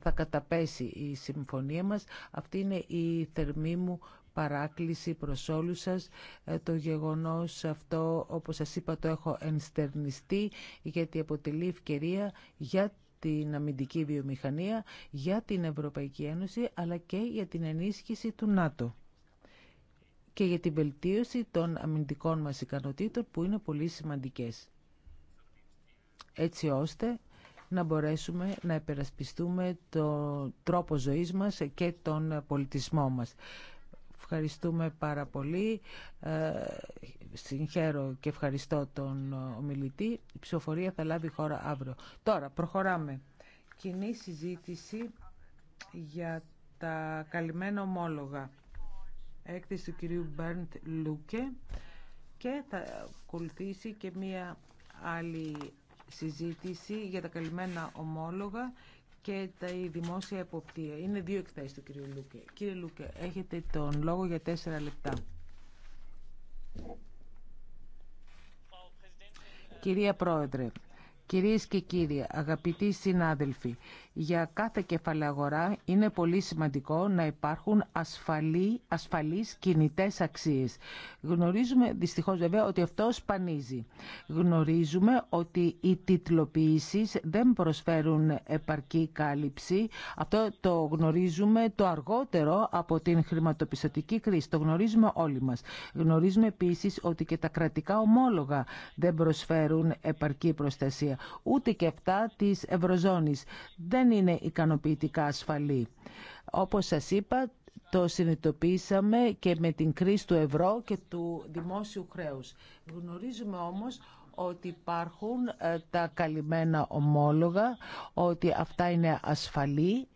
θα καταπέσει η συμφωνία μας. Αυτή είναι η θερμή μου παράκληση προς όλους σας. Το γεγονός αυτό, όπως σας είπα, το έχω ενστερνιστεί, γιατί αποτελεί ευκαιρία για την αμυντική βιομηχανία, για την Ευρωπαϊκή Ένωση, αλλά και για την ενίσχυση του ΝΑΤΟ και για την βελτίωση των αμυντικών μας ικανοτήτων που είναι πολύ σημαντικές. Έτσι ώστε να μπορέσουμε να επερασπιστούμε τον τρόπο ζωής μας και τον πολιτισμό μας. Ευχαριστούμε πάρα πολύ. Ε, συγχαίρω και ευχαριστώ τον ομιλητή. Η ψηφοφορία θα λάβει χώρα αύριο. Τώρα προχωράμε. Κοινή συζήτηση για τα καλυμμένα ομόλογα. Έκθεση του κυρίου Μπέρντ Λούκε και θα ακολουθήσει και μία άλλη συζήτηση για τα καλυμμένα ομόλογα και τα η δημόσια εποπτεία. Είναι δύο εκθέσεις του κύριου Λούκε. Κύριε Λούκε, έχετε τον λόγο για τέσσερα λεπτά. Κυρία Πρόεδρε, κυρίες και κύριοι, αγαπητοί συνάδελφοι, για κάθε κεφαλαία αγορά είναι πολύ σημαντικό να υπάρχουν ασφαλή, ασφαλείς κινητές αξίες. Γνωρίζουμε δυστυχώς βέβαια ότι αυτό σπανίζει. Γνωρίζουμε ότι οι τιτλοποιήσεις δεν προσφέρουν επαρκή κάλυψη. Αυτό το γνωρίζουμε το αργότερο από την χρηματοπιστωτική κρίση. Το γνωρίζουμε όλοι μας. Γνωρίζουμε επίσης ότι και τα κρατικά ομόλογα δεν προσφέρουν επαρκή προστασία. Ούτε και αυτά της Ευρωζώνης. Δεν είναι ικανοποιητικά ασφαλή. Όπως σας είπα, το συνειδητοποίησαμε και με την κρίση του ευρώ και του δημόσιου χρέους. Γνωρίζουμε όμως ότι υπάρχουν ε, τα καλυμμένα ομόλογα, ότι αυτά είναι ασφαλή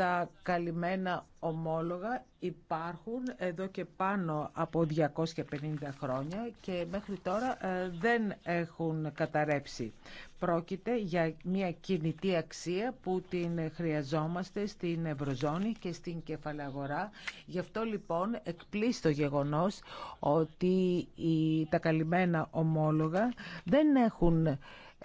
τα καλυμμένα ομόλογα υπάρχουν εδώ και πάνω από 250 χρόνια και μέχρι τώρα ε, δεν έχουν καταρρέψει. Πρόκειται για μια κινητή αξία που την χρειαζόμαστε στην Ευρωζώνη και στην κεφαλαγορά. Γι' αυτό λοιπόν εκπλήσει το γεγονός ότι τα καλυμμένα ομόλογα δεν έχουν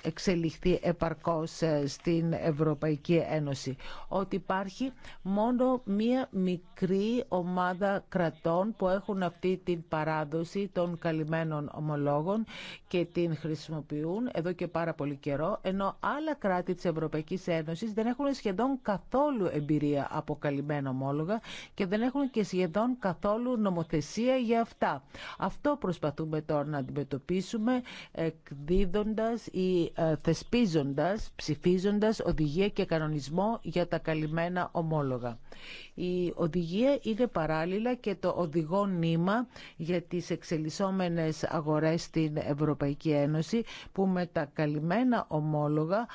εξελιχθεί επαρκώς ε, στην Ευρωπαϊκή Ένωση. Ότι υπάρχει μόνο μία μικρή ομάδα κρατών που έχουν αυτή την παράδοση των καλυμμένων ομολόγων και την χρησιμοποιούν εδώ και πάρα πολύ καιρό, ενώ άλλα κράτη της Ευρωπαϊκής Ένωσης δεν έχουν σχεδόν καθόλου εμπειρία από καλυμμένα ομόλογα και δεν έχουν και σχεδόν καθόλου νομοθεσία για αυτά. Αυτό προσπαθούμε τώρα να αντιμετωπίσουμε εκδίδοντας ή ε, θεσπίζοντας, ψηφίζοντας οδηγία και κανονισμό για τα καλυμμένα ομόλογα. Η οδηγία είναι παράλληλα και το οδηγό νήμα για τις εξελισσόμενες αγορές στην Ευρωπαϊκή Ένωση που με τα καλυμμένα ομόλογα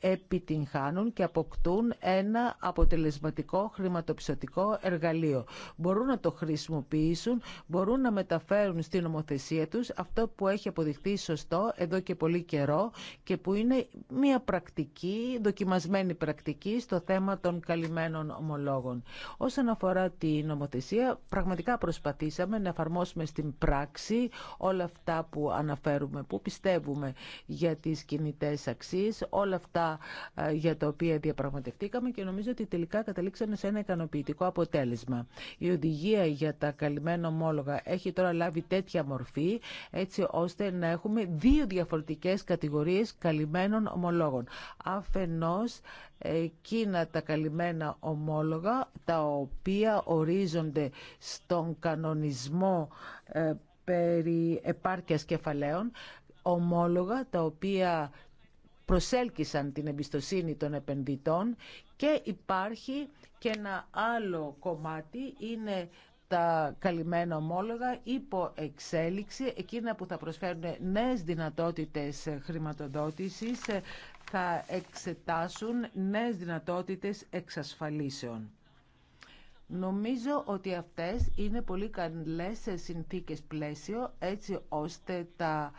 επιτυγχάνουν και αποκτούν ένα αποτελεσματικό χρηματοπιστωτικό εργαλείο. Μπορούν να το χρησιμοποιήσουν, μπορούν να μεταφέρουν στην νομοθεσία τους αυτό που έχει αποδειχθεί σωστό εδώ και πολύ καιρό και που είναι μια πρακτική, δοκιμασμένη πρακτική στο θέμα των καλυμμένων ομολόγων. Όσον αφορά την νομοθεσία, πραγματικά προσπαθήσαμε να εφαρμόσουμε στην πράξη όλα αυτά που αναφέρουμε, που πιστεύουμε για τις κινητές αξίες, όλα αυτά ε, για τα οποία διαπραγματευτήκαμε και νομίζω ότι τελικά καταλήξαμε σε ένα ικανοποιητικό αποτέλεσμα. Η οδηγία για τα καλυμμένα ομόλογα έχει τώρα λάβει τέτοια μορφή έτσι ώστε να έχουμε δύο διαφορετικές κατηγορίες καλυμμένων ομολόγων. Αφενός εκείνα τα καλυμμένα ομόλογα τα οποία ορίζονται στον κανονισμό ε, περί επάρκειας κεφαλαίων ομόλογα τα οποία προσέλκυσαν την εμπιστοσύνη των επενδυτών και υπάρχει και ένα άλλο κομμάτι είναι τα καλυμμένα ομόλογα υπό εξέλιξη, εκείνα που θα προσφέρουν νέες δυνατότητες χρηματοδότησης, θα εξετάσουν νέες δυνατότητες εξασφαλίσεων. Νομίζω ότι αυτές είναι πολύ καλές συνθήκες πλαίσιο, έτσι ώστε τα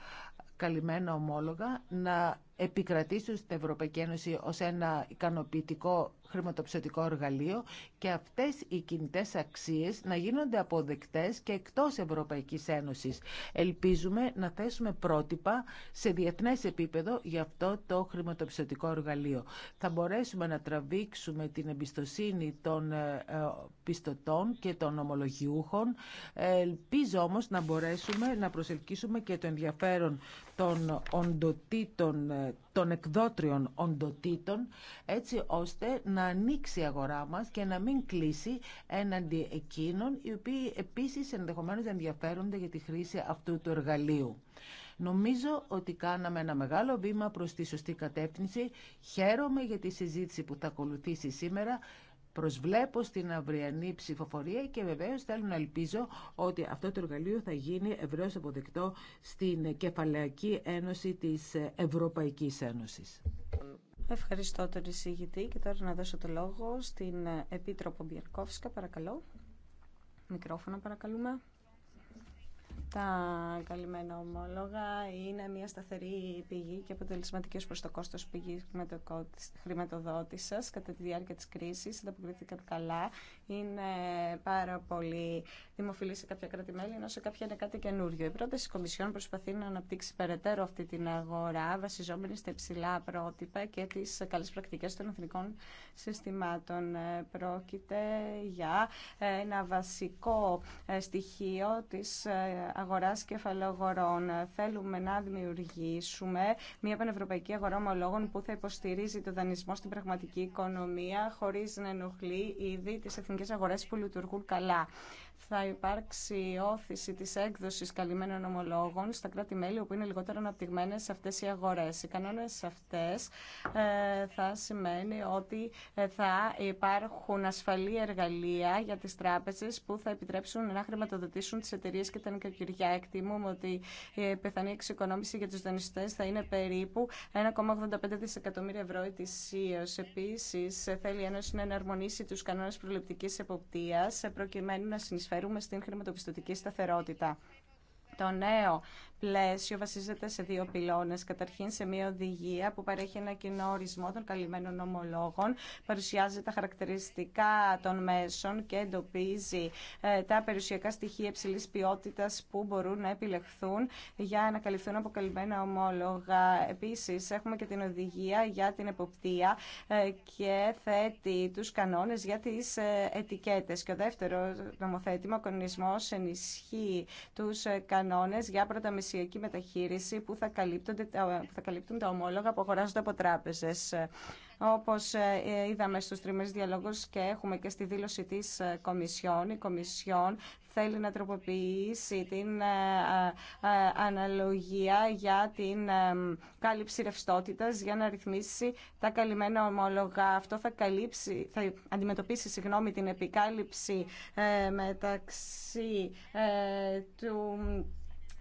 καλυμμένα ομόλογα να επικρατήσουν στην Ευρωπαϊκή Ένωση ως ένα ικανοποιητικό χρηματοπιστωτικό εργαλείο και αυτές οι κινητές αξίες να γίνονται αποδεκτές και εκτός Ευρωπαϊκής Ένωσης. Ελπίζουμε να θέσουμε πρότυπα σε διεθνές επίπεδο για αυτό το χρηματοπιστωτικό εργαλείο. Θα μπορέσουμε να τραβήξουμε την εμπιστοσύνη των ε, ε, πιστωτών και των ομολογιούχων. Ελπίζω όμως να μπορέσουμε να προσελκύσουμε και το ενδιαφέρον των οντοτήτων ε, των εκδότριων οντοτήτων έτσι ώστε να ανοίξει η αγορά μας και να μην κλείσει έναντι εκείνων οι οποίοι επίσης ενδεχομένως ενδιαφέρονται για τη χρήση αυτού του εργαλείου. Νομίζω ότι κάναμε ένα μεγάλο βήμα προς τη σωστή κατεύθυνση. Χαίρομαι για τη συζήτηση που θα ακολουθήσει σήμερα προσβλέπω στην αυριανή ψηφοφορία και βεβαίω θέλω να ελπίζω ότι αυτό το εργαλείο θα γίνει ευρέω αποδεκτό στην Κεφαλαϊκή Ένωση της Ευρωπαϊκή Ένωσης. Ευχαριστώ τον εισηγητή και τώρα να δώσω το λόγο στην Επίτροπο Μπιερκόφσκα, παρακαλώ. Μικρόφωνα παρακαλούμε. Τα καλυμμένα ομόλογα είναι μια σταθερή πηγή και αποτελεσματική προ το κόστο πηγή χρηματοδότηση κατά τη διάρκεια τη κρίση. Ανταποκριθήκαν καλά είναι πάρα πολύ δημοφιλή σε κάποια κράτη-μέλη, ενώ σε κάποια είναι κάτι καινούριο. Η πρόταση Κομισιόν προσπαθεί να αναπτύξει περαιτέρω αυτή την αγορά, βασιζόμενη στα υψηλά πρότυπα και τι καλέ πρακτικέ των εθνικών συστημάτων. Ε, πρόκειται για ε, ένα βασικό ε, στοιχείο τη αγορά κεφαλογορών. Θέλουμε να δημιουργήσουμε μια πανευρωπαϊκή αγορά ομολόγων που θα υποστηρίζει το δανεισμό στην πραγματική οικονομία, χωρί να ενοχλεί ήδη τι εθνικέ σε αγορές που λειτουργούν καλά θα υπάρξει όθηση της έκδοσης καλυμμένων ομολόγων στα κράτη-μέλη όπου είναι λιγότερο αναπτυγμένες αυτές οι αγορές. Οι κανόνες αυτές ε, θα σημαίνει ότι ε, θα υπάρχουν ασφαλή εργαλεία για τις τράπεζες που θα επιτρέψουν να χρηματοδοτήσουν τις εταιρείε και τα νοικοκυριά. Εκτιμούμε ότι η πιθανή εξοικονόμηση για τους δανειστές θα είναι περίπου 1,85 δισεκατομμύρια ευρώ ετησίως. Επίσης, θέλει η Ένωση να εναρμονίσει τους κανόνες προληπτικής εποπτείας ε, προκειμένου να συνεισφέρει Φέρουμε στην χρηματοπιστωτική σταθερότητα. Το νέο πλαίσιο βασίζεται σε δύο πυλώνε. Καταρχήν σε μια οδηγία που παρέχει ένα κοινό ορισμό των καλυμμένων ομολόγων, παρουσιάζει τα χαρακτηριστικά των μέσων και εντοπίζει ε, τα περιουσιακά στοιχεία υψηλή ποιότητα που μπορούν να επιλεχθούν για να καλυφθούν από καλυμμένα ομόλογα. Επίση, έχουμε και την οδηγία για την εποπτεία ε, και θέτει του κανόνε για τις ε, ετικέτε. Και ο δεύτερο νομοθέτημα, ο ενισχύει του κανόνε για πρώτα μισή μεταχείριση που θα, θα καλύπτουν τα ομόλογα που αγοράζονται από τράπεζε. Όπω ε, είδαμε στου τριμμέ διαλόγους και έχουμε και στη δήλωση τη ε, Κομισιόν, η Κομισιόν θέλει να τροποποιήσει την ε, αναλογία για την κάλυψη ρευστότητα για να ρυθμίσει τα καλυμμένα ομόλογα. Αυτό θα, καλύψει, θα αντιμετωπίσει συγγνώμη, την επικάλυψη μεταξύ του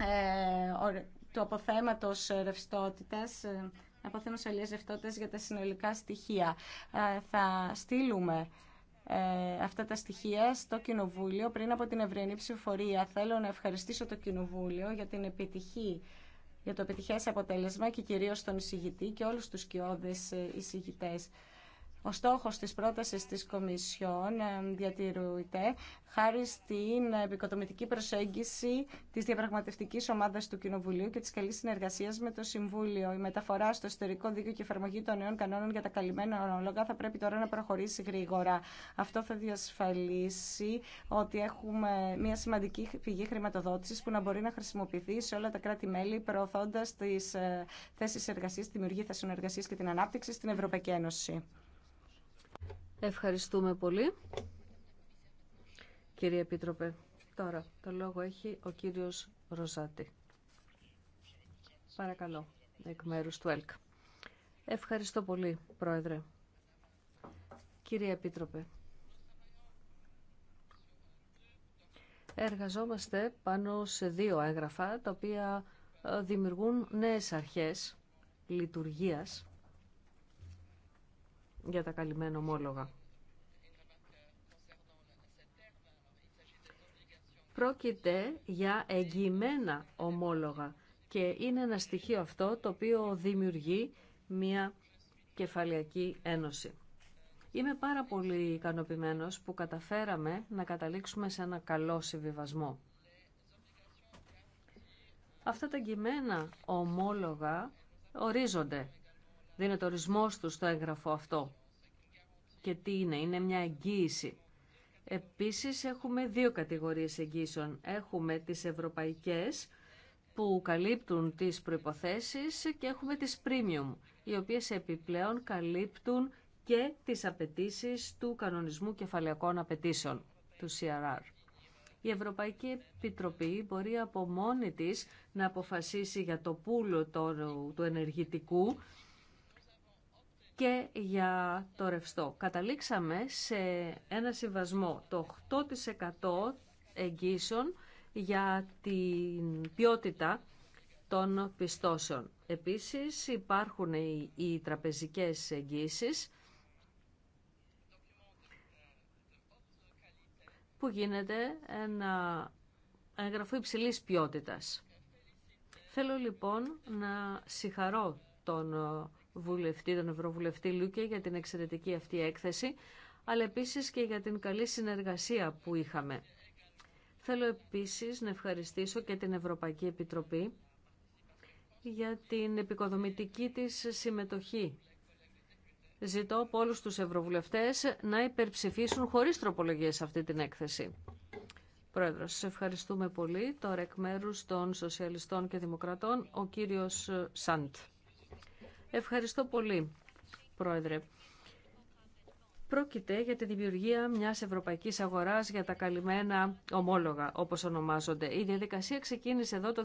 ε, του αποθέματος ρευστότητας ε, αποθέματος αλλιές ρευστότητας για τα συνολικά στοιχεία. Ε, θα στείλουμε αυτά τα στοιχεία στο Κοινοβούλιο πριν από την ευρενή ψηφοφορία. Θέλω να ευχαριστήσω το Κοινοβούλιο για την επιτυχή για το επιτυχές αποτέλεσμα και κυρίως τον εισηγητή και όλους τους κοιόδες εισηγητές. Ο στόχος της πρότασης της Κομισιόν ε, διατηρούεται χάρη στην επικοτομητική προσέγγιση της διαπραγματευτικής ομάδας του Κοινοβουλίου και της καλής συνεργασίας με το Συμβούλιο. Η μεταφορά στο ιστορικό δίκαιο και εφαρμογή των νέων κανόνων για τα καλυμμένα ονόλογα θα πρέπει τώρα να προχωρήσει γρήγορα. Αυτό θα διασφαλίσει ότι έχουμε μια σημαντική πηγή χρηματοδότησης που να μπορεί να χρησιμοποιηθεί σε όλα τα κράτη-μέλη προωθώντας τις ε, θέσεις εργασίας, τη δημιουργία θέσεων εργασίας και την ανάπτυξη στην Ευρωπαϊκή Ένωση. Ευχαριστούμε πολύ. Κύριε Επίτροπε, τώρα το λόγο έχει ο κύριος Ροζάτη. Παρακαλώ, εκ μέρους του ΕΛΚ. Ευχαριστώ πολύ, Πρόεδρε. Κύριε Επίτροπε, εργαζόμαστε πάνω σε δύο έγγραφα, τα οποία ε, δημιουργούν νέες αρχές λειτουργίας για τα καλυμμένα ομόλογα. Πρόκειται για εγγυημένα ομόλογα και είναι ένα στοιχείο αυτό το οποίο δημιουργεί μια κεφαλιακή ένωση. Είμαι πάρα πολύ ικανοποιημένος που καταφέραμε να καταλήξουμε σε ένα καλό συμβιβασμό. Αυτά τα εγγυημένα ομόλογα ορίζονται δίνεται ορισμό του στο έγγραφο αυτό. Και τι είναι, είναι μια εγγύηση. Επίσης έχουμε δύο κατηγορίες εγγύσεων. Έχουμε τις ευρωπαϊκές που καλύπτουν τις προϋποθέσεις και έχουμε τις premium, οι οποίες επιπλέον καλύπτουν και τις απαιτήσει του κανονισμού κεφαλαιακών απαιτήσεων, του CRR. Η Ευρωπαϊκή Επιτροπή μπορεί από μόνη της να αποφασίσει για το πούλο του ενεργητικού και για το ρευστό. Καταλήξαμε σε ένα συμβασμό το 8% εγγύσεων για την ποιότητα των πιστώσεων. Επίσης υπάρχουν οι τραπεζικές εγγύσεις που γίνεται ένα έγγραφο υψηλής ποιότητας. Θέλω λοιπόν να συγχαρώ τον βουλευτή, τον Ευρωβουλευτή Λούκε για την εξαιρετική αυτή έκθεση, αλλά επίσης και για την καλή συνεργασία που είχαμε. Θέλω επίσης να ευχαριστήσω και την Ευρωπαϊκή Επιτροπή για την επικοδομητική της συμμετοχή. Ζητώ από όλους τους Ευρωβουλευτές να υπερψηφίσουν χωρίς τροπολογίες αυτή την έκθεση. Πρόεδρο, ευχαριστούμε πολύ. Τώρα εκ μέρου των Σοσιαλιστών και Δημοκρατών, ο κύριος Σαντ. Ευχαριστώ πολύ, Πρόεδρε. Πρόκειται για τη δημιουργία μιας ευρωπαϊκής αγοράς για τα καλυμμένα ομόλογα, όπως ονομάζονται. Η διαδικασία ξεκίνησε εδώ το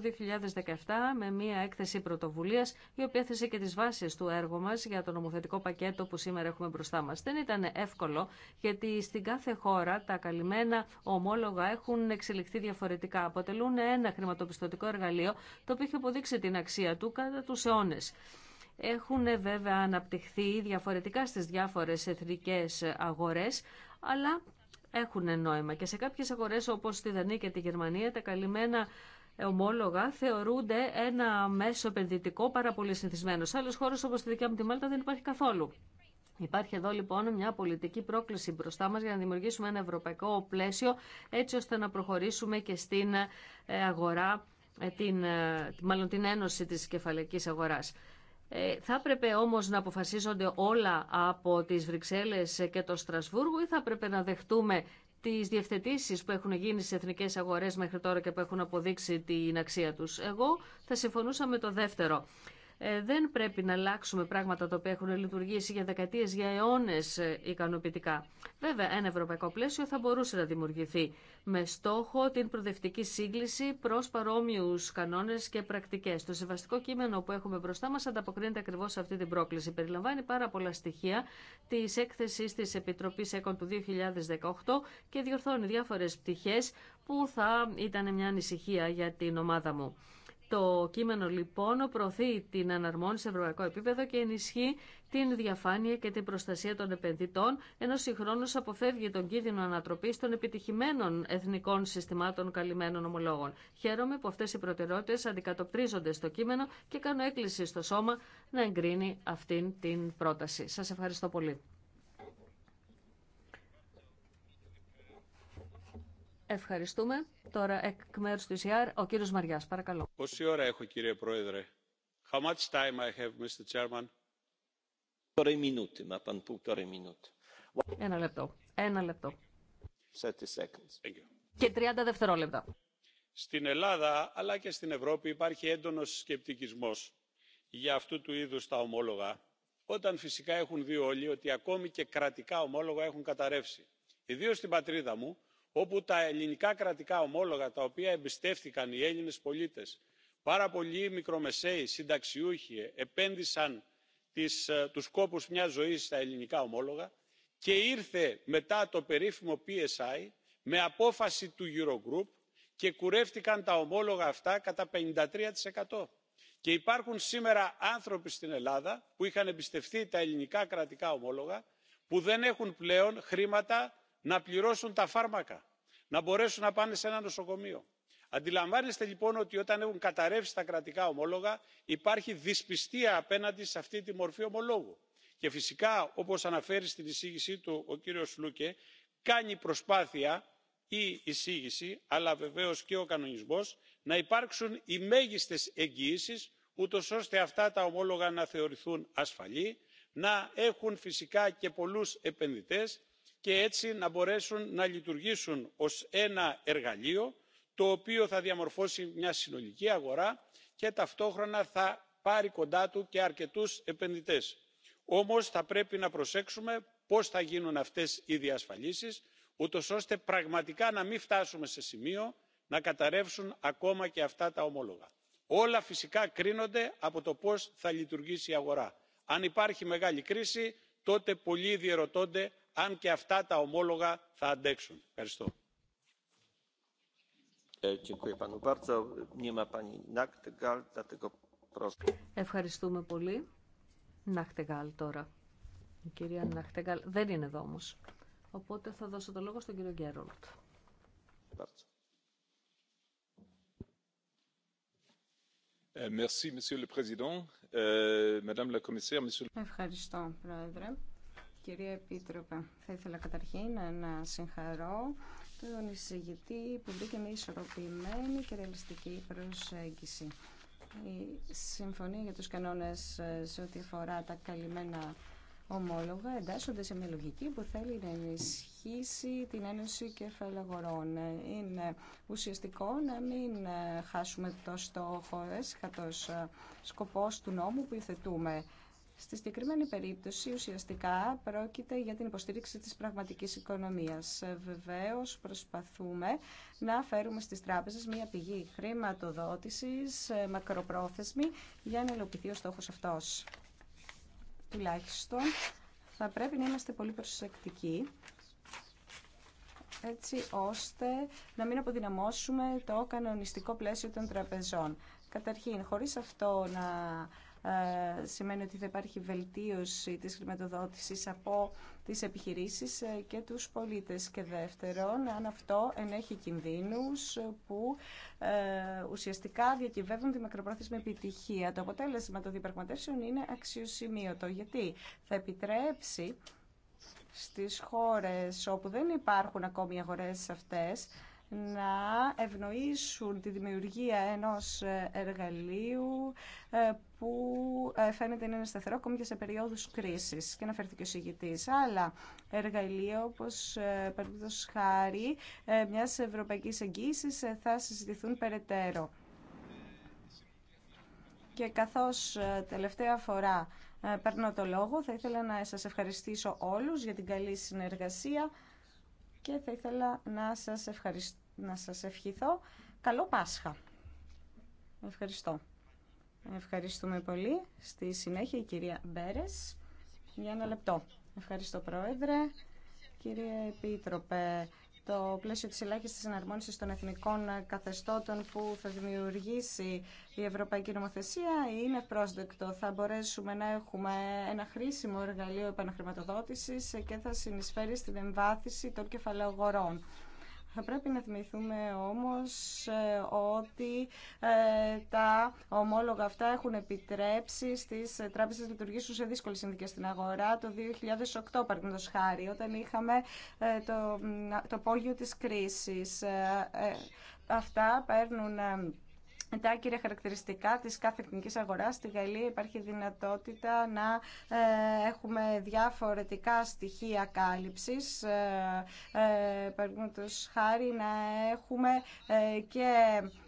2017 με μια έκθεση πρωτοβουλίας, η οποία θέσε και τις βάσεις του έργου μας για το νομοθετικό πακέτο που σήμερα έχουμε μπροστά μας. Δεν ήταν εύκολο, γιατί στην κάθε χώρα τα καλυμμένα ομόλογα έχουν εξελιχθεί διαφορετικά. Αποτελούν ένα χρηματοπιστωτικό εργαλείο, το οποίο έχει αποδείξει την αξία του κατά τους αιώνες έχουν βέβαια αναπτυχθεί διαφορετικά στις διάφορες εθνικές αγορές, αλλά έχουν νόημα. Και σε κάποιες αγορές όπως στη Δανία και τη Γερμανία τα καλυμμένα ομόλογα θεωρούνται ένα μέσο επενδυτικό πάρα πολύ συνηθισμένο. Σε άλλες χώρες όπως τη δικιά μου τη Μάλτα δεν υπάρχει καθόλου. Υπάρχει εδώ λοιπόν μια πολιτική πρόκληση μπροστά μας για να δημιουργήσουμε ένα ευρωπαϊκό πλαίσιο έτσι ώστε να προχωρήσουμε και στην ε, αγορά, ε, την, ε, μάλλον την ένωση της κεφαλαϊκής αγοράς. Ε, θα έπρεπε όμως να αποφασίζονται όλα από τις Βρυξέλλες και το Στρασβούργο ή θα έπρεπε να δεχτούμε τις διευθετήσεις που έχουν γίνει στις εθνικές αγορές μέχρι τώρα και που έχουν αποδείξει την αξία τους. Εγώ θα συμφωνούσα με το δεύτερο. Ε, δεν πρέπει να αλλάξουμε πράγματα τα οποία έχουν λειτουργήσει για δεκαετίες, για αιώνες ε, ικανοποιητικά. Βέβαια, ένα ευρωπαϊκό πλαίσιο θα μπορούσε να δημιουργηθεί με στόχο την προδευτική σύγκληση προς παρόμοιους κανόνες και πρακτικές. Το σεβαστικό κείμενο που έχουμε μπροστά μας ανταποκρίνεται ακριβώς σε αυτή την πρόκληση. Περιλαμβάνει πάρα πολλά στοιχεία της έκθεσης της Επιτροπής ΕΚΟΝ του 2018 και διορθώνει διάφορες πτυχές που θα ήταν μια ανησυχία για την ομάδα μου. Το κείμενο λοιπόν προωθεί την αναρμόνιση σε ευρωπαϊκό επίπεδο και ενισχύει την διαφάνεια και την προστασία των επενδυτών, ενώ συγχρόνω αποφεύγει τον κίνδυνο ανατροπή των επιτυχημένων εθνικών συστημάτων καλυμμένων ομολόγων. Χαίρομαι που αυτέ οι προτεραιότητε αντικατοπτρίζονται στο κείμενο και κάνω έκκληση στο Σώμα να εγκρίνει αυτήν την πρόταση. Σα ευχαριστώ πολύ. Ευχαριστούμε. Τώρα εκ μέρους του ΙΣΙΑΡ ο κύριος Μαριάς, παρακαλώ. Πόση ώρα έχω κύριε Πρόεδρε. How much time I have, Mr. Chairman? Ένα λεπτό. Ένα λεπτό. 30 seconds. Thank you. Και 30 δευτερόλεπτα. Στην Ελλάδα αλλά και στην Ευρώπη υπάρχει έντονος σκεπτικισμός για αυτού του είδους τα ομόλογα όταν φυσικά έχουν δει όλοι ότι ακόμη και κρατικά ομόλογα έχουν καταρρεύσει. Ιδίως στην πατρίδα μου όπου τα ελληνικά κρατικά ομόλογα τα οποία εμπιστεύτηκαν οι έλληνες πολίτες πάρα πολλοί μικρομεσαίοι συνταξιούχοι επένδυσαν τις, ε, τους κόπους μιας ζωής στα ελληνικά ομόλογα και ήρθε μετά το περίφημο psi με απόφαση του eurogroup και κουρεύτηκαν τα ομόλογα αυτά κατά 53%. Και υπάρχουν σήμερα άνθρωποι στην Ελλάδα που είχαν εμπιστευτεί τα ελληνικά κρατικά ομόλογα που δεν έχουν πλέον χρήματα να πληρώσουν τα φάρμακα να μπορέσουν να πάνε σε ένα νοσοκομείο. αντιλαμβάνεστε λοιπόν ότι όταν έχουν καταρρεύσει τα κρατικά ομόλογα υπάρχει δυσπιστία απέναντι σε αυτή τη μορφή ομολόγου και φυσικά όπως αναφέρει στην εισήγησή του ο κύριος λούκε κάνει προσπάθεια η εισήγηση αλλά βεβαίως και ο κανονισμός να υπάρξουν οι μέγιστες εγγυήσεις ούτως ώστε αυτά τα ομόλογα να θεωρηθούν ασφαλή να έχουν φυσικά και πολλούς επενδυτές και έτσι να μπορέσουν να λειτουργήσουν ως ένα εργαλείο το οποίο θα διαμορφώσει μια συνολική αγορά και ταυτόχρονα θα πάρει κοντά του και αρκετούς επενδυτές. όμως θα πρέπει να προσέξουμε πώς θα γίνουν αυτές οι διασφαλίσεις ούτως ώστε πραγματικά να μην φτάσουμε σε σημείο να καταρρεύσουν ακόμα και αυτά τα ομόλογα. όλα φυσικά κρίνονται από το πώς θα λειτουργήσει η αγορά. αν υπάρχει μεγάλη κρίση τότε πολλοί διερωτώνται αν και αυτά τα ομόλογα θα αντέξουν. ευχαριστώ. Ε, Ευχαριστούμε πολύ. Ναχτεγάλ τώρα. Η κυρία Ναχτεγάλ δεν είναι εδώ όμως. Οπότε θα δώσω το λόγο στον κύριο Γκέρολτ. Ε, ε, ευχαριστώ, Πρόεδρε. Κυρία Επίτροπε, θα ήθελα καταρχήν να συγχαρώ τον εισηγητή που βρήκε με ισορροπημένη και ρεαλιστική προσέγγιση. Η συμφωνία για τους κανόνες σε ό,τι αφορά τα καλυμμένα ομόλογα εντάσσονται σε μια λογική που θέλει να ενισχύσει την Ένωση Κεφαλαγορών. Είναι ουσιαστικό να μην χάσουμε το στόχο έσχατος σκοπός του νόμου που υθετούμε Στη συγκεκριμένη περίπτωση ουσιαστικά πρόκειται για την υποστήριξη της πραγματικής οικονομίας. Βεβαίως προσπαθούμε να φέρουμε στις τράπεζες μια πηγή χρηματοδότησης ε, μακροπρόθεσμη για να ελοπιθεί ο στόχος αυτός. Τουλάχιστον θα πρέπει να είμαστε πολύ προσεκτικοί έτσι ώστε να μην αποδυναμώσουμε το κανονιστικό πλαίσιο των τραπεζών. Καταρχήν, χωρίς αυτό να ε, σημαίνει ότι θα υπάρχει βελτίωση της χρηματοδότησης από τις επιχειρήσεις ε, και τους πολίτες. Και δεύτερον, αν αυτό ενέχει κινδύνους που ε, ουσιαστικά διακυβεύουν τη μακροπρόθεσμη επιτυχία. Το αποτέλεσμα των διαπραγματεύσεων είναι αξιοσημείωτο, γιατί θα επιτρέψει στις χώρες όπου δεν υπάρχουν ακόμη αγορές αυτές να ευνοήσουν τη δημιουργία ενός εργαλείου που ε, φαίνεται να είναι σταθερό ακόμη και σε περίοδους κρίση και να φέρθηκε ο συγητή. Άλλα εργαλεία όπως ε, παραδείγματος χάρη ε, μιας ευρωπαϊκής εγγύησης θα συζητηθούν περαιτέρω. Και καθώς τελευταία φορά παίρνω το λόγο, θα ήθελα να σας ευχαριστήσω όλους για την καλή συνεργασία και θα ήθελα να σας, να σας ευχηθώ. Καλό Πάσχα. Ευχαριστώ. Ευχαριστούμε πολύ. Στη συνέχεια η κυρία Μπέρες για ένα λεπτό. Ευχαριστώ Πρόεδρε. Κύριε Επίτροπε, το πλαίσιο της ελάχιστης εναρμόνισης των εθνικών καθεστώτων που θα δημιουργήσει η Ευρωπαϊκή Νομοθεσία είναι πρόσδεκτο. Θα μπορέσουμε να έχουμε ένα χρήσιμο εργαλείο επαναχρηματοδότησης και θα συνεισφέρει στην εμβάθυνση των κεφαλαίων θα πρέπει να θυμηθούμε όμως ε, ότι ε, τα ομόλογα αυτά έχουν επιτρέψει στις τράπεζες λειτουργήσουν σε δύσκολες συνδικές στην αγορά το 2008 παραδείγματος χάρη όταν είχαμε ε, το, το πόγιο της κρίσης. αυτά παίρνουν τα κύρια χαρακτηριστικά της κάθε εθνική αγοράς. Στη Γαλλία υπάρχει δυνατότητα να ε, έχουμε διαφορετικά στοιχεία κάλυψης. Ε, ε χάρη να έχουμε ε, και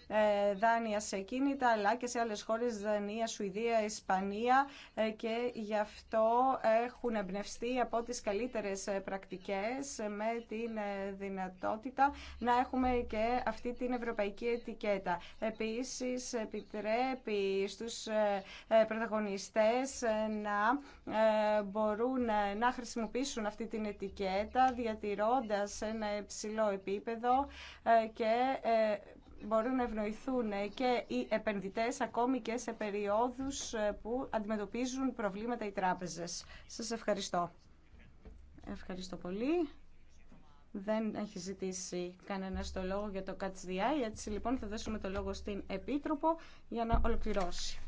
ε, δάνεια σε κίνητα αλλά και σε άλλες χώρες Δανία, Σουηδία, Ισπανία ε, και γι' αυτό έχουν εμπνευστεί από τις καλύτερες ε, πρακτικές με την δυνατότητα να έχουμε και αυτή την ευρωπαϊκή ετικέτα. Επίσης επιτρέπει στους πρωταγωνιστές να μπορούν να χρησιμοποιήσουν αυτή την ετικέτα διατηρώντας ένα υψηλό επίπεδο και μπορούν να ευνοηθούν και οι επενδυτές ακόμη και σε περιόδους ε, που αντιμετωπίζουν προβλήματα οι τράπεζες. Σας ευχαριστώ. Ευχαριστώ πολύ. Δεν έχει ζητήσει κανένα το λόγο για το ΚΑΤΣΔΙΑΙ, έτσι λοιπόν θα δώσουμε το λόγο στην Επίτροπο για να ολοκληρώσει.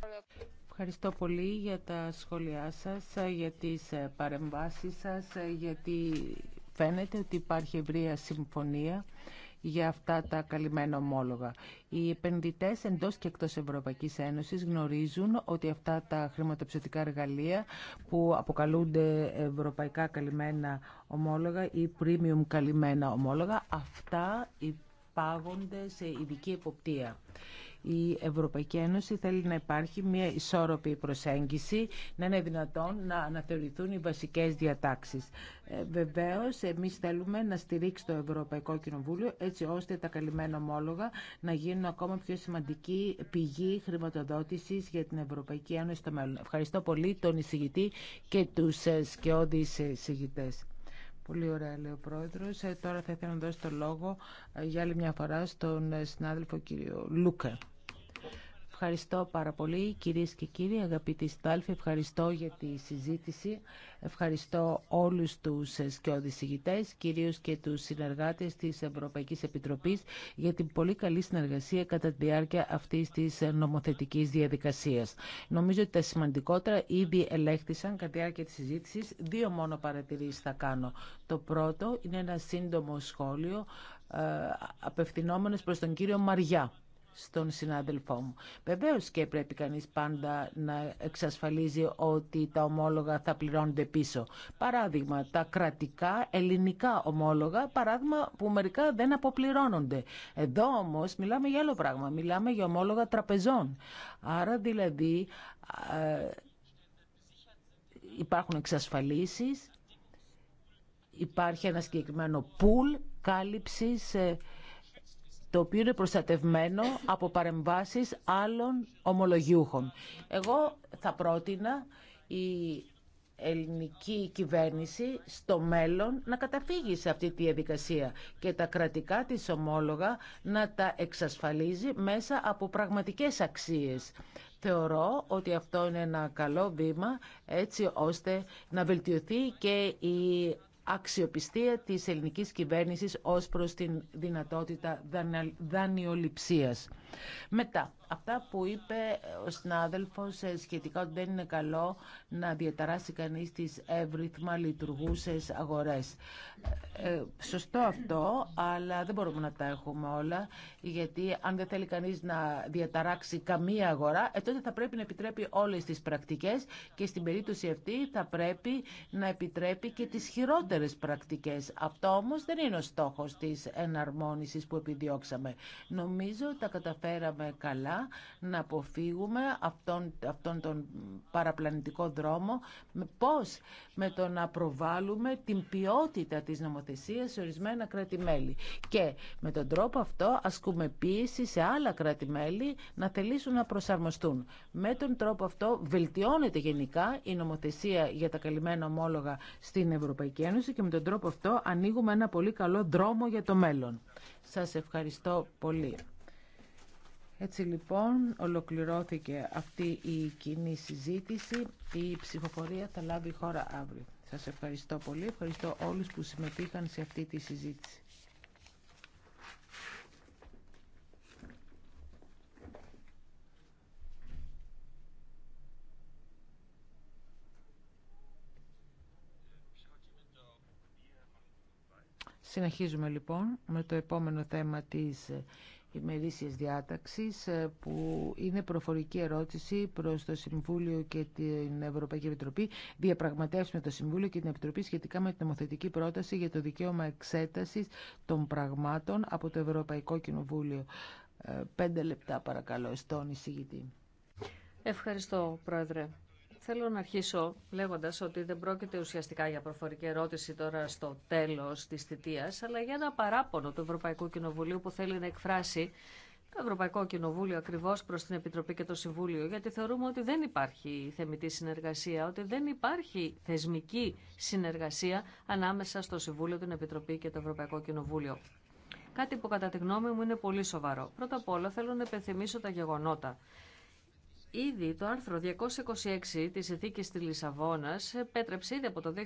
Ευχαριστώ πολύ για τα σχόλιά σας, για τις ε, παρεμβάσεις σας, ε, γιατί φαίνεται ότι υπάρχει ευρεία συμφωνία για αυτά τα καλυμμένα ομόλογα. Οι επενδυτέ εντός και εκτός Ευρωπαϊκής Ένωσης γνωρίζουν ότι αυτά τα χρηματοψηφιακά εργαλεία που αποκαλούνται ευρωπαϊκά καλυμμένα ομόλογα ή premium καλυμμένα ομόλογα, αυτά υπάγονται σε ειδική εποπτεία η Ευρωπαϊκή Ένωση θέλει να υπάρχει μια ισόρροπη προσέγγιση, να είναι δυνατόν να αναθεωρηθούν οι βασικές διατάξεις. Ε, βεβαίως, εμείς θέλουμε να στηρίξει το Ευρωπαϊκό Κοινοβούλιο έτσι ώστε τα καλυμμένα ομόλογα να γίνουν ακόμα πιο σημαντική πηγή χρηματοδότησης για την Ευρωπαϊκή Ένωση στο μέλλον. Ευχαριστώ πολύ τον εισηγητή και τους ε, σκιώδεις εισηγητές. Πολύ ωραία, λέει ο πρόεδρο. Ε, τώρα θα ήθελα να δώσω το λόγο για άλλη μια φορά στον συνάδελφο κύριο Λούκα. Ευχαριστώ πάρα πολύ κυρίες και κύριοι, αγαπητοί στάλφοι. Ευχαριστώ για τη συζήτηση. Ευχαριστώ όλους τους σκιώδης ηγητές, κυρίως και τους συνεργάτες της Ευρωπαϊκής Επιτροπής για την πολύ καλή συνεργασία κατά τη διάρκεια αυτής της νομοθετικής διαδικασίας. Νομίζω ότι τα σημαντικότερα ήδη ελέγχθησαν κατά τη διάρκεια της συζήτησης. Δύο μόνο παρατηρήσεις θα κάνω. Το πρώτο είναι ένα σύντομο σχόλιο ε, απευθυνόμενος προς τον κύριο Μαριά στον συνάδελφό μου. Βεβαίω και πρέπει κανεί πάντα να εξασφαλίζει ότι τα ομόλογα θα πληρώνονται πίσω. Παράδειγμα, τα κρατικά ελληνικά ομόλογα, παράδειγμα που μερικά δεν αποπληρώνονται. Εδώ όμω μιλάμε για άλλο πράγμα, μιλάμε για ομόλογα τραπεζών. Άρα δηλαδή υπάρχουν εξασφαλίσεις, υπάρχει ένα συγκεκριμένο πουλ κάλυψης ε, το οποίο είναι προστατευμένο από παρεμβάσεις άλλων ομολογιούχων. Εγώ θα πρότεινα η ελληνική κυβέρνηση στο μέλλον να καταφύγει σε αυτή τη διαδικασία και τα κρατικά της ομόλογα να τα εξασφαλίζει μέσα από πραγματικές αξίες. Θεωρώ ότι αυτό είναι ένα καλό βήμα έτσι ώστε να βελτιωθεί και η αξιοπιστία της ελληνικής κυβέρνησης ως προς την δυνατότητα δανειοληψίας. Μετά, αυτά που είπε ο συνάδελφος ε, σχετικά ότι δεν είναι καλό να διαταράσει κανείς τις εύρυθμα λειτουργούσες αγορές. Ε, σωστό αυτό, αλλά δεν μπορούμε να τα έχουμε όλα, γιατί αν δεν θέλει κανείς να διαταράξει καμία αγορά, ε, τότε θα πρέπει να επιτρέπει όλες τις πρακτικές και στην περίπτωση αυτή θα πρέπει να επιτρέπει και τις χειρότερες πρακτικές. Αυτό όμως δεν είναι ο στόχος της εναρμόνισης που επιδιώξαμε. Νομίζω τα καταφέραμε καλά να αποφύγουμε αυτόν, τον παραπλανητικό δρόμο. Με πώς με το να προβάλλουμε την ποιότητα της νομοθεσίας σε ορισμένα κράτη-μέλη. Και με τον τρόπο αυτό ασκούμε πίεση σε άλλα κράτη-μέλη να θελήσουν να προσαρμοστούν. Με τον τρόπο αυτό βελτιώνεται γενικά η νομοθεσία για τα καλυμμένα ομόλογα στην Ευρωπαϊκή Ένωση και με τον τρόπο αυτό ανοίγουμε ένα πολύ καλό δρόμο για το μέλλον. Σας ευχαριστώ πολύ. Έτσι λοιπόν ολοκληρώθηκε αυτή η κοινή συζήτηση. Η ψηφοφορία θα λάβει χώρα αύριο. Σας ευχαριστώ πολύ. Ευχαριστώ όλους που συμμετείχαν σε αυτή τη συζήτηση. Συνεχίζουμε λοιπόν με το επόμενο θέμα της ημερήσιας διάταξης ε, που είναι προφορική ερώτηση προς το Συμβούλιο και την Ευρωπαϊκή Επιτροπή Διαπραγματεύσουμε το Συμβούλιο και την Επιτροπή σχετικά με την νομοθετική πρόταση για το δικαίωμα εξέτασης των πραγμάτων από το Ευρωπαϊκό Κοινοβούλιο. Ε, πέντε λεπτά παρακαλώ στον εισηγητή. Ευχαριστώ Πρόεδρε. Θέλω να αρχίσω λέγοντα ότι δεν πρόκειται ουσιαστικά για προφορική ερώτηση τώρα στο τέλο τη θητείας, αλλά για ένα παράπονο του Ευρωπαϊκού Κοινοβουλίου που θέλει να εκφράσει το Ευρωπαϊκό Κοινοβούλιο ακριβώ προ την Επιτροπή και το Συμβούλιο, γιατί θεωρούμε ότι δεν υπάρχει θεμητή συνεργασία, ότι δεν υπάρχει θεσμική συνεργασία ανάμεσα στο Συμβούλιο, την Επιτροπή και το Ευρωπαϊκό Κοινοβούλιο. Κάτι που κατά τη γνώμη μου είναι πολύ σοβαρό. Πρώτα απ' όλα θέλω να επενθυμίσω τα γεγονότα. Ήδη το άρθρο 226 της συνθήκης της Λισαβόνας επέτρεψε ήδη από το 2009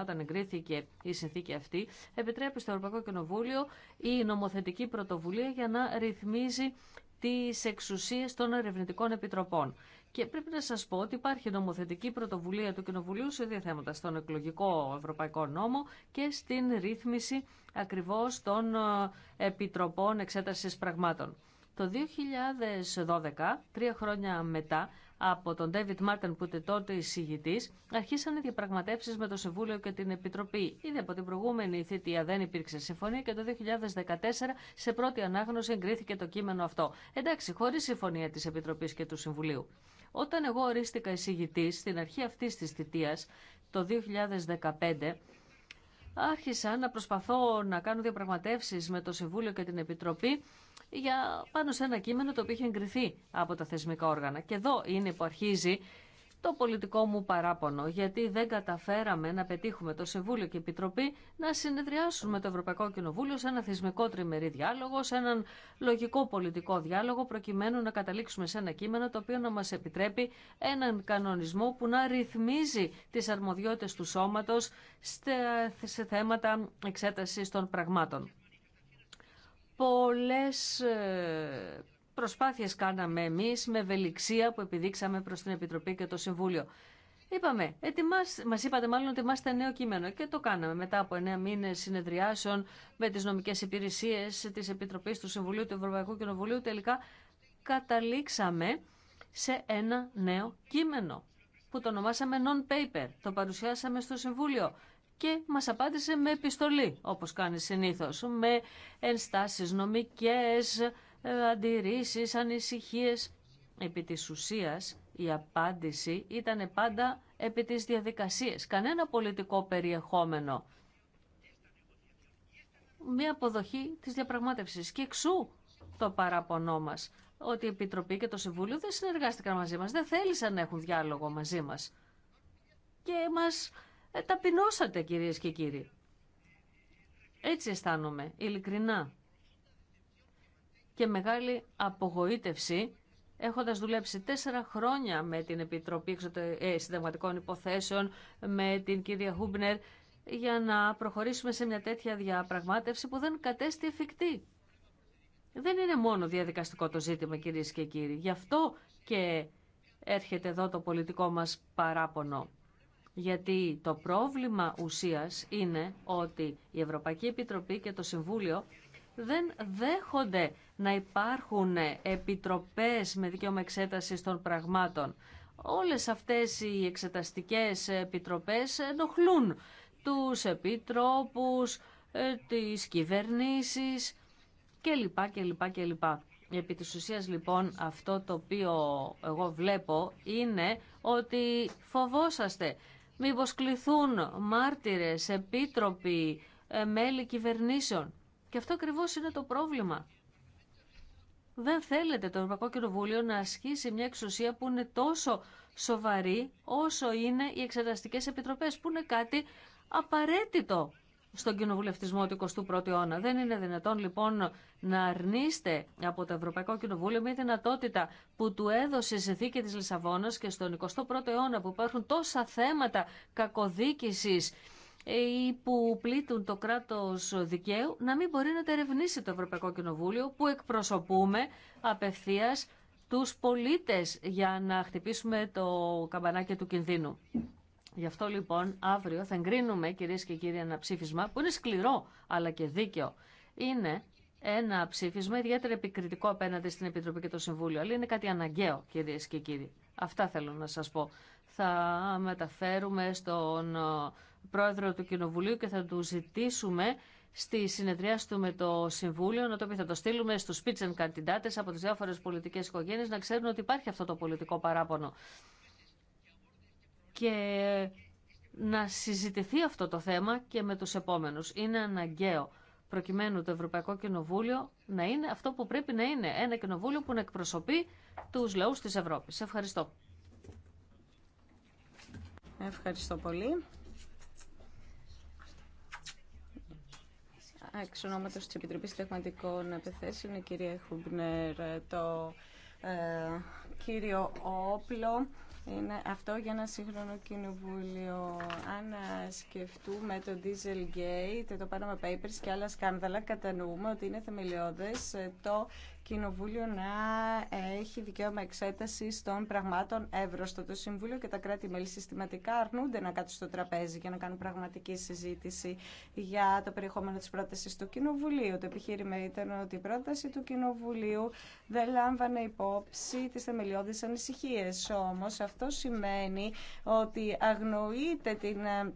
όταν εγκρίθηκε η συνθήκη αυτή, επιτρέπει στο Ευρωπαϊκό Κοινοβούλιο η νομοθετική πρωτοβουλία για να ρυθμίζει τις εξουσίες των ερευνητικών επιτροπών. Και πρέπει να σας πω ότι υπάρχει νομοθετική πρωτοβουλία του Κοινοβουλίου σε δύο θέματα, στον εκλογικό ευρωπαϊκό νόμο και στην ρύθμιση ακριβώς των ε, επιτροπών εξέτασης πραγμάτων. Το 2012, τρία χρόνια μετά, από τον David Μάρτεν που ήταν τότε εισηγητή, αρχίσαν οι διαπραγματεύσει με το Συμβούλιο και την Επιτροπή. Ήδη από την προηγούμενη θητεία δεν υπήρξε συμφωνία και το 2014 σε πρώτη ανάγνωση εγκρίθηκε το κείμενο αυτό. Εντάξει, χωρί συμφωνία τη Επιτροπή και του Συμβουλίου. Όταν εγώ ορίστηκα εισηγητή στην αρχή αυτή τη θητεία, το 2015, άρχισα να προσπαθώ να κάνω διαπραγματεύσεις με το Συμβούλιο και την Επιτροπή για πάνω σε ένα κείμενο το οποίο είχε εγκριθεί από τα θεσμικά όργανα. Και εδώ είναι που αρχίζει το πολιτικό μου παράπονο, γιατί δεν καταφέραμε να πετύχουμε το Συμβούλιο και η Επιτροπή να συνεδριάσουν με το Ευρωπαϊκό Κοινοβούλιο σε ένα θεσμικό τριμερή διάλογο, σε έναν λογικό πολιτικό διάλογο, προκειμένου να καταλήξουμε σε ένα κείμενο το οποίο να μα επιτρέπει έναν κανονισμό που να ρυθμίζει τι αρμοδιότητε του σώματο σε θέματα εξέταση των πραγμάτων. Πολλές ε, προσπάθειες κάναμε εμείς με ευελιξία που επιδείξαμε προς την Επιτροπή και το Συμβούλιο. Είπαμε, ετοιμάς, μας είπατε μάλλον ότι είμαστε νέο κείμενο και το κάναμε μετά από εννέα μήνες συνεδριάσεων με τις νομικές υπηρεσίες της Επιτροπής του Συμβουλίου του Ευρωπαϊκού Κοινοβουλίου. Τελικά καταλήξαμε σε ένα νέο κείμενο που το ονομάσαμε non-paper. Το παρουσιάσαμε στο Συμβούλιο και μας απάντησε με επιστολή, όπως κάνει συνήθως, με ενστάσεις νομικές, ε, αντιρρήσεις, ανησυχίες. Επί της ουσίας η απάντηση ήταν πάντα επί της διαδικασίας. Κανένα πολιτικό περιεχόμενο. Μία αποδοχή της διαπραγμάτευσης. Και εξού το παράπονό μας ότι η Επιτροπή και το Συμβούλιο δεν συνεργάστηκαν μαζί μας, δεν θέλησαν να έχουν διάλογο μαζί μας. Και μας ε, ταπεινώσατε κυρίες και κύριοι. Έτσι αισθάνομαι, ειλικρινά και μεγάλη απογοήτευση έχοντας δουλέψει τέσσερα χρόνια με την Επιτροπή ε, Συνταγματικών Υποθέσεων, με την κυρία Χούμπνερ, για να προχωρήσουμε σε μια τέτοια διαπραγμάτευση που δεν κατέστη εφικτή. Δεν είναι μόνο διαδικαστικό το ζήτημα, κυρίε και κύριοι. Γι' αυτό και έρχεται εδώ το πολιτικό μας παράπονο. Γιατί το πρόβλημα ουσίας είναι ότι η Ευρωπαϊκή Επιτροπή και το Συμβούλιο δεν δέχονται να υπάρχουν επιτροπές με δικαίωμα εξέταση των πραγμάτων. Όλες αυτές οι εξεταστικές επιτροπές ενοχλούν τους επιτρόπους, ε, τις κυβερνήσεις κλπ. κλπ, κλπ. Επί της ουσίας λοιπόν αυτό το οποίο εγώ βλέπω είναι ότι φοβόσαστε. Μήπως κληθούν μάρτυρες, επίτροποι, ε, μέλη κυβερνήσεων. Και αυτό ακριβώ είναι το πρόβλημα. Δεν θέλετε το Ευρωπαϊκό Κοινοβούλιο να ασκήσει μια εξουσία που είναι τόσο σοβαρή όσο είναι οι εξεταστικές επιτροπές, που είναι κάτι απαραίτητο στον κοινοβουλευτισμό του 21ου αιώνα. Δεν είναι δυνατόν λοιπόν να αρνείστε από το Ευρωπαϊκό Κοινοβούλιο μια δυνατότητα που του έδωσε η συνθήκη της Λισαβόνας και στον 21ο αιώνα που υπάρχουν τόσα θέματα κακοδίκησης ή που πλήττουν το κράτος δικαίου να μην μπορεί να τα το Ευρωπαϊκό Κοινοβούλιο που εκπροσωπούμε απευθείας τους πολίτες για να χτυπήσουμε το καμπανάκι του κινδύνου. Γι' αυτό λοιπόν αύριο θα εγκρίνουμε κυρίες και κύριοι ένα ψήφισμα που είναι σκληρό αλλά και δίκαιο. Είναι ένα ψήφισμα ιδιαίτερα επικριτικό απέναντι στην Επιτροπή και το Συμβούλιο, αλλά είναι κάτι αναγκαίο κυρίε και κύριοι. Αυτά θέλω να σα πω. Θα μεταφέρουμε στον πρόεδρο του Κοινοβουλίου και θα του ζητήσουμε στη συνεδρία του με το Συμβούλιο να το πει. Θα το στείλουμε στου πίτσεν καντιντάτε από τι διάφορε πολιτικέ οικογένειε να ξέρουν ότι υπάρχει αυτό το πολιτικό παράπονο. Και να συζητηθεί αυτό το θέμα και με τους επόμενους. Είναι αναγκαίο προκειμένου το Ευρωπαϊκό Κοινοβούλιο να είναι αυτό που πρέπει να είναι. Ένα κοινοβούλιο που να εκπροσωπεί τους λαούς της Ευρώπης. Ευχαριστώ. Ευχαριστώ πολύ. Εξ ονόματος της Επιτροπής Τεχματικών Επιθέσεων, η κυρία Χουμπνερ, το ε, κύριο όπλο είναι αυτό για ένα σύγχρονο κοινοβούλιο. Αν ε, σκεφτούμε το Dieselgate, το Panama Papers και άλλα σκάνδαλα, κατανοούμε ότι είναι θεμελιώδες ε, το Κοινοβούλιο να έχει δικαίωμα εξέταση των πραγμάτων εύρωστο. Το Συμβούλιο και τα κράτη-μέλη συστηματικά αρνούνται να κάτσουν στο τραπέζι για να κάνουν πραγματική συζήτηση για το περιεχόμενο τη πρόταση του Κοινοβουλίου. Το επιχείρημα ήταν ότι η πρόταση του Κοινοβουλίου δεν λάμβανε υπόψη τι θεμελιώδει ανησυχίε. Όμω αυτό σημαίνει ότι αγνοείται την ε,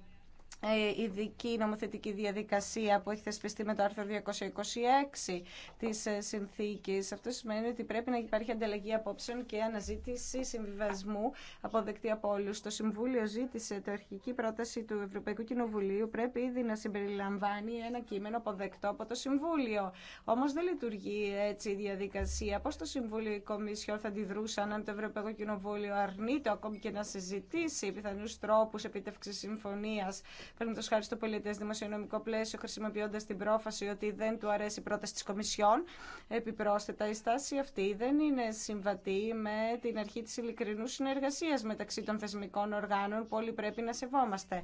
ε, ειδική νομοθετική διαδικασία που έχει θεσπιστεί με το άρθρο 226 της ε, συνθήκης. Αυτό σημαίνει ότι πρέπει να υπάρχει ανταλλαγή απόψεων και αναζήτηση συμβιβασμού αποδεκτή από όλους. Το Συμβούλιο ζήτησε το αρχική πρόταση του Ευρωπαϊκού Κοινοβουλίου πρέπει ήδη να συμπεριλαμβάνει ένα κείμενο αποδεκτό από το Συμβούλιο. Όμως δεν λειτουργεί έτσι η διαδικασία. Πώς το Συμβούλιο η Κομισιόν θα αντιδρούσαν αν το Ευρωπαϊκό Κοινοβούλιο αρνείται ακόμη και να συζητήσει πιθανούς τρόπους επιτεύξης συμφωνίας παραδείγματο χάρη στο πολιτέ δημοσιονομικό πλαίσιο, χρησιμοποιώντα την πρόφαση ότι δεν του αρέσει η πρόταση τη Κομισιόν. Επιπρόσθετα, η στάση αυτή δεν είναι συμβατή με την αρχή τη ειλικρινού συνεργασία μεταξύ των θεσμικών οργάνων που όλοι πρέπει να σεβόμαστε.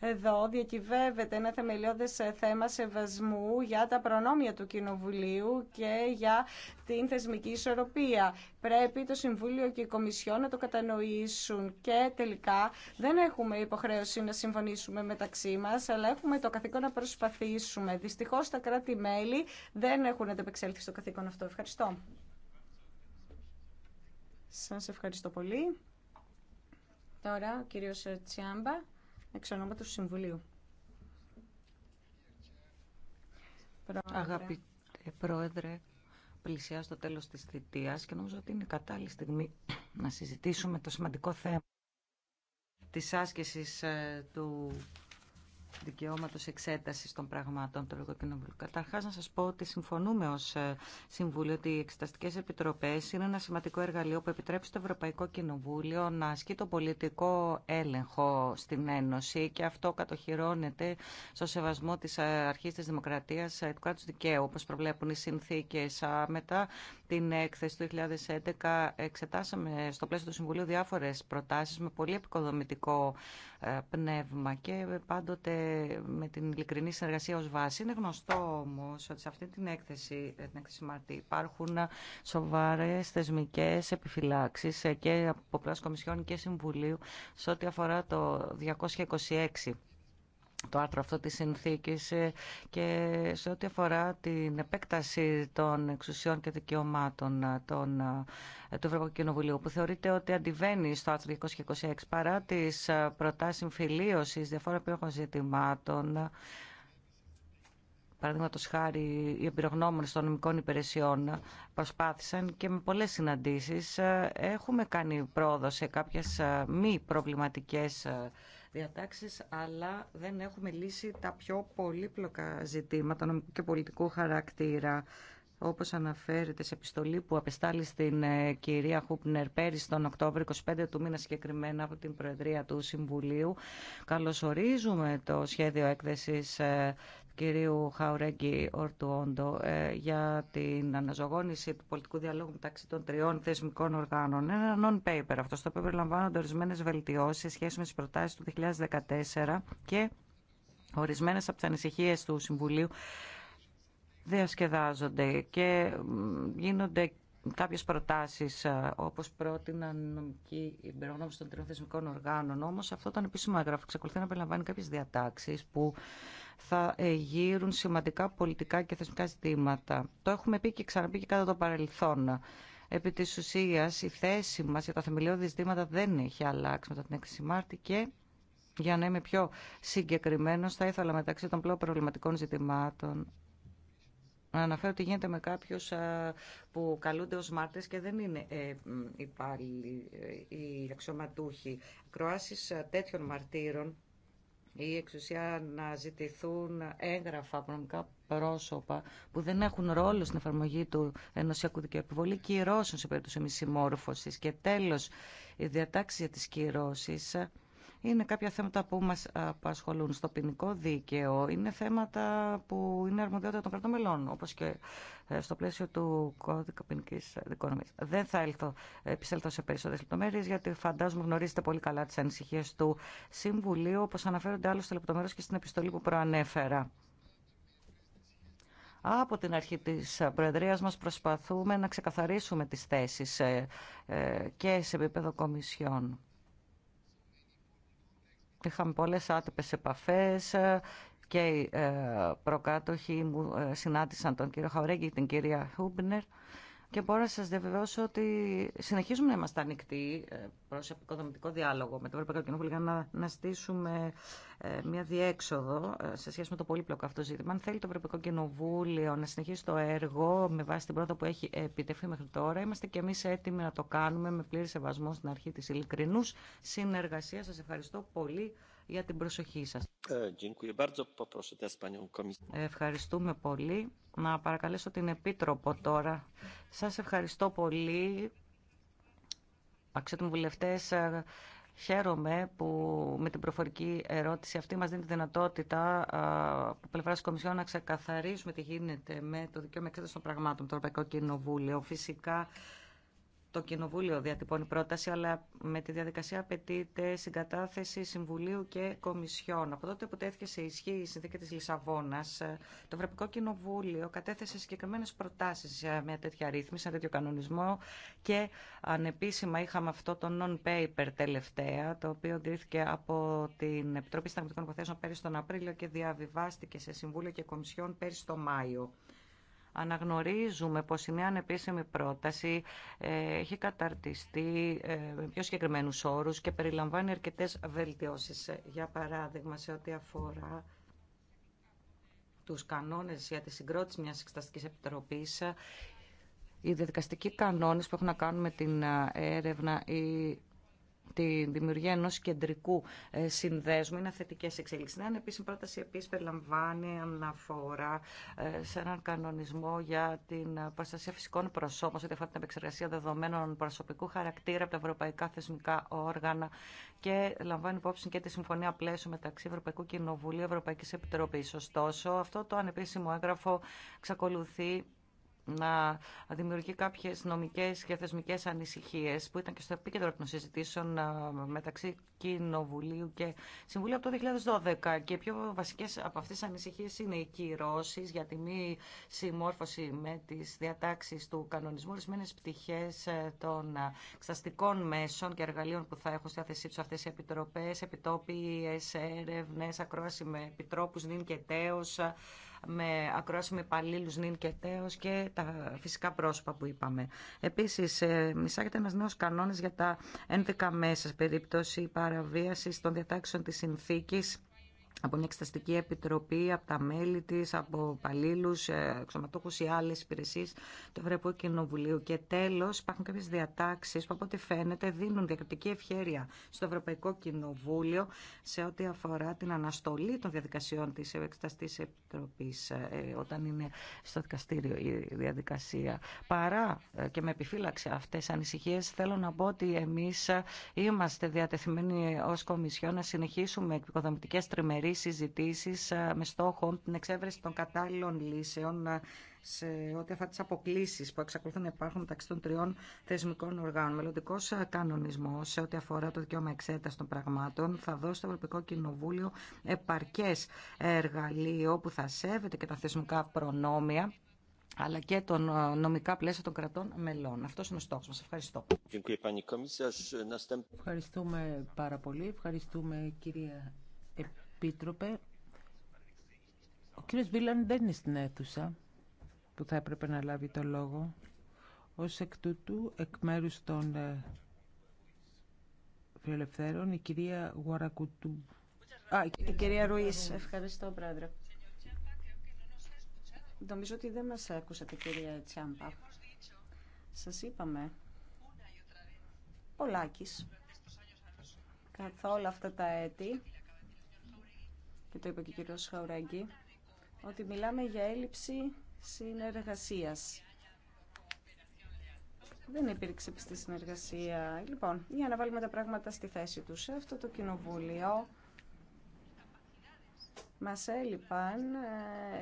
Εδώ διακυβεύεται ένα θεμελιώδες θέμα σεβασμού για τα προνόμια του Κοινοβουλίου και για την θεσμική ισορροπία. Πρέπει το Συμβούλιο και η Κομισιό να το κατανοήσουν και τελικά δεν έχουμε υποχρέωση να συμφωνήσουμε μεταξύ μας, αλλά έχουμε το καθήκον να προσπαθήσουμε. Δυστυχώς τα κράτη-μέλη δεν έχουν αντεπεξέλθει στο καθήκον αυτό. Ευχαριστώ. Σας ευχαριστώ πολύ. Τώρα ο κύριος Τσιάμπα εξ ονόματος του Συμβουλίου. Αγαπητέ Πρόεδρε, πλησιά στο τέλος της θητείας και νομίζω ότι είναι κατάλληλη στιγμή να συζητήσουμε το σημαντικό θέμα της άσκησης ε, του δικαιώματος εξέτασης των πραγμάτων του Ευρωκοινοβουλίου. Καταρχάς να σας πω ότι συμφωνούμε ως ε, Συμβούλιο ότι οι εξεταστικές επιτροπές είναι ένα σημαντικό εργαλείο που επιτρέπει στο Ευρωπαϊκό Κοινοβούλιο να ασκεί το πολιτικό έλεγχο στην Ένωση και αυτό κατοχυρώνεται στο σεβασμό της ε, αρχής της δημοκρατίας ε, του κράτους δικαίου όπως προβλέπουν οι συνθήκες. Μετά την έκθεση του 2011 εξετάσαμε στο πλαίσιο του Συμβουλίου διάφορες προτάσεις με πολύ επικοδομητικό ε, πνεύμα και πάντοτε με την ειλικρινή συνεργασία ως βάση. Είναι γνωστό όμως ότι σε αυτή την έκθεση, ε, την έκθεση Μαρτή υπάρχουν σοβαρές θεσμικές επιφυλάξεις ε, και από πλάσκο και Συμβουλίου σε ό,τι αφορά το 226 το άρθρο αυτό της συνθήκης ε, και σε ό,τι αφορά την επέκταση των εξουσιών και δικαιωμάτων ε, των, ε, του Ευρωπαϊκού Κοινοβουλίου που θεωρείται ότι αντιβαίνει στο άρθρο 226 παρά τις προτάσεις συμφιλίωσης διαφόρων επιλογών ζητημάτων Παραδείγματο χάρη, οι εμπειρογνώμονε των νομικών υπηρεσιών προσπάθησαν και με πολλέ συναντήσει έχουμε κάνει πρόοδο σε κάποιε μη προβληματικέ διατάξεις, αλλά δεν έχουμε λύσει τα πιο πολύπλοκα ζητήματα νομικού και πολιτικού χαρακτήρα. Όπως αναφέρεται σε επιστολή που απεστάλλει στην ε, κυρία Χούπνερ πέρυσι τον Οκτώβριο 25 του μήνα συγκεκριμένα από την Προεδρία του Συμβουλίου, καλωσορίζουμε το σχέδιο έκθεσης ε, κυρίου Χαουρέγκη Ορτουόντο ε, για την αναζωγόνηση του πολιτικού διαλόγου μεταξύ των τριών θεσμικών οργάνων. Είναι ένα non-paper αυτό, στο οποίο περιλαμβάνονται ορισμένε βελτιώσει σε σχέση με τι προτάσει του 2014 και ορισμένε από τι ανησυχίε του Συμβουλίου διασκεδάζονται και γίνονται κάποιες προτάσεις ε, όπως πρότειναν νομική υπερογνώμηση των τριών θεσμικών οργάνων. Όμως αυτό ήταν επίσημα έγγραφο εξακολουθεί να περιλαμβάνει κάποιε διατάξει. που θα ε, γύρουν σημαντικά πολιτικά και θεσμικά ζητήματα. Το έχουμε πει και ξαναπεί και κατά το παρελθόν. Επί της ουσίας η θέση μας για τα θεμελιώδη ζητήματα δεν έχει αλλάξει μετά την 6 η Μάρτη και για να είμαι πιο συγκεκριμένος θα ήθελα μεταξύ των πλέον προβληματικών ζητημάτων να αναφέρω ότι γίνεται με κάποιου που καλούνται ως μάρτες και δεν είναι ε, υπάλληλοι, ε, οι αξιωματούχοι. Κροάσεις τέτοιων μαρτύρων η εξουσία να ζητηθούν έγγραφα από πρόσωπα που δεν έχουν ρόλο στην εφαρμογή του ενωσιακού δικαίου επιβολή σε περίπτωση μη συμμόρφωση. Και τέλο, η διατάξη για τι κυρώσει είναι κάποια θέματα που μας απασχολούν στο ποινικό δίκαιο. Είναι θέματα που είναι αρμοδιότητα των κρατών μελών, όπως και ε, στο πλαίσιο του κώδικα ποινική δικονομίας. Δεν θα έλθω, επισέλθω σε περισσότερες λεπτομέρειες, γιατί φαντάζομαι γνωρίζετε πολύ καλά τις ανησυχίες του Συμβουλίου, όπως αναφέρονται άλλωστε λεπτομέρειες και στην επιστολή που προανέφερα από την αρχή της Προεδρίας μας προσπαθούμε να ξεκαθαρίσουμε τις θέσεις ε, ε, και σε επίπεδο κομισιών είχαμε πολλές άτυπες επαφές ε, και οι ε, προκάτοχοι μου ε, συνάντησαν τον κύριο Χαουρέγγι και την κυρία Χούμπνερ και μπορώ να σα διαβεβαιώσω ότι συνεχίζουμε να είμαστε ανοιχτοί ε, προ οικοδομητικό διάλογο με το Ευρωπαϊκό Κοινοβούλιο για να, να στήσουμε ε, μια διέξοδο ε, σε σχέση με το πολύπλοκο αυτό ζήτημα. Αν θέλει το Ευρωπαϊκό Κοινοβούλιο να συνεχίσει το έργο με βάση την πρόοδο που έχει επιτευχθεί μέχρι τώρα, είμαστε και εμεί έτοιμοι να το κάνουμε με πλήρη σεβασμό στην αρχή τη ειλικρινού συνεργασία. Σα ευχαριστώ πολύ για την προσοχή σας. Ε, Ευχαριστούμε πολύ. Να παρακαλέσω την Επίτροπο τώρα. Σας ευχαριστώ πολύ. Αξιότιμοι βουλευτές, ε, Χαίρομαι που με την προφορική ερώτηση αυτή μας δίνει τη δυνατότητα ε, από πλευρά της Κομισιόν να ξεκαθαρίσουμε τι γίνεται με το δικαίωμα εξέταση των πραγμάτων, το Ευρωπαϊκό Κοινοβούλιο. Φυσικά το Κοινοβούλιο διατυπώνει πρόταση, αλλά με τη διαδικασία απαιτείται συγκατάθεση Συμβουλίου και Κομισιών. Από τότε που τέθηκε σε ισχύ η συνθήκη τη Λισαβόνα, ε, το Ευρωπαϊκό Κοινοβούλιο κατέθεσε συγκεκριμένε προτάσει για μια τέτοια ρύθμιση, ένα τέτοιο κανονισμό και ανεπίσημα είχαμε αυτό το non-paper τελευταία, το οποίο δίθηκε από την Επιτροπή Συνταγματικών Υποθέσεων πέρυσι τον Απρίλιο και διαβιβάστηκε σε Συμβούλιο και Κομισιόν πέρυσι τον Μάιο. Αναγνωρίζουμε πως η μια ανεπίσημη πρόταση ε, έχει καταρτιστεί ε, με πιο συγκεκριμένους όρους και περιλαμβάνει αρκετές βελτιώσεις. Ε, για παράδειγμα, σε ό,τι αφορά τους κανόνες για τη συγκρότηση μιας εξεταστικής επιτροπής, οι διαδικαστικοί κανόνες που έχουν να κάνουν με την έρευνα ή τη δημιουργία ενό κεντρικού ε, συνδέσμου. Είναι θετικέ εξελίξει. Ναι, η επίσημη πρόταση επίση περιλαμβάνει αναφορά ε, σε έναν κανονισμό για την ε, προστασία φυσικών προσώπων, ό,τι αφορά την επεξεργασία δεδομένων προσωπικού χαρακτήρα από τα ευρωπαϊκά θεσμικά όργανα και λαμβάνει υπόψη και τη συμφωνία πλαίσιο μεταξύ Ευρωπαϊκού Κοινοβουλίου και Ευρωπαϊκή Επιτροπή. Ωστόσο, αυτό το ανεπίσημο έγγραφο εξακολουθεί να δημιουργεί κάποιες νομικές και θεσμικέ ανησυχίε, που ήταν και στο επίκεντρο των συζητήσεων ε, μεταξύ Κοινοβουλίου και Συμβουλίου από το 2012 και οι πιο βασικές από αυτές τι ανησυχίε είναι οι κυρώσει για τη μη συμμόρφωση με τις διατάξεις του κανονισμού ορισμένε πτυχές ε, των ε, εξαστικών μέσων και εργαλείων που θα έχουν στη θέση του αυτέ οι επιτροπέ, επιτόπιε, έρευνε, ακρόαση με επιτρόπους, νυν και με ακρόαση υπαλλήλου νυν και και τα φυσικά πρόσωπα που είπαμε. Επίσης, ε, μισάγεται ένα νέο κανόνα για τα 11 μέσα σε περίπτωση παραβίαση των διατάξεων της συνθήκης από μια εξεταστική επιτροπή, από τα μέλη τη από παλίλου, εξωματούχους ή άλλες υπηρεσίες του Ευρωπαϊκού Κοινοβουλίου. Και τέλος υπάρχουν κάποιες διατάξεις που από ό,τι φαίνεται δίνουν διακριτική ευχέρεια στο Ευρωπαϊκό Κοινοβούλιο σε ό,τι αφορά την αναστολή των διαδικασιών τη εξεταστική επιτροπή ε, ε, όταν είναι στο δικαστήριο η άλλε υπηρεσίε του ευρωπαικου κοινοβουλιου και τέλο, υπαρχουν κάποιε διατάξει που απο οτι φαινεται δινουν διακριτικη ευχερεια στο ευρωπαικο κοινοβουλιο σε οτι αφορα την αναστολη των διαδικασιων τη εξεταστικη επιτροπης οταν ειναι στο δικαστηριο η διαδικασια παρα ε, και με επιφύλαξη αυτέ τις ανησυχίες θέλω να πω ότι εμεί είμαστε διατεθειμένοι ω Κομισιόν να συνεχίσουμε οικοδομητικέ τριμερίε διμερείς συζητήσεις ε, με στόχο την εξέβρεση των κατάλληλων λύσεων ε, σε ό,τι αφορά τι αποκλήσει που εξακολουθούν να υπάρχουν μεταξύ των τριών θεσμικών οργάνων. Μελλοντικό ε, κανονισμό σε ό,τι αφορά το δικαίωμα εξέταση των πραγμάτων θα δώσει στο Ευρωπαϊκό Κοινοβούλιο επαρκέ εργαλείο που θα σέβεται και τα θεσμικά προνόμια αλλά και των νομικά πλαίσια των κρατών μελών. Αυτό είναι ο στόχο μα. Ευχαριστώ. Ευχαριστούμε πάρα πολύ. Ευχαριστούμε, κυρία Επίτροπε, ο κύριος Βίλαν δεν είναι στην αίθουσα που θα έπρεπε να λάβει το λόγο. Ως εκ τούτου, εκ μέρους των ε, φιλελευθέρων, η κυρία Γουαρακουτού. Α, η κυρία Ρουΐς. Ευχαριστώ, πρόεδρε. Νομίζω ότι δεν μας ακούσατε, κυρία Τσιάμπα. Σας είπαμε. Πολάκης. Καθ' όλα αυτά τα έτη και το είπε και ο κύριος Χαουρέγγι, ότι μιλάμε για έλλειψη συνεργασίας. Δεν υπήρξε πιστή συνεργασία. Λοιπόν, για να βάλουμε τα πράγματα στη θέση τους. Σε αυτό το κοινοβούλιο μας έλειπαν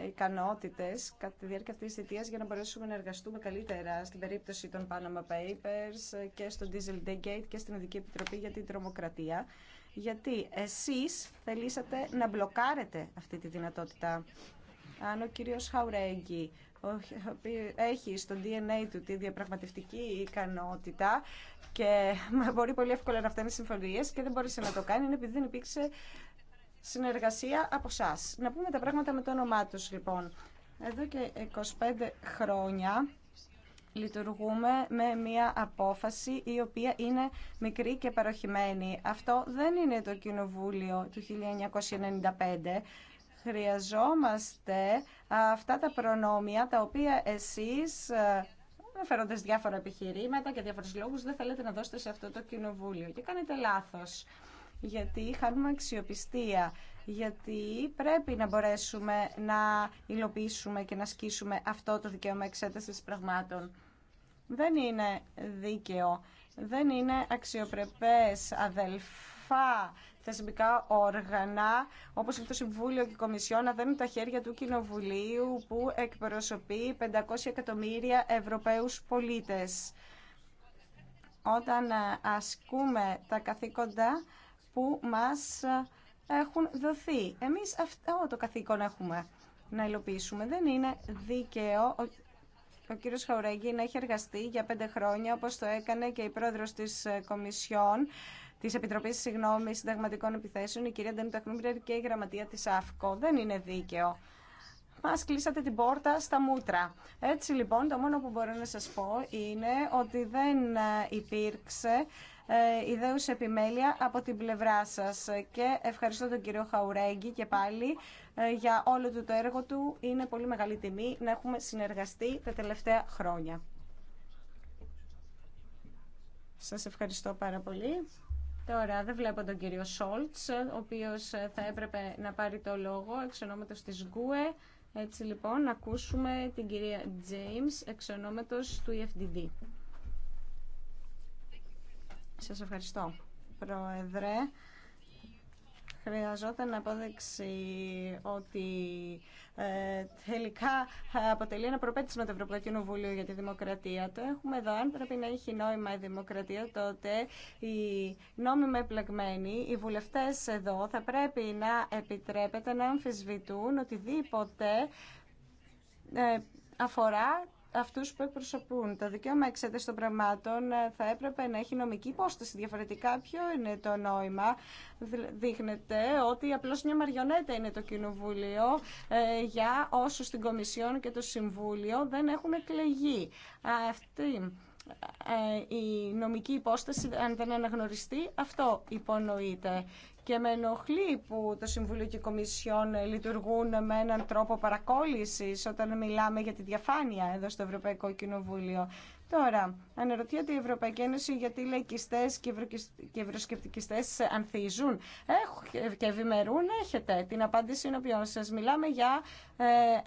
ε, ικανότητες κατά τη διάρκεια αυτής της θητείας για να μπορέσουμε να εργαστούμε καλύτερα στην περίπτωση των Panama Papers και στο Diesel Day και στην Ειδική Επιτροπή για την Τρομοκρατία γιατί εσείς θελήσατε να μπλοκάρετε αυτή τη δυνατότητα. Αν ο κύριος Χαουρέγγι έχει στο DNA του τη διαπραγματευτική ικανότητα και μπορεί πολύ εύκολα να φτάνει συμφωνίες και δεν μπόρεσε να το κάνει είναι επειδή δεν υπήρξε συνεργασία από εσά. Να πούμε τα πράγματα με το όνομά τους λοιπόν. Εδώ και 25 χρόνια λειτουργούμε με μια απόφαση η οποία είναι μικρή και παροχημένη. Αυτό δεν είναι το Κοινοβούλιο του 1995. Χρειαζόμαστε αυτά τα προνόμια τα οποία εσείς ε, φέροντας διάφορα επιχειρήματα και διάφορους λόγους δεν θέλετε να δώσετε σε αυτό το κοινοβούλιο και κάνετε λάθος γιατί χάνουμε αξιοπιστία γιατί πρέπει να μπορέσουμε να υλοποιήσουμε και να ασκήσουμε αυτό το δικαίωμα εξέτασης πραγμάτων δεν είναι δίκαιο, δεν είναι αξιοπρεπές αδελφά θεσμικά όργανα, όπως είναι το Συμβούλιο και η Κομισιό, να δένουν τα χέρια του Κοινοβουλίου που εκπροσωπεί 500 εκατομμύρια Ευρωπαίους πολίτες. Όταν ε, ασκούμε τα καθήκοντα που μας ε, έχουν δοθεί. Εμείς αυτό το καθήκον έχουμε να υλοποιήσουμε. Δεν είναι δίκαιο ο κύριος Χαουρέγγι να έχει εργαστεί για πέντε χρόνια όπως το έκανε και η πρόεδρος της ε, Κομισιόν τη Επιτροπή Συγγνώμη Συνταγματικών Επιθέσεων, η κυρία Ντανίτα Κνούμπλερ και η γραμματεία τη ΑΦΚΟ. Δεν είναι δίκαιο. Μα κλείσατε την πόρτα στα μούτρα. Έτσι λοιπόν, το μόνο που μπορώ να σα πω είναι ότι δεν ε, υπήρξε ε, ιδέους επιμέλεια από την πλευρά σας. Και ευχαριστώ τον κύριο Χαουρέγγι και πάλι ε, για όλο του το έργο του. Είναι πολύ μεγάλη τιμή να έχουμε συνεργαστεί τα τελευταία χρόνια. Σας ευχαριστώ πάρα πολύ. Τώρα δεν βλέπω τον κύριο Σόλτς, ο οποίος ε, θα έπρεπε να πάρει το λόγο εξ ονόματος της ΓΚΟΕ. Έτσι λοιπόν, να ακούσουμε την κυρία James εξ του EFDD. Σας ευχαριστώ. Πρόεδρε, χρειαζόταν απόδειξη ότι ε, τελικά ε, αποτελεί ένα προπέτυσμα το Ευρωπαϊκό Κοινοβούλιο για τη δημοκρατία. Το έχουμε εδώ. Αν πρέπει να έχει νόημα η δημοκρατία, τότε οι νόμιμα επλεγμένοι, οι βουλευτέ εδώ, θα πρέπει να επιτρέπεται να αμφισβητούν οτιδήποτε. Ε, αφορά αυτούς που εκπροσωπούν. τα δικαίωμα εξέταση των πραγμάτων ε, θα έπρεπε να έχει νομική υπόσταση. Διαφορετικά ποιο είναι το νόημα. Δείχνεται ότι απλώς μια μαριονέτα είναι το Κοινοβούλιο ε, για όσους στην Κομισιόν και το Συμβούλιο δεν έχουν εκλεγεί. Αυτή ε, η νομική υπόσταση, αν δεν αναγνωριστεί, αυτό υπονοείται και με ενοχλεί που το Συμβούλιο και η Κομισιόν λειτουργούν με έναν τρόπο παρακόλλησης όταν μιλάμε για τη διαφάνεια εδώ στο Ευρωπαϊκό Κοινοβούλιο. Τώρα, αναρωτιέται η Ευρωπαϊκή Ένωση γιατί οι λαϊκιστέ και οι ευρωσκεπτικιστέ ανθίζουν και ευημερούν. Έχετε την απάντηση ενώπιον σα. Μιλάμε για ε,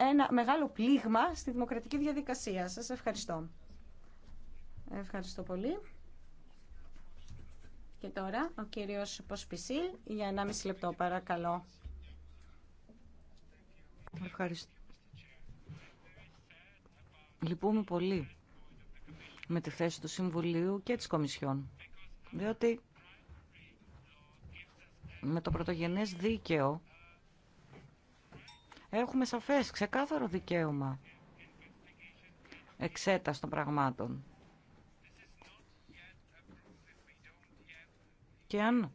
ένα μεγάλο πλήγμα στη δημοκρατική διαδικασία. Σα ευχαριστώ. Ευχαριστώ πολύ. Και τώρα ο κύριος Ποσπισίλ για 1,5 λεπτό παρακαλώ. Ευχαριστώ. Λυπούμε πολύ με τη θέση του Συμβουλίου και της Κομισιόν. Διότι με το πρωτογενές δίκαιο έχουμε σαφές, ξεκάθαρο δικαίωμα εξέταση των πραγμάτων. Και αν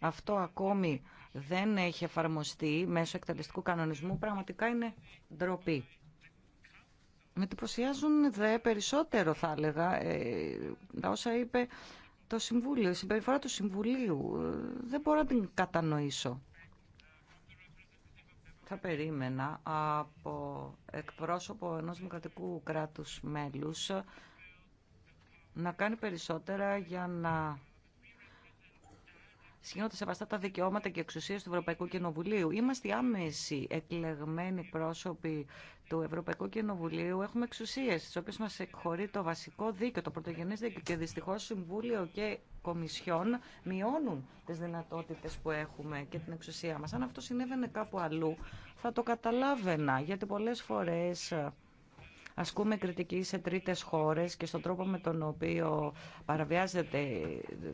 αυτό ακόμη δεν έχει εφαρμοστεί μέσω εκτελεστικού κανονισμού, πραγματικά είναι ντροπή. Με εντυπωσιάζουν δε περισσότερο, θα έλεγα, ε, τα όσα είπε το Συμβούλιο, η συμπεριφορά του Συμβουλίου. Ε, δεν μπορώ να την κατανοήσω. Θα περίμενα από εκπρόσωπο ενός δημοκρατικού κράτους μέλους να κάνει περισσότερα για να γίνονται σεβαστά τα δικαιώματα και εξουσία του Ευρωπαϊκού Κοινοβουλίου. Είμαστε άμεση εκλεγμένοι πρόσωποι του Ευρωπαϊκού Κοινοβουλίου. Έχουμε εξουσίε τι οποίες μας εκχωρεί το βασικό δίκαιο, το πρωτογενέ δίκαιο και δυστυχώ Συμβούλιο και Κομισιόν μειώνουν τι δυνατότητε που έχουμε και την εξουσία μα. Αν αυτό συνέβαινε κάπου αλλού θα το καταλάβαινα, γιατί πολλές φορές ασκούμε κριτική σε τρίτες χώρες και στον τρόπο με τον οποίο παραβιάζεται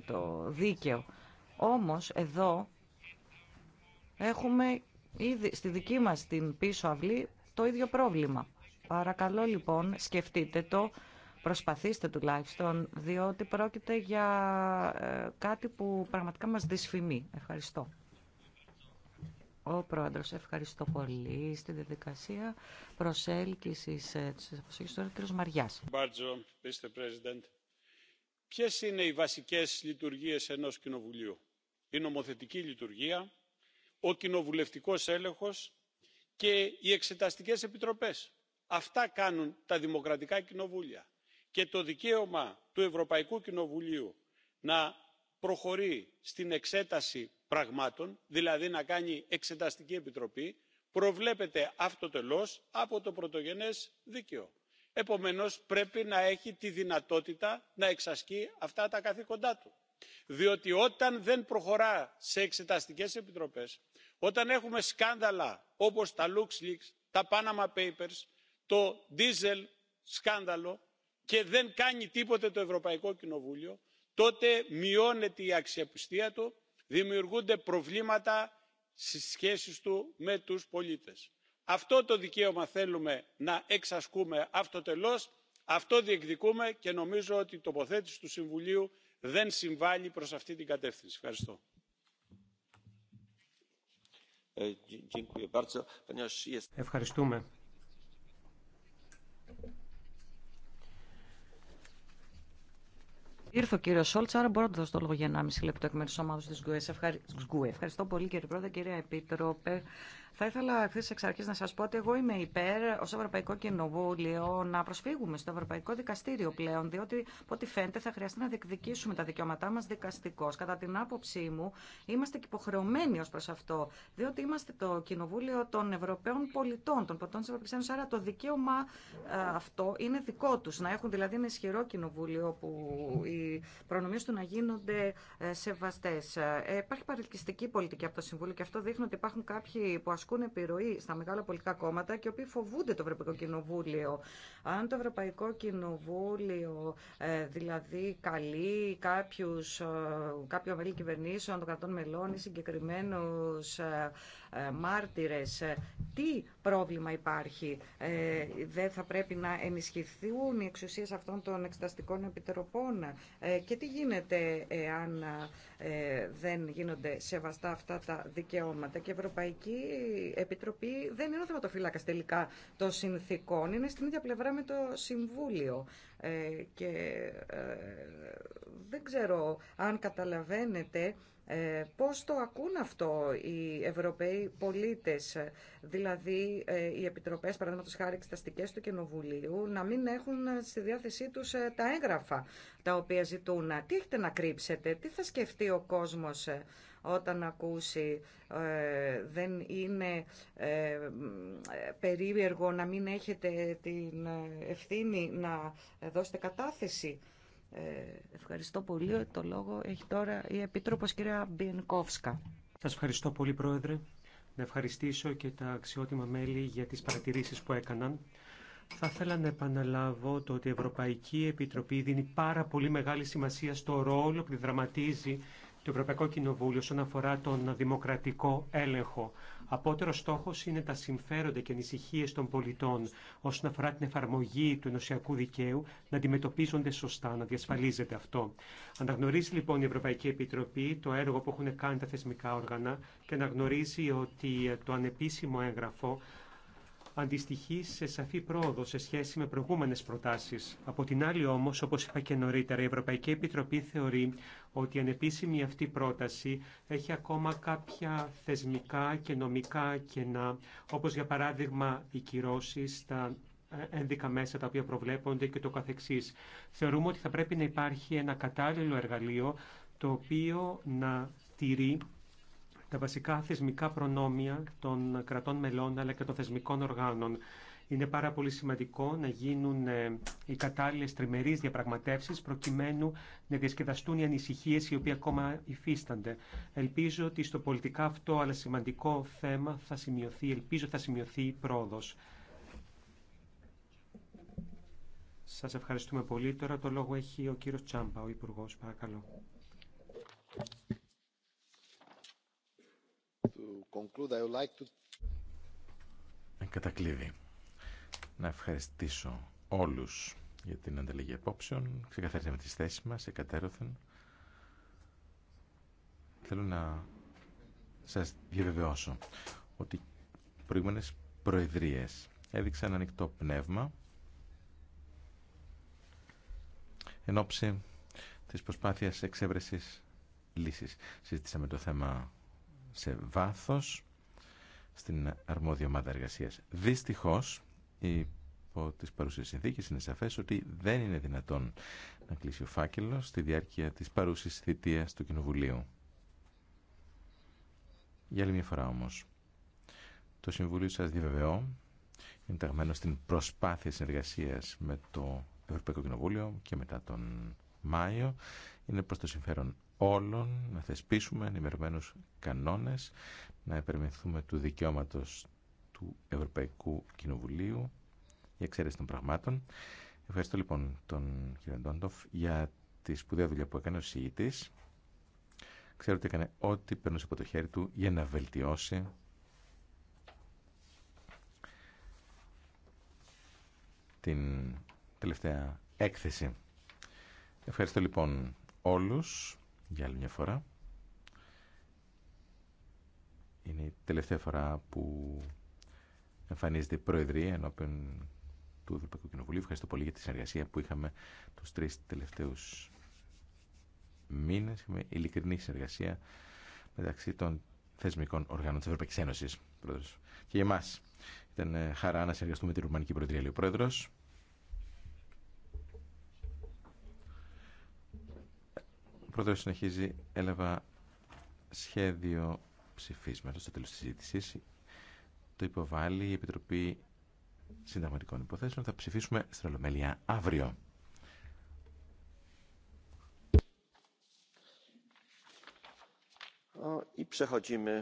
το δίκαιο όμως εδώ έχουμε ήδη στη δική μας την πίσω αυλή το ίδιο πρόβλημα. Παρακαλώ λοιπόν σκεφτείτε το, προσπαθήστε τουλάχιστον, διότι πρόκειται για ε, κάτι που πραγματικά μας δυσφημεί. Ευχαριστώ. Ο Πρόεδρος, ευχαριστώ πολύ στη διαδικασία προσέλκυσης ε, της αποσύγησης του κ. Μαριάς ποιες είναι οι βασικές λειτουργίες ενός κοινοβουλίου η νομοθετική λειτουργία ο κοινοβουλευτικός έλεγχος και οι εξεταστικές επιτροπές. αυτά κάνουν τα δημοκρατικά κοινοβούλια και το δικαίωμα του ευρωπαϊκού κοινοβουλίου να προχωρεί στην εξέταση πραγμάτων δηλαδή να κάνει εξεταστική επιτροπή προβλέπεται αυτοτελώς από το πρωτογενές δίκαιο επομένως πρέπει να έχει τη δυνατότητα να εξασκεί αυτά τα καθήκοντά του διότι όταν δεν προχωρά σε εξεταστικές επιτροπές όταν έχουμε σκάνδαλα όπως τα luxleaks τα panama papers το diesel σκάνδαλο και δεν κάνει τίποτε το ευρωπαϊκό κοινοβούλιο τότε μειώνεται η αξιοπιστία του δημιουργούνται προβλήματα στις σχέσεις του με τους πολίτες αυτό το δικαίωμα θέλουμε να εξασκούμε αυτοτελώς αυτό διεκδικούμε και νομίζω ότι η τοποθέτηση του συμβουλίου δεν συμβάλλει προς αυτή την κατεύθυνση. ευχαριστώ. Ε, Ευχαριστούμε. Ήρθε ο κύριο Σόλτ, άρα μπορώ να του δώσω το λόγο για 1,5 λεπτό εκ μέρου Ευχαριστώ πολύ, κύριε Πρόεδρε, κυρία Επίτροπε. Θα ήθελα ευθύ εξ αρχή να σα πω ότι εγώ είμαι υπέρ ω Ευρωπαϊκό Κοινοβούλιο να προσφύγουμε στο Ευρωπαϊκό Δικαστήριο πλέον, διότι από ό,τι φαίνεται θα χρειαστεί να διεκδικήσουμε τα δικαιώματά μα δικαστικώ. Κατά την άποψή μου, είμαστε και υποχρεωμένοι ω προ αυτό, διότι είμαστε το Κοινοβούλιο των Ευρωπαίων Πολιτών, των Ποτών τη Ευρωπαϊκή Ένωση. Άρα το δικαίωμα ε, αυτό είναι δικό του. Να έχουν δηλαδή ένα ισχυρό κοινοβούλιο που οι προνομίε του να γίνονται ε, σεβαστέ. Ε, υπάρχει παρελκυστική πολιτική από το Συμβούλιο και αυτό δείχνει ότι υπάρχουν κάποιοι που ασκούν επιρροή στα μεγάλα πολιτικά κόμματα και οι οποίοι φοβούνται το Ευρωπαϊκό Κοινοβούλιο. Αν το Ευρωπαϊκό Κοινοβούλιο ε, δηλαδή καλεί κάποιους, ε, κάποιο μέλη κυβερνήσεων των κρατών μελών ή συγκεκριμένους ε, ε, μάρτυρες. Ε, τι πρόβλημα υπάρχει. Ε, δεν θα πρέπει να ενισχυθούν οι εξουσίες αυτών των εξεταστικών επιτροπών. Και τι γίνεται αν δεν γίνονται σεβαστά αυτά τα δικαιώματα. Και η Ευρωπαϊκή Επιτροπή δεν είναι ο θεματοφύλακας τελικά των συνθήκων. Είναι στην ίδια πλευρά με το Συμβούλιο. Και δεν ξέρω αν καταλαβαίνετε ε, πώς το ακούν αυτό οι Ευρωπαίοι πολίτες, δηλαδή ε, οι επιτροπές, παραδείγματος χάρη εξεταστικές του Κοινοβουλίου, να μην έχουν στη διάθεσή τους ε, τα έγγραφα τα οποία ζητούν. Τι έχετε να κρύψετε, τι θα σκεφτεί ο κόσμος ε, όταν ακούσει δεν είναι περίεργο να μην έχετε την ευθύνη να δώσετε κατάθεση ε, ευχαριστώ πολύ. Το λόγο έχει τώρα η Επίτροπος κυρία Μπιενκόφσκα. Σας ευχαριστώ πολύ Πρόεδρε. Να ευχαριστήσω και τα αξιότιμα μέλη για τις παρατηρήσεις που έκαναν. Θα ήθελα να επαναλάβω το ότι η Ευρωπαϊκή Επιτροπή δίνει πάρα πολύ μεγάλη σημασία στο ρόλο που δραματίζει το Ευρωπαϊκό Κοινοβούλιο όσον αφορά τον δημοκρατικό έλεγχο. Απότερο στόχος είναι τα συμφέροντα και ανησυχίε των πολιτών όσον αφορά την εφαρμογή του ενωσιακού δικαίου να αντιμετωπίζονται σωστά, να διασφαλίζεται αυτό. Αναγνωρίζει λοιπόν η Ευρωπαϊκή Επιτροπή το έργο που έχουν κάνει τα θεσμικά όργανα και αναγνωρίζει ότι το ανεπίσημο έγγραφο αντιστοιχεί σε σαφή πρόοδο σε σχέση με προηγούμενε προτάσει. Από την άλλη, όμω, όπω είπα και νωρίτερα, η Ευρωπαϊκή Επιτροπή θεωρεί ότι η ανεπίσημη αυτή πρόταση έχει ακόμα κάποια θεσμικά και νομικά κενά, όπω για παράδειγμα οι κυρώσει, τα ε, ένδικα μέσα τα οποία προβλέπονται και το καθεξής. Θεωρούμε ότι θα πρέπει να υπάρχει ένα κατάλληλο εργαλείο το οποίο να τηρεί τα βασικά θεσμικά προνόμια των κρατών μελών αλλά και των θεσμικών οργάνων. Είναι πάρα πολύ σημαντικό να γίνουν ε, οι κατάλληλε τριμερεί διαπραγματεύσει προκειμένου να διασκεδαστούν οι ανησυχίε οι οποίοι ακόμα υφίστανται. Ελπίζω ότι στο πολιτικά αυτό αλλά σημαντικό θέμα θα σημειωθεί, ελπίζω θα σημειωθεί πρόοδο. Σα ευχαριστούμε πολύ. Τώρα το λόγο έχει ο κύριο Τσάμπα, ο υπουργό. Παρακαλώ conclude, Κατακλείδη. Να ευχαριστήσω όλους για την ανταλλαγή απόψεων. Ξεκαθαρίσαμε τις θέσεις μας, εκατέρωθεν. Θέλω να σας διαβεβαιώσω ότι οι προηγούμενες προεδρίες έδειξαν ανοιχτό πνεύμα εν ώψη της προσπάθειας εξέβρεσης λύσης. Συζήτησαμε το θέμα σε βάθος στην αρμόδια ομάδα εργασίας. Δυστυχώς, υπό τις παρούσες συνθήκες είναι σαφές ότι δεν είναι δυνατόν να κλείσει ο φάκελος στη διάρκεια της παρούσης θητείας του Κοινοβουλίου. Για άλλη μια φορά όμως, το Συμβουλίο σας διαβεβαιώ ενταγμένο στην προσπάθεια συνεργασίας με το Ευρωπαϊκό Κοινοβούλιο και μετά τον Μάιο. Είναι προς το συμφέρον όλων, να θεσπίσουμε ενημερωμένους κανόνες, να επερμηθούμε του δικαιώματος του Ευρωπαϊκού Κοινοβουλίου για εξαίρεση των πραγμάτων. Ευχαριστώ λοιπόν τον κ. Ντόντοφ για τη σπουδαία δουλειά που έκανε ο συγητής. Ξέρω ότι έκανε ό,τι περνούσε από το χέρι του για να βελτιώσει την τελευταία έκθεση. Ευχαριστώ λοιπόν όλους για άλλη μια φορά. Είναι η τελευταία φορά που εμφανίζεται η Προεδρία ενώπιον του Ευρωπαϊκού Κοινοβουλίου. Ευχαριστώ πολύ για τη συνεργασία που είχαμε τους τρεις τελευταίους μήνες. Είχαμε ειλικρινή συνεργασία μεταξύ των θεσμικών οργάνων της Ευρωπαϊκής Ένωσης. Και για εμάς ήταν ε, χαρά να συνεργαστούμε με την Ρουμανική Προεδρία, λέει ο Πρόεδρος. Πρόεδρος συνεχίζει, έλαβα σχέδιο ψηφίσματος στο τέλος της συζήτησης. Το υποβάλλει η Επιτροπή Συνταγματικών Υποθέσεων. Θα ψηφίσουμε στην Ολομέλεια αύριο. I przechodzimy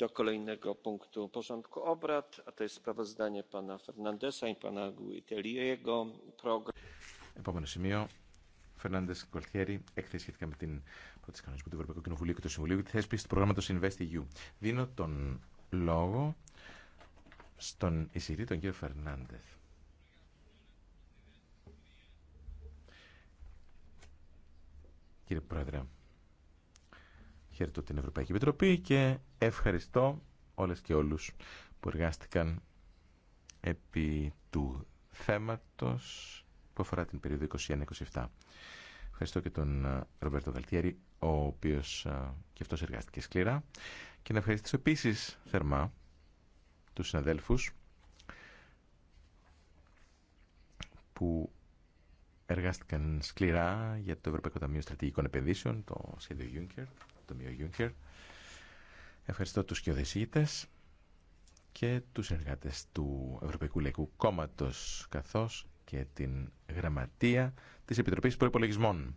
do kolejnego punktu porządku obrad, a to jest sprawozdanie pana Fernandesa i pana Guiteliego. Program... Επόμενο σημείο, Φερνάντε Κολθιέρη, έκθεση σχετικά με την πρώτη κανονισμού του Ευρωπαϊκού Κοινοβουλίου και του Συμβουλίου και τη θέσπιση του προγράμματο InvestEU. Δίνω τον λόγο στον εισηγητή, τον κύριο Φερνάντε. Κύριε Πρόεδρε, χαιρετώ την Ευρωπαϊκή Επιτροπή και ευχαριστώ όλες και όλους που εργάστηκαν επί του θέματος που αφορά την περίοδο 21-27. Ευχαριστώ και τον ε, Ρομπέρτο Γαλτιέρη, ο οποίο ε, και αυτό εργάστηκε σκληρά. Και να ευχαριστήσω επίση θερμά τους συναδέλφου που εργάστηκαν σκληρά για το Ευρωπαϊκό Ταμείο Στρατηγικών Επενδύσεων, το σχέδιο Juncker, το ΜΙΟ Juncker. Ευχαριστώ τους και και τους εργάτες του Ευρωπαϊκού Λαϊκού Κόμματος, καθώς και την Γραμματεία της Επιτροπής Προϋπολογισμών.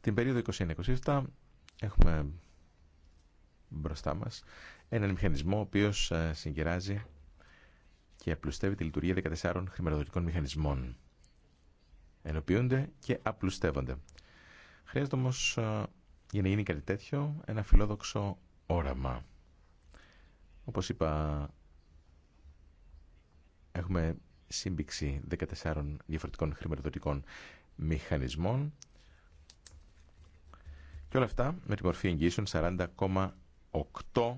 Την περιοδο 2027 έχουμε μπροστά μας έναν μηχανισμό ο οποίος ε, συγκεράζει και απλουστεύει τη λειτουργία 14 χρηματοδοτικών μηχανισμών. Ενοποιούνται και απλουστεύονται. Χρειάζεται όμω ε, για να γίνει κάτι τέτοιο ένα φιλόδοξο όραμα. Όπως είπα έχουμε σύμπηξη 14 διαφορετικών χρηματοδοτικών μηχανισμών και όλα αυτά με τη μορφή εγγύσεων 40,8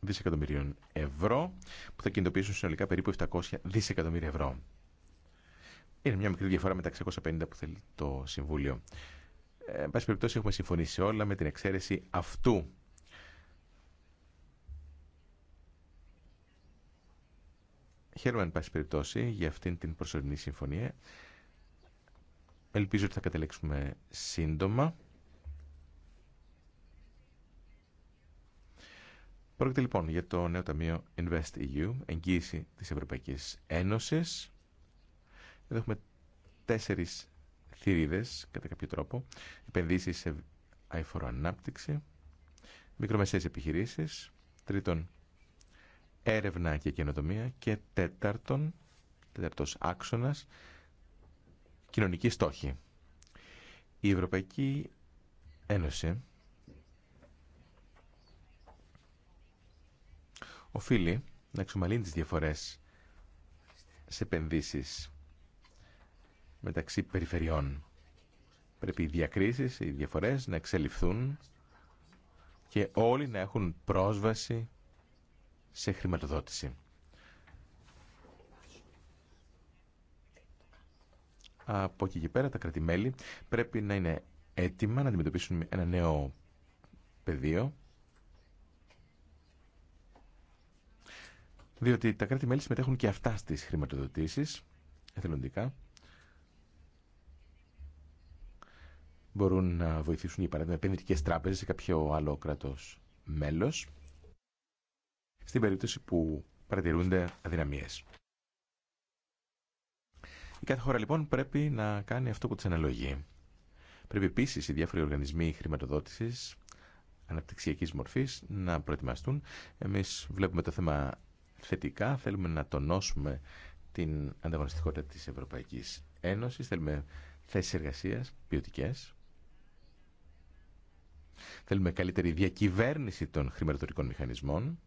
δισεκατομμυρίων ευρώ που θα κινητοποιήσουν συνολικά περίπου 700 δισεκατομμύρια ευρώ. Είναι μια μικρή διαφορά τα 650 που θέλει το Συμβούλιο. Ε, εν πάση περιπτώσει έχουμε συμφωνήσει όλα με την εξαίρεση αυτού Χαίρομαι, εν πάση περιπτώσει, για αυτήν την προσωρινή συμφωνία. Ελπίζω ότι θα καταλήξουμε σύντομα. Πρόκειται λοιπόν για το νέο ταμείο InvestEU, εγγύηση της Ευρωπαϊκής Ένωσης. Εδώ έχουμε τέσσερις θηρίδες, κατά κάποιο τρόπο, επενδύσεις σε αηφοροανάπτυξη, μικρομεσαίες επιχειρήσεις, τρίτον έρευνα και καινοτομία και τέταρτον, τέταρτος άξονας, κοινωνική στόχη. Η Ευρωπαϊκή Ένωση οφείλει να εξομαλύνει τις διαφορές σε επενδύσει μεταξύ περιφερειών. Πρέπει οι διακρίσεις, οι διαφορές να εξελιχθούν και όλοι να έχουν πρόσβαση σε χρηματοδότηση. Από εκεί και πέρα τα κρατημέλη πρέπει να είναι έτοιμα να αντιμετωπίσουν ένα νέο πεδίο διότι τα κράτη-μέλη συμμετέχουν και αυτά στις χρηματοδοτήσεις εθελοντικά μπορούν να βοηθήσουν για παράδειγμα επενδυτικές τράπεζες σε κάποιο άλλο κράτος μέλος στην περίπτωση που παρατηρούνται αδυναμίες. Η κάθε χώρα λοιπόν πρέπει να κάνει αυτό που της αναλογεί. Πρέπει επίση οι διάφοροι οργανισμοί χρηματοδότηση αναπτυξιακή μορφή να προετοιμαστούν. Εμεί βλέπουμε το θέμα θετικά. Θέλουμε να τονώσουμε την ανταγωνιστικότητα τη Ευρωπαϊκή Ένωση. Θέλουμε θέσει εργασία ποιοτικέ. Θέλουμε καλύτερη διακυβέρνηση των χρηματοδοτικών μηχανισμών.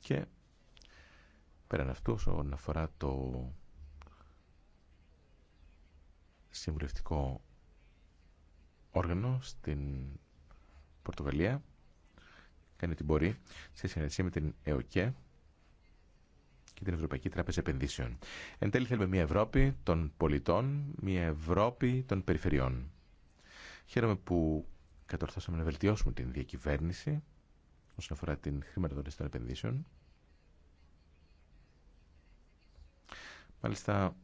Και πέραν αυτού όσον αφορά το συμβουλευτικό όργανο στην Πορτογαλία κάνει ό,τι μπορεί σε συνεργασία με την ΕΟΚΕ και την Ευρωπαϊκή Τράπεζα Επενδύσεων. Εν τέλει θέλουμε μια Ευρώπη των πολιτών, μια Ευρώπη των περιφερειών. Χαίρομαι που κατορθώσαμε να βελτιώσουμε την διακυβέρνηση όσον αφορά την χρηματοδότηση των επενδύσεων. Μάλιστα,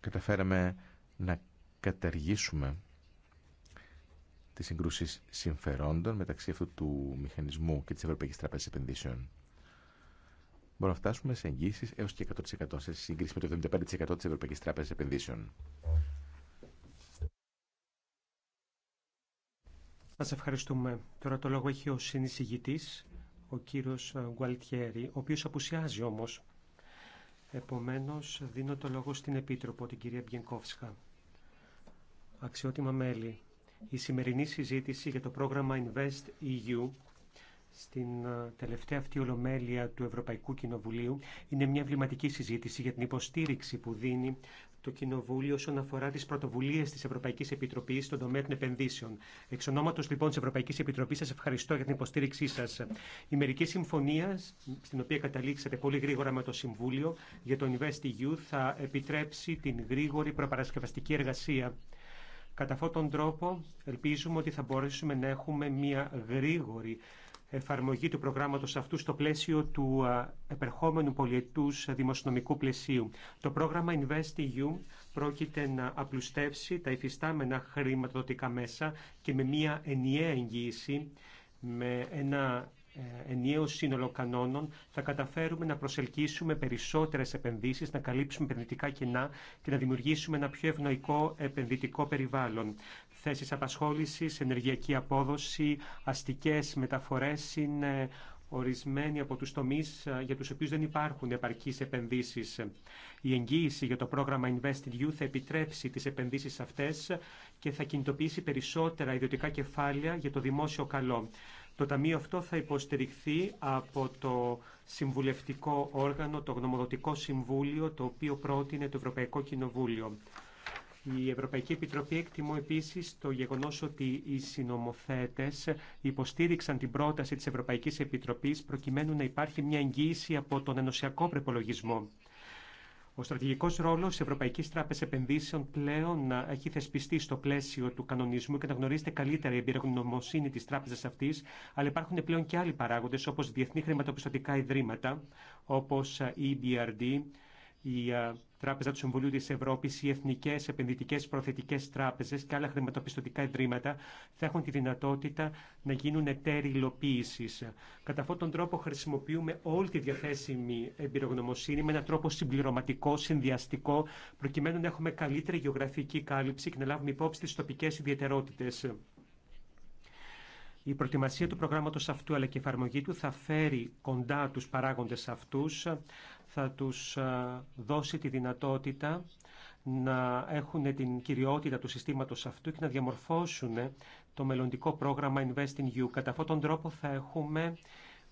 καταφέραμε να καταργήσουμε τις συγκρούσεις συμφερόντων μεταξύ αυτού του μηχανισμού και της Ευρωπαϊκής Τράπεζας Επενδύσεων. Μπορούμε να φτάσουμε σε εγγύσεις έως και 100% σε σύγκριση με το 75% της Ευρωπαϊκής Τράπεζας Επενδύσεων. Σας ευχαριστούμε. Τώρα το λόγο έχει ο συνεισηγητής, ο κύριος Γκουαλτιέρη, ο οποίος απουσιάζει όμως. Επομένως, δίνω το λόγο στην Επίτροπο, την κυρία Μπιενκόφσχα. Αξιότιμα μέλη, η σημερινή συζήτηση για το πρόγραμμα Invest EU στην τελευταία αυτή ολομέλεια του Ευρωπαϊκού Κοινοβουλίου είναι μια βληματική συζήτηση για την υποστήριξη που δίνει το Κοινοβούλιο όσον αφορά τι πρωτοβουλίε τη Ευρωπαϊκή Επιτροπή στον τομέα των επενδύσεων. Εξ ονόματο λοιπόν τη Ευρωπαϊκή Επιτροπή, σα ευχαριστώ για την υποστήριξή σα. Η μερική συμφωνία, στην οποία καταλήξατε πολύ γρήγορα με το Συμβούλιο για το InvestEU, θα επιτρέψει την γρήγορη προπαρασκευαστική εργασία. Κατά αυτόν τον τρόπο, ελπίζουμε ότι θα μπορέσουμε να έχουμε μια γρήγορη εφαρμογή του προγράμματος αυτού στο πλαίσιο του επερχόμενου πολιετούς δημοσιονομικού πλαισίου. Το πρόγραμμα InvestEU πρόκειται να απλουστεύσει τα υφιστάμενα χρηματοδοτικά μέσα και με μια ενιαία εγγύηση, με ένα ε, ενιαίο σύνολο κανόνων θα καταφέρουμε να προσελκύσουμε περισσότερες επενδύσεις, να καλύψουμε επενδυτικά κενά και να δημιουργήσουμε ένα πιο ευνοϊκό επενδυτικό περιβάλλον θέσεις απασχόλησης, ενεργειακή απόδοση, αστικές μεταφορές είναι ορισμένοι από τους τομείς ε, για τους οποίους δεν υπάρχουν επαρκείς επενδύσεις. Η εγγύηση για το πρόγραμμα Invested Youth θα επιτρέψει τις επενδύσεις αυτές και θα κινητοποιήσει περισσότερα ιδιωτικά κεφάλαια για το δημόσιο καλό. Το Ταμείο αυτό θα υποστηριχθεί από το συμβουλευτικό όργανο, το Γνωμοδοτικό Συμβούλιο, το οποίο πρότεινε το Ευρωπαϊκό Κοινοβούλιο. Η Ευρωπαϊκή Επιτροπή εκτιμώ επίση το γεγονό ότι οι συνομοθέτε υποστήριξαν την πρόταση τη Ευρωπαϊκή Επιτροπή προκειμένου να υπάρχει μια εγγύηση από τον ενωσιακό προπολογισμό. Ο στρατηγικό ρόλο τη Ευρωπαϊκή Τράπεζα Επενδύσεων πλέον έχει θεσπιστεί στο πλαίσιο του κανονισμού και να γνωρίζετε καλύτερα η εμπειρογνωμοσύνη τη τράπεζα αυτή, αλλά υπάρχουν πλέον και άλλοι παράγοντε όπω διεθνή χρηματοπιστωτικά ιδρύματα, όπω η EBRD, η Τράπεζα του Συμβουλίου τη Ευρώπη, οι Εθνικέ Επενδυτικέ Προθετικέ Τράπεζε και άλλα χρηματοπιστωτικά ιδρύματα θα έχουν τη δυνατότητα να γίνουν εταίροι υλοποίηση. Κατά αυτόν τον τρόπο χρησιμοποιούμε όλη τη διαθέσιμη εμπειρογνωμοσύνη με έναν τρόπο συμπληρωματικό, συνδυαστικό, προκειμένου να έχουμε καλύτερη γεωγραφική κάλυψη και να λάβουμε υπόψη τι τοπικέ ιδιαιτερότητε. Η προετοιμασία του προγράμματος αυτού αλλά και η εφαρμογή του θα φέρει κοντά τους παράγοντες αυτούς, θα τους ε, δώσει τη δυνατότητα να έχουν την κυριότητα του συστήματος αυτού και να διαμορφώσουν το μελλοντικό πρόγραμμα Invest in You. Κατά αυτόν τον τρόπο θα έχουμε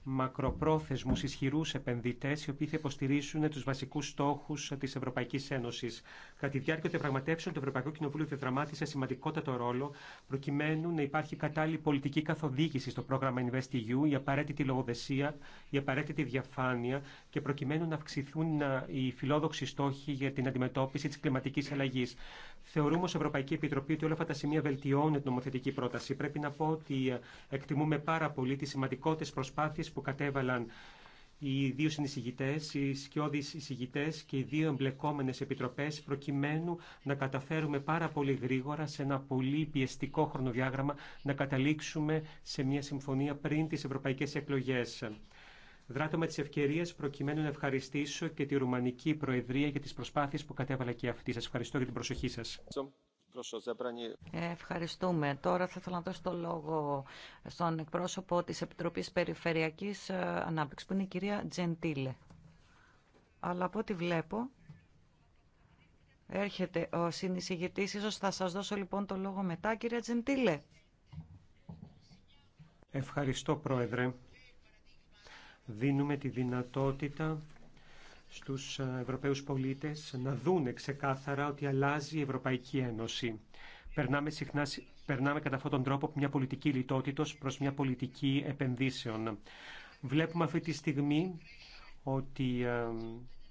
μακροπρόθεσμου ισχυρού επενδυτέ, οι οποίοι θα υποστηρίζουν του βασικού στόχου τη Ευρωπαϊκή Ένωση. Κατά τη διάρκεια των διαπραγματεύσεων, το Ευρωπαϊκό Κοινοβούλιο διαδραμάτισε σημαντικότατο ρόλο, προκειμένου να υπάρχει κατάλληλη πολιτική καθοδήγηση στο πρόγραμμα InvestEU, η απαραίτητη λογοδεσία, η απαραίτητη διαφάνεια και προκειμένου να αυξηθούν οι φιλόδοξοι στόχοι για την αντιμετώπιση τη κλιματική αλλαγή. Θεωρούμε ως Ευρωπαϊκή Επιτροπή ότι όλα αυτά τα σημεία βελτιώνουν την νομοθετική πρόταση. Πρέπει να πω ότι ε, εκτιμούμε πάρα πολύ τις σημαντικότερες προσπάθειες που κατέβαλαν οι δύο συνεισηγητέ, οι σκιώδει εισηγητέ και οι δύο εμπλεκόμενες επιτροπές προκειμένου να καταφέρουμε πάρα πολύ γρήγορα σε ένα πολύ πιεστικό χρονοδιάγραμμα να καταλήξουμε σε μια συμφωνία πριν τι ευρωπαϊκέ εκλογέ. Δράτω με τι ευκαιρίε προκειμένου να ευχαριστήσω και τη Ρουμανική Προεδρία για τι προσπάθειε που κατέβαλα και αυτή. Σα ευχαριστώ για την προσοχή σα. Ευχαριστούμε. Τώρα θα ήθελα να δώσω το λόγο στον εκπρόσωπο της Επιτροπής Περιφερειακής ε, ανάπτυξη που είναι η κυρία Τζεντίλε. Αλλά από ό,τι βλέπω, έρχεται ο συνεισηγητή. σω θα σα δώσω λοιπόν το λόγο μετά, κυρία Τζεντίλε. Ευχαριστώ, Πρόεδρε δίνουμε τη δυνατότητα στους ε, Ευρωπαίους πολίτες να δούνε ξεκάθαρα ότι αλλάζει η Ευρωπαϊκή Ένωση. Περνάμε, συχνά, περνάμε κατά αυτόν τον τρόπο από μια πολιτική λιτότητος προς μια πολιτική επενδύσεων. Βλέπουμε αυτή τη στιγμή ότι ε,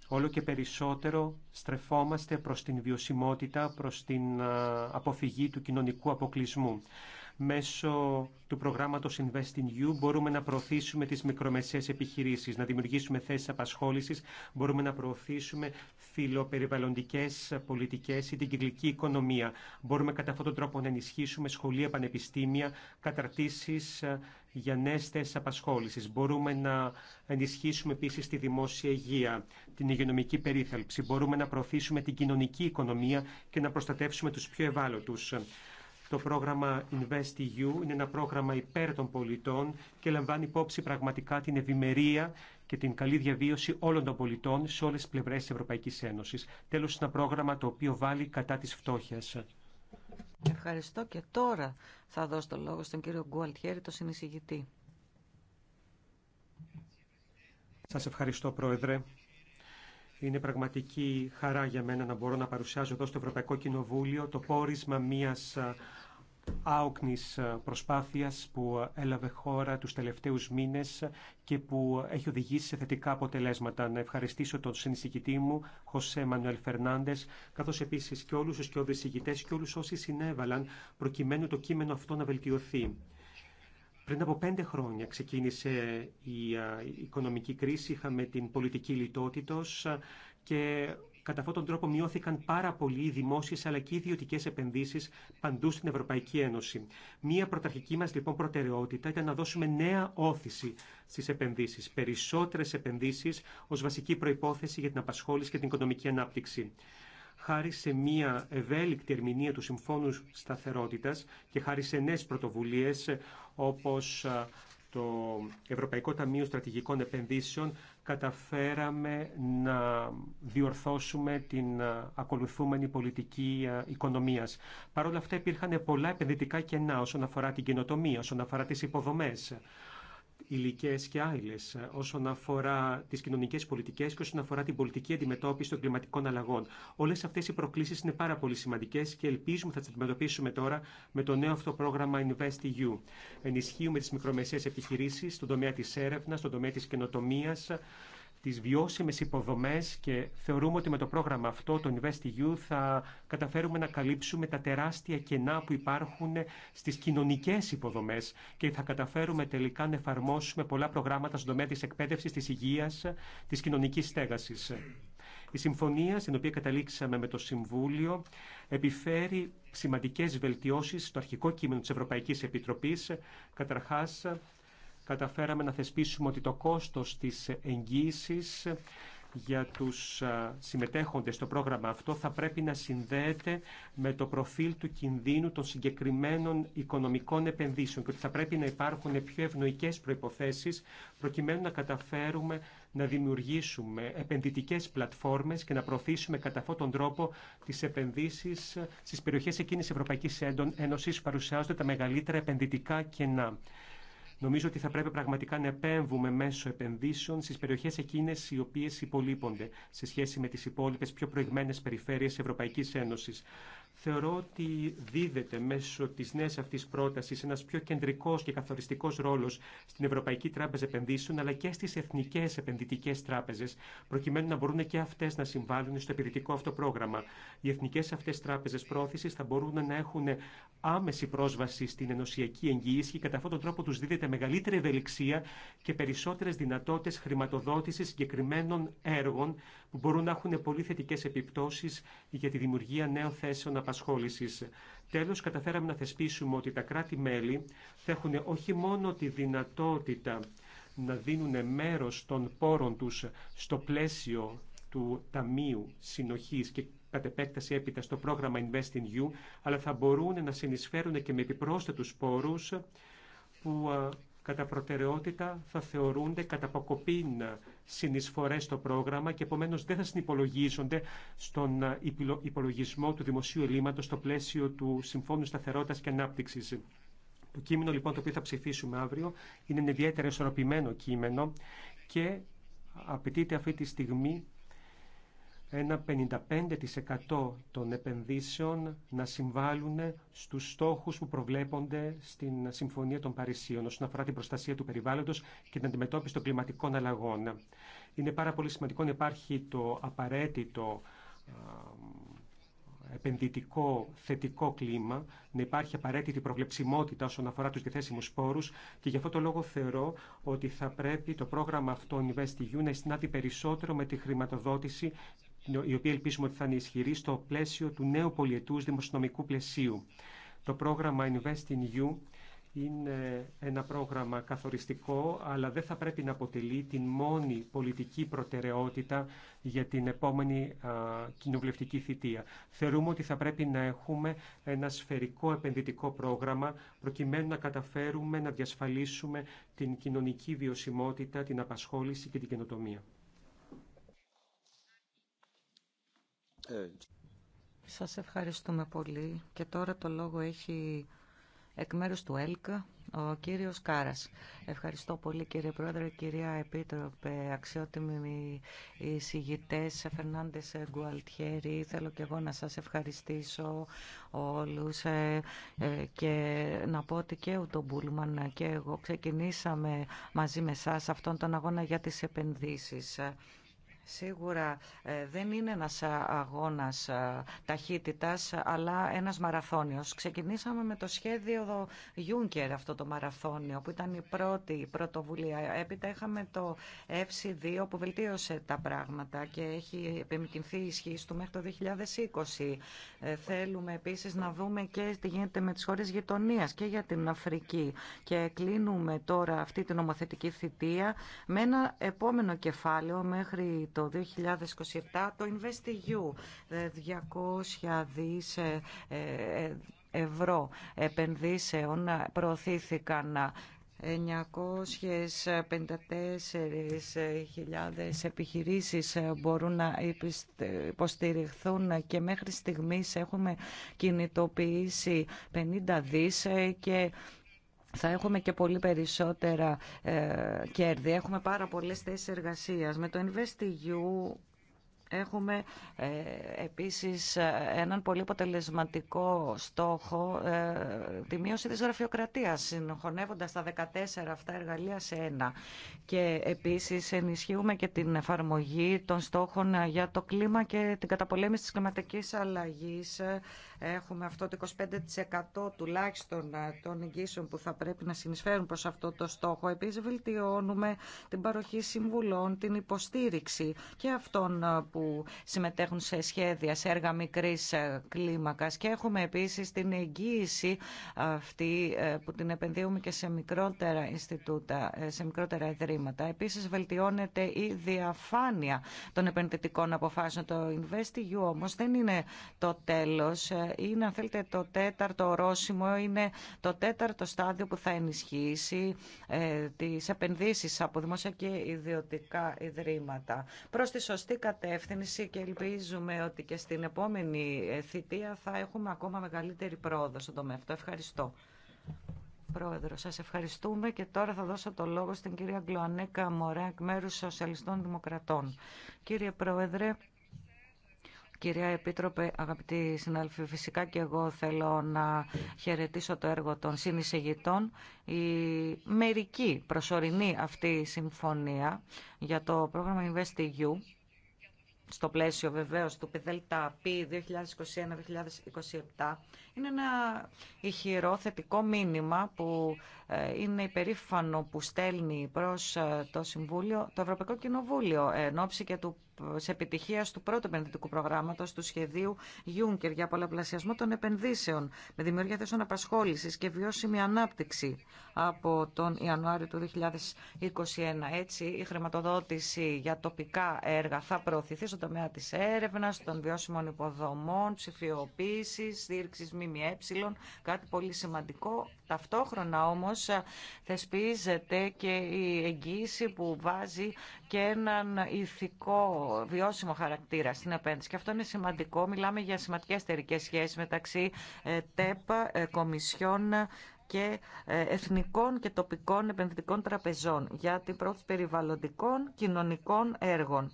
όλο και περισσότερο στρεφόμαστε προς την βιωσιμότητα, προς την ε, αποφυγή του κοινωνικού αποκλεισμού μέσω του προγράμματος You μπορούμε να προωθήσουμε τις μικρομεσαίες επιχειρήσεις, να δημιουργήσουμε θέσεις απασχόλησης, μπορούμε να προωθήσουμε φιλοπεριβαλλοντικές πολιτικές ή την κυκλική οικονομία. Μπορούμε κατά αυτόν τον τρόπο να ενισχύσουμε σχολεία, πανεπιστήμια, καταρτήσεις ε, για νέες θέσεις απασχόλησης. Μπορούμε να ενισχύσουμε επίσης τη δημόσια υγεία, την υγειονομική περίθαλψη. Μπορούμε να προωθήσουμε την κοινωνική οικονομία και να προστατεύσουμε τους πιο ευάλωτους. Το πρόγραμμα InvestEU είναι ένα πρόγραμμα υπέρ των πολιτών και λαμβάνει υπόψη πραγματικά την ευημερία και την καλή διαβίωση όλων των πολιτών σε όλες τις πλευρές της Ευρωπαϊκής Ένωσης. Τέλος, ένα πρόγραμμα το οποίο βάλει κατά της φτώχειας. Ευχαριστώ και τώρα θα δώσω το λόγο στον κύριο Γκουαλτιέρη, το συνεισηγητή. Σας ευχαριστώ, Πρόεδρε. Είναι πραγματική χαρά για μένα να μπορώ να παρουσιάζω εδώ στο Ευρωπαϊκό Κοινοβούλιο το πόρισμα μιας ε, άοκνης ε, προσπάθειας που έλαβε χώρα τους τελευταίους μήνες και που έχει οδηγήσει σε θετικά αποτελέσματα. Να ευχαριστήσω τον συνεισηγητή μου, Χωσέ Μανουέλ Φερνάντε, καθώς επίσης και όλους τους και και όλου όσοι συνέβαλαν προκειμένου το κείμενο αυτό να βελτιωθεί. Πριν από πέντε χρόνια ξεκίνησε η οικονομική κρίση, είχαμε την πολιτική λιτότητος και κατά αυτόν τον τρόπο μειώθηκαν πάρα πολύ οι δημόσιε αλλά και οι ιδιωτικέ επενδύσει παντού στην Ευρωπαϊκή Ένωση. Μία πρωταρχική μα λοιπόν προτεραιότητα ήταν να δώσουμε νέα όθηση στι επενδύσει, περισσότερε επενδύσει ω βασική προπόθεση για την απασχόληση και την οικονομική ανάπτυξη. Χάρη σε μία ευέλικτη ερμηνεία του Συμφώνου Σταθερότητα και χάρη σε νέε πρωτοβουλίε, όπως το Ευρωπαϊκό Ταμείο Στρατηγικών Επενδύσεων καταφέραμε να διορθώσουμε την ακολουθούμενη πολιτική οικονομίας. Παρ' όλα αυτά υπήρχαν πολλά επενδυτικά κενά όσον αφορά την καινοτομία, όσον αφορά τις υποδομές, υλικέ και άειλε ε, όσον αφορά τι κοινωνικέ πολιτικέ και όσον αφορά την πολιτική αντιμετώπιση των κλιματικών αλλαγών. Όλε αυτέ οι προκλήσει είναι πάρα πολύ σημαντικέ και ελπίζουμε θα τι αντιμετωπίσουμε τώρα με το νέο αυτό πρόγραμμα InvestEU. Ενισχύουμε τι μικρομεσαίε επιχειρήσει στον τομέα τη έρευνα, στον τομέα τη καινοτομία, τις βιώσιμες υποδομές και θεωρούμε ότι με το πρόγραμμα αυτό, το InvestEU, θα καταφέρουμε να καλύψουμε τα τεράστια κενά που υπάρχουν στις κοινωνικές υποδομές και θα καταφέρουμε τελικά να εφαρμόσουμε πολλά προγράμματα στον τομέα της εκπαίδευσης, της υγείας, της κοινωνικής στέγασης. Η συμφωνία στην οποία καταλήξαμε με το Συμβούλιο επιφέρει σημαντικές βελτιώσεις στο αρχικό κείμενο της Ευρωπαϊκής Επιτροπής. Καταρχάς, καταφέραμε να θεσπίσουμε ότι το κόστος της εγγύησης για τους συμμετέχοντες στο πρόγραμμα αυτό θα πρέπει να συνδέεται με το προφίλ του κινδύνου των συγκεκριμένων οικονομικών επενδύσεων και ότι θα πρέπει να υπάρχουν πιο ευνοϊκές προϋποθέσεις προκειμένου να καταφέρουμε να δημιουργήσουμε επενδυτικές πλατφόρμες και να προωθήσουμε κατά αυτόν τον τρόπο τις επενδύσεις στις περιοχές εκείνης Ευρωπαϊκής Ένωσης που παρουσιάζονται τα μεγαλύτερα επενδυτικά κενά. Νομίζω ότι θα πρέπει πραγματικά να επέμβουμε μέσω επενδύσεων στι περιοχέ εκείνε οι οποίε υπολείπονται σε σχέση με τι υπόλοιπε πιο προηγμένε περιφέρειε Ευρωπαϊκή Ένωση. Θεωρώ ότι δίδεται μέσω τη νέα αυτή πρόταση ένα πιο κεντρικό και καθοριστικό ρόλο στην Ευρωπαϊκή Τράπεζα Επενδύσεων αλλά και στι εθνικέ επενδυτικέ τράπεζε, προκειμένου να μπορούν και αυτέ να συμβάλλουν στο υπηρετικό αυτό πρόγραμμα. Οι εθνικέ αυτέ τράπεζε πρόθεση θα μπορούν να έχουν άμεση πρόσβαση στην ενωσιακή εγγύηση και κατά αυτόν τον τρόπο του δίδεται μεγαλύτερη ευελιξία και περισσότερε δυνατότητε χρηματοδότηση συγκεκριμένων έργων που μπορούν να έχουν πολύ θετικέ επιπτώσει για τη δημιουργία νέων θέσεων απασχόληση. Τέλο, καταφέραμε να θεσπίσουμε ότι τα κράτη-μέλη θα έχουν όχι μόνο τη δυνατότητα να δίνουν μέρος των πόρων τους στο πλαίσιο του Ταμείου Συνοχής και κατ' επέκταση έπειτα στο πρόγραμμα Invest in You, αλλά θα μπορούν να συνεισφέρουν και με επιπρόσθετους πόρους που κατά προτεραιότητα θα θεωρούνται κατά αποκοπήν ε, συνεισφορέ στο πρόγραμμα και επομένως δεν θα συνυπολογίζονται στον ε, υπολογισμό του δημοσίου ελλείμματο στο πλαίσιο του Συμφώνου Σταθερότητας και Ανάπτυξης. Το κείμενο λοιπόν το οποίο θα ψηφίσουμε αύριο είναι ένα ιδιαίτερα ισορροπημένο κείμενο και απαιτείται αυτή τη στιγμή ένα 55% των επενδύσεων να συμβάλλουν στους στόχους που προβλέπονται στην Συμφωνία των Παρισίων όσον αφορά την προστασία του περιβάλλοντος και την αντιμετώπιση των κλιματικών αλλαγών. Είναι πάρα πολύ σημαντικό να υπάρχει το απαραίτητο επενδυτικό θετικό κλίμα, να υπάρχει απαραίτητη προβλεψιμότητα όσον αφορά τους διαθέσιμους πόρους και γι' αυτό το λόγο θεωρώ ότι θα πρέπει το πρόγραμμα αυτό InvestEU να συνάδει περισσότερο με τη χρηματοδότηση η οποία ελπίζουμε ότι θα είναι ισχυρή στο πλαίσιο του νέου πολιετούς δημοσιονομικού πλαισίου. Το πρόγραμμα Invest in You είναι ένα πρόγραμμα καθοριστικό, αλλά δεν θα πρέπει να αποτελεί την μόνη πολιτική προτεραιότητα για την επόμενη α, κοινοβουλευτική θητεία. Θεωρούμε ότι θα πρέπει να έχουμε ένα σφαιρικό επενδυτικό πρόγραμμα, προκειμένου να καταφέρουμε να διασφαλίσουμε την κοινωνική βιωσιμότητα, την απασχόληση και την καινοτομία. Σας ευχαριστούμε πολύ. Και τώρα το λόγο έχει εκ μέρους του ΕΛΚΑ ο κύριος Κάρας. Ευχαριστώ πολύ κύριε Πρόεδρε, κυρία Επίτροπε, αξιότιμοι συγητές Φερνάντες Γκουαλτιέρη. Θέλω και εγώ να σας ευχαριστήσω όλους ε, ε, και να πω ότι και ο τον Μπούλμαν και εγώ ξεκινήσαμε μαζί με σας αυτόν τον αγώνα για τις επενδύσεις. Σίγουρα ε, δεν είναι ένας ε, αγώνας ε, ταχύτητας, αλλά ένας μαραθώνιος. Ξεκινήσαμε με το σχέδιο Juncker αυτό το μαραθώνιο, που ήταν η πρώτη πρωτοβουλία. Έπειτα είχαμε το FC2 που βελτίωσε τα πράγματα και έχει επιμηκυνθεί η ισχύ του μέχρι το 2020. Θέλουμε επίσης να δούμε και τι γίνεται με τις χώρες γειτονία και για την Αφρική. Και κλείνουμε τώρα αυτή την νομοθετική θητεία με ένα επόμενο κεφάλαιο μέχρι το το 2027 το InvestEU 200 ε, δις ε, ε, ευρώ επενδύσεων προωθήθηκαν 954.000 επιχειρήσεις μπορούν να υποστηριχθούν και μέχρι στιγμής έχουμε κινητοποιήσει 50 δις και θα έχουμε και πολύ περισσότερα ε, κέρδη. Έχουμε πάρα πολλές θέσεις εργασίας. Με το InvestEU Έχουμε ε, επίσης ε, έναν πολύ αποτελεσματικό στόχο, τη μείωση της γραφειοκρατίας, συγχωνεύοντας τα 14 αυτά εργαλεία σε ένα. Και επίσης ενισχύουμε και την εφαρμογή των στόχων για το κλίμα και την καταπολέμηση της κλιματικής αλλαγής έχουμε αυτό το 25% τουλάχιστον ε, των εγγύσεων που θα πρέπει να συνεισφέρουν προς αυτό το στόχο. Επίσης βελτιώνουμε την παροχή συμβουλών, την υποστήριξη και αυτών ε, που συμμετέχουν σε σχέδια, σε έργα μικρής ε, κλίμακας και έχουμε επίσης την εγγύηση αυτή που την επενδύουμε και σε μικρότερα Ινστιτούτα, σε μικρότερα ιδρύματα. Επίσης βελτιώνεται η διαφάνεια των επενδυτικών αποφάσεων. Το InvestEU όμως δεν είναι το τέλος είναι αν θέλετε το τέταρτο ορόσημο, είναι το τέταρτο στάδιο που θα ενισχύσει ε, τις επενδύσεις από δημόσια και ιδιωτικά ιδρύματα. Προς τη σωστή κατεύθυνση και ελπίζουμε ότι και στην επόμενη ε, θητεία θα έχουμε ακόμα μεγαλύτερη πρόοδο στον τομέα αυτό. Ευχαριστώ. Πρόεδρο, σας ευχαριστούμε και τώρα θα δώσω το λόγο στην κυρία Γκλοανέκα Μωρά εκ μέρους Σοσιαλιστών Δημοκρατών. Κύριε Πρόεδρε, Κυρία Επίτροπε, αγαπητοί συνάδελφοι, φυσικά και εγώ θέλω να χαιρετήσω το έργο των συνεισηγητών. Η μερική προσωρινή αυτή συμφωνία για το πρόγραμμα InvestEU στο πλαίσιο βεβαίως του ΠΔΕΛΤΑΠΗ 2021-2027 είναι ένα ηχηρό θετικό μήνυμα που ε, είναι υπερήφανο που στέλνει προς ε, το Συμβούλιο το Ευρωπαϊκό Κοινοβούλιο εν ώψη και του σε επιτυχία του πρώτου επενδυτικού προγράμματο του σχεδίου Juncker για πολλαπλασιασμό των επενδύσεων με δημιουργία θέσεων απασχόληση και βιώσιμη ανάπτυξη από τον Ιανουάριο του 2021. Έτσι, η χρηματοδότηση για τοπικά έργα θα προωθηθεί στον τομέα τη έρευνα, των βιώσιμων υποδομών, ψηφιοποίηση, στήριξη ΜΜΕ, κάτι πολύ σημαντικό. Ταυτόχρονα όμως ε, θεσπίζεται και η εγγύηση που βάζει και έναν ηθικό βιώσιμο χαρακτήρα στην επένδυση. Και αυτό είναι σημαντικό. Μιλάμε για σημαντικές εταιρικές σχέσεις μεταξύ ε, ΤΕΠ, ε, Κομισιών, και εθνικών και τοπικών επενδυτικών τραπεζών για την πρόθεση περιβαλλοντικών κοινωνικών έργων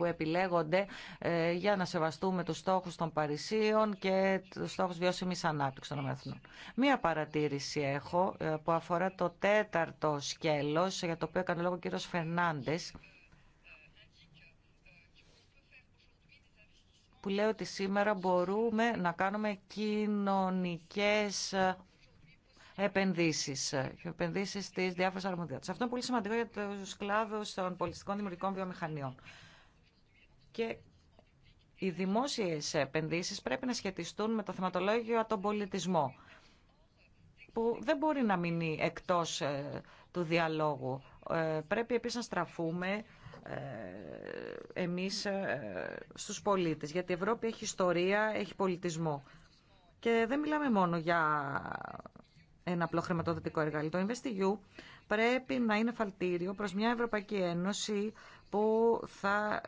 που επιλέγονται ε, για να σεβαστούμε τους στόχους των Παρισίων και τους στόχους βιώσιμης ανάπτυξης των Εθνών. Μία παρατήρηση έχω ε, που αφορά το τέταρτο σκέλος για το οποίο έκανε λόγο ο κύριος Φερνάντες που λέει ότι σήμερα μπορούμε να κάνουμε κοινωνικές ε, επενδύσει. επενδύσεις στις διάφορες αρμοδιότητες. Αυτό είναι πολύ σημαντικό για τους κλάδους των πολιτιστικών δημιουργικών βιομηχανιών και οι δημόσιες επενδύσεις πρέπει να σχετιστούν με το θεματολόγιο τον πολιτισμό που δεν μπορεί να μείνει εκτός ε, του διαλόγου. Ε, πρέπει επίσης να στραφούμε ε, εμείς στους πολίτες, γιατί η Ευρώπη έχει ιστορία, έχει πολιτισμό. Και δεν μιλάμε μόνο για ένα απλό χρηματοδοτικό εργαλείο. Το InvestEU πρέπει να είναι φαλτήριο προς μια Ευρωπαϊκή Ένωση που θα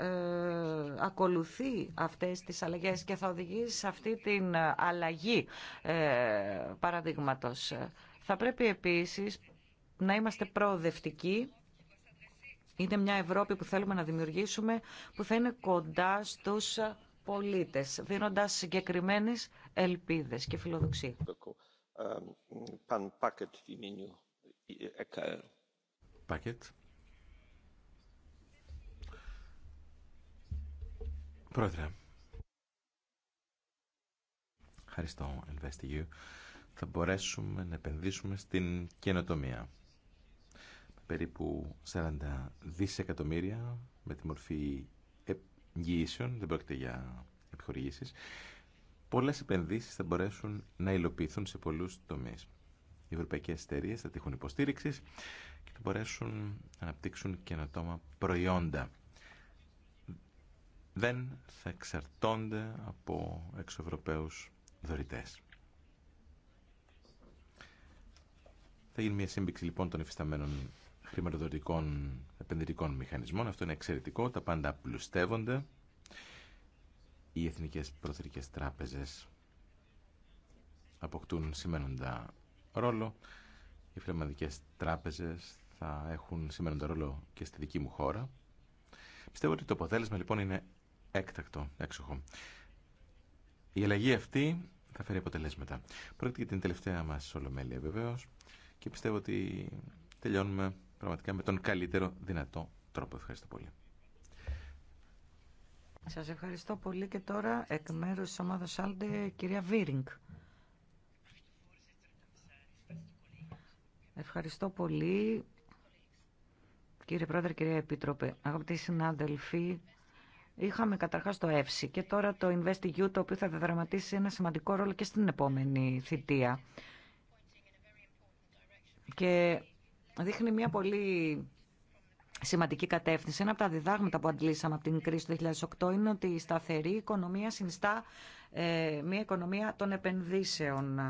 ακολουθεί αυτές τις αλλαγές και θα οδηγήσει σε αυτή την αλλαγή ε, παραδείγματος. Θα πρέπει επίσης να είμαστε προοδευτικοί είναι μια Ευρώπη που θέλουμε να δημιουργήσουμε που θα είναι κοντά στους πολίτες, δίνοντας συγκεκριμένες ελπίδες και φιλοδοξία. Πακέτ, Πρόεδρε, ευχαριστώ Ελβέστιγιου. Θα μπορέσουμε να επενδύσουμε στην καινοτομία. Περίπου 40 δισεκατομμύρια με τη μορφή εγγυήσεων, δεν πρόκειται για επιχορηγήσεις. Πολλές επενδύσεις θα μπορέσουν να υλοποιηθούν σε πολλούς τομείς. Οι ευρωπαϊκές εταιρείε θα τύχουν υποστήριξης και θα μπορέσουν να αναπτύξουν καινοτόμα προϊόντα δεν θα εξαρτώνται από εξωευρωπαίους δωρητές. Θα γίνει μια σύμπηξη λοιπόν των εφισταμένων χρηματοδοτικών επενδυτικών μηχανισμών. Αυτό είναι εξαιρετικό. Τα πάντα πλουστεύονται. Οι εθνικές προθερικές τράπεζες αποκτούν σημαίνοντα ρόλο. Οι φρεμαδικές τράπεζες θα έχουν σημαίνοντα ρόλο και στη δική μου χώρα. Πιστεύω ότι το αποτέλεσμα λοιπόν είναι έκτακτο, έξοχο. Η αλλαγή αυτή θα φέρει αποτελέσματα. Πρόκειται για την τελευταία μας ολομέλεια βεβαίω και πιστεύω ότι τελειώνουμε πραγματικά με τον καλύτερο δυνατό τρόπο. Ευχαριστώ πολύ. Σας ευχαριστώ πολύ και τώρα εκ μέρους της ομάδας Άλντε, κυρία Βίρινγκ. Ευχαριστώ πολύ, κύριε Πρόεδρε, κυρία Επίτροπε. Αγαπητοί συνάδελφοι, Είχαμε καταρχά το ΕΦΣΙ και τώρα το InvestEU, το οποίο θα δραματίσει ένα σημαντικό ρόλο και στην επόμενη θητεία. Και δείχνει μια πολύ σημαντική κατεύθυνση. Ένα από τα διδάγματα που αντλήσαμε από την κρίση του 2008 είναι ότι η σταθερή οικονομία συνιστά ε, μια οικονομία των επενδύσεων.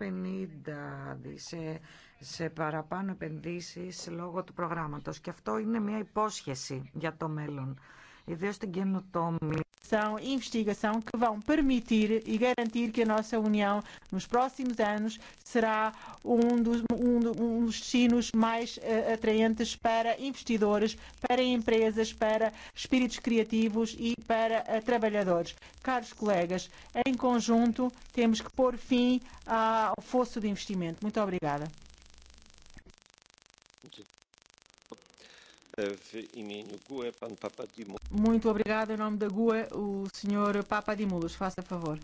650 σε, σε παραπάνω επενδύσεις λόγω του προγράμματος. Και αυτό είναι μια υπόσχεση για το μέλλον são investigação que vão permitir e garantir que a nossa União, nos próximos anos, será um dos, um, dos destinos mais atraentes para investidores, para empresas, para espíritos criativos e para trabalhadores. Caros colegas, em conjunto temos que pôr fim ao fosso de investimento. Muito obrigada. Muito obrigado. Em nome da GUE, o Sr. Papadimoulos, faça favor.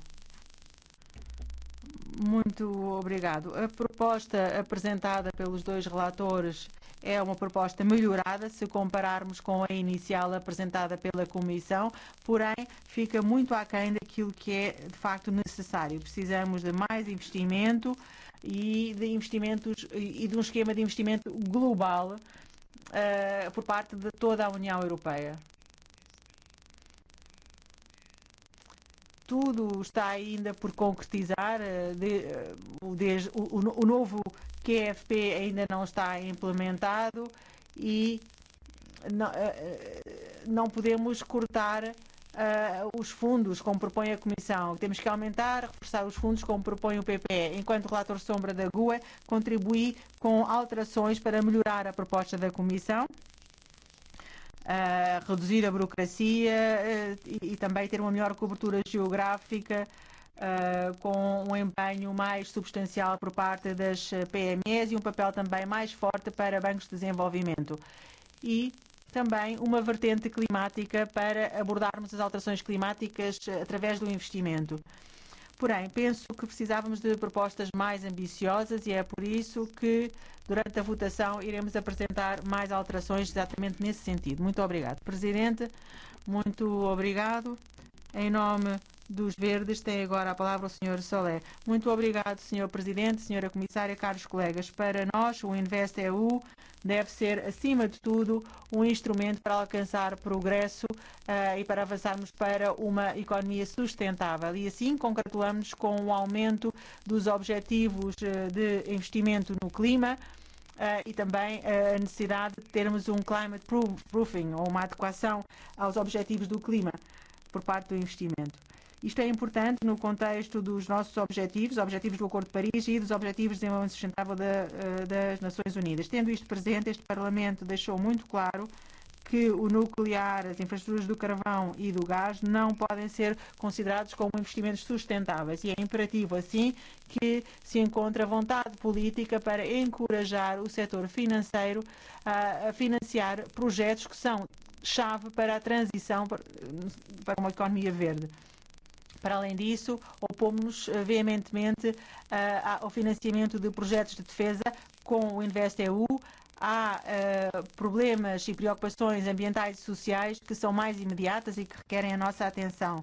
Muito obrigado. A proposta apresentada pelos dois relatores é uma proposta melhorada se compararmos com a inicial apresentada pela Comissão, porém fica muito aquém daquilo que é de facto necessário. Precisamos de mais investimento e de investimentos e de um esquema de investimento global por parte de toda a União Europeia. Tudo está ainda por concretizar. o, novo QFP ainda não está implementado e não podemos cortar os fundos, como propõe a Comissão. Temos que aumentar, reforçar os fundos, como propõe o PPE, Enquanto relator sombra da GUE, contribuí com alterações para melhorar a proposta da Comissão reduzir a burocracia e também ter uma melhor cobertura geográfica com um empenho mais substancial por parte das PMEs e um papel também mais forte para bancos de desenvolvimento. E também uma vertente climática para abordarmos as alterações climáticas através do investimento. Porém, penso que precisávamos de propostas mais ambiciosas e é por isso que, durante a votação, iremos apresentar mais alterações exatamente nesse sentido. Muito obrigado. Presidente, muito obrigado. Em nome dos Verdes tem agora a palavra o Sr. Solé. Muito obrigado, Sr. Presidente, Sra. Comissária, caros colegas. Para nós, o InvestEU deve ser, acima de tudo, um instrumento para alcançar progresso e para avançarmos para uma economia sustentável. E assim congratulamos com o aumento dos objetivos de investimento no clima e também a necessidade de termos um climate proofing, ou uma adequação aos objetivos do clima por parte do investimento. Isto é importante no contexto dos nossos objetivos, objetivos do Acordo de Paris e dos objetivos de desenvolvimento sustentável da, das Nações Unidas. Tendo isto presente, este Parlamento deixou muito claro que o nuclear, as infraestruturas do carvão e do gás não podem ser considerados como investimentos sustentáveis e é imperativo assim que se encontre a vontade política para encorajar o setor financeiro a financiar projetos que são chave para a transição para uma economia verde. Para além disso, opomos veementemente ao financiamento de projetos de defesa com o InvestEU. Há problemas e preocupações ambientais e sociais que são mais imediatas e que requerem a nossa atenção.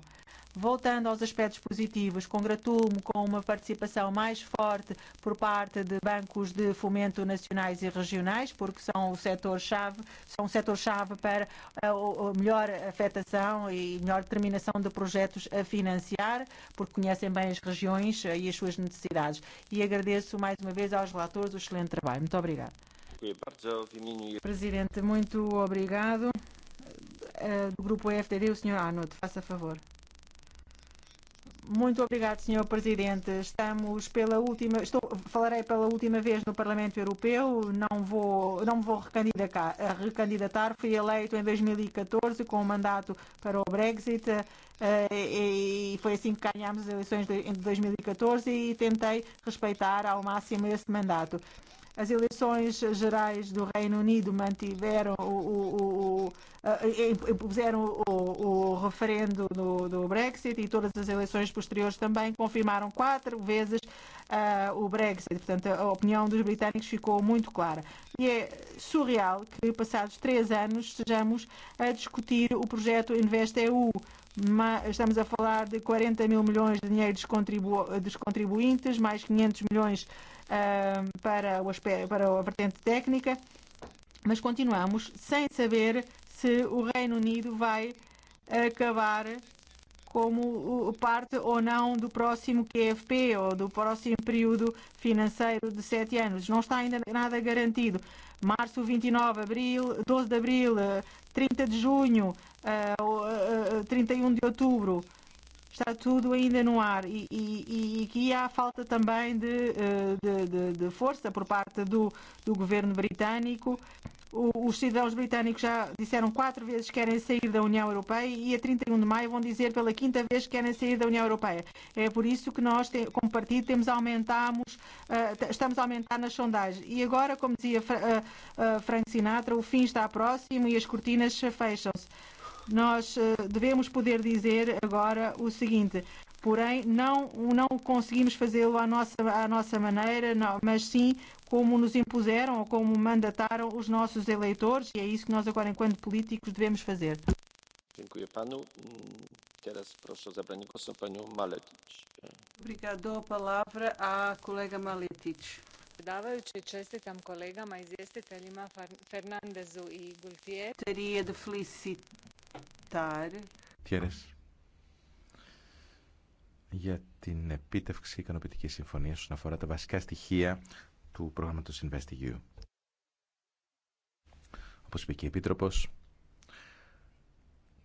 Voltando aos aspectos positivos, congratulo-me com uma participação mais forte por parte de bancos de fomento nacionais e regionais, porque são o setor-chave, são setor-chave para a melhor afetação e melhor determinação de projetos a financiar, porque conhecem bem as regiões e as suas necessidades. E agradeço mais uma vez aos relatores o excelente trabalho. Muito obrigada. Presidente, muito obrigado. Do grupo EFTD, o Sr. Arnold, faça favor. Muito obrigado, Sr. Presidente. Estamos pela última, estou, falarei pela última vez no Parlamento Europeu, não, vou, não me vou recandidatar, recandidatar. Fui eleito em 2014 com um mandato para o Brexit e foi assim que ganhámos as eleições de 2014 e tentei respeitar ao máximo esse mandato as eleições gerais do Reino Unido mantiveram o, o, o impuseram o, o referendo do, do Brexit e todas as eleições posteriores também confirmaram quatro vezes uh, o Brexit. Portanto, a opinião dos britânicos ficou muito clara. E é surreal que, passados três anos, estejamos a discutir o projeto InvestEU, Estamos a falar de 40 mil milhões de dinheiro dos contribuintes, mais 500 milhões para, para a vertente técnica, mas continuamos sem saber se o Reino Unido vai acabar como parte ou não do próximo QFP ou do próximo período financeiro de sete anos. Não está ainda nada garantido. Março 29, de abril, 12 de abril, 30 de junho, 31 de outubro está tudo ainda no ar e, e, e que há falta também de, de, de, de força por parte do, do governo britânico. Os cidadãos britânicos já disseram quatro vezes que querem sair da União Europeia e a 31 de maio vão dizer pela quinta vez que querem sair da União Europeia. É por isso que nós, como partido, temos aumentamos, estamos a aumentar nas sondagens. E agora, como dizia Frank Sinatra, o fim está próximo e as cortinas fecham-se Nós devemos poder dizer agora o seguinte, porém não, não conseguimos fazê-lo à nossa, à nossa maneira, não, mas sim como nos impuseram ou como mandataram os nossos eleitores e é isso que nós agora, enquanto políticos, devemos fazer. Dziękuję panu. Teraz proszę o zabranie głosu panią Maletic. Obrigado. a Palavra a kolega Maletic. Predavajući čestitam kolegama izvjestiteljima Fernandezu i Gultier. Teria de felicit Τιέρες για την επίτευξη ικανοποιητικής συμφωνίας όσον αφορά τα βασικά στοιχεία του πρόγραμματος InvestEU. Όπως είπε και η Επίτροπος,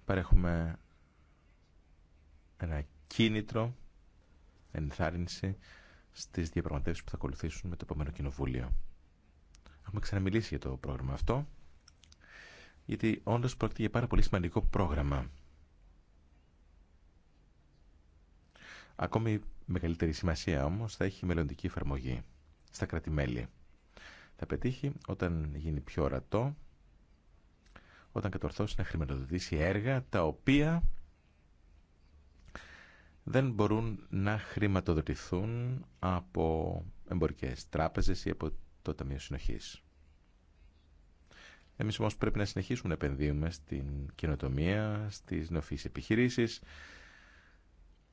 παρέχουμε ένα κίνητρο, ενθάρρυνση στις διαπραγματεύσεις που θα ακολουθήσουν με το επόμενο κοινοβούλιο. Έχουμε ξαναμιλήσει για το πρόγραμμα αυτό γιατί όντω πρόκειται για πάρα πολύ σημαντικό πρόγραμμα. Ακόμη μεγαλύτερη σημασία όμως θα έχει η μελλοντική εφαρμογή στα κρατημέλη. Θα πετύχει όταν γίνει πιο ορατό, όταν κατορθώσει να χρηματοδοτήσει έργα τα οποία δεν μπορούν να χρηματοδοτηθούν από εμπορικές τράπεζες ή από το Ταμείο Συνοχής. Εμείς όμως πρέπει να συνεχίσουμε να επενδύουμε στην καινοτομία, στις νοφείς επιχειρήσεις.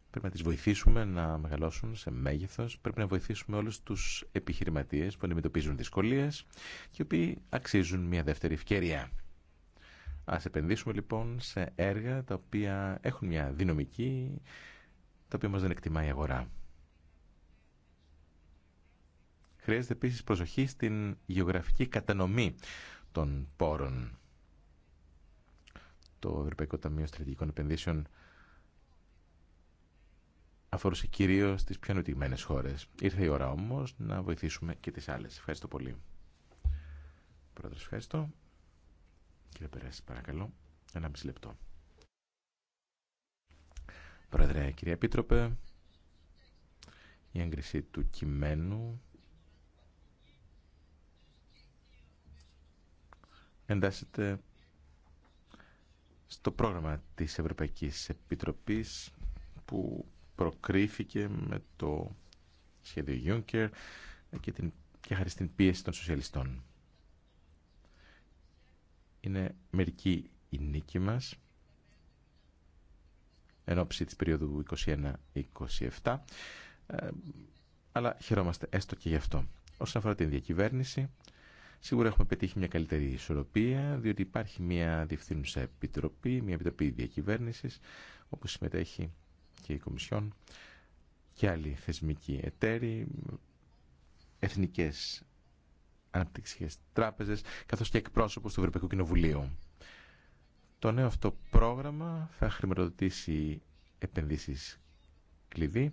Πρέπει να τις βοηθήσουμε να μεγαλώσουν σε μέγεθος. Πρέπει να βοηθήσουμε όλους τους επιχειρηματίες που αντιμετωπίζουν δυσκολίες και οι οποίοι αξίζουν μια δεύτερη ευκαιρία. Ας επενδύσουμε λοιπόν σε έργα τα οποία έχουν μια δυναμική, τα οποία όμως δεν εκτιμάει η αγορά. Χρειάζεται επίσης προσοχή στην γεωγραφική κατανομή των πόρων. Το Ευρωπαϊκό Ταμείο Στρατηγικών Επενδύσεων αφορούσε κυρίως τις πιο ανεπτυγμένες χώρες. Ήρθε η ώρα όμως να βοηθήσουμε και τις άλλες. Ευχαριστώ πολύ. Πρόεδρος, ευχαριστώ. Κύριε Περέση, παρακαλώ. Ένα μισή λεπτό. Πρόεδρε, κύριε Επίτροπε, η έγκριση του κειμένου εντάσσεται στο πρόγραμμα της Ευρωπαϊκής Επιτροπής που προκρίθηκε με το σχέδιο Juncker και, την, και χάρη πίεση των σοσιαλιστών. Είναι μερική η νίκη μας εν ώψη της περίοδου 21-27 ε, αλλά χαιρόμαστε έστω και γι' αυτό. Όσον αφορά την διακυβέρνηση, Σίγουρα έχουμε πετύχει μια καλύτερη ισορροπία, διότι υπάρχει μια διευθύνουσα επιτροπή, μια επιτροπή διακυβέρνηση, όπου συμμετέχει και η Κομισιόν και άλλοι θεσμικοί εταίροι, εθνικές αναπτυξιακέ τράπεζες, καθώς και εκπρόσωπο του Ευρωπαϊκού Κοινοβουλίου. Το νέο αυτό πρόγραμμα θα χρηματοδοτήσει επενδύσεις κλειδί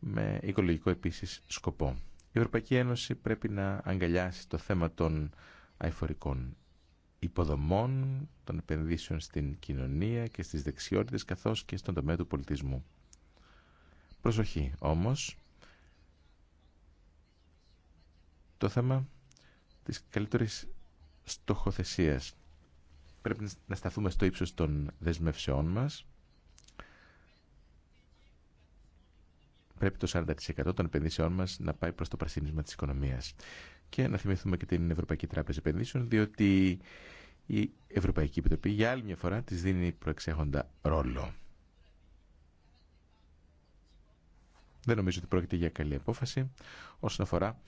με οικολογικό επίσης σκοπό. Η Ευρωπαϊκή Ένωση πρέπει να αγκαλιάσει το θέμα των αϊφορικών υποδομών, των επενδύσεων στην κοινωνία και στις δεξιότητες καθώς και στον τομέα του πολιτισμού. Προσοχή όμως, το θέμα της καλύτερης στοχοθεσίας. Πρέπει να σταθούμε στο ύψος των δεσμευσεών μας πρέπει το 40% των επενδύσεών μας να πάει προς το πρασίνισμα της οικονομίας. Και να θυμηθούμε και την Ευρωπαϊκή Τράπεζα Επενδύσεων, διότι η Ευρωπαϊκή Επιτροπή για άλλη μια φορά της δίνει προεξέχοντα ρόλο. Δεν νομίζω ότι πρόκειται για καλή απόφαση όσον αφορά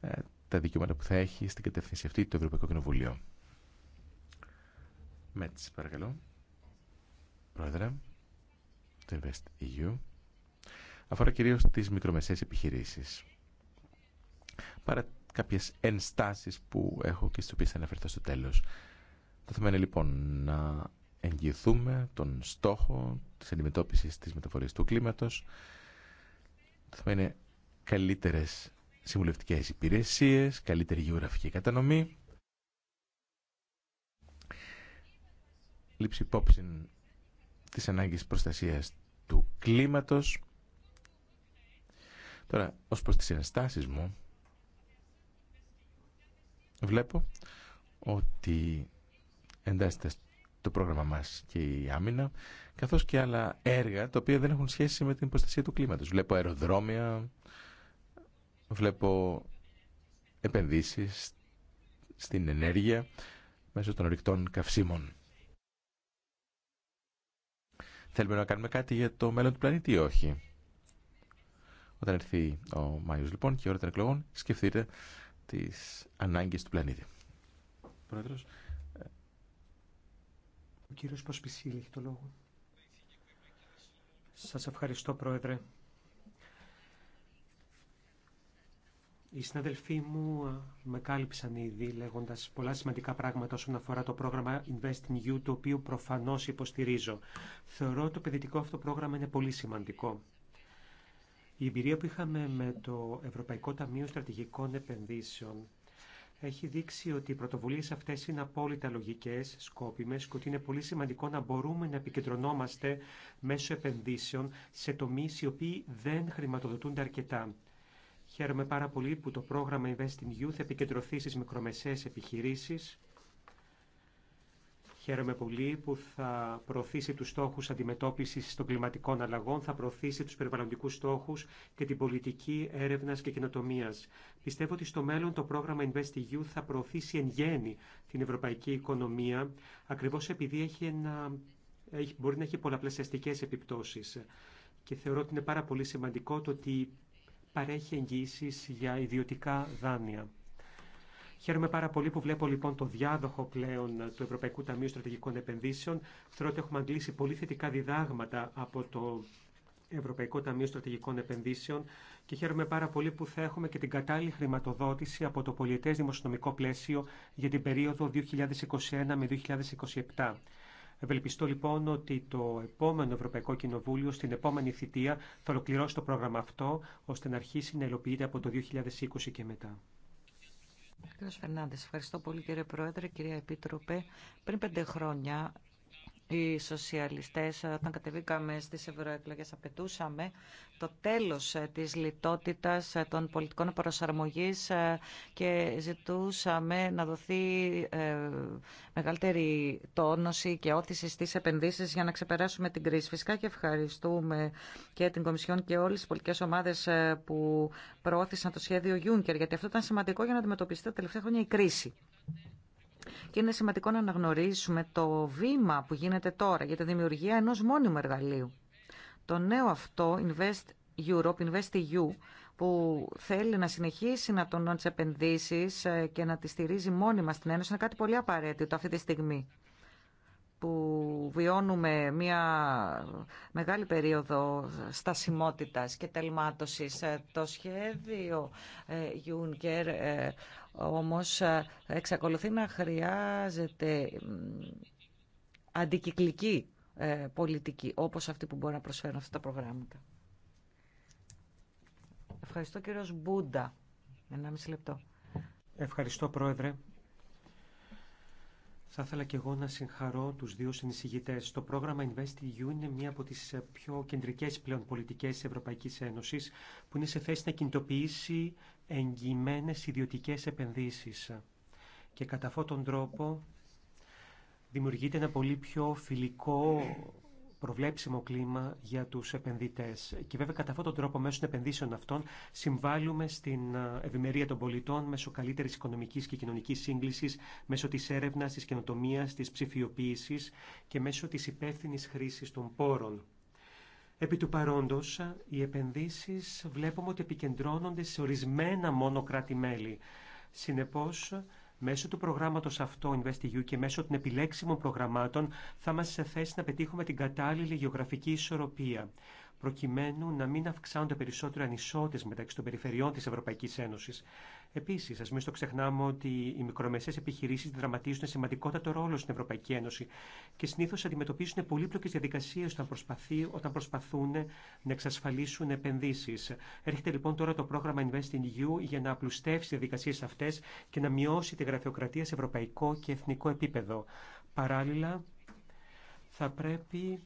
ε, τα δικαιώματα που θα έχει στην κατεύθυνση αυτή το Ευρωπαϊκό Κοινοβούλιο. Μέτς, παρακαλώ. Πρόεδρε, το Invest e αφορά κυρίως τις μικρομεσαίες επιχειρήσεις. Παρά κάποιες ενστάσεις που έχω και στις οποίες θα αναφερθώ στο τέλος. Το θέμα είναι λοιπόν να εγγυηθούμε τον στόχο της αντιμετώπισης της μεταφορής του κλίματος. Το θέμα είναι καλύτερες συμβουλευτικές υπηρεσίες, καλύτερη γεωγραφική κατανομή. Λήψη υπόψη της ανάγκης προστασίας του κλίματος Τώρα, ως προς τις ενστάσεις μου, βλέπω ότι εντάσσεται το πρόγραμμα μας και η άμυνα, καθώς και άλλα έργα τα οποία δεν έχουν σχέση με την προστασία του κλίματος. Βλέπω αεροδρόμια, βλέπω επενδύσεις στην ενέργεια μέσω των ορυκτών καυσίμων. Θέλουμε να κάνουμε κάτι για το μέλλον του πλανήτη ή όχι. Όταν έρθει ο Μάιο λοιπόν και η ώρα των εκλογών σκεφτείτε τις ανάγκες του πλανήτη. Πρόεδρος. Ε, ο κύριος Πασπισίλη έχει το λόγο. Σας ευχαριστώ Πρόεδρε. Οι συναδελφοί μου ε, με κάλυψαν ήδη λέγοντα πολλά σημαντικά πράγματα όσον αφορά το πρόγραμμα Invest in You, το οποίο προφανώ υποστηρίζω. Θεωρώ ότι το παιδιτικό αυτό πρόγραμμα είναι πολύ σημαντικό. Η εμπειρία που είχαμε με το Ευρωπαϊκό Ταμείο Στρατηγικών Επενδύσεων έχει δείξει ότι οι πρωτοβουλίε αυτέ είναι απόλυτα λογικέ, σκόπιμε και ότι είναι πολύ σημαντικό να μπορούμε να επικεντρωνόμαστε μέσω επενδύσεων σε τομεί οι οποίοι δεν χρηματοδοτούνται αρκετά. Χαίρομαι πάρα πολύ που το πρόγραμμα Invest in Youth επικεντρωθεί στι μικρομεσαίε επιχειρήσει. Χαίρομαι πολύ που θα προωθήσει τους στόχους αντιμετώπισης των κλιματικών αλλαγών, θα προωθήσει τους περιβαλλοντικούς στόχους και την πολιτική έρευνας και κοινοτομίας. Πιστεύω ότι στο μέλλον το πρόγραμμα InvestEU θα προωθήσει εν γέννη την ευρωπαϊκή οικονομία, ακριβώς επειδή έχει έχει, μπορεί να έχει πολλαπλασιαστικές επιπτώσεις. Και θεωρώ ότι είναι πάρα πολύ σημαντικό το ότι παρέχει εγγύησεις για ιδιωτικά δάνεια. Χαίρομαι πάρα πολύ που βλέπω λοιπόν το διάδοχο πλέον του Ευρωπαϊκού Ταμείου Στρατηγικών Επενδύσεων. Θεωρώ ότι έχουμε αντλήσει πολύ θετικά διδάγματα από το Ευρωπαϊκό Ταμείο Στρατηγικών Επενδύσεων και χαίρομαι πάρα πολύ που θα έχουμε και την κατάλληλη χρηματοδότηση από το πολιετές δημοσιονομικό πλαίσιο για την περίοδο 2021 με 2027. Ευελπιστώ λοιπόν ότι το επόμενο Ευρωπαϊκό Κοινοβούλιο στην επόμενη θητεία θα ολοκληρώσει το πρόγραμμα αυτό ώστε να αρχίσει να υλοποιείται από το 2020 και μετά. Κύριος Φερνάντες, ευχαριστώ πολύ κύριε Πρόεδρε, κυρία Επίτροπε. Πριν πέντε χρόνια οι σοσιαλιστές ε, όταν κατεβήκαμε στις ευρωεκλογέ απαιτούσαμε το τέλος ε, της λιτότητας ε, των πολιτικών προσαρμογής και ζητούσαμε να δοθεί μεγαλύτερη τόνωση και όθηση στις επενδύσεις για να ξεπεράσουμε την κρίση. Φυσικά και ευχαριστούμε και την Κομισιόν και όλες τις πολιτικές ομάδες που προώθησαν το σχέδιο Juncker γιατί αυτό ήταν σημαντικό για να αντιμετωπιστεί τα τελευταία χρόνια η κρίση. Και είναι σημαντικό να αναγνωρίσουμε το βήμα που γίνεται τώρα για τη δημιουργία ενός μόνιμου εργαλείου. Το νέο αυτό, Invest Europe, Invest EU, που θέλει να συνεχίσει να τονώνει τι επενδύσει ε, και να τη στηρίζει μόνιμα στην Ένωση, είναι κάτι πολύ απαραίτητο αυτή τη στιγμή που βιώνουμε μια μεγάλη περίοδο στασιμότητας και τελμάτωσης. Ε, το σχέδιο Γιούνκερ, ε, όμως ε, εξακολουθεί να χρειάζεται αντικυκλική πολιτική, όπως αυτή που μπορεί να προσφέρουν αυτά τα προγράμματα. Ευχαριστώ κύριος Μπούντα. Ένα λεπτό. Ευχαριστώ πρόεδρε. Θα ήθελα και εγώ να συγχαρώ τους δύο συνεισηγητές. Το πρόγραμμα InvestEU είναι μία από τις ε, πιο κεντρικές πλέον πολιτικές της Ευρωπαϊκής Ένωσης που είναι σε θέση να κινητοποιήσει εγγυημένες ιδιωτικές επενδύσεις. Και κατά αυτόν τον τρόπο δημιουργείται ένα πολύ πιο φιλικό προβλέψιμο κλίμα για τους επενδυτές. Και βέβαια κατά αυτόν τον τρόπο μέσω των επενδύσεων αυτών συμβάλλουμε στην ε, ευημερία των πολιτών μέσω καλύτερης οικονομικής και κοινωνικής σύγκλησης, μέσω της έρευνας, της καινοτομία, της ψηφιοποίησης και μέσω της υπεύθυνη χρήση των πόρων. Επί του παρόντος, οι επενδύσεις βλέπουμε ότι επικεντρώνονται σε ορισμένα μόνο κράτη-μέλη. Συνεπώς, Μέσω του προγράμματος αυτό InvestEU και μέσω των επιλέξιμων προγραμμάτων θα είμαστε σε θέση να πετύχουμε την κατάλληλη γεωγραφική ισορροπία προκειμένου να μην αυξάνονται περισσότερο ανισότητε μεταξύ των περιφερειών τη Ευρωπαϊκή Ένωση. Επίση, α μην στο ξεχνάμε ότι οι μικρομεσαίε επιχειρήσει δραματίζουν σημαντικότατο ρόλο στην Ευρωπαϊκή Ένωση και συνήθω αντιμετωπίζουν πολύπλοκε διαδικασίε όταν, όταν προσπαθούν να εξασφαλίσουν επενδύσει. Έρχεται λοιπόν τώρα το πρόγραμμα Invest in You για να απλουστεύσει τι διαδικασίε αυτέ και να μειώσει τη γραφειοκρατία σε ευρωπαϊκό και εθνικό επίπεδο. Παράλληλα, θα πρέπει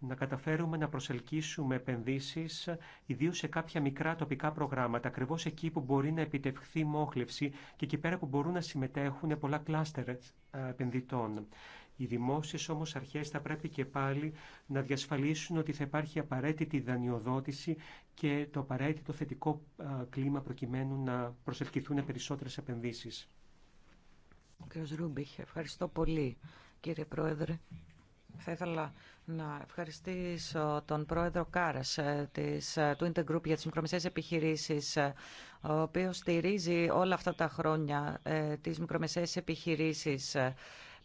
να καταφέρουμε να προσελκύσουμε επενδύσεις, ιδίως σε κάποια μικρά τοπικά προγράμματα, ακριβώ εκεί που μπορεί να επιτευχθεί μόχλευση και εκεί πέρα που μπορούν να συμμετέχουν πολλά κλάστερ ε, επενδυτών. Οι δημόσιε όμως αρχές θα πρέπει και πάλι να διασφαλίσουν ότι θα υπάρχει απαραίτητη δανειοδότηση και το απαραίτητο θετικό ε, κλίμα προκειμένου να προσελκυθούν περισσότερες επενδύσεις. Κύριε Ρούμπιχ, ευχαριστώ πολύ κύριε Πρόεδρε. Θα ήθελα να ευχαριστήσω τον πρόεδρο Κάρας ε, της, ε, του Intergroup για τις μικρομεσαίες επιχειρήσεις, ε, ο οποίος στηρίζει όλα αυτά τα χρόνια τις μικρομεσαίες επιχειρήσεις.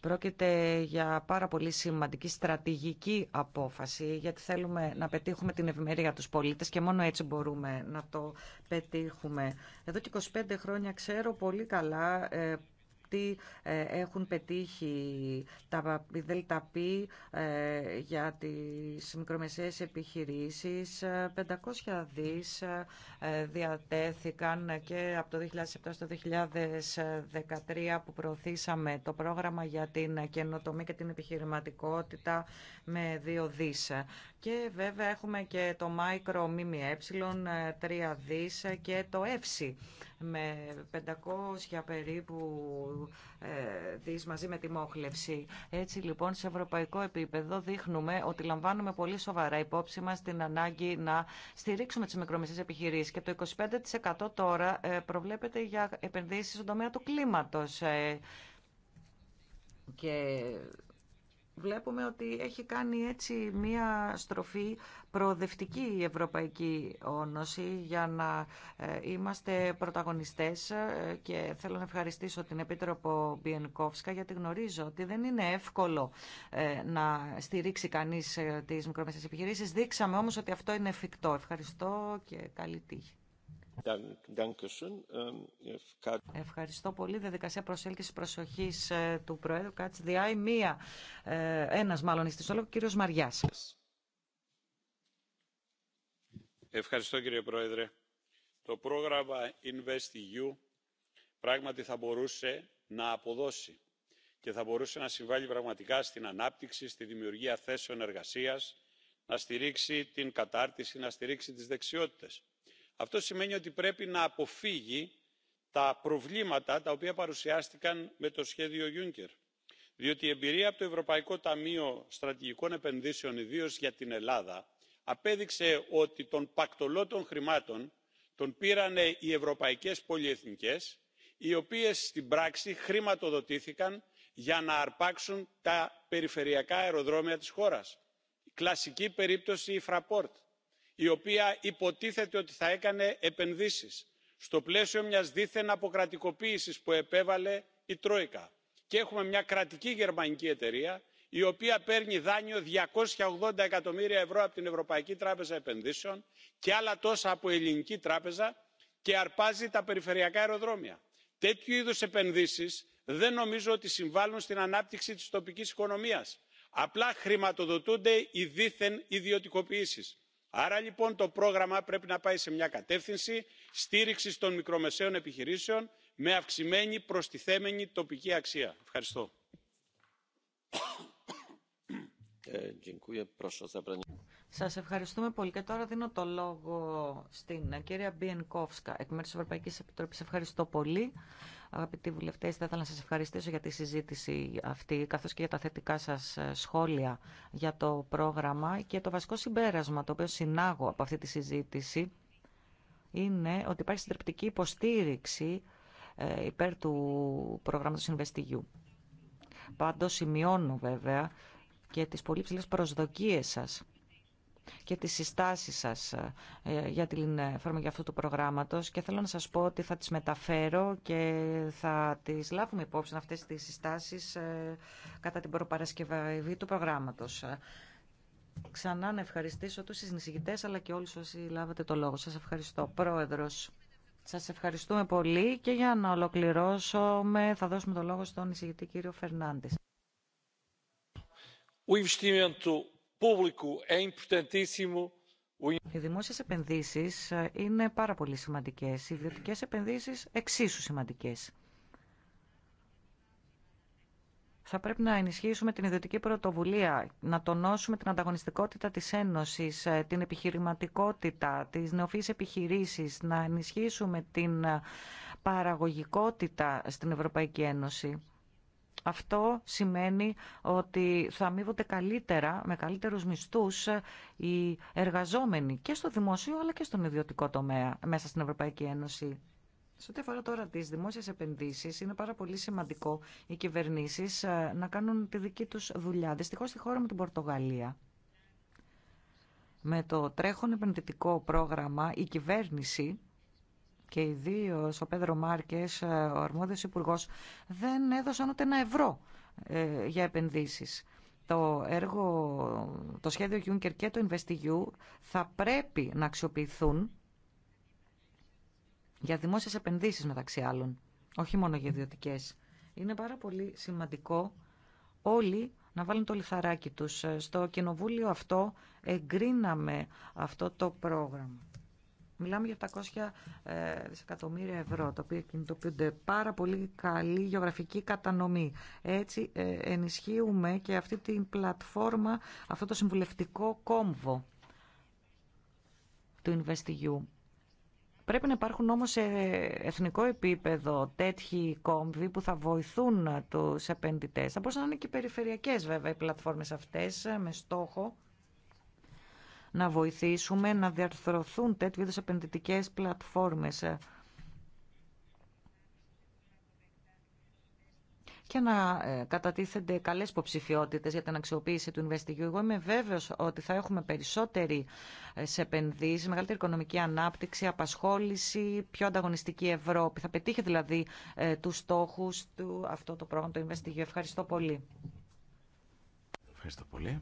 Πρόκειται για πάρα πολύ σημαντική στρατηγική απόφαση, γιατί θέλουμε να πετύχουμε την ευημερία τους πολίτες και μόνο έτσι μπορούμε να το πετύχουμε. Εδώ και 25 χρόνια ξέρω πολύ καλά ε, έχουν πετύχει τα ΔΕΛΤΑΠΗ ε, για τις μικρομεσαίες επιχειρήσεις. 500 δις ε, διατέθηκαν και από το 2007 στο 2013 που προωθήσαμε το πρόγραμμα για την καινοτομία και την επιχειρηματικότητα με 2 δις. Και βέβαια έχουμε και το Micro ΜΜΕ, 3 δις και το εύση με 500 περίπου ε, δις μαζί με τη μόχλευση. Έτσι λοιπόν σε ευρωπαϊκό επίπεδο δείχνουμε ότι λαμβάνουμε πολύ σοβαρά υπόψη μας την ανάγκη να στηρίξουμε τις μικρομεσαίες επιχειρήσεις και το 25% τώρα ε, προβλέπεται για επενδύσεις στον τομέα του κλίματος. Ε, και βλέπουμε ότι έχει κάνει έτσι μία στροφή προοδευτική η Ευρωπαϊκή Όνωση για να ε, είμαστε πρωταγωνιστές ε, και θέλω να ευχαριστήσω την Επίτροπο Μπιενκόφσκα γιατί γνωρίζω ότι δεν είναι εύκολο ε, να στηρίξει κανείς τις μικρομεσαίες επιχειρήσεις. Δείξαμε όμως ότι αυτό είναι εφικτό. Ευχαριστώ και καλή τύχη. Ähm, Ευχαριστώ πολύ. Διαδικασία προσέλκυση προσοχή ε, του Προέδρου Κάτς Διάη. Μία, ε, ένας μάλλον ιστισόλογο, Κύριο Μαριά. Ευχαριστώ κύριε Πρόεδρε. Το πρόγραμμα InvestEU πράγματι θα μπορούσε να αποδώσει και θα μπορούσε να συμβάλλει πραγματικά στην ανάπτυξη, στη δημιουργία θέσεων εργασίας, να στηρίξει την κατάρτιση, να στηρίξει τις δεξιότητες αυτό σημαίνει ότι πρέπει να αποφύγει τα προβλήματα τα οποία παρουσιάστηκαν με το σχέδιο juncker διότι η εμπειρία από το ευρωπαϊκό ταμείο στρατηγικών επενδύσεων ιδίως για την ελλάδα απέδειξε ότι τον των χρημάτων τον πήραν οι ευρωπαϊκές πολυεθνικές οι οποίες στην πράξη χρηματοδοτήθηκαν για να αρπάξουν τα περιφερειακά αεροδρόμια της χώρας. κλασική περίπτωση η fraport η οποία υποτίθεται ότι θα έκανε επενδύσεις στο πλαίσιο μιας δίθεν αποκρατικοποίησης που επέβαλε η τρόικα και έχουμε μια κρατική γερμανική εταιρεία η οποία παίρνει δάνειο 280 εκατομμύρια ευρώ από την Ευρωπαϊκή Τράπεζα Επενδύσεων και άλλα τόσα από Ελληνική Τράπεζα και αρπάζει τα περιφερειακά αεροδρόμια. Τέτοιου είδους επενδύσεις δεν νομίζω ότι συμβάλλουν στην ανάπτυξη της τοπικής οικονομίας. Απλά χρηματοδοτούνται οι δίθεν ιδιωτικοποιήσεις άρα λοιπόν το πρόγραμμα πρέπει να πάει σε μια κατεύθυνση στήριξη των μικρομεσαίων επιχειρήσεων με αυξημένη προστιθέμενη τοπική αξία. ευχαριστώ. Ε, Σας ευχαριστούμε πολύ και τώρα δίνω το λόγο στην κυρία Μπιενκόφσκα εκ μέρους της Ευρωπαϊκής Επιτροπής. Ευχαριστώ πολύ. Αγαπητοί βουλευτέ, θα ήθελα να σα ευχαριστήσω για τη συζήτηση αυτή, καθώ και για τα θετικά σα ε, σχόλια για το πρόγραμμα. Και το βασικό συμπέρασμα, το οποίο συνάγω από αυτή τη συζήτηση, είναι ότι υπάρχει συντριπτική υποστήριξη ε, υπέρ του προγράμματος InvestEU. Πάντως σημειώνω βέβαια και τις πολύ ψηλές προσδοκίες σας και τις συστάσεις σας ε, για την ε, εφαρμογή αυτού του προγράμματος και θέλω να σας πω ότι θα τις μεταφέρω και θα τις λάβουμε υπόψη αυτές τις συστάσεις ε, κατά την προπαρασκευή του προγράμματος. Ξανά να ευχαριστήσω τους συνεισηγητές αλλά και όλους όσοι λάβατε το λόγο. Σας ευχαριστώ. Πρόεδρος. Σας ευχαριστούμε πολύ και για να ολοκληρώσουμε θα δώσουμε το λόγο στον εισηγητή κύριο Φερνάντης. Οι δημόσιες επενδύσεις ε, είναι πάρα πολύ σημαντικές, οι ιδιωτικές επενδύσεις εξίσου σημαντικές. Θα πρέπει να ενισχύσουμε την ιδιωτική πρωτοβουλία, να τονώσουμε την ανταγωνιστικότητα της Ένωσης, ε, την επιχειρηματικότητα, τις νεοφύης επιχειρήσεις, να ενισχύσουμε την ε, παραγωγικότητα στην Ευρωπαϊκή Ένωση. Αυτό σημαίνει ότι θα αμείβονται καλύτερα, με καλύτερους μισθούς, οι εργαζόμενοι και στο δημόσιο αλλά και στον ιδιωτικό τομέα μέσα στην Ευρωπαϊκή Ένωση. Σε ό,τι αφορά τώρα τις δημόσιες επενδύσεις, είναι πάρα πολύ σημαντικό οι κυβερνήσεις ε, να κάνουν τη δική τους δουλειά. Δυστυχώ στη χώρα με την Πορτογαλία. Με το τρέχον επενδυτικό πρόγραμμα, η κυβέρνηση και ιδίω ο Πέδρο Μάρκε, ε, ο αρμόδιο υπουργό, δεν έδωσαν ούτε ένα ευρώ ε, για επενδύσει. Το έργο, το σχέδιο Juncker και το InvestEU θα πρέπει να αξιοποιηθούν για δημόσιες επενδύσεις μεταξύ άλλων, όχι μόνο για ιδιωτικέ. Είναι πάρα πολύ σημαντικό όλοι να βάλουν το λιθαράκι τους. Ε, στο κοινοβούλιο αυτό εγκρίναμε αυτό το πρόγραμμα. Μιλάμε για 700 ε, δισεκατομμύρια ευρώ, τα οποία κινητοποιούνται πάρα πολύ καλή γεωγραφική κατανομή. Έτσι ε, ενισχύουμε και αυτή την πλατφόρμα, αυτό το συμβουλευτικό κόμβο του InvestEU. Πρέπει να υπάρχουν όμως σε εθνικό επίπεδο τέτοιοι κόμβοι που θα βοηθούν τους επενδυτές. Θα μπορούσαν να είναι και περιφερειακές βέβαια οι πλατφόρμες αυτές ε, με στόχο να βοηθήσουμε να διαρθρωθούν τέτοιου είδους επενδυτικές πλατφόρμες και να ε, κατατίθενται καλές υποψηφιότητε για την αξιοποίηση του Ινβεστιγιού. Εγώ είμαι βέβαιος ότι θα έχουμε περισσότερη ε, σε επενδύσεις, μεγαλύτερη οικονομική ανάπτυξη, απασχόληση, πιο ανταγωνιστική Ευρώπη. Θα πετύχει δηλαδή ε, τους στόχους του αυτό το πρόγραμμα του InvestEU. Ευχαριστώ πολύ. Ευχαριστώ πολύ.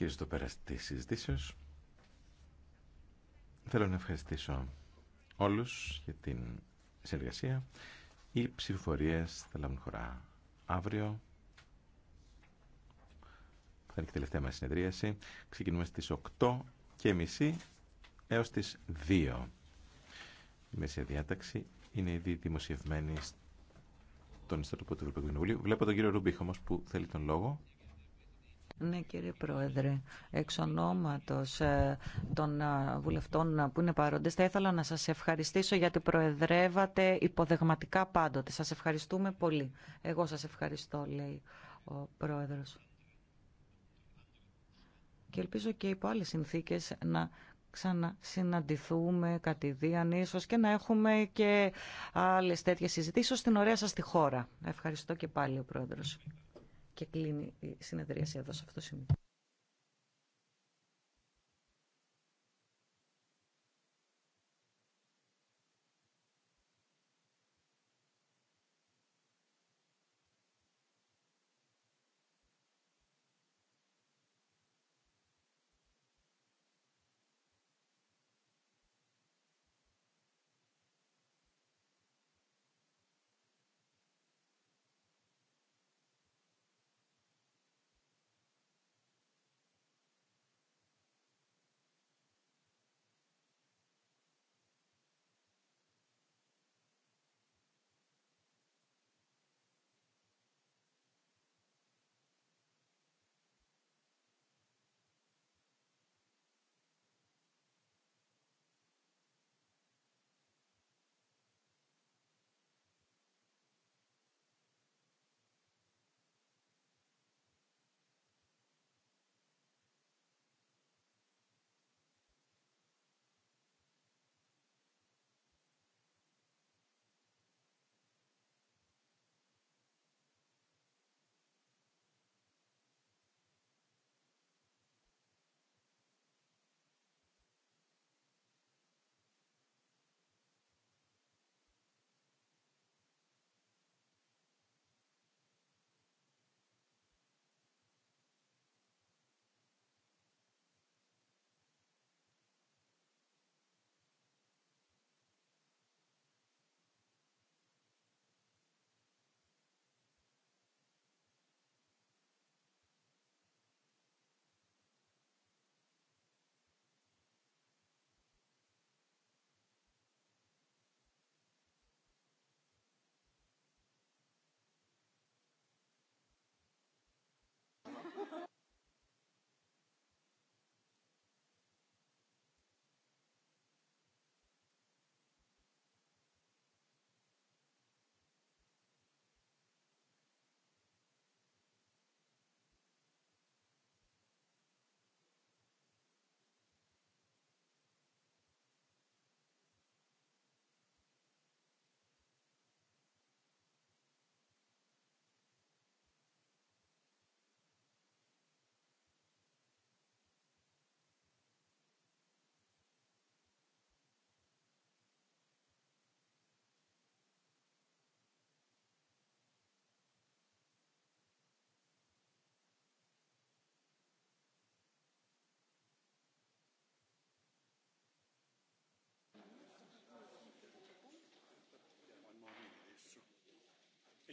Και στο πέρα τη συζητήσεω θέλω να ευχαριστήσω όλους για την συνεργασία. Οι ψηφοφορίες θα λάβουν χώρα αύριο. Θα είναι και η τελευταία μας συνεδρίαση. Ξεκινούμε στις 8 και μισή έως τις 2. Η μέσα διάταξη είναι ήδη δημοσιευμένη στον ιστότοπο του Ευρωπαϊκού Κοινοβουλίου. Βλέπω τον κύριο Ρουμπίχ όμω που θέλει τον λόγο. Ναι κύριε Πρόεδρε, εξ ονόματος ε, των ε, βουλευτών ε, που είναι παρόντες θα ήθελα να σας ευχαριστήσω γιατί προεδρεύατε υποδεγματικά πάντοτε. Σας ευχαριστούμε πολύ. Εγώ σας ευχαριστώ λέει ο Πρόεδρος. Και ελπίζω και υπό άλλες συνθήκες να ξανασυναντηθούμε κατηδίαν ίσως και να έχουμε και άλλες τέτοιες συζητήσεις στην ωραία σας τη χώρα. Ευχαριστώ και πάλι ο Πρόεδρος και κλείνει η συνεδρίαση εδώ σε αυτό το σημείο.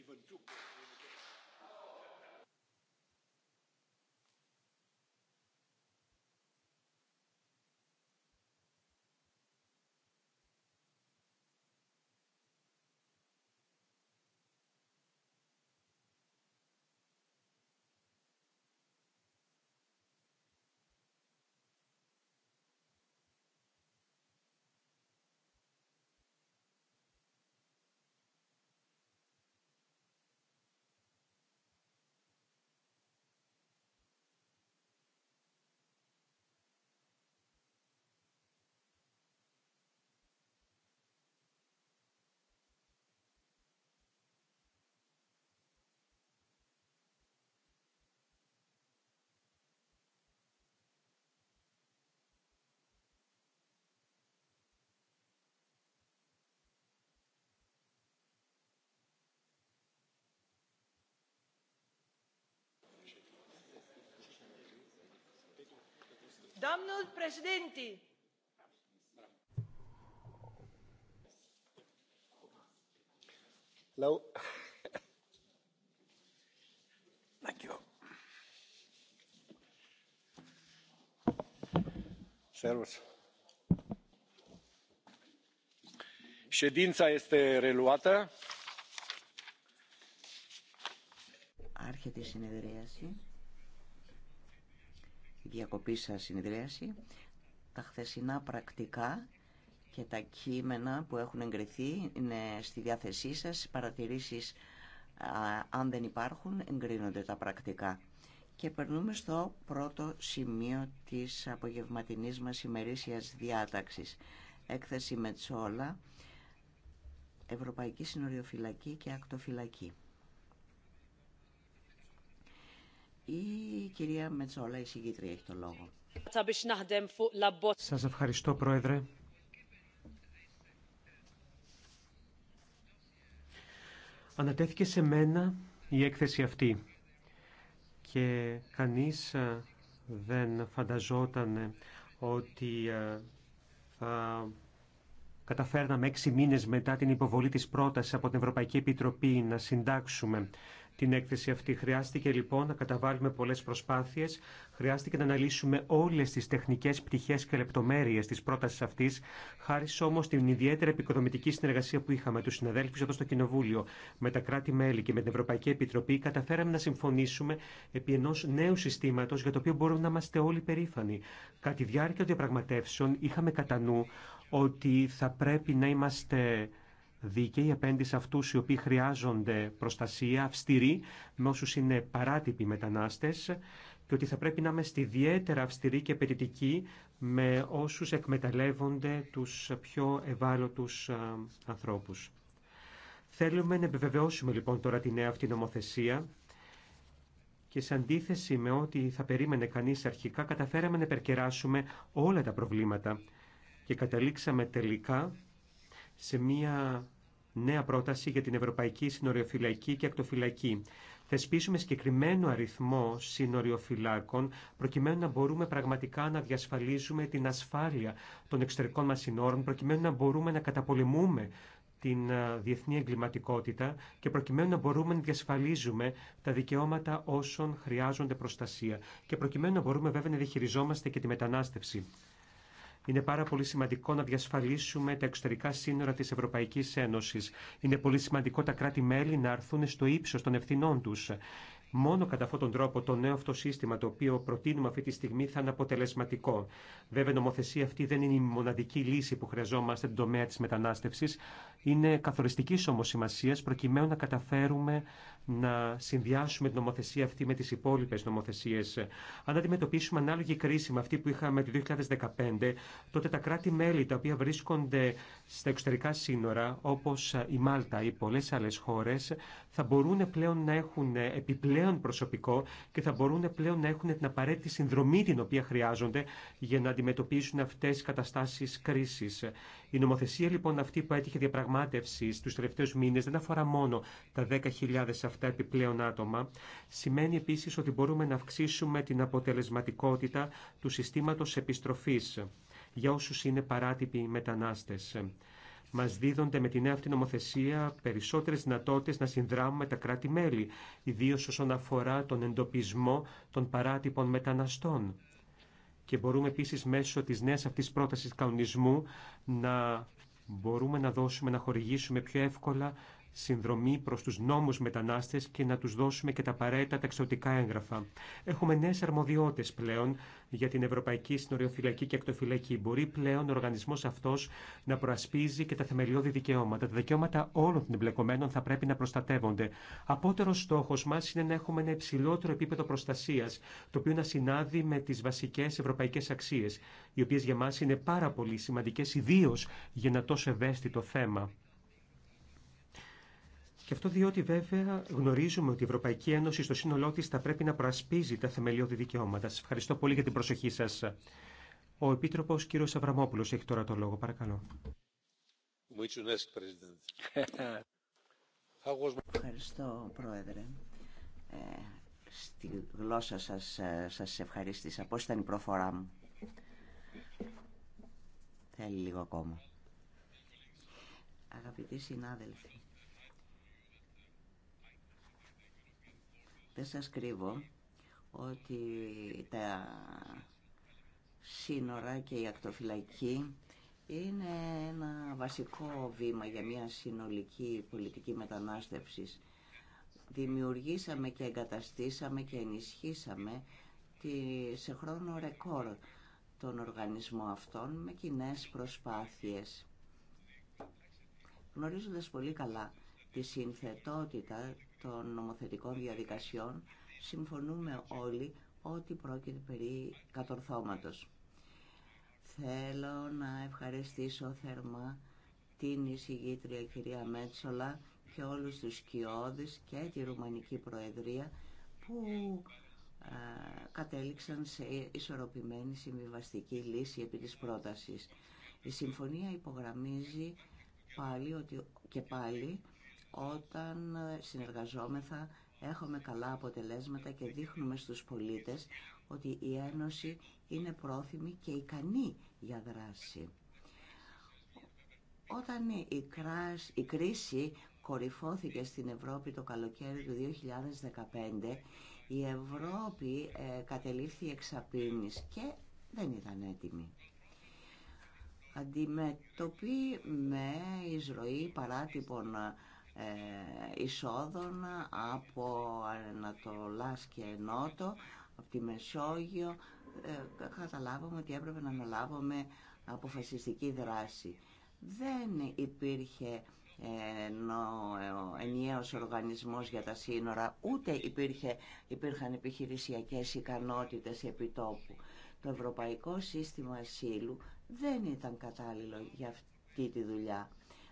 even Domnul președinte. Ședința este reluată διακοπή σας συνεδρίαση, τα χθεσινά πρακτικά και τα κείμενα που έχουν εγκριθεί είναι στη διάθεσή σας. Παρατηρήσεις, αν δεν υπάρχουν, εγκρίνονται τα πρακτικά. Και περνούμε στο πρώτο σημείο της απογευματινής μας ημερήσιας διάταξης. Έκθεση Μετσόλα, Ευρωπαϊκή Συνοριοφυλακή και Ακτοφυλακή. Η κυρία Μετσόλα, η συγγήτρια, έχει το λόγο. Σας ευχαριστώ, Πρόεδρε. Ανατέθηκε σε μένα η έκθεση αυτή και κανείς δεν φανταζόταν ότι θα καταφέρναμε έξι μήνες μετά την υποβολή της πρότασης από την Ευρωπαϊκή Επιτροπή να συντάξουμε την έκθεση αυτή. Χρειάστηκε λοιπόν να καταβάλουμε πολλέ προσπάθειες, χρειάστηκε να αναλύσουμε όλε τι τεχνικέ πτυχέ και λεπτομέρειε τη πρόταση αυτή, χάρη όμω στην ιδιαίτερη επικοδομητική συνεργασία που είχαμε του συναδέλφου εδώ στο Κοινοβούλιο, με τα κράτη-μέλη και με την Ευρωπαϊκή Επιτροπή, καταφέραμε να συμφωνήσουμε επί ενό νέου συστήματο για το οποίο μπορούμε να είμαστε όλοι περήφανοι. Κατά τη διάρκεια των διαπραγματεύσεων είχαμε κατά νου ότι θα πρέπει να είμαστε Δίκαιοι απέναντι σε αυτού οι οποίοι χρειάζονται προστασία, αυστηρή με όσου είναι παράτυποι μετανάστε και ότι θα πρέπει να είμαστε ιδιαίτερα αυστηροί και απαιτητικοί με όσους εκμεταλλεύονται τους πιο ευάλωτους ανθρώπους. Θέλουμε να επιβεβαιώσουμε λοιπόν τώρα τη νέα αυτή νομοθεσία και σε αντίθεση με ό,τι θα περίμενε κανείς αρχικά καταφέραμε να επερκεράσουμε όλα τα προβλήματα και καταλήξαμε τελικά σε μια νέα πρόταση για την Ευρωπαϊκή Συνοριοφυλακή και Ακτοφυλακή. Θεσπίσουμε συγκεκριμένο αριθμό συνοριοφυλάκων προκειμένου να μπορούμε πραγματικά να διασφαλίζουμε την ασφάλεια των εξωτερικών μας συνόρων, προκειμένου να μπορούμε να καταπολεμούμε την διεθνή εγκληματικότητα και προκειμένου να μπορούμε να διασφαλίζουμε τα δικαιώματα όσων χρειάζονται προστασία και προκειμένου να μπορούμε βέβαια να διαχειριζόμαστε και τη μετανάστευση. Είναι πάρα πολύ σημαντικό να διασφαλίσουμε τα εξωτερικά σύνορα τη Ευρωπαϊκή Ένωση. Είναι πολύ σημαντικό τα κράτη-μέλη να έρθουν στο ύψο των ευθυνών του. Μόνο κατά αυτόν τον τρόπο το νέο αυτό σύστημα το οποίο προτείνουμε αυτή τη στιγμή θα είναι αποτελεσματικό. Βέβαια, η νομοθεσία αυτή δεν είναι η μοναδική λύση που χρειαζόμαστε στον τομέα τη μετανάστευση είναι καθοριστική όμω σημασία προκειμένου να καταφέρουμε να συνδυάσουμε την νομοθεσία αυτή με τι υπόλοιπε νομοθεσίε. Αν αντιμετωπίσουμε ανάλογη κρίση με αυτή που είχαμε το 2015, τότε τα κράτη-μέλη τα οποία βρίσκονται στα εξωτερικά σύνορα, όπω η Μάλτα ή πολλέ άλλε χώρε, θα μπορούν πλέον να έχουν επιπλέον προσωπικό και θα μπορούν πλέον να έχουν την απαραίτητη συνδρομή την οποία χρειάζονται για να αντιμετωπίσουν αυτέ τι καταστάσει κρίση. Η νομοθεσία λοιπόν αυτή που έτυχε διαπραγμάτευση στους τελευταίους μήνες δεν αφορά μόνο τα 10.000 αυτά επιπλέον άτομα. Σημαίνει επίσης ότι μπορούμε να αυξήσουμε την αποτελεσματικότητα του συστήματος επιστροφής για όσους είναι παράτυποι μετανάστες. Μα δίδονται με τη νέα αυτή νομοθεσία περισσότερε δυνατότητε να συνδράμουμε τα κράτη-μέλη, ιδίω όσον αφορά τον εντοπισμό των παράτυπων μεταναστών και μπορούμε επίσης μέσω της νέας αυτής πρότασης κανονισμού να μπορούμε να δώσουμε, να χορηγήσουμε πιο εύκολα συνδρομή προ του νόμου μετανάστε και να του δώσουμε και τα απαραίτητα εξωτικά έγγραφα. Έχουμε νέε αρμοδιότητες πλέον για την Ευρωπαϊκή Συνοριοφυλακή και Ακτοφυλακή. Μπορεί πλέον ο οργανισμό αυτό να προασπίζει και τα θεμελιώδη δικαιώματα. Τα δικαιώματα όλων των εμπλεκομένων θα πρέπει να προστατεύονται. Απότερο στόχο μα είναι να έχουμε ένα υψηλότερο επίπεδο προστασία, το οποίο να συνάδει με τι βασικέ ευρωπαϊκέ αξίε, οι οποίε για μα είναι πάρα πολύ σημαντικέ ιδίω για ένα τόσο ευαίσθητο θέμα. Και αυτό διότι βέβαια γνωρίζουμε ότι η Ευρωπαϊκή Ένωση στο σύνολό τη θα πρέπει να προασπίζει τα θεμελιώδη δικαιώματα. Σα ευχαριστώ πολύ για την προσοχή σα. Ο Επίτροπο κ. Αβραμόπουλο έχει τώρα το λόγο. Παρακαλώ. Ευχαριστώ, Πρόεδρε. Ε, στη γλώσσα σας ε, σας ευχαρίστησα. Πώς ήταν η προφορά μου. Θέλει λίγο ακόμα. Αγαπητοί συνάδελφοι, Δεν σας κρύβω ότι τα σύνορα και η ακτοφυλακή είναι ένα βασικό βήμα για μια συνολική πολιτική μετανάστευσης. Δημιουργήσαμε και εγκαταστήσαμε και ενισχύσαμε σε χρόνο ρεκόρ τον οργανισμό αυτών με κοινέ προσπάθειες. Γνωρίζοντας πολύ καλά τη συνθετότητα των νομοθετικών διαδικασιών συμφωνούμε όλοι ότι πρόκειται περί κατορθώματος. Θέλω να ευχαριστήσω θερμά την εισηγήτρια κυρία Μέτσολα και όλους τους σκιώδεις και τη Ρουμανική Προεδρία που ε, κατέληξαν σε ισορροπημένη συμβιβαστική λύση επί της πρότασης. Η συμφωνία υπογραμμίζει πάλι ότι, και πάλι όταν συνεργαζόμεθα έχουμε καλά αποτελέσματα και δείχνουμε στους πολίτες ότι η Ένωση είναι πρόθυμη και ικανή για δράση. Όταν η κρίση κορυφώθηκε στην Ευρώπη το καλοκαίρι του 2015, η Ευρώπη ε, κατελήφθη εξαπίνης και δεν ήταν έτοιμη. Αντιμετωπεί με εισρωή παράτυπων ε, εισόδων από Ανατολάς και Νότο, από τη Μεσόγειο, ε, καταλάβαμε ότι έπρεπε να αναλάβουμε αποφασιστική δράση. Δεν υπήρχε ε, ενιαίος οργανισμός για τα σύνορα, ούτε υπήρχε, υπήρχαν επιχειρησιακές ικανότητες επιτόπου. Το Ευρωπαϊκό Σύστημα Ασύλου δεν ήταν κατάλληλο για αυτή τη δουλειά.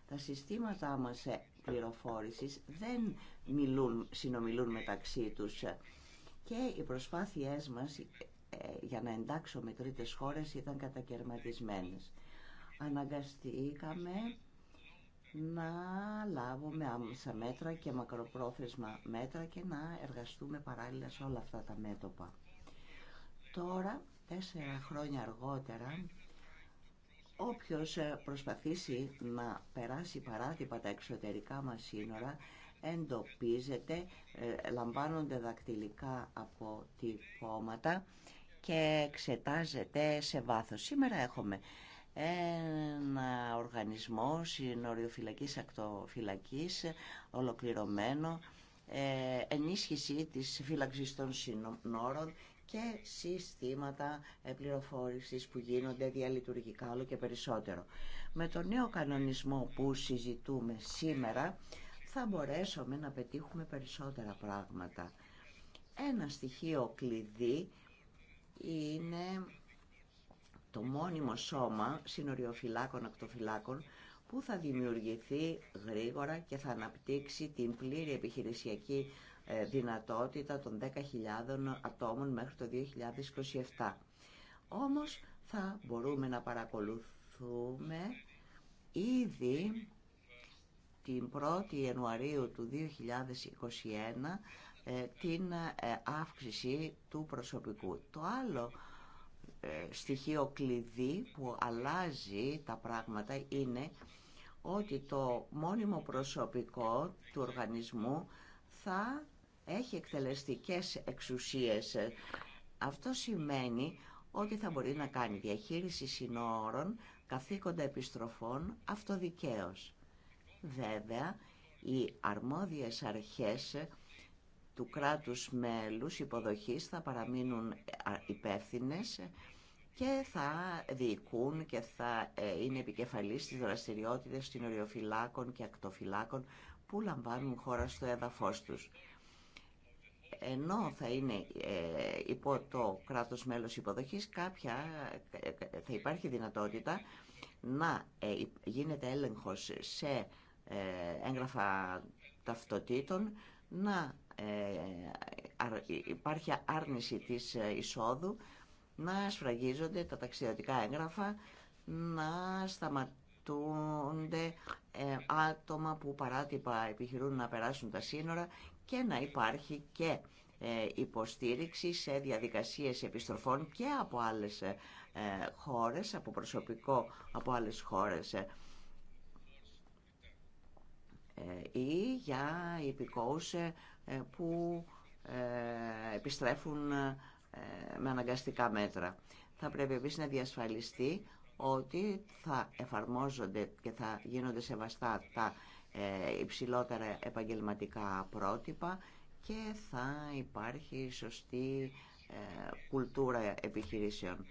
Τα συστήματά μας πληροφόρησης δεν μιλούν, συνομιλούν μεταξύ τους και οι προσπάθειές μας ε, για να εντάξουμε τρίτες χώρες ήταν κατακαιρματισμένες. Αναγκαστήκαμε να λάβουμε άμεσα μέτρα και μακροπρόθεσμα μέτρα και να εργαστούμε παράλληλα σε όλα αυτά τα μέτωπα. Τώρα, τέσσερα χρόνια αργότερα, Όποιος ε, προσπαθήσει να περάσει παράτυπα τα εξωτερικά μας σύνορα εντοπίζεται, ε, λαμβάνονται δακτυλικά αποτυπώματα και εξετάζεται σε βάθος. Σήμερα έχουμε ένα οργανισμό συνοριοφυλακής ακτοφυλακής ολοκληρωμένο, ε, ενίσχυση της φύλαξης των συνόρων και συστήματα πληροφόρηση που γίνονται διαλειτουργικά όλο και περισσότερο. Με τον νέο κανονισμό που συζητούμε σήμερα θα μπορέσουμε να πετύχουμε περισσότερα πράγματα. Ένα στοιχείο κλειδί είναι το μόνιμο σώμα συνοριοφυλάκων ακτοφυλάκων που θα δημιουργηθεί γρήγορα και θα αναπτύξει την πλήρη επιχειρησιακή ε, δυνατότητα των 10.000 ατόμων μέχρι το 2027. Όμως θα μπορούμε να παρακολουθούμε ήδη την 1η Ιανουαρίου του 2021 ε, την ε, αύξηση του προσωπικού. Το άλλο στοιχείο κλειδί που αλλάζει τα πράγματα είναι ότι το μόνιμο προσωπικό του οργανισμού θα έχει εκτελεστικές εξουσίες. Αυτό σημαίνει ότι θα μπορεί να κάνει διαχείριση συνόρων, καθήκοντα επιστροφών, αυτοδικαίως. Βέβαια, οι αρμόδιες αρχές του κράτους μέλους υποδοχής θα παραμείνουν υπεύθυνες και θα διοικούν και θα ε, είναι επικεφαλής στις δραστηριότητες των οριοφυλάκων και ακτοφυλάκων που λαμβάνουν χώρα στο έδαφος τους ενώ θα είναι ε, υπό το κράτος μέλος υποδοχής κάποια, ε, ε, θα υπάρχει δυνατότητα να γίνεται έλεγχος σε έγγραφα ταυτοτήτων, να υπάρχει άρνηση της εισόδου, να σφραγίζονται τα ταξιδιωτικά έγγραφα, να σταματούνται άτομα που παράτυπα επιχειρούν να περάσουν τα σύνορα και να υπάρχει και ε, υποστήριξη σε διαδικασίες επιστροφών και από άλλες ε, χώρες, από προσωπικό από άλλες χώρες ε, ή για υπηκόους που επιστρέφουν με αναγκαστικά μέτρα. Θα πρέπει επίσης να διασφαλιστεί ότι θα εφαρμόζονται και θα γίνονται σεβαστά τα ε, υψηλότερα επαγγελματικά πρότυπα και θα υπάρχει σωστή ε, κουλτούρα επιχειρήσεων.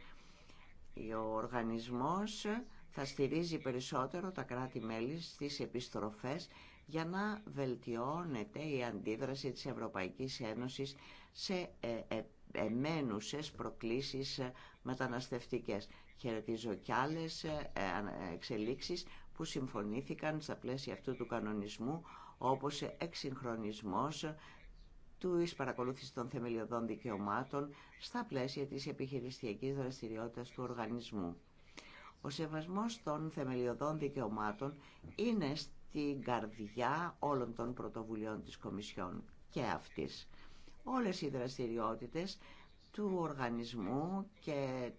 Ο οργανισμός θα στηρίζει περισσότερο τα κράτη-μέλη στις επιστροφές για να βελτιώνεται η αντίδραση της Ευρωπαϊκής Ένωσης σε ε, εμένουσες προκλήσεις μεταναστευτικές. Χαιρετίζω κι άλλες εξελίξεις που συμφωνήθηκαν στα πλαίσια αυτού του κανονισμού όπως εξυγχρονισμός του παρακολούθηση των θεμελιωδών δικαιωμάτων στα πλαίσια της επιχειρησιακής δραστηριότητας του οργανισμού. Ο σεβασμός των θεμελιωδών δικαιωμάτων είναι στην καρδιά όλων των πρωτοβουλειών της Κομισιόν και αυτής. Όλες οι δραστηριότητες του οργανισμού και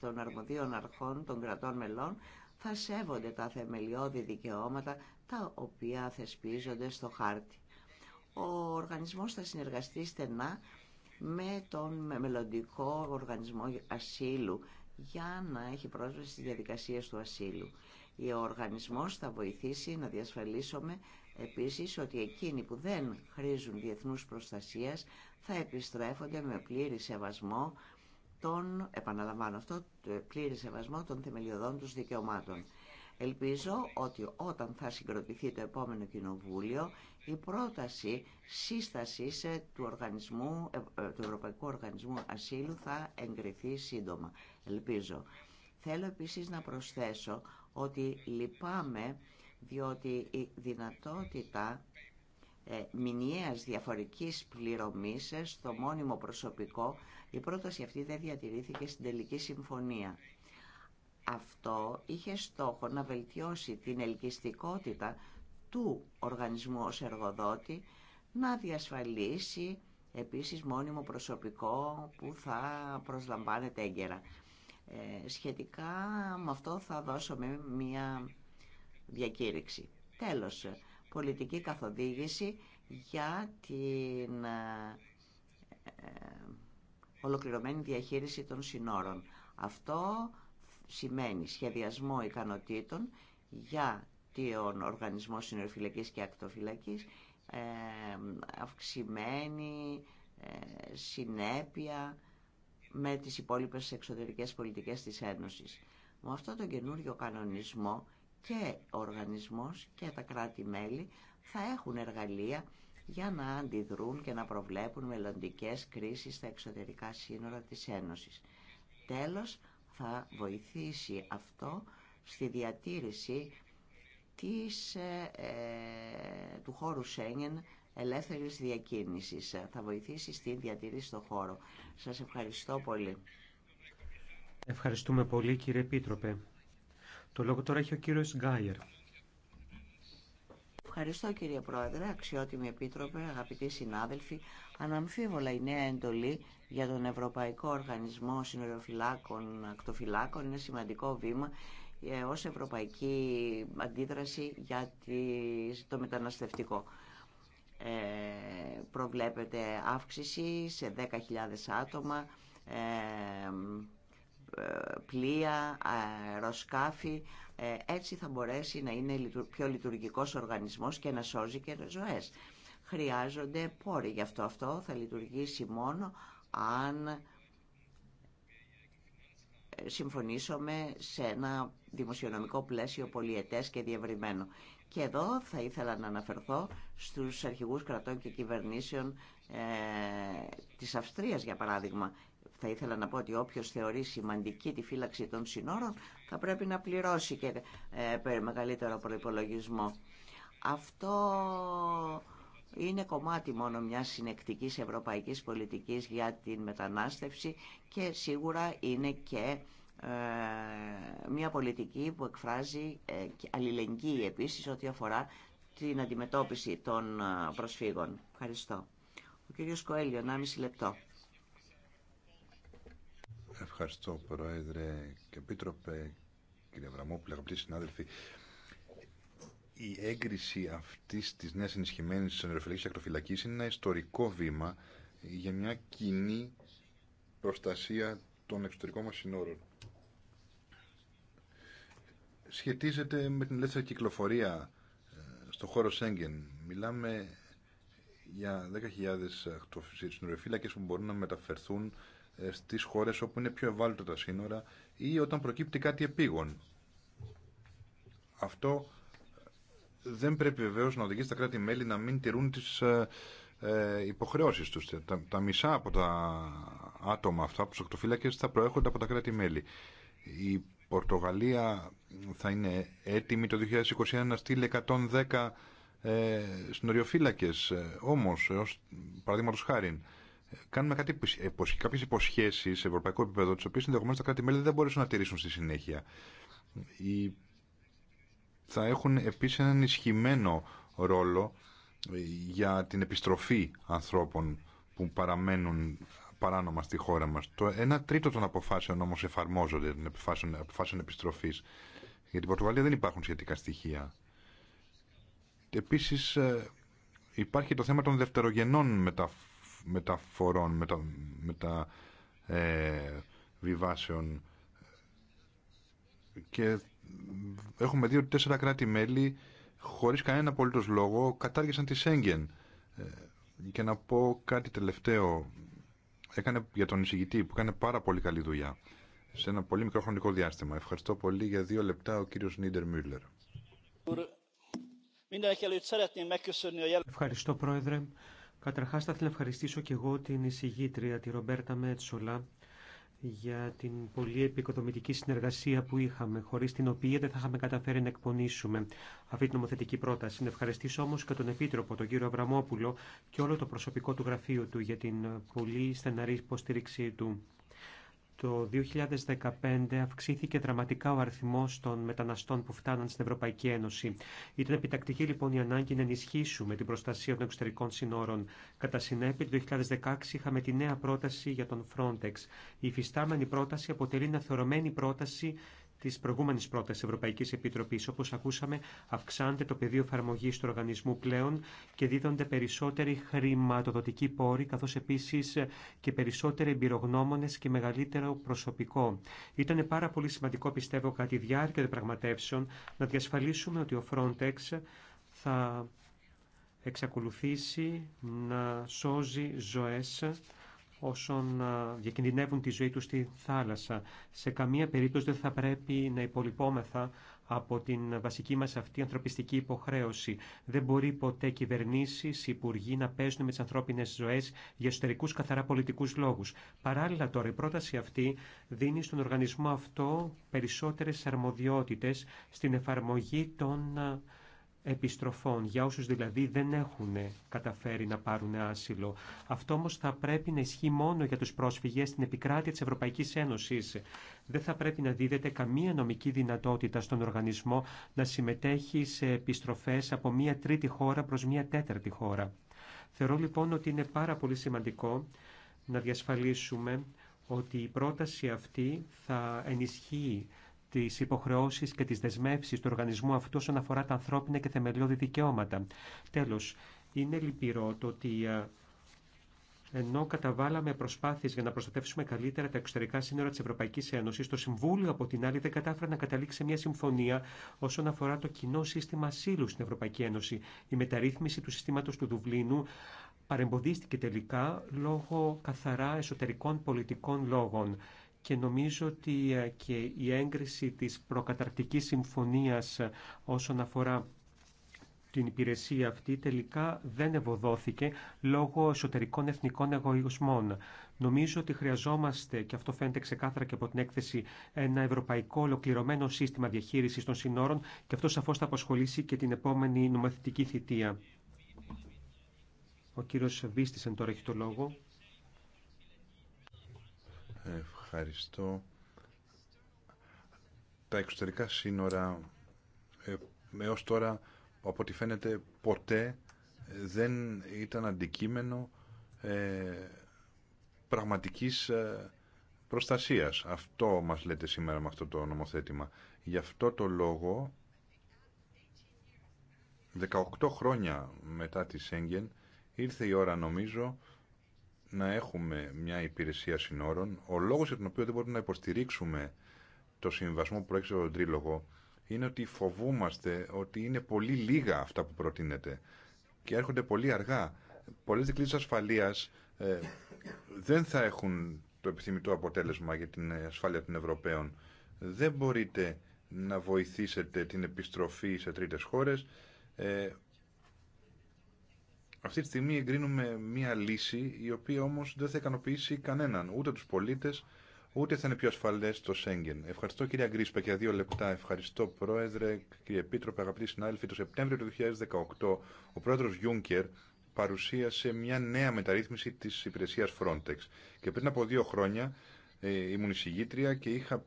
των αρμοδίων αρχών των κρατών μελών θα σέβονται τα θεμελιώδη δικαιώματα τα οποία θεσπίζονται στο χάρτη. Ο οργανισμός θα συνεργαστεί στενά με τον μελλοντικό οργανισμό ασύλου για να έχει πρόσβαση στις διαδικασίες του ασύλου. Ο οργανισμός θα βοηθήσει να διασφαλίσουμε επίσης ότι εκείνοι που δεν χρήζουν διεθνούς προστασίας θα επιστρέφονται με πλήρη σεβασμό τον, επαναλαμβάνω αυτό, πλήρη σεβασμό των θεμελιωδών τους δικαιωμάτων. Ελπίζω ότι όταν θα συγκροτηθεί το επόμενο κοινοβούλιο, η πρόταση σύστασης ε, του, ε, ε, του Ευρωπαϊκού Οργανισμού Ασύλου θα εγκριθεί σύντομα. Ελπίζω. Θέλω επίσης να προσθέσω ότι λυπάμαι διότι η δυνατότητα μηνιαίας διαφορικής πληρωμής στο μόνιμο προσωπικό η πρόταση αυτή δεν διατηρήθηκε στην τελική συμφωνία. Αυτό είχε στόχο να βελτιώσει την ελκυστικότητα του οργανισμού ως εργοδότη, να διασφαλίσει επίσης μόνιμο προσωπικό που θα προσλαμβάνεται έγκαιρα. Ε, σχετικά με αυτό θα δώσω μια διακήρυξη. Τέλος, πολιτική καθοδήγηση για την ε, ε, ολοκληρωμένη διαχείριση των συνόρων. Αυτό σημαίνει σχεδιασμό ικανοτήτων για τον οργανισμό συνορφυλακής και ακτοφυλακής, ε, αυξημένη ε, συνέπεια με τις υπόλοιπες εξωτερικές πολιτικές της Ένωσης. Με αυτό τον καινούριο κανονισμό και ο οργανισμός και τα κράτη-μέλη θα έχουν εργαλεία για να αντιδρούν και να προβλέπουν μελλοντικέ κρίσεις στα εξωτερικά σύνορα της Ένωσης. Τέλος, θα βοηθήσει αυτό στη διατήρηση της, ε, ε, του χώρου Σέγγεν ελεύθερης διακίνησης. Θα βοηθήσει στη διατήρηση του χώρου. Σας ευχαριστώ πολύ. Ευχαριστούμε πολύ κύριε Επίτροπε. Το λόγο τώρα έχει ο κύριος Γκάιερ. Ευχαριστώ κύριε Πρόεδρε, αξιότιμη επίτροπε, αγαπητοί συνάδελφοι. Αναμφίβολα η νέα εντολή για τον Ευρωπαϊκό Οργανισμό Συνοριοφυλάκων Ακτοφυλάκων είναι σημαντικό βήμα ε, ως ευρωπαϊκή αντίδραση για το μεταναστευτικό. Ε, προβλέπεται αύξηση σε 10.000 άτομα, ε, ε, πλοία, αεροσκάφη. Ε, έτσι θα μπορέσει να είναι πιο λειτουργικός οργανισμός και να σώζει και ζωές. Χρειάζονται πόροι. Γι' αυτό αυτό θα λειτουργήσει μόνο αν ε, συμφωνήσουμε σε ένα δημοσιονομικό πλαίσιο πολιετές και διευρυμένο. Και εδώ θα ήθελα να αναφερθώ στους αρχηγούς κρατών και κυβερνήσεων ε, της Αυστρίας, για παράδειγμα θα ήθελα να πω ότι όποιος θεωρεί σημαντική τη φύλαξη των συνόρων θα πρέπει να πληρώσει και ε, μεγαλύτερο προϋπολογισμό. Αυτό είναι κομμάτι μόνο μιας συνεκτικής ευρωπαϊκής πολιτικής για την μετανάστευση και σίγουρα είναι και ε, μια πολιτική που εκφράζει ε, αλληλεγγύη επίσης ό,τι αφορά την αντιμετώπιση των προσφύγων. Ευχαριστώ. Ο κύριος Κοέλιο, 1,5 λεπτό. Ευχαριστώ, Πρόεδρε και Επίτροπε, κύριε Βραμόπουλε, αγαπητοί συνάδελφοι. Η έγκριση αυτή τη νέα ενισχυμένη ενεργοφυλακή και είναι ένα ιστορικό βήμα για μια κοινή προστασία των εξωτερικών μα συνόρων. Σχετίζεται με την ελεύθερη κυκλοφορία ε, στο χώρο Σέγγεν. Μιλάμε για 10.000 ακτοφυλακέ που μπορούν να μεταφερθούν ε, στις χώρες όπου είναι πιο ευάλωτα τα σύνορα ή όταν προκύπτει κάτι επίγον. Αυτό δεν πρέπει βεβαίως να οδηγεί στα κράτη-μέλη να μην τηρούν τις ε, ε υποχρεώσεις τους. Τα, μισά από τα άτομα αυτά, από τους οκτωφύλακες, θα προέρχονται από τα κράτη-μέλη. Η Πορτογαλία θα είναι έτοιμη το 2021 να στείλει 110 ε, συνοριοφύλακες. Ε, όμως, παραδείγματος χάρη, κάνουμε κάτι, κάποιες υποσχέσεις σε ευρωπαϊκό επίπεδο, τις οποίες ενδεχομένως τα κράτη-μέλη δεν μπορέσουν να τηρήσουν στη συνέχεια. Οι... Θα έχουν επίσης έναν ισχυμένο ρόλο ε, για την επιστροφή ανθρώπων που παραμένουν παράνομα στη χώρα μας. Το ένα τρίτο των αποφάσεων όμως εφαρμόζονται, των αποφάσεων, αποφάσεων επιστροφής. Για την Πορτογαλία δεν υπάρχουν σχετικά στοιχεία. Επίσης ε, υπάρχει το θέμα των δευτερογενών μεταφορών μεταφορών, μετα, μετα ε, βιβάσεων. Και έχουμε δει ότι τέσσερα κράτη-μέλη, χωρίς κανένα απολύτως λόγο, κατάργησαν τη Σέγγεν. Ε, και να πω κάτι τελευταίο έκανε για τον εισηγητή που έκανε πάρα πολύ καλή δουλειά σε ένα πολύ μικρό χρονικό διάστημα. Ευχαριστώ πολύ για δύο λεπτά ο κύριος Νίντερ Μιούλερ. Ευχαριστώ Πρόεδρε. Καταρχάς θα ήθελα να ευχαριστήσω και εγώ την εισηγήτρια, τη Ρομπέρτα Μέτσολα, για την πολύ επικοδομητική συνεργασία που είχαμε, χωρίς την οποία δεν θα είχαμε καταφέρει να εκπονήσουμε αυτή την νομοθετική πρόταση. Να ευχαριστήσω όμως και τον Επίτροπο, τον κύριο Αβραμόπουλο και όλο το προσωπικό του γραφείου του για την πολύ στεναρή υποστήριξή του. Το 2015 αυξήθηκε δραματικά ο αριθμό των μεταναστών που φτάναν στην Ευρωπαϊκή Ένωση. Ήταν επιτακτική λοιπόν η ανάγκη να ενισχύσουμε την προστασία των εξωτερικών συνόρων. Κατά συνέπεια, το 2016 είχαμε τη νέα πρόταση για τον Frontex. Η υφιστάμενη πρόταση αποτελεί μια θεωρωμένη πρόταση τη προηγούμενη πρόταση Ευρωπαϊκή Επιτροπή. Όπω ακούσαμε, αυξάνεται το πεδίο εφαρμογή του οργανισμού πλέον και δίδονται περισσότεροι χρηματοδοτικοί πόροι, καθώ επίση και περισσότεροι εμπειρογνώμονε και μεγαλύτερο προσωπικό. Ήταν πάρα πολύ σημαντικό, πιστεύω, κατά τη διάρκεια των πραγματεύσεων να διασφαλίσουμε ότι ο Frontex θα εξακολουθήσει να σώζει ζωές όσων διακινδυνεύουν τη ζωή τους στη θάλασσα. Σε καμία περίπτωση δεν θα πρέπει να υπολοιπόμεθα από την βασική μας αυτή ανθρωπιστική υποχρέωση. Δεν μπορεί ποτέ κυβερνήσεις, υπουργοί να παίζουν με τις ανθρώπινες ζωές για εσωτερικούς καθαρά πολιτικούς λόγους. Παράλληλα τώρα η πρόταση αυτή δίνει στον οργανισμό αυτό περισσότερες αρμοδιότητες στην εφαρμογή των επιστροφών, για όσους δηλαδή δεν έχουν καταφέρει να πάρουν άσυλο. Αυτό όμως θα πρέπει να ισχύει μόνο για τους πρόσφυγες στην επικράτεια της Ευρωπαϊκής Ένωσης. Δεν θα πρέπει να δίδεται καμία νομική δυνατότητα στον οργανισμό να συμμετέχει σε επιστροφές από μία τρίτη χώρα προς μία τέταρτη χώρα. Θεωρώ λοιπόν ότι είναι πάρα πολύ σημαντικό να διασφαλίσουμε ότι η πρόταση αυτή θα ενισχύει τι υποχρεώσει και τι δεσμεύσει του οργανισμού αυτού όσον αφορά τα ανθρώπινα και θεμελιώδη δικαιώματα. Τέλο, είναι λυπηρό το ότι ε, ενώ καταβάλαμε προσπάθειες για να προστατεύσουμε καλύτερα τα εξωτερικά σύνορα της Ευρωπαϊκής Ένωσης, το Συμβούλιο από την άλλη δεν κατάφερε να καταλήξει μια συμφωνία όσον αφορά το κοινό σύστημα ασύλου στην Ευρωπαϊκή Ένωση. Η μεταρρύθμιση του συστήματος του Δουβλίνου παρεμποδίστηκε τελικά λόγω καθαρά εσωτερικών πολιτικών λόγων και νομίζω ότι ε, και η έγκριση της προκαταρκτικής συμφωνίας ε, όσον αφορά την υπηρεσία αυτή τελικά δεν ευωδόθηκε λόγω εσωτερικών εθνικών εγωισμών. Νομίζω ότι χρειαζόμαστε, και αυτό φαίνεται ξεκάθαρα και από την έκθεση, ένα ευρωπαϊκό ολοκληρωμένο σύστημα διαχείρισης των συνόρων και αυτό σαφώς θα απασχολήσει και την επόμενη νομοθετική θητεία. Ο κύριος Βίστησεν τώρα έχει το λόγο. Ε, Ευχαριστώ. Τα εξωτερικά σύνορα με έως τώρα, από ό,τι φαίνεται, ποτέ δεν ήταν αντικείμενο ε, πραγματικής ε, προστασίας. Αυτό μας λέτε σήμερα με αυτό το νομοθέτημα. Γι' αυτό το λόγο, 18 χρόνια μετά τη Σέγγεν, ήρθε η ώρα νομίζω να έχουμε μια υπηρεσία συνόρων. Ο λόγος για τον οποίο δεν μπορούμε να υποστηρίξουμε το συμβασμό που προέκυψε από τον Τρίλογο είναι ότι φοβούμαστε ότι είναι πολύ λίγα αυτά που προτείνεται και έρχονται πολύ αργά. Πολλές δικλείδες ασφαλείας ε, δεν θα έχουν το επιθυμητό αποτέλεσμα για την ασφάλεια των Ευρωπαίων. Δεν μπορείτε να βοηθήσετε την επιστροφή σε τρίτες χώρες. Ε, αυτή τη στιγμή εγκρίνουμε μία λύση η οποία όμως δεν θα ικανοποιήσει κανέναν, ούτε τους πολίτες, ούτε θα είναι πιο ασφαλές το Σέγγεν. Ευχαριστώ κυρία Γκρίσπα για δύο λεπτά. Ευχαριστώ πρόεδρε, κύριε Επίτροπε, αγαπητοί συνάδελφοι. Το Σεπτέμβριο του 2018 ο πρόεδρος Γιούνκερ παρουσίασε μια νέα μεταρρύθμιση της υπηρεσίας Frontex. Και πριν από δύο χρόνια ε, ήμουν εισηγήτρια και είχα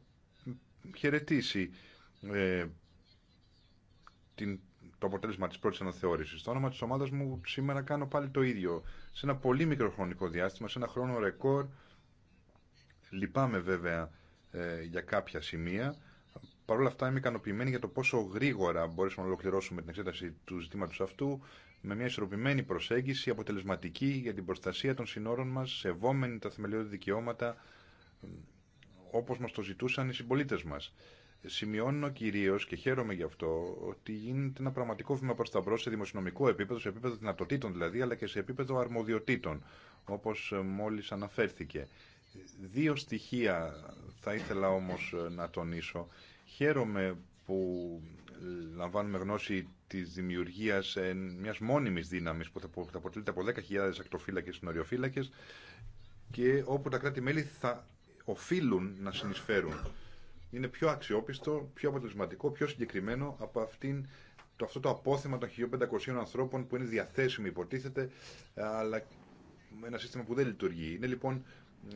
χαιρετήσει ε, την το αποτέλεσμα τη πρώτη αναθεώρηση. Στο όνομα τη ομάδα μου σήμερα κάνω πάλι το ίδιο. Σε ένα πολύ μικρό χρονικό διάστημα, σε ένα χρόνο ρεκόρ. Λυπάμαι βέβαια ε, για κάποια σημεία. Παρ' όλα αυτά είμαι ικανοποιημένη για το πόσο γρήγορα μπορέσαμε να ολοκληρώσουμε την εξέταση του ζητήματο αυτού με μια ισορροπημένη προσέγγιση, αποτελεσματική για την προστασία των συνόρων μα, σεβόμενη τα θεμελιώδη δικαιώματα όπω μα το ζητούσαν οι συμπολίτε μα σημειώνω κυρίω και χαίρομαι γι' αυτό ότι γίνεται ένα πραγματικό βήμα προ τα μπρο σε δημοσιονομικό επίπεδο, σε επίπεδο δυνατοτήτων δηλαδή, αλλά και σε επίπεδο αρμοδιοτήτων, όπω μόλι αναφέρθηκε. Δύο στοιχεία θα ήθελα όμω να τονίσω. Χαίρομαι που λαμβάνουμε γνώση τη δημιουργία μια μόνιμη δύναμη που θα αποτελείται από 10.000 ακτοφύλακε και νοριοφύλακε και όπου τα κράτη-μέλη θα οφείλουν να συνεισφέρουν είναι πιο αξιόπιστο, πιο αποτελεσματικό, πιο συγκεκριμένο από αυτήν, το, αυτό το απόθεμα των 1500 ανθρώπων που είναι διαθέσιμο υποτίθεται, αλλά με ένα σύστημα που δεν λειτουργεί. Είναι λοιπόν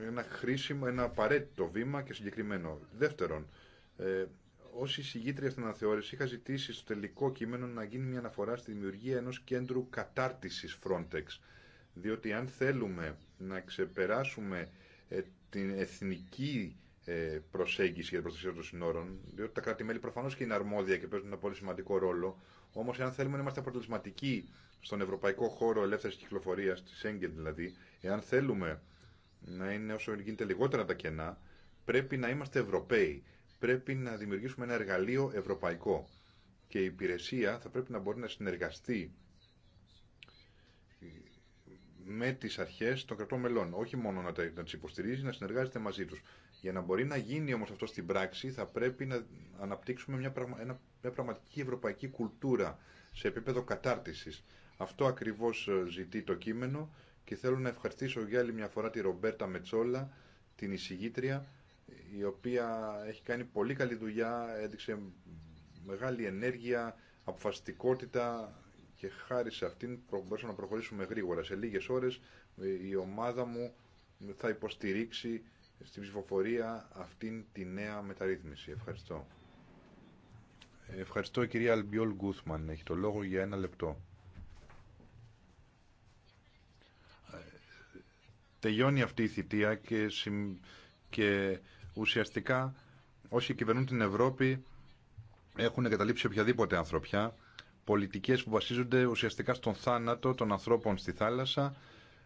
ένα χρήσιμο, ένα απαραίτητο βήμα και συγκεκριμένο. Δεύτερον, ε, ω εισηγήτρια στην αναθεώρηση, είχα ζητήσει στο τελικό κείμενο να γίνει μια αναφορά στη δημιουργία ενό κέντρου κατάρτιση Frontex. Διότι αν θέλουμε να ξεπεράσουμε ε, την εθνική ε, προσέγγιση για την προστασία των συνόρων, διότι τα κράτη-μέλη προφανώ και είναι αρμόδια και παίζουν ένα πολύ σημαντικό ρόλο. Όμω, εάν θέλουμε να είμαστε αποτελεσματικοί στον ευρωπαϊκό χώρο ελεύθερη κυκλοφορία, τη Σέγγεν δηλαδή, εάν θέλουμε να είναι όσο γίνεται λιγότερα τα κενά, πρέπει να είμαστε Ευρωπαίοι. Πρέπει να δημιουργήσουμε ένα εργαλείο ευρωπαϊκό. Και η υπηρεσία θα πρέπει να μπορεί να συνεργαστεί με τι αρχέ των κρατών μελών. Όχι μόνο να τι υποστηρίζει, να συνεργάζεται μαζί του. Για να μπορεί να γίνει όμως αυτό στην πράξη θα πρέπει να αναπτύξουμε μια, μια πραγματική ευρωπαϊκή κουλτούρα σε επίπεδο κατάρτισης. Αυτό ακριβώς ε, ζητεί το κείμενο και θέλω να ευχαριστήσω για άλλη μια φορά τη Ρομπέρτα Μετσόλα, την εισηγήτρια, η οποία έχει κάνει πολύ καλή δουλειά, έδειξε μεγάλη ενέργεια, αποφασιστικότητα και χάρη σε αυτήν μπορούσαμε να προχωρήσουμε γρήγορα. Σε λίγες ώρες ε, η ομάδα μου θα υποστηρίξει στην ψηφοφορία αυτήν τη νέα μεταρρύθμιση. Ευχαριστώ. Ευχαριστώ κυρία Αλμπιόλ Γκούθμαν. Έχει το λόγο για ένα λεπτό. Τελειώνει αυτή η θητεία και, και ουσιαστικά όσοι κυβερνούν την Ευρώπη έχουν εγκαταλείψει οποιαδήποτε ανθρωπιά. Πολιτικές που βασίζονται ουσιαστικά στον θάνατο των ανθρώπων στη θάλασσα,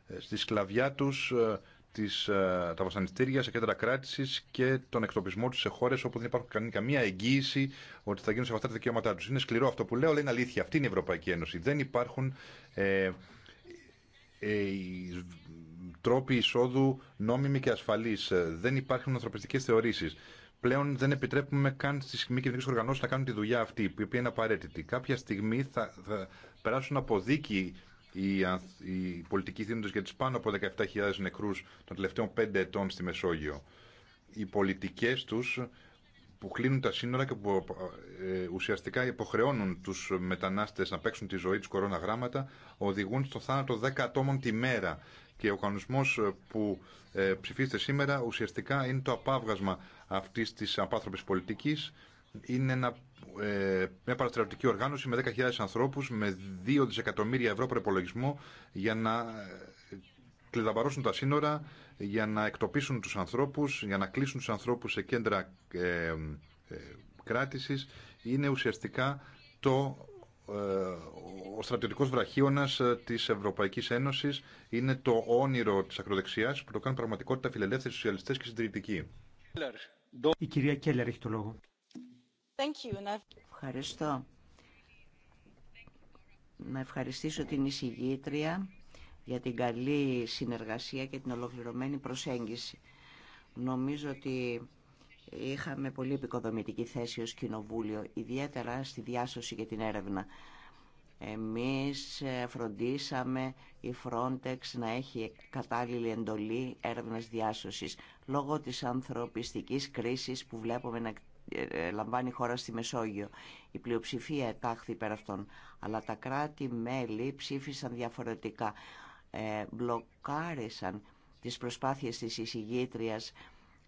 ε, στη σκλαβιά τους, ε, τις, ε, τα βασανιστήρια σε κέντρα κράτηση και τον εκτοπισμό του σε χώρε όπου δεν υπάρχουν καμία εγγύηση ότι θα γίνουν σε αυτά τα δικαιώματά του. Είναι σκληρό αυτό που λέω, αλλά είναι αλήθεια. Αυτή είναι η Ευρωπαϊκή Ένωση. Δεν υπάρχουν ε, ε, τρόποι εισόδου νόμιμοι και ασφαλεί. Ε, δεν υπάρχουν ανθρωπιστικέ θεωρήσει. Πλέον δεν επιτρέπουμε καν στι μη κυβερνήσει οργανώσει να κάνουν τη δουλειά αυτή, η οποία είναι απαραίτητη. Κάποια στιγμή θα, θα περάσουν από δίκη η, πολιτική θύμητος για τις πάνω από 17.000 νεκρούς των τελευταίων 5 ετών στη Μεσόγειο. Οι πολιτικές τους που κλείνουν τα σύνορα και που ε, ουσιαστικά υποχρεώνουν τους μετανάστες να παίξουν τη ζωή τους γράμματα οδηγούν στο θάνατο 10 ατόμων τη μέρα. Και ο κανονισμός που ε, ψηφίστε σήμερα ουσιαστικά είναι το απάβγασμα αυτής της απάνθρωπης πολιτικής είναι ένα, ε, μια παραστρατιωτική οργάνωση με 10.000 ανθρώπους με 2 δισεκατομμύρια ευρώ προπολογισμό για να ε, κλειδαμπαρώσουν τα σύνορα, για να εκτοπίσουν τους ανθρώπους, για να κλείσουν τους ανθρώπους σε κέντρα ε, ε κράτησης. Είναι ουσιαστικά το ε, ο στρατιωτικός βραχίωνας της Ευρωπαϊκής Ένωσης είναι το όνειρο της ακροδεξιάς που το κάνουν πραγματικότητα φιλελεύθεροι σοσιαλιστές και συντηρητικοί. Η κυρία Κέλλερ έχει το λόγο. Ευχαριστώ. Να ευχαριστήσω την εισηγήτρια για την καλή συνεργασία και την ολοκληρωμένη προσέγγιση. Νομίζω ότι είχαμε πολύ επικοδομητική θέση ως Κοινοβούλιο, ιδιαίτερα στη διάσωση και την έρευνα. Εμείς ε, φροντίσαμε η Frontex να έχει κατάλληλη εντολή έρευνας διάσωσης λόγω της ανθρωπιστικής κρίσης που βλέπουμε να ε, λαμβάνει η χώρα στη Μεσόγειο. Η πλειοψηφία ετάχθη υπέρ αυτών. Αλλά τα κράτη-μέλη ψήφισαν διαφορετικά. Ε, μπλοκάρισαν τις προσπάθειες της εισηγήτριας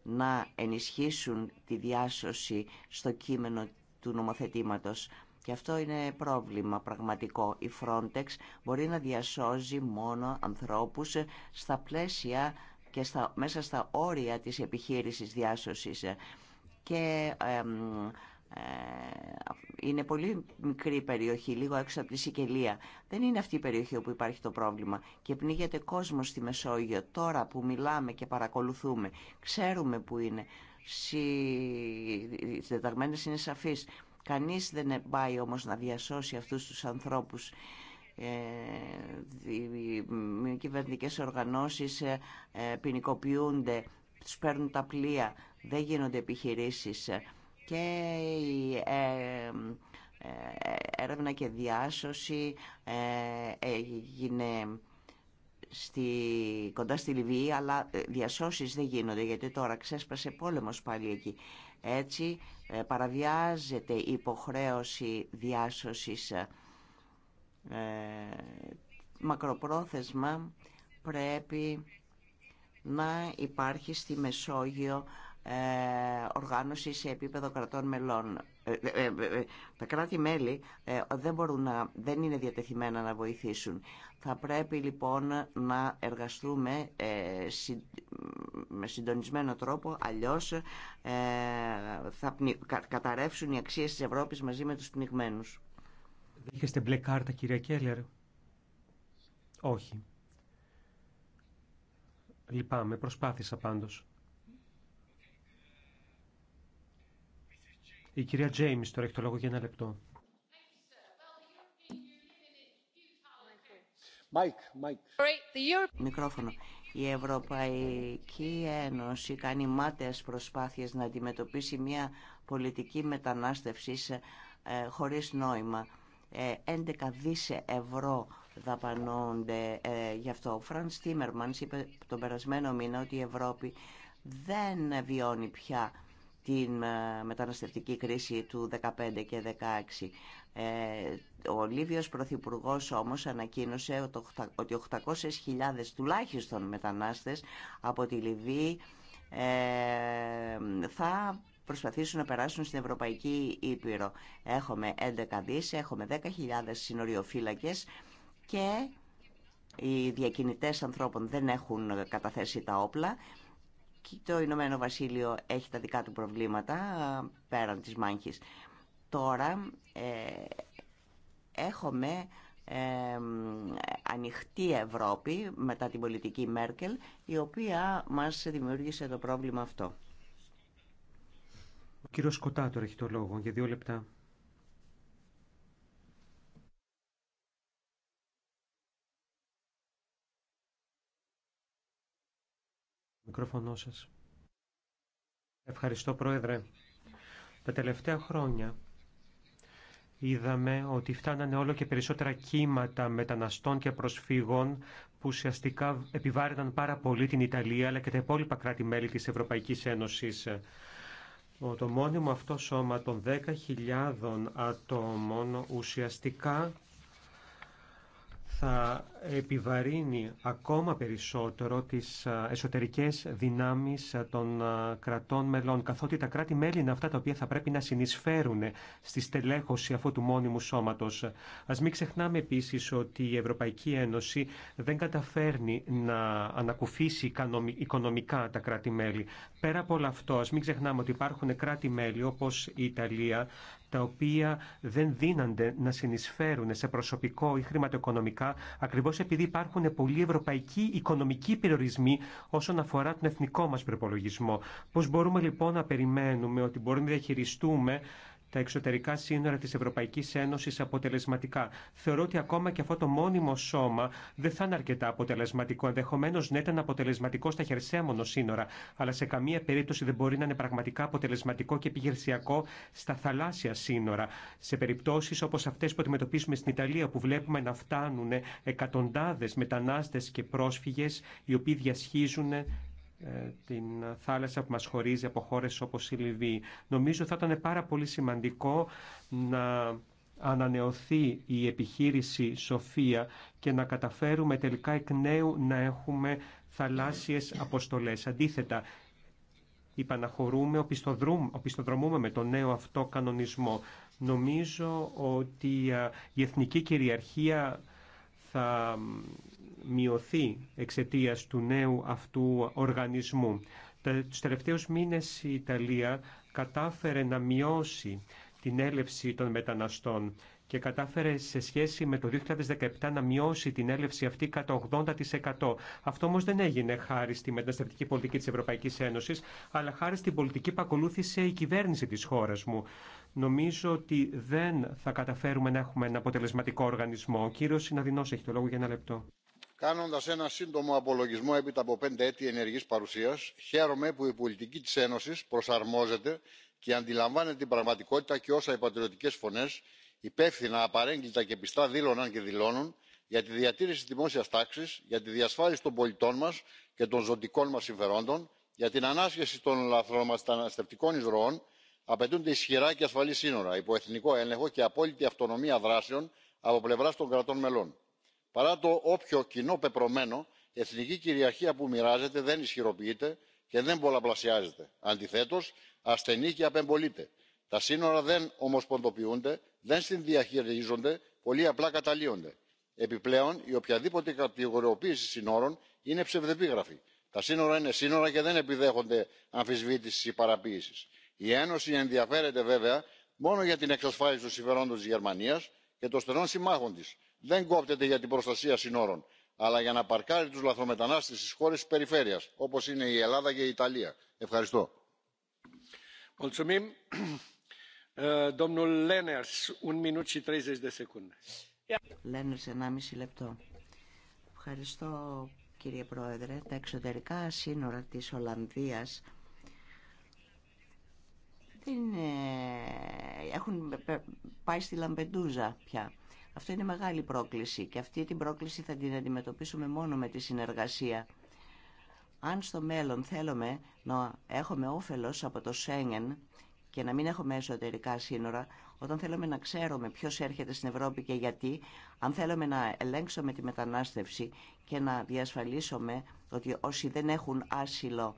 να ενισχύσουν τη διάσωση στο κείμενο του νομοθετήματος. Και αυτό είναι πρόβλημα πραγματικό. Η Frontex μπορεί να διασώζει μόνο ανθρώπους στα πλαίσια και στα, μέσα στα όρια της επιχείρησης διάσωσης και ε, είναι πολύ μικρή περιοχή, λίγο έξω από τη Σικελία. Δεν είναι αυτή η περιοχή όπου υπάρχει το πρόβλημα και πνίγεται κόσμος στη Μεσόγειο. Τώρα που μιλάμε και παρακολουθούμε, ξέρουμε που είναι. Οι δεταγμένες είναι σαφείς. Κανείς δεν πάει όμως να διασώσει αυτούς τους ανθρώπους. Οι ε, κυβερνητικές οργανώσεις ε, ποινικοποιούνται, τους παίρνουν τα πλοία δεν γίνονται επιχειρήσεις και η ε, ε, έρευνα και διάσωση ε, έγινε στη, κοντά στη Λιβύη, αλλά διασώσεις δεν γίνονται, γιατί τώρα ξέσπασε πόλεμος πάλι εκεί. Έτσι παραβιάζεται η υποχρέωση διάσωσης μακροπρόθεσμα πρέπει να υπάρχει στη Μεσόγειο ε, οργάνωση σε επίπεδο κρατών μελών. Ε, ε, τα κράτη-μέλη δεν, να, δεν είναι διατεθειμένα να βοηθήσουν. Θα πρέπει λοιπόν να εργαστούμε με συντονισμένο τρόπο, αλλιώς θα καταρρεύσουν οι αξίες της Ευρώπης μαζί με τους πνιγμένους. Είχεστε μπλε κάρτα, κυρία Κέλλερ. Όχι. Λυπάμαι, προσπάθησα πάντως. Η κυρία Τζέιμις τώρα έχει το λόγο για ένα λεπτό. Μικρόφωνο. Η Ευρωπαϊκή Ένωση κάνει μάταιες προσπάθειες να αντιμετωπίσει μια πολιτική μετανάστευση ε, χωρίς νόημα. Ε, 11 δις ευρώ δαπανώνται ε, γι' αυτό. Ο Φρανς Τίμερμανς είπε τον περασμένο μήνα ότι η Ευρώπη δεν βιώνει πια την ε, μεταναστευτική κρίση του 2015 και 2016. Ε, ο Λίβιος Πρωθυπουργό όμως ανακοίνωσε ότι 800.000 τουλάχιστον μετανάστες από τη Λιβύη ε, θα προσπαθήσουν να περάσουν στην Ευρωπαϊκή Ήπειρο. Έχουμε 11 δις, έχουμε 10.000 συνοριοφύλακες και οι διακινητές ανθρώπων δεν έχουν καταθέσει τα όπλα το Ηνωμένο Βασίλειο έχει τα δικά του προβλήματα πέραν της μάχης. Τώρα ε, έχουμε ανοιχτή Ευρώπη μετά την πολιτική Μέρκελ η οποία μας δημιούργησε το πρόβλημα αυτό. Ο κύριος έχει λόγο για δύο λεπτά. Ευχαριστώ, Πρόεδρε. Τα τελευταία χρόνια είδαμε ότι φτάνανε όλο και περισσότερα κύματα μεταναστών και προσφύγων που ουσιαστικά επιβάρυναν πάρα πολύ την Ιταλία αλλά και τα υπόλοιπα κράτη-μέλη της Ευρωπαϊκής Ένωσης. Το μόνιμο αυτό σώμα των 10.000 ατόμων ουσιαστικά θα επιβαρύνει ακόμα περισσότερο τις εσωτερικές δυνάμεις των κρατών μελών, καθότι τα κράτη-μέλη είναι αυτά τα οποία θα πρέπει να συνεισφέρουν στη στελέχωση αυτού του μόνιμου σώματος. Ας μην ξεχνάμε επίσης ότι η Ευρωπαϊκή Ένωση δεν καταφέρνει να ανακουφίσει οικονομικά τα κράτη-μέλη. Πέρα από όλο αυτό, ας μην ξεχνάμε ότι υπάρχουν κράτη-μέλη όπως η Ιταλία, τα οποία δεν δίνανται να συνεισφέρουν σε προσωπικό ή χρηματοοικονομικά, ακριβώ επειδή υπάρχουν πολλοί ευρωπαϊκοί οικονομικοί περιορισμοί όσον αφορά τον εθνικό μα προπολογισμό. Πώ μπορούμε λοιπόν να περιμένουμε ότι μπορούμε να διαχειριστούμε τα εξωτερικά σύνορα της Ευρωπαϊκής Ένωσης αποτελεσματικά. Θεωρώ ότι ακόμα και αυτό το μόνιμο σώμα δεν θα είναι αρκετά αποτελεσματικό. Ενδεχομένω να ήταν αποτελεσματικό στα χερσαία μόνο σύνορα, αλλά σε καμία περίπτωση δεν μπορεί να είναι πραγματικά αποτελεσματικό και επιχειρησιακό στα θαλάσσια σύνορα. Σε περιπτώσει όπω αυτέ που αντιμετωπίσουμε στην Ιταλία, που βλέπουμε να φτάνουν εκατοντάδε μετανάστε και πρόσφυγε, οι οποίοι διασχίζουν την θάλασσα που μας χωρίζει από χώρες όπως η Λιβύη. Νομίζω θα ήταν πάρα πολύ σημαντικό να ανανεωθεί η επιχείρηση Σοφία και να καταφέρουμε τελικά εκ νέου να έχουμε θαλάσσιες αποστολές. Αντίθετα, υπαναχωρούμε, οπισθοδρομούμε με το νέο αυτό κανονισμό. Νομίζω ότι η εθνική κυριαρχία θα μειωθεί εξαιτία του νέου αυτού οργανισμού. Του τελευταίου μήνε η Ιταλία κατάφερε να μειώσει την έλευση των μεταναστών και κατάφερε σε σχέση με το 2017 να μειώσει την έλευση αυτή κατά 80%. Αυτό όμω δεν έγινε χάρη στη μεταναστευτική πολιτική τη Ευρωπαϊκή Ένωση, αλλά χάρη στην πολιτική που ακολούθησε η κυβέρνηση τη χώρα μου. Νομίζω ότι δεν θα καταφέρουμε να έχουμε ένα αποτελεσματικό οργανισμό. Ο κύριο Συναδεινό έχει το λόγο για ένα λεπτό κάνοντας ένα σύντομο απολογισμό έπειτα από πέντε έτη ενεργής παρουσίας χαίρομαι που η πολιτική της ένωσης προσαρμόζεται και αντιλαμβάνεται την πραγματικότητα και όσα οι πατριωτικές φωνές υπεύθυνα απαρέγκλιτα και πιστά δήλωναν και δηλώνουν για τη διατήρηση της δημόσιας τάξης για τη διασφάλιση των πολιτών μας και των ζωτικών μας συμφερόντων για την ανάσχεση των λαθρομεταναστευτικών εισρωών απαιτούνται ισχυρά και ασφαλή σύνορα υπό εθνικό έλεγχο και απόλυτη αυτονομία δράσεων από πλευρά των κρατών μελών παρά το όποιο κοινό πεπρωμένο εθνική κυριαρχία που μοιράζεται δεν ισχυροποιείται και δεν πολλαπλασιάζεται. αντιθέτω ασθενεί και απεμπολείται. τα σύνορα δεν ομοσπονδοποιούνται δεν συνδιαχειρίζονται πολύ απλά καταλύονται. επιπλέον η οποιαδήποτε κατηγοριοποίηση συνόρων είναι ψευδεπίγραφη. τα σύνορα είναι σύνορα και δεν επιδέχονται αμφισβήτηση ή παραποίηση. η ένωση ενδιαφέρεται βέβαια μόνο για την εξασφάλιση του συμφερόντων της γερμανίας και των στενών συμμάχων δεν κόπτεται για την προστασία συνόρων αλλά για να παρκάρει τους λαθρομετανάστες στις χώρες της περιφέρειας όπως είναι η ελλάδα και η ιταλία. ευχαριστώ. Λένερς, ε, λεπτό. Ευχαριστώ κύριε Πρόεδρε. Τα εξωτερικά σύνορα της Ολλανδίας ε, έχουν πάει στη Λαμπεντούζα πια. Αυτό είναι μεγάλη πρόκληση και αυτή την πρόκληση θα την αντιμετωπίσουμε μόνο με τη συνεργασία. Αν στο μέλλον θέλουμε να έχουμε όφελος από το Σέγγεν και να μην έχουμε εσωτερικά σύνορα, όταν θέλουμε να ξέρουμε ποιος έρχεται στην Ευρώπη και γιατί, αν θέλουμε να ελέγξουμε τη μετανάστευση και να διασφαλίσουμε ότι όσοι δεν έχουν άσυλο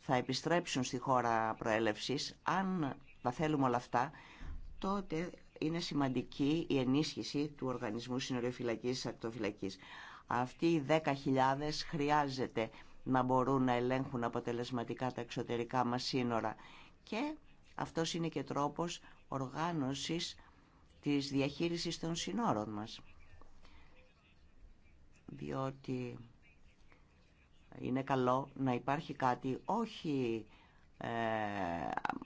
θα επιστρέψουν στη χώρα προέλευσης, αν τα θέλουμε όλα αυτά, τότε είναι σημαντική η ενίσχυση του Οργανισμού Συνοριοφυλακής Ακτοφυλακής. Αυτοί οι 10.000 χρειάζεται να μπορούν να ελέγχουν αποτελεσματικά τα εξωτερικά μας σύνορα και αυτός είναι και τρόπος οργάνωσης της διαχείρισης των σύνορων μας. Διότι είναι καλό να υπάρχει κάτι όχι ε,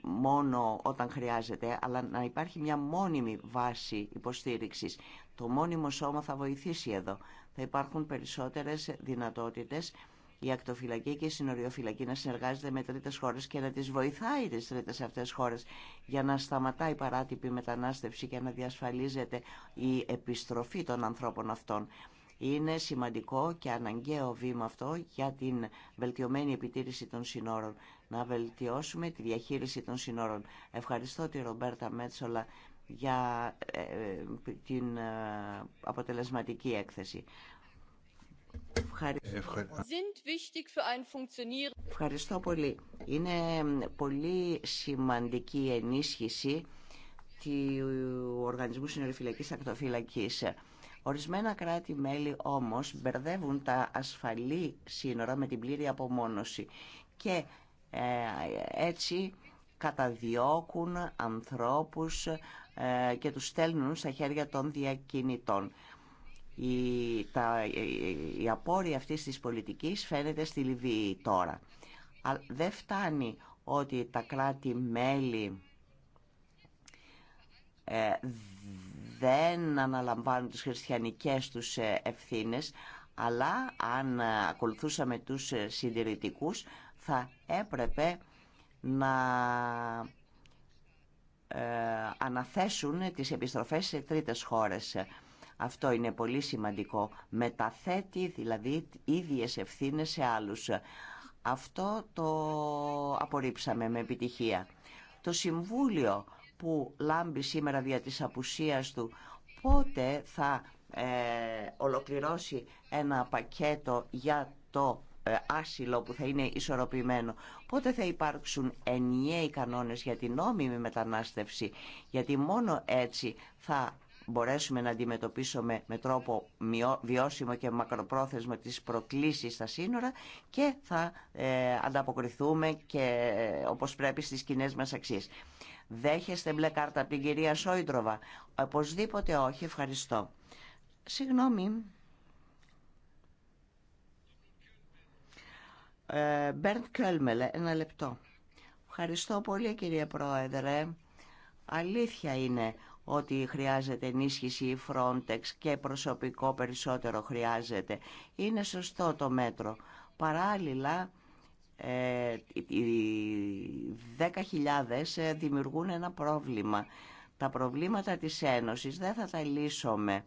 μόνο όταν χρειάζεται, αλλά να υπάρχει μια μόνιμη βάση υποστήριξης. Το μόνιμο σώμα θα βοηθήσει εδώ. Θα υπάρχουν περισσότερες δυνατότητες η ακτοφυλακή και η συνοριοφυλακή να συνεργάζεται με τρίτες χώρες και να τις βοηθάει τις τρίτες αυτές χώρες για να σταματάει η παράτυπη μετανάστευση και να διασφαλίζεται η επιστροφή των ανθρώπων αυτών. Είναι σημαντικό και αναγκαίο βήμα αυτό για την βελτιωμένη επιτήρηση των συνόρων να βελτιώσουμε τη διαχείριση των συνόρων. Ευχαριστώ τη Ρομπέρτα Μέτσολα για ε, ε, την ε, αποτελεσματική έκθεση. Ευχαριστώ πολύ. Είναι πολύ σημαντική η ενίσχυση του Οργανισμού Συνοριοφυλακής Ακτοφυλακής. Ορισμένα κράτη-μέλη όμως μπερδεύουν τα ασφαλή σύνορα με την πλήρη απομόνωση και ε, έτσι καταδιώκουν ανθρώπους ε, και τους στέλνουν στα χέρια των διακινητών. Η, τα, η, η απόρρια αυτής της πολιτικής φαίνεται στη Λιβύη τώρα. Δεν φτάνει ότι τα κράτη-μέλη ε, δεν αναλαμβάνουν τις χριστιανικές τους ευθύνες, αλλά αν ακολουθούσαμε τους συντηρητικούς θα έπρεπε να ε, αναθέσουν τις επιστροφές σε τρίτες χώρες. Αυτό είναι πολύ σημαντικό. Μεταθέτει δηλαδή ίδιες ευθύνες σε άλλους. Αυτό το απορρίψαμε με επιτυχία. Το Συμβούλιο που λάμπει σήμερα δια της απουσίας του πότε θα ε, ολοκληρώσει ένα πακέτο για το ε, άσυλο που θα είναι ισορροπημένο. Πότε θα υπάρξουν ενιαίοι κανόνες για την νόμιμη μετανάστευση, γιατί μόνο έτσι θα μπορέσουμε να αντιμετωπίσουμε με τρόπο βιώσιμο και μακροπρόθεσμο τις προκλήσεις στα σύνορα και θα ε, ανταποκριθούμε και ε, όπως πρέπει στις κοινέ μας αξίες. Δέχεστε μπλε κάρτα από την κυρία Σόιντροβα. Οπωσδήποτε όχι, ευχαριστώ. Συγγνώμη. Ε, Μπέρντ Κέλμελε, ένα λεπτό. Ευχαριστώ πολύ κύριε Πρόεδρε. Αλήθεια είναι ότι χρειάζεται ενίσχυση η Frontex και προσωπικό περισσότερο χρειάζεται. Είναι σωστό το μέτρο. Παράλληλα, ε, οι 10.000 ε, δημιουργούν ένα πρόβλημα. Τα προβλήματα της Ένωσης δεν θα τα λύσουμε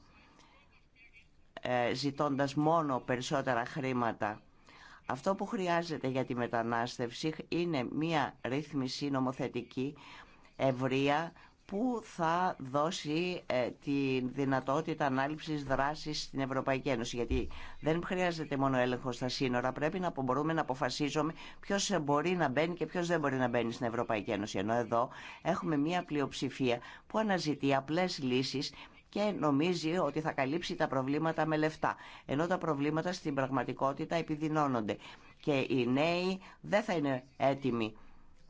ζητώντας μόνο περισσότερα χρήματα αυτό που χρειάζεται για τη μετανάστευση είναι μία ρύθμιση νομοθετική ευρεία που θα δώσει ε, τη δυνατότητα ανάληψης δράσης στην Ευρωπαϊκή Ένωση. Γιατί δεν χρειάζεται μόνο έλεγχο στα σύνορα, πρέπει να μπορούμε να αποφασίζουμε ποιος μπορεί να μπαίνει και ποιος δεν μπορεί να μπαίνει στην Ευρωπαϊκή Ένωση. Ενώ εδώ έχουμε μια πλειοψηφία που αναζητεί απλές λύσεις και νομίζει ότι θα καλύψει τα προβλήματα με λεφτά. Ενώ τα προβλήματα στην πραγματικότητα επιδεινώνονται. Και οι νέοι δεν θα είναι έτοιμοι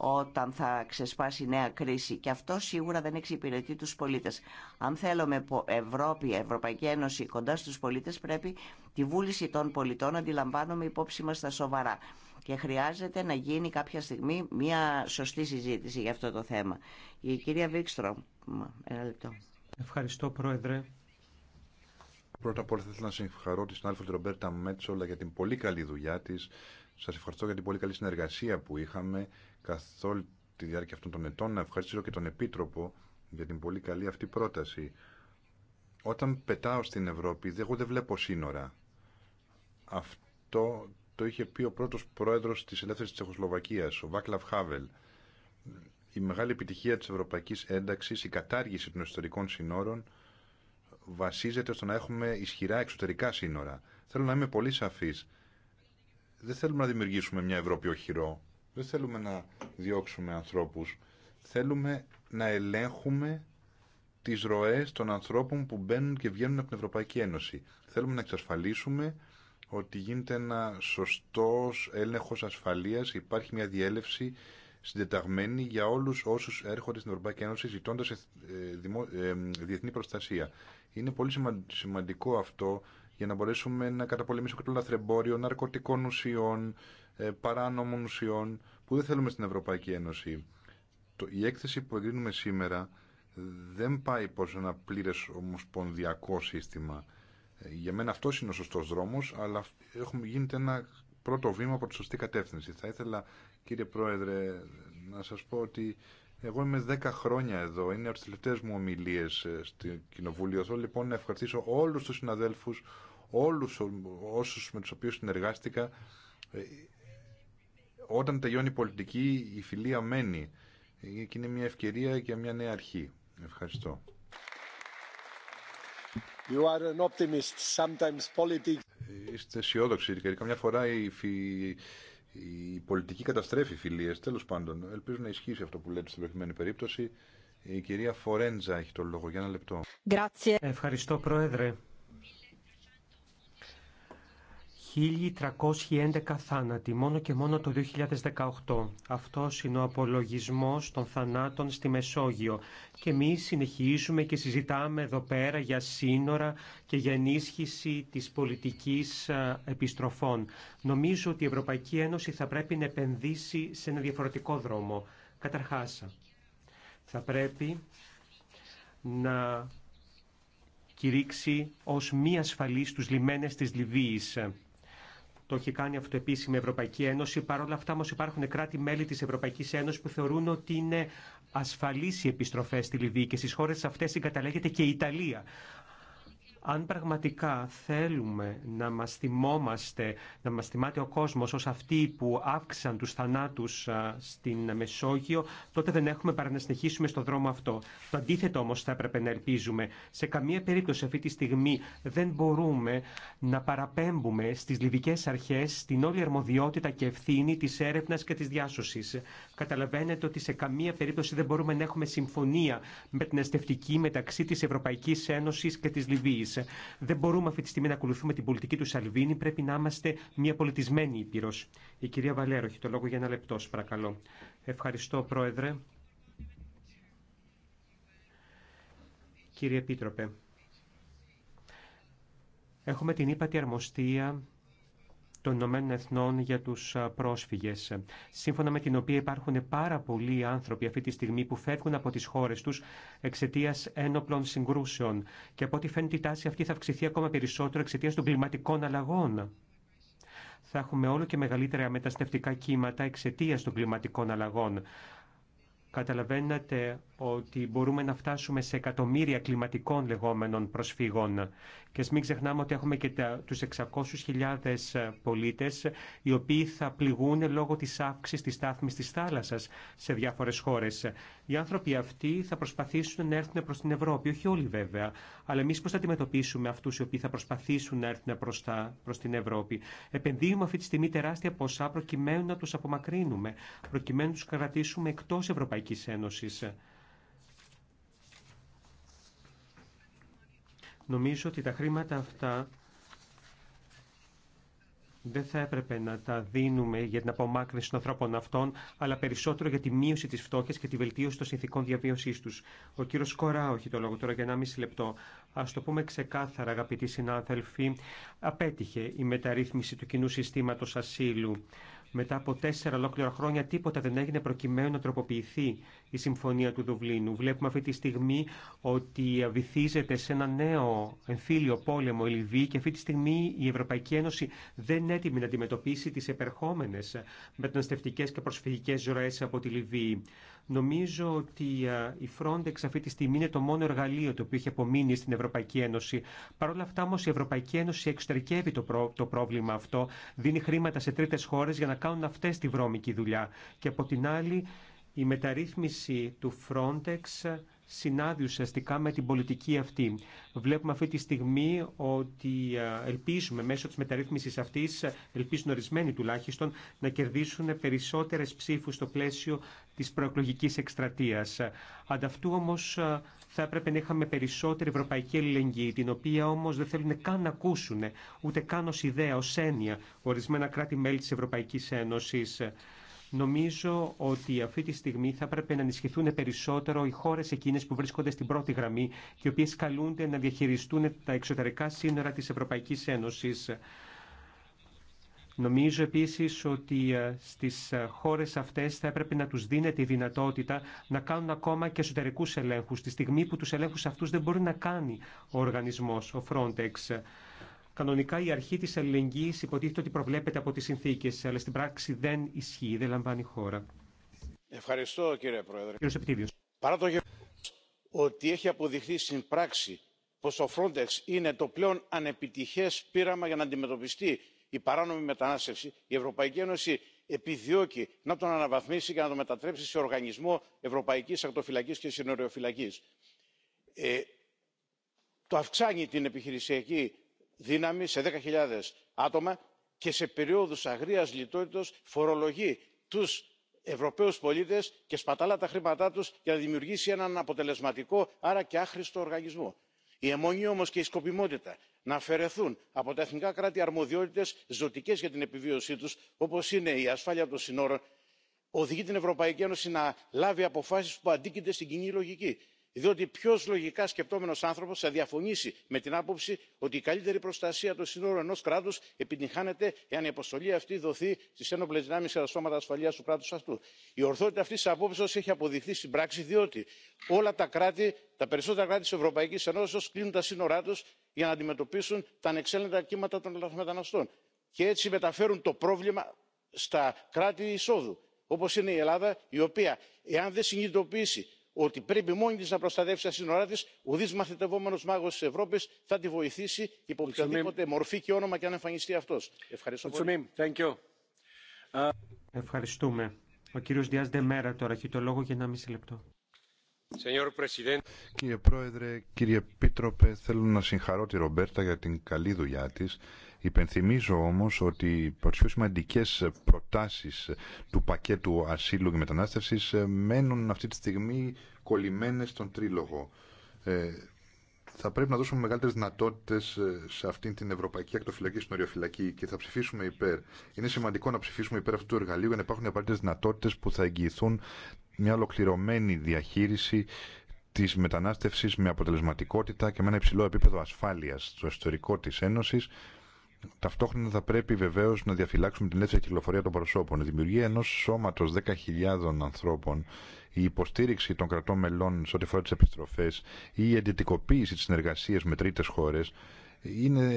όταν θα ξεσπάσει νέα κρίση. Και αυτό σίγουρα δεν εξυπηρετεί τους πολίτες. Αν θέλουμε Ευρώπη, Ευρωπαϊκή Ένωση κοντά στους πολίτες, πρέπει τη βούληση των πολιτών να αντιλαμβάνουμε υπόψη μας στα σοβαρά. Και χρειάζεται να γίνει κάποια στιγμή μια σωστή συζήτηση για αυτό το θέμα. Η κυρία Βίξτρο, ένα λεπτό. Ευχαριστώ, Πρόεδρε. Πρώτα απ' όλα θα ήθελα να συγχαρώ τη συνάδελφο Ρομπέρτα Μέτσολα για την πολύ καλή δουλειά τη. Σα ευχαριστώ για την πολύ καλή συνεργασία που είχαμε καθ' όλη τη διάρκεια αυτών των ετών. Να ευχαριστήσω και τον Επίτροπο για την πολύ καλή αυτή πρόταση. Όταν πετάω στην Ευρώπη, εγώ δεν βλέπω σύνορα. Αυτό το είχε πει ο πρώτο πρόεδρο τη ελεύθερη Τσεχοσλοβακία, ο Βάκλαβ Χάβελ η μεγάλη επιτυχία της ευρωπαϊκής ένταξης, η κατάργηση των εσωτερικών συνόρων, βασίζεται στο να έχουμε ισχυρά εξωτερικά σύνορα. Θέλω να είμαι πολύ σαφής. Δεν θέλουμε να δημιουργήσουμε μια Ευρώπη οχυρό. Δεν θέλουμε να διώξουμε ανθρώπους. Θέλουμε να ελέγχουμε τις ροές των ανθρώπων που μπαίνουν και βγαίνουν από την Ευρωπαϊκή Ένωση. Θέλουμε να εξασφαλίσουμε ότι γίνεται ένα σωστός έλεγχος ασφαλείας, υπάρχει μια διέλευση συντεταγμένη για όλου όσου έρχονται στην Ευρωπαϊκή Ένωση ζητώντα ε, ε, διεθνή προστασία. Είναι πολύ σημαντικό αυτό για να μπορέσουμε να καταπολεμήσουμε και το λαθρεμπόριο ναρκωτικών ουσιών, ε, παράνομων ουσιών που δεν θέλουμε στην Ευρωπαϊκή Ένωση. Η έκθεση που εγκρίνουμε σήμερα δεν πάει προ ένα πλήρε ομοσπονδιακό σύστημα. Για μένα αυτό είναι ο σωστό δρόμο, αλλά έχουμε γίνεται ένα πρώτο βήμα από τη σωστή κατεύθυνση. Θα ήθελα Κύριε Πρόεδρε, να σας πω ότι εγώ είμαι 10 χρόνια εδώ. Είναι από τις τελευταίες μου ομιλίες ε, στο Κοινοβούλιο. Θέλω λοιπόν να ευχαριστήσω όλους τους συναδέλφους, όλους όσους με τους οποίους συνεργάστηκα. Ε, όταν τελειώνει η πολιτική, η φιλία μένει. Και είναι μια ευκαιρία και μια νέα αρχή. Ευχαριστώ. You are an optimist. Sometimes politics... Ε, είστε αισιόδοξοι. Καμιά φορά η, η πολιτική καταστρέφει φιλίε, τέλο πάντων. Ελπίζω να ισχύσει αυτό που λέτε στην προηγουμένη περίπτωση. Η κυρία Φορέντζα έχει το λόγο. Για ένα λεπτό. Ευχαριστώ, Πρόεδρε. 1.311 θάνατοι μόνο και μόνο το 2018. Αυτό είναι ο απολογισμός των θανάτων στη Μεσόγειο. Και εμεί συνεχίζουμε και συζητάμε εδώ πέρα για σύνορα και για ενίσχυση της πολιτικής επιστροφών. Νομίζω ότι η Ευρωπαϊκή Ένωση θα πρέπει να επενδύσει σε ένα διαφορετικό δρόμο. Καταρχάς, θα πρέπει να κηρύξει ως μη ασφαλής τους λιμένες της Λιβύης. Το έχει κάνει αυτό επίσημη η Ευρωπαϊκή Ένωση. Παρ' όλα αυτά όμω υπάρχουν κράτη-μέλη τη Ευρωπαϊκή Ένωση που θεωρούν ότι είναι ασφαλεί οι επιστροφέ στη Λιβύη και στι χώρε αυτέ συγκαταλέγεται και η Ιταλία. Αν πραγματικά θέλουμε να μας θυμόμαστε, να μας θυμάται ο κόσμος ως αυτοί που αύξησαν τους θανάτους στην Μεσόγειο, τότε δεν έχουμε παρά να συνεχίσουμε στο δρόμο αυτό. Το αντίθετο όμως θα έπρεπε να ελπίζουμε. Σε καμία περίπτωση αυτή τη στιγμή δεν μπορούμε να παραπέμπουμε στις λιβικές αρχές την όλη αρμοδιότητα και ευθύνη της έρευνας και της διάσωσης. Καταλαβαίνετε ότι σε καμία περίπτωση δεν μπορούμε να έχουμε συμφωνία με την αστευτική μεταξύ της Ευρωπαϊκής Ένωσης και της Λιβύης. Ε, δεν μπορούμε αυτή τη στιγμή να ακολουθούμε την πολιτική του Σαλβίνη. Πρέπει να είμαστε μια πολιτισμένη ήπειρο. Η κυρία Βαλέρο έχει το λόγο για ένα λεπτό, παρακαλώ. Ευχαριστώ, Πρόεδρε. Κύριε Επίτροπε, έχουμε την ύπατη αρμοστία των Ηνωμένων Εθνών για του πρόσφυγες, σύμφωνα με την οποία υπάρχουν πάρα πολλοί άνθρωποι αυτή τη στιγμή που φεύγουν από τι χώρε του εξαιτία ένοπλων συγκρούσεων και από ό,τι φαίνεται η τάση αυτή θα αυξηθεί ακόμα περισσότερο εξαιτία των κλιματικών αλλαγών. Θα έχουμε όλο και μεγαλύτερα μεταστευτικά κύματα εξαιτία των κλιματικών αλλαγών. Καταλαβαίνετε ότι μπορούμε να φτάσουμε σε εκατομμύρια κλιματικών λεγόμενων προσφύγων. Και μην ξεχνάμε ότι έχουμε και του 600.000 πολίτε οι οποίοι θα πληγούν λόγω τη αύξηση τη στάθμη τη θάλασσα σε διάφορε χώρε. Οι άνθρωποι αυτοί θα προσπαθήσουν να έρθουν προ την Ευρώπη, όχι όλοι βέβαια, αλλά εμεί πώ θα αντιμετωπίσουμε αυτού οι οποίοι θα προσπαθήσουν να έρθουν προ την Ευρώπη. Επενδύουμε αυτή τη στιγμή τεράστια ποσά προκειμένου να του απομακρύνουμε, προκειμένου να του κρατήσουμε εκτό Ευρωπαϊκή Ένωση. Νομίζω ότι τα χρήματα αυτά δεν θα έπρεπε να τα δίνουμε για την απομάκρυνση των ανθρώπων αυτών, αλλά περισσότερο για τη μείωση τη φτώχεια και τη βελτίωση των συνθηκών διαβίωσή του. Ο κύριο Κορά, όχι το λόγο τώρα για μισή λεπτό. Α το πούμε ξεκάθαρα, αγαπητοί συνάδελφοι, απέτυχε η μεταρρύθμιση του κοινού συστήματο ασύλου. Μετά από τέσσερα ολόκληρα χρόνια τίποτα δεν έγινε προκειμένου να τροποποιηθεί η Συμφωνία του Δουβλίνου. Βλέπουμε αυτή τη στιγμή ότι βυθίζεται σε ένα νέο εμφύλιο πόλεμο η Λιβύη και αυτή τη στιγμή η Ευρωπαϊκή Ένωση δεν είναι έτοιμη να αντιμετωπίσει τις επερχόμενες μεταναστευτικές και προσφυγικές ζωές από τη Λιβύη. Νομίζω ότι η Frontex αυτή τη στιγμή είναι το μόνο εργαλείο το οποίο έχει απομείνει στην Ευρωπαϊκή Ένωση. Παρ' όλα αυτά όμω η Ευρωπαϊκή Ένωση εξωτερικεύει το, το πρόβλημα αυτό, δίνει χρήματα σε τρίτε χώρε για να κάνουν αυτέ τη βρώμικη δουλειά. Και από την άλλη η μεταρρύθμιση του Frontex συνάδει ουσιαστικά με την πολιτική αυτή. Βλέπουμε αυτή τη στιγμή ότι ε, ελπίζουμε μέσω της μεταρρύθμισης αυτής, ελπίζουν ορισμένοι τουλάχιστον, να κερδίσουν περισσότερες ψήφους στο πλαίσιο της προεκλογικής εκστρατείας. Ανταυτού όμως ε, θα έπρεπε να είχαμε περισσότερη ευρωπαϊκή ελληνική, την οποία όμως δεν θέλουν καν να ακούσουν, ούτε καν ως ιδέα, ως έννοια, ορισμένα κράτη-μέλη της Ευρωπαϊκής Ένωσης. Νομίζω ότι αυτή τη στιγμή θα πρέπει να ενισχυθούν περισσότερο οι χώρε εκείνε που βρίσκονται στην πρώτη γραμμή και οι οποίε καλούνται να διαχειριστούν τα εξωτερικά σύνορα τη Ευρωπαϊκή Ένωση. Νομίζω επίσης ότι ε, στις ε, χώρες αυτές θα έπρεπε να τους δίνεται η δυνατότητα να κάνουν ακόμα και εσωτερικούς ελέγχους, τη στιγμή που τους ελέγχους αυτούς δεν μπορεί να κάνει ο οργανισμός, ο Frontex. Κανονικά η αρχή της αλληλεγγύης υποτίθεται ότι προβλέπεται από τις συνθήκες, αλλά στην πράξη δεν ισχύει, δεν λαμβάνει χώρα. Ευχαριστώ κύριε Πρόεδρε. Κύριος Παρά το γεγονός ότι έχει αποδειχθεί στην πράξη πως ο Frontex είναι το πλέον ανεπιτυχές πείραμα για να αντιμετωπιστεί η παράνομη μετανάστευση, η Ευρωπαϊκή Ένωση επιδιώκει να τον αναβαθμίσει και να τον μετατρέψει σε οργανισμό ευρωπαϊκής Ακτοφυλακή και συνοριοφυλακής. Ε, το αυξάνει την επιχειρησιακή δύναμη σε δέκα χιλιάδε άτομα και σε περιόδους αγρίας λιτότητας φορολογεί τους ευρωπαίους πολίτες και σπαταλά τα χρήματά τους για να δημιουργήσει έναν αποτελεσματικό άρα και άχρηστο οργανισμό. η αιμονή όμως και η σκοπιμότητα να αφαιρεθούν από τα εθνικά κράτη αρμοδιότητες ζωτικές για την επιβίωσή τους όπως είναι η ασφάλεια των συνόρων οδηγεί την ευρωπαϊκή ένωση να λάβει αποφάσεις που αντίκειται στην κοινή λογική διότι ποιο λογικά σκεπτόμενο άνθρωπο θα διαφωνήσει με την άποψη ότι η καλύτερη προστασία των συνόρων ενό κράτου επιτυγχάνεται εάν η αποστολή αυτή δοθεί στι ένοπλε δυνάμει και τα σώματα ασφαλεία του κράτου αυτού. η ορθότητα αυτή τη απόψεω έχει αποδειχθεί στην πράξη διότι όλα τα κράτη τα περισσότερα κράτη τη ευρωπαϊκή ενώσεω κλείνουν τα σύνορά του για να αντιμετωπίσουν τα ανεξέλεγκτα κύματα των λαθρομεταναστών και έτσι μεταφέρουν το πρόβλημα στα κράτη εισόδου όπω είναι η ελλάδα η οποία εάν δεν συνειδητοποιήσει ότι πρέπει μόνη της να προστατεύσει τα σύνορά της ουδής μαθητευόμενος μάγος της ευρώπης θα τη βοηθήσει υπό οποιαδήποτε μορφή και όνομα και αν εμφανιστεί αυτός. Ευχαριστώ πολύ. Ευχαριστούμε. Ο κύριος Διάς Δεμέρα τώρα έχει το λόγο για ένα μισή λεπτό. Κύριε Πρόεδρε, κύριε Πίτροπε, θέλω να συγχαρώ τη Ρομπέρτα για την καλή δουλειά της Υπενθυμίζω όμως ότι οι πιο σημαντικέ προτάσεις του πακέτου ασύλου και μετανάστευσης ε, μένουν αυτή τη στιγμή κολλημένες στον τρίλογο. Ε, θα πρέπει να δώσουμε μεγαλύτερες δυνατότητε ε, σε αυτήν την Ευρωπαϊκή Ακτοφυλακή στην Οριοφυλακή και θα ψηφίσουμε υπέρ. Είναι σημαντικό να ψηφίσουμε υπέρ αυτού του εργαλείου για να υπάρχουν απαραίτητε δυνατότητε που θα εγγυηθούν μια ολοκληρωμένη διαχείριση τη μετανάστευση με αποτελεσματικότητα και με ένα υψηλό επίπεδο ασφάλεια στο εσωτερικό τη Ένωση Ταυτόχρονα θα πρέπει βεβαίω να διαφυλάξουμε την ελεύθερη κυκλοφορία των προσώπων. Η δημιουργία ενό σώματο 10.000 ανθρώπων, η υποστήριξη των κρατών μελών σε ό,τι αφορά τι επιστροφέ ή η εντετικοποίηση τη συνεργασία με τρίτε χώρε είναι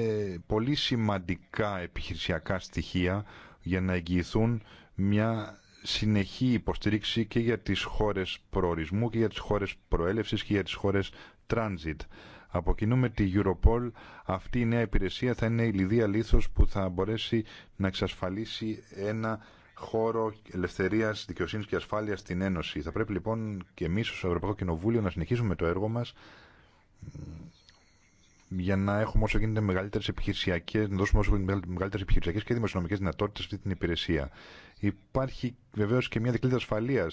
πολύ σημαντικά επιχειρησιακά στοιχεία για να εγγυηθούν μια συνεχή υποστήριξη και για τις χώρες προορισμού και για τις χώρες προέλευσης και για τις χώρες transit. Από κοινού τη Europol αυτή η νέα υπηρεσία θα είναι η λιδία λίθος που θα μπορέσει να εξασφαλίσει ένα χώρο ελευθερίας, δικαιοσύνης και ασφάλειας στην Ένωση. Θα πρέπει λοιπόν και εμείς ως Ευρωπαϊκό Κοινοβούλιο να συνεχίσουμε το έργο μας για να έχουμε όσο γίνεται μεγαλύτερε επιχειρησιακέ, να δώσουμε όσο γίνεται μεγαλύτερε επιχειρησιακέ και δημοσιονομικέ δυνατότητε σε αυτή την υπηρεσία. Υπάρχει βεβαίω και μια δικλίδα ασφαλεία,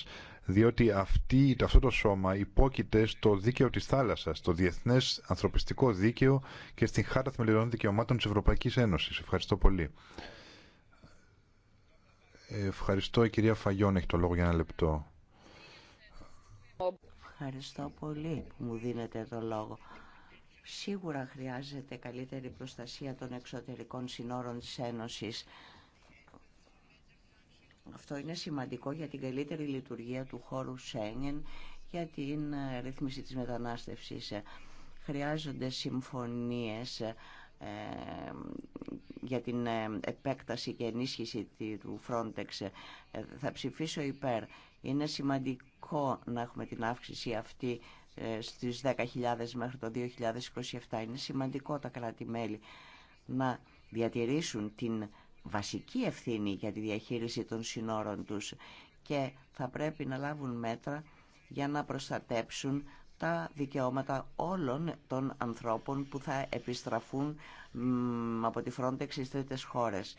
διότι αυτή, αυτό το σώμα υπόκειται στο δίκαιο τη θάλασσα, στο διεθνέ ανθρωπιστικό δίκαιο και στην Χάρτα Θεμελιωδών Δικαιωμάτων τη Ευρωπαϊκή Ένωση. Ευχαριστώ πολύ. Ευχαριστώ. Η κυρία Φαγιών έχει το λόγο για ένα λεπτό. Ευχαριστώ πολύ που μου δίνετε το λόγο. Σίγουρα χρειάζεται καλύτερη προστασία των εξωτερικών συνόρων της Ένωσης. Αυτό είναι σημαντικό για την καλύτερη λειτουργία του χώρου Σέγγεν, για την ε, ρύθμιση της μετανάστευσης. Χρειάζονται συμφωνίες ε, για την ε, επέκταση και ενίσχυση του Frontex. Θα ψηφίσω υπέρ. Είναι σημαντικό να έχουμε την αύξηση αυτή ε, στις 10.000 μέχρι το 2027. Είναι σημαντικό τα κράτη-μέλη να διατηρήσουν την βασική ευθύνη για τη διαχείριση των συνόρων τους και θα πρέπει να λάβουν μέτρα για να προστατέψουν τα δικαιώματα όλων των ανθρώπων που θα επιστραφούν από τη Frontex στις τρίτες χώρες.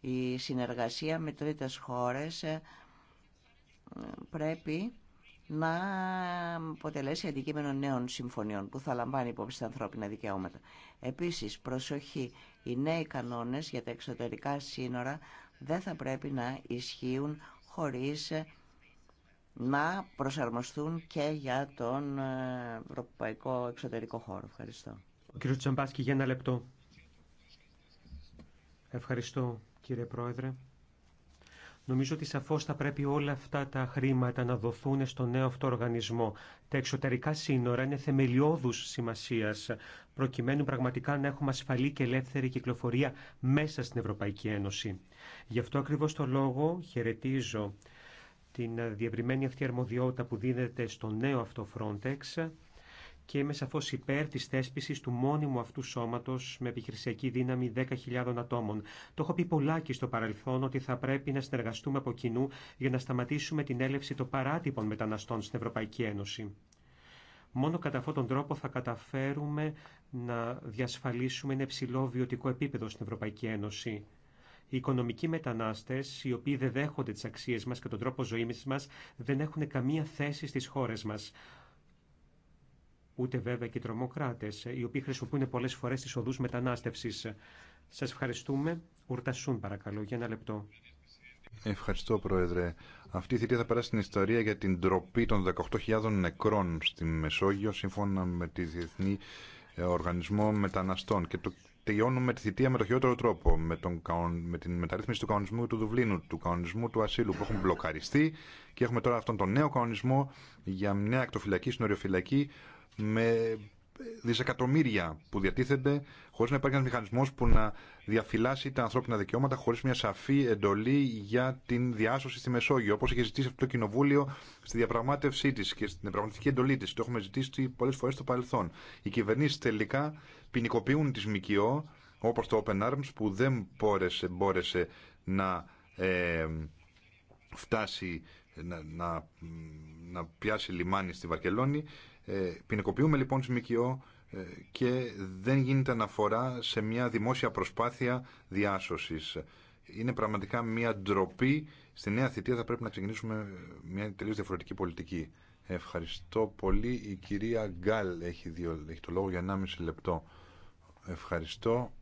Η συνεργασία με τρίτες χώρες ε, πρέπει να αποτελέσει αντικείμενο νέων συμφωνιών που θα λαμβάνει υπόψη τα ανθρώπινα δικαιώματα. Επίσης, προσοχή, οι νέοι κανόνες για τα εξωτερικά σύνορα δεν θα πρέπει να ισχύουν χωρίς να προσαρμοστούν και για τον ε, ευρωπαϊκό εξωτερικό χώρο. Ευχαριστώ. Ο κ. Τσαμπάσκη για ένα λεπτό. Ευχαριστώ κύριε Πρόεδρε. Νομίζω ότι σαφώς θα πρέπει όλα αυτά τα χρήματα να δοθούν στο νέο αυτό οργανισμό. Τα εξωτερικά σύνορα είναι θεμελιώδους σημασίας, προκειμένου πραγματικά να έχουμε ασφαλή και ελεύθερη κυκλοφορία μέσα στην Ευρωπαϊκή Ένωση. Γι' αυτό ακριβώς το λόγο χαιρετίζω την διευρυμένη αυτή αρμοδιότητα που δίνεται στο νέο αυτό Frontex, και είμαι σαφώ υπέρ τη θέσπιση του μόνιμου αυτού σώματο με επιχειρησιακή δύναμη 10.000 ατόμων. Το έχω πει πολλά και στο παρελθόν ότι θα πρέπει να συνεργαστούμε από κοινού για να σταματήσουμε την έλευση των παράτυπων μεταναστών στην Ευρωπαϊκή Ένωση. Μόνο κατά αυτόν τον τρόπο θα καταφέρουμε να διασφαλίσουμε ένα υψηλό βιωτικό επίπεδο στην Ευρωπαϊκή Ένωση. Οι οικονομικοί μετανάστε, οι οποίοι δεν δέχονται τι αξίε μα και τον τρόπο ζωή μα, δεν έχουν καμία θέση στι χώρε μα ούτε βέβαια και οι τρομοκράτε, ε, οι οποίοι χρησιμοποιούν πολλέ φορέ τις οδού μετανάστευση. Σα ευχαριστούμε. Ουρτασούν παρακαλώ για ένα λεπτό. Ευχαριστώ Πρόεδρε. Αυτή η θητεία θα περάσει την ιστορία για την τροπή των 18.000 νεκρών στη Μεσόγειο σύμφωνα με τη Διεθνή ε, Οργανισμό Μεταναστών και το τελειώνουμε τη θητεία με το χειρότερο τρόπο με, τον, με την μεταρρύθμιση του κανονισμού του Δουβλίνου, του κανονισμού του ασύλου που έχουν μπλοκαριστεί και έχουμε τώρα αυτόν τον νέο κανονισμό για μια ακτοφυλακή, συνοριοφυλακή με δισεκατομμύρια που διατίθενται χωρίς να υπάρχει ένας μηχανισμός που να διαφυλάσει τα ανθρώπινα δικαιώματα χωρίς μια σαφή εντολή για την διάσωση στη Μεσόγειο όπως είχε ζητήσει αυτό το κοινοβούλιο στη διαπραγμάτευσή της και στην πραγματική εντολή της το έχουμε ζητήσει πολλές φορές στο παρελθόν οι κυβερνήσει τελικά ποινικοποιούν τις ΜΚΟ όπως το Open Arms που δεν μπόρεσε, μπόρεσε να ε, φτάσει να, να, να πιάσει λιμάνι στη Βαρκελόνη ε, ποινικοποιούμε λοιπόν τις ΜΚΟ ε, και δεν γίνεται αναφορά σε μια δημόσια προσπάθεια διάσωσης. Είναι πραγματικά μια ντροπή. Στη νέα θητεία θα πρέπει να ξεκινήσουμε μια τελείως διαφορετική πολιτική. Ευχαριστώ πολύ. Η κυρία Γκάλ έχει, δύο, το λόγο για 1,5 λεπτό. Ευχαριστώ.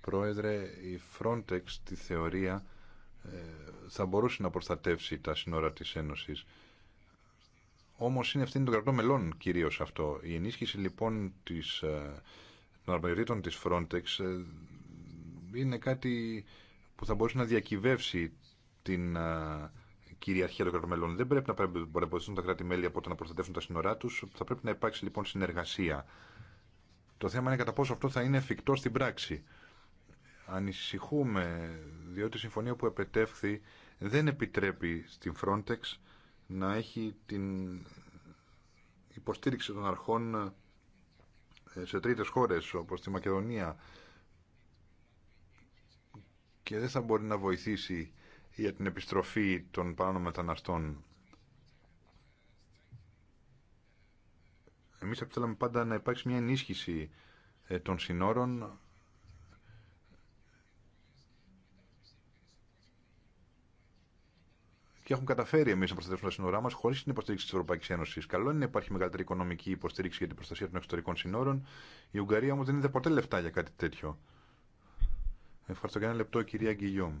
Πρόεδρε, η Frontex τη θεωρία ε, θα μπορούσε να προστατεύσει τα σύνορα της Ένωσης όμως είναι ευθύνη των κρατών μελών κυρίως αυτό. Η ενίσχυση λοιπόν της, ε, των αρμοδιοτήτων της Frontex ε, είναι κάτι που θα μπορούσε να διακυβεύσει την ε, κυριαρχία των κρατών μελών. Δεν πρέπει να παρεμποδιστούν τα κράτη-μέλη από το να προστατεύσουν τα σύνορά τους. Θα πρέπει να υπάρξει λοιπόν συνεργασία. Το θέμα είναι κατά πόσο αυτό θα είναι εφικτό στην πράξη. Ανησυχούμε, διότι η συμφωνία που επετεύχθη δεν επιτρέπει στην Frontex να έχει την υποστήριξη των αρχών ε, σε τρίτες χώρες όπως τη Μακεδονία και δεν θα μπορεί να βοηθήσει για την επιστροφή των πάνω μεταναστών. Εμείς θα πάντα να υπάρξει μια ενίσχυση ε, των συνόρων και έχουμε καταφέρει εμεί να προστατεύσουμε τα σύνορά μα χωρί την υποστήριξη τη Ευρωπαϊκή Ένωση. Καλό είναι να υπάρχει μεγαλύτερη οικονομική υποστήριξη για την προστασία των εξωτερικών συνόρων. Η Ουγγαρία όμω δεν είδε ποτέ λεφτά για κάτι τέτοιο. Ευχαριστώ για ένα λεπτό, κυρία Γκυλιόμ.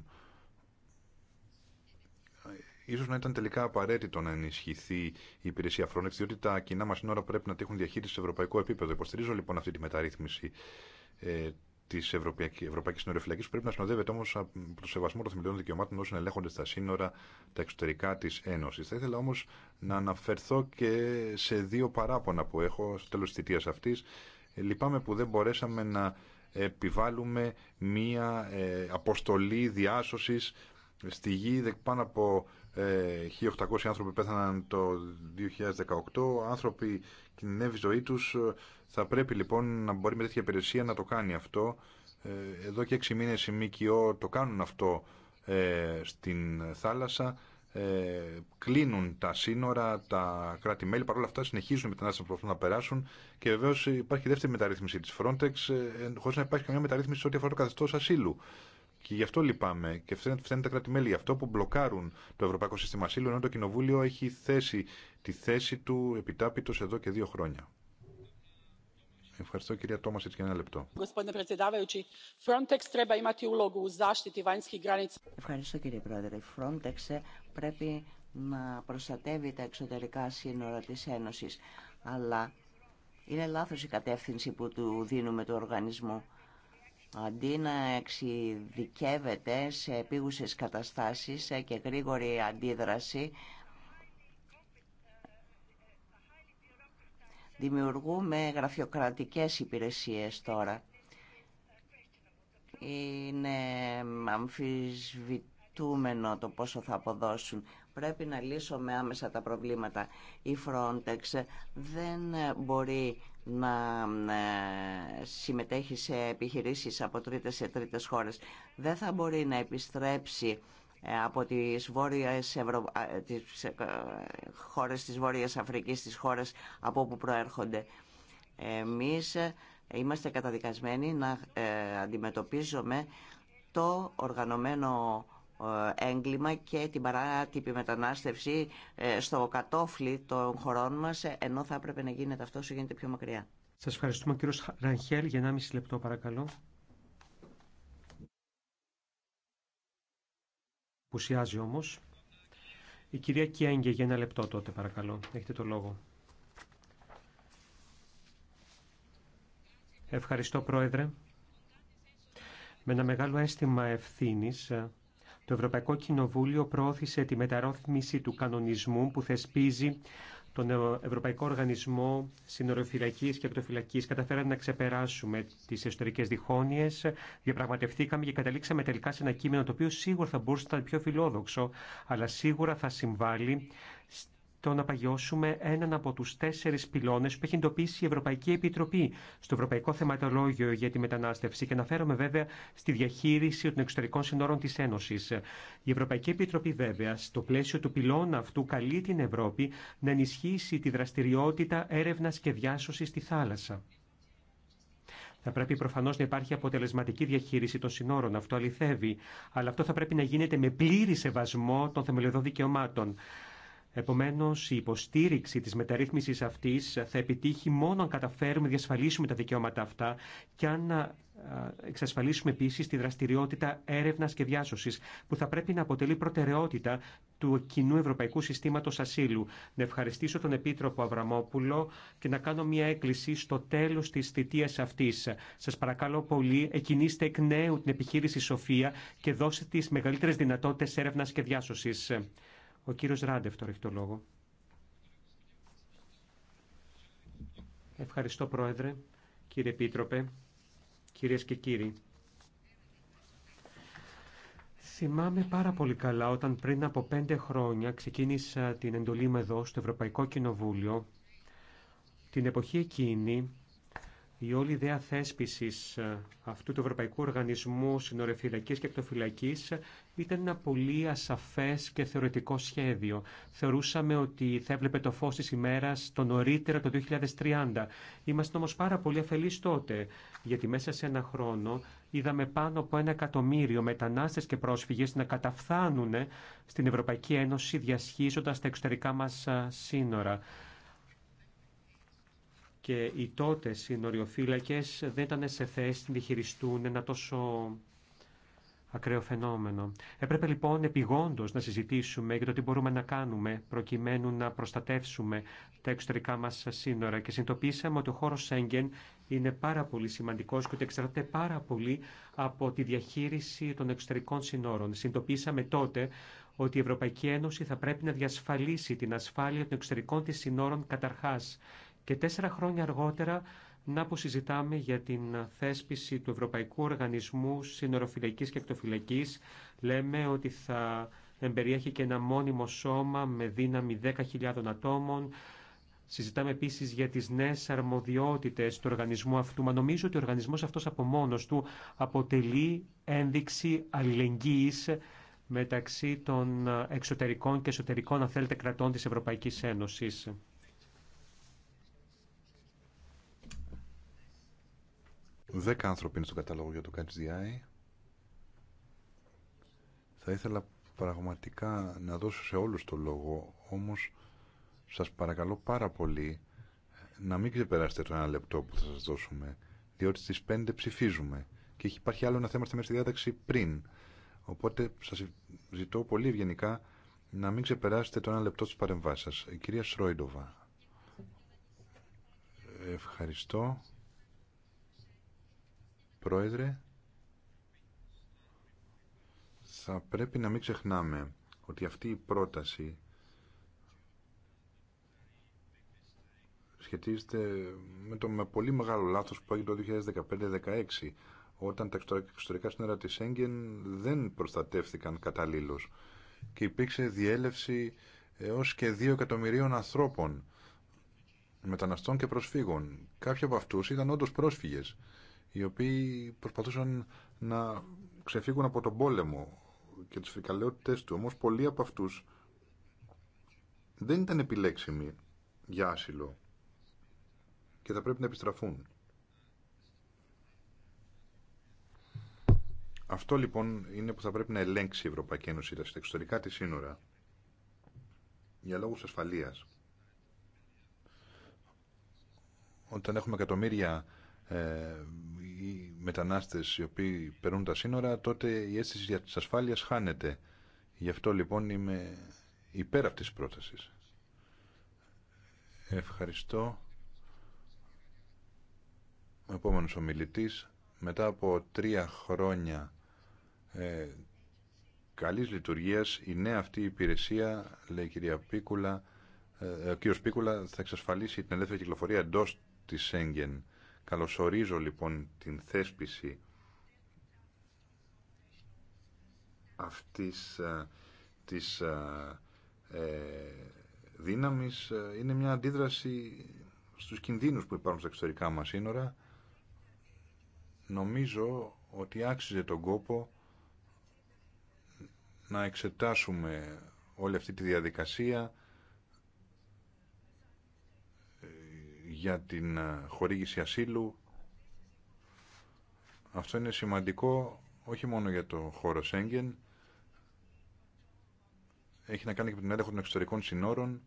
Ίσως να ήταν τελικά απαραίτητο να ενισχυθεί η υπηρεσία Frontex, διότι τα κοινά μα σύνορα πρέπει να τύχουν διαχείριση σε ευρωπαϊκό επίπεδο. Υποστηρίζω λοιπόν αυτή τη μεταρρύθμιση ε, τη Ευρωπαϊκή, Ευρωπαϊκή που πρέπει να συνοδεύεται όμω από το σεβασμό των θεμελιών δικαιωμάτων όσων ελέγχονται στα σύνορα, τα εξωτερικά τη Ένωση. Θα ήθελα όμω να αναφερθώ και σε δύο παράπονα που έχω στο τέλο τη θητεία αυτή. Λυπάμαι που δεν μπορέσαμε να επιβάλλουμε μία ε, αποστολή διάσωσης στη γη πάνω από 1.800 ε, άνθρωποι πέθαναν το 2018 άνθρωποι κινδυνεύει η ζωή του, Θα πρέπει λοιπόν να μπορεί με τέτοια υπηρεσία να το κάνει αυτό. Ε, εδώ και έξι μήνε οι ΜΚΟ το κάνουν αυτό ε, στην θάλασσα. Ε, κλείνουν τα σύνορα, τα κράτη-μέλη. Παρ' όλα αυτά συνεχίζουν οι μετανάστε να προσπαθούν να περάσουν και βεβαίω υπάρχει δεύτερη μεταρρύθμιση τη Frontex, ε, χωρί να υπάρχει καμία μεταρρύθμιση σε ό,τι αφορά το καθεστώ ασύλου. Και γι' αυτό λυπάμαι και φταίνουν τα κράτη-μέλη. Γι' αυτό που μπλοκάρουν το Ευρωπαϊκό Σύστημα Ασύλου, ενώ το Κοινοβούλιο έχει θέσει τη θέση του επιτάπητο εδώ και δύο χρόνια. Ευχαριστώ κυρία Τόμας, για ένα λεπτό. Ευχαριστώ κύριε Πρόεδρε. Η Frontex πρέπει να προστατεύει τα εξωτερικά σύνορα της Ένωσης. Αλλά είναι λάθος η κατεύθυνση που του δίνουμε το οργανισμό αντί να εξειδικεύεται σε επίγουσες καταστάσεις και γρήγορη αντίδραση, δημιουργούμε γραφειοκρατικές υπηρεσίες τώρα. Είναι αμφισβητούμενο το πόσο θα αποδώσουν. Πρέπει να λύσουμε άμεσα τα προβλήματα. Η Frontex δεν μπορεί να ε, συμμετέχει σε επιχειρήσεις από τρίτες σε τρίτες χώρες. Δεν θα μπορεί να επιστρέψει ε, από τις, βόρειες Ευρω... Ε, τις χώρες της Βόρειας Αφρικής, τις χώρες από όπου προέρχονται. Εμείς είμαστε καταδικασμένοι να αντιμετωπίζουμε το οργανωμένο ε, έγκλημα και την παράτυπη μετανάστευση ε, στο κατόφλι των χωρών μας, ε, ενώ θα έπρεπε να γίνεται αυτό όσο γίνεται πιο μακριά. Σας ευχαριστούμε κύριο Ραγχέλ για 1,5 λεπτό παρακαλώ. Πουσιάζει όμως. Η κυρία Κιέγγε για ένα λεπτό τότε παρακαλώ. Έχετε το λόγο. Ευχαριστώ πρόεδρε. Με ένα μεγάλο αίσθημα ευθύνης το Ευρωπαϊκό Κοινοβούλιο προώθησε τη μεταρρύθμιση του κανονισμού που θεσπίζει τον Ευρωπαϊκό Οργανισμό Συνοριοφυλακή και Ακτοφυλακή. Καταφέραμε να ξεπεράσουμε τι εσωτερικέ διχόνοιε, διαπραγματευτήκαμε και καταλήξαμε τελικά σε ένα κείμενο το οποίο σίγουρα θα μπορούσε να ήταν πιο φιλόδοξο, αλλά σίγουρα θα συμβάλλει το να παγιώσουμε έναν από τους τέσσερις πυλώνες που έχει εντοπίσει η Ευρωπαϊκή Επιτροπή στο Ευρωπαϊκό Θεματολόγιο για τη Μετανάστευση και αναφέρομαι βέβαια στη διαχείριση των εξωτερικών συνόρων της Ένωσης. Η Ευρωπαϊκή Επιτροπή βέβαια στο πλαίσιο του πυλώνα αυτού καλεί την Ευρώπη να ενισχύσει τη δραστηριότητα έρευνας και διάσωσης στη θάλασσα. Θα πρέπει προφανώ να υπάρχει αποτελεσματική διαχείριση των συνόρων. Αυτό αληθεύει. Αλλά αυτό θα πρέπει να γίνεται με πλήρη σεβασμό των θεμελιωδών δικαιωμάτων. Επομένως, η υποστήριξη της μεταρρύθμισης αυτής θα επιτύχει μόνο αν καταφέρουμε να διασφαλίσουμε τα δικαιώματα αυτά και αν εξασφαλίσουμε επίσης τη δραστηριότητα έρευνας και διάσωσης που θα πρέπει να αποτελεί προτεραιότητα του κοινού Ευρωπαϊκού Συστήματος Ασύλου. Να ευχαριστήσω τον Επίτροπο Αβραμόπουλο και να κάνω μια έκκληση στο τέλος της θητείας αυτής. Σας παρακαλώ πολύ, εκινήστε εκ νέου την επιχείρηση Σοφία και δώστε τις μεγαλύτερες δυνατότητες έρευνας και διάσωση. Ο κύριος Ράντεφ έχει το λόγο. Ευχαριστώ Πρόεδρε, κύριε Επίτροπε, κυρίες και κύριοι. Θυμάμαι πάρα πολύ καλά όταν πριν από πέντε χρόνια ξεκίνησα την εντολή μου εδώ στο Ευρωπαϊκό Κοινοβούλιο. Την εποχή εκείνη η όλη ιδέα θέσπιση ε, αυτού του Ευρωπαϊκού Οργανισμού Συνορεφυλακής και Εκτοφυλακή ήταν ένα πολύ ασαφέ και θεωρητικό σχέδιο. Θεωρούσαμε ότι θα έβλεπε το φω τη ημέρα το νωρίτερο το 2030. Είμαστε όμω πάρα πολύ αφελεί τότε, γιατί μέσα σε ένα χρόνο είδαμε πάνω από ένα εκατομμύριο μετανάστε και πρόσφυγε να καταφθάνουν στην Ευρωπαϊκή Ένωση διασχίζοντα τα εξωτερικά μα ε, σύνορα και οι τότε συνοριοφύλακες δεν ήταν σε θέση να διχειριστούν ένα τόσο ακραίο φαινόμενο. Έπρεπε λοιπόν επιγόντως να συζητήσουμε για το τι μπορούμε να κάνουμε προκειμένου να προστατεύσουμε τα εξωτερικά μας σύνορα και συνειδητοποίησαμε ότι ο χώρο Σέγγεν είναι πάρα πολύ σημαντικός και ότι εξαρτάται πάρα πολύ από τη διαχείριση των εξωτερικών σύνορων. Συνειδητοποίησαμε τότε ότι η Ευρωπαϊκή Ένωση θα πρέπει να διασφαλίσει την ασφάλεια των εξωτερικών της σύνορων καταρχάς και τέσσερα χρόνια αργότερα να που συζητάμε για την θέσπιση του Ευρωπαϊκού Οργανισμού Συνοροφυλακής και Εκτοφυλακής. Λέμε ότι θα εμπεριέχει και ένα μόνιμο σώμα με δύναμη 10.000 ατόμων. Συζητάμε επίσης για τις νέες αρμοδιότητες του οργανισμού αυτού. Μα νομίζω ότι ο οργανισμός αυτός από μόνος του αποτελεί ένδειξη αλληλεγγύης μεταξύ των εξωτερικών και εσωτερικών, αν θέλετε, κρατών της Ευρωπαϊκής Ένωσης. Δέκα άνθρωποι είναι στο κατάλογο για το CatchDI. Θα ήθελα πραγματικά να δώσω σε όλους το λόγο, όμως σας παρακαλώ πάρα πολύ να μην ξεπεράσετε το ένα λεπτό που θα σας δώσουμε, διότι στις πέντε ψηφίζουμε και έχει υπάρχει άλλο ένα θέμα στη μέση διάταξη πριν. Οπότε σας ζητώ πολύ ευγενικά να μην ξεπεράσετε το ένα λεπτό της παρεμβάσης σας. Η κυρία Σρόιντοβα. Ευχαριστώ. Πρόεδρε, θα πρέπει να μην ξεχνάμε ότι αυτή η πρόταση σχετίζεται με το με πολύ μεγάλο λάθος που έγινε το 2015-2016 όταν τα εξωτερικά σύνορα της Σέγγεν δεν προστατεύθηκαν καταλήλως και υπήρξε διέλευση έως και 2 εκατομμυρίων ανθρώπων μεταναστών και προσφύγων. Κάποιοι από αυτούς ήταν όντως πρόσφυγες οι οποίοι προσπαθούσαν να ξεφύγουν από τον πόλεμο και τις φρικαλαιότητες του. Όμως πολλοί από αυτούς δεν ήταν επιλέξιμοι για άσυλο και θα πρέπει να επιστραφούν. Αυτό λοιπόν είναι που θα πρέπει να ελέγξει η Ευρωπαϊκή Ένωση τα εξωτερικά τη σύνορα για λόγους ασφαλείας. Όταν έχουμε εκατομμύρια ε, μετανάστες οι οποίοι περνούν τα σύνορα, τότε η αίσθηση της ασφάλειας χάνεται. Γι' αυτό λοιπόν είμαι υπέρ αυτής της πρότασης. Ευχαριστώ. Ο επόμενος ομιλητής, μετά από τρία χρόνια ε, καλής λειτουργίας, η νέα αυτή υπηρεσία, λέει κυρία Πίκουλα, ε, ο κύριο Πίκουλα θα εξασφαλίσει την ελεύθερη κυκλοφορία εντό της Σέγγεν Καλωσορίζω λοιπόν την θέσπιση αυτής ε, της ε, ε, δύναμης είναι μια αντίδραση στους κινδύνους που υπάρχουν στα εξωτερικά μας σύνορα. Νομίζω ότι άξιζε τον κόπο να εξετάσουμε όλη αυτή τη διαδικασία για την ε, χορήγηση ασύλου. Αυτό είναι σημαντικό όχι μόνο για το χώρο Σέγγεν, έχει να κάνει και με την έλεγχο των εξωτερικών συνόρων.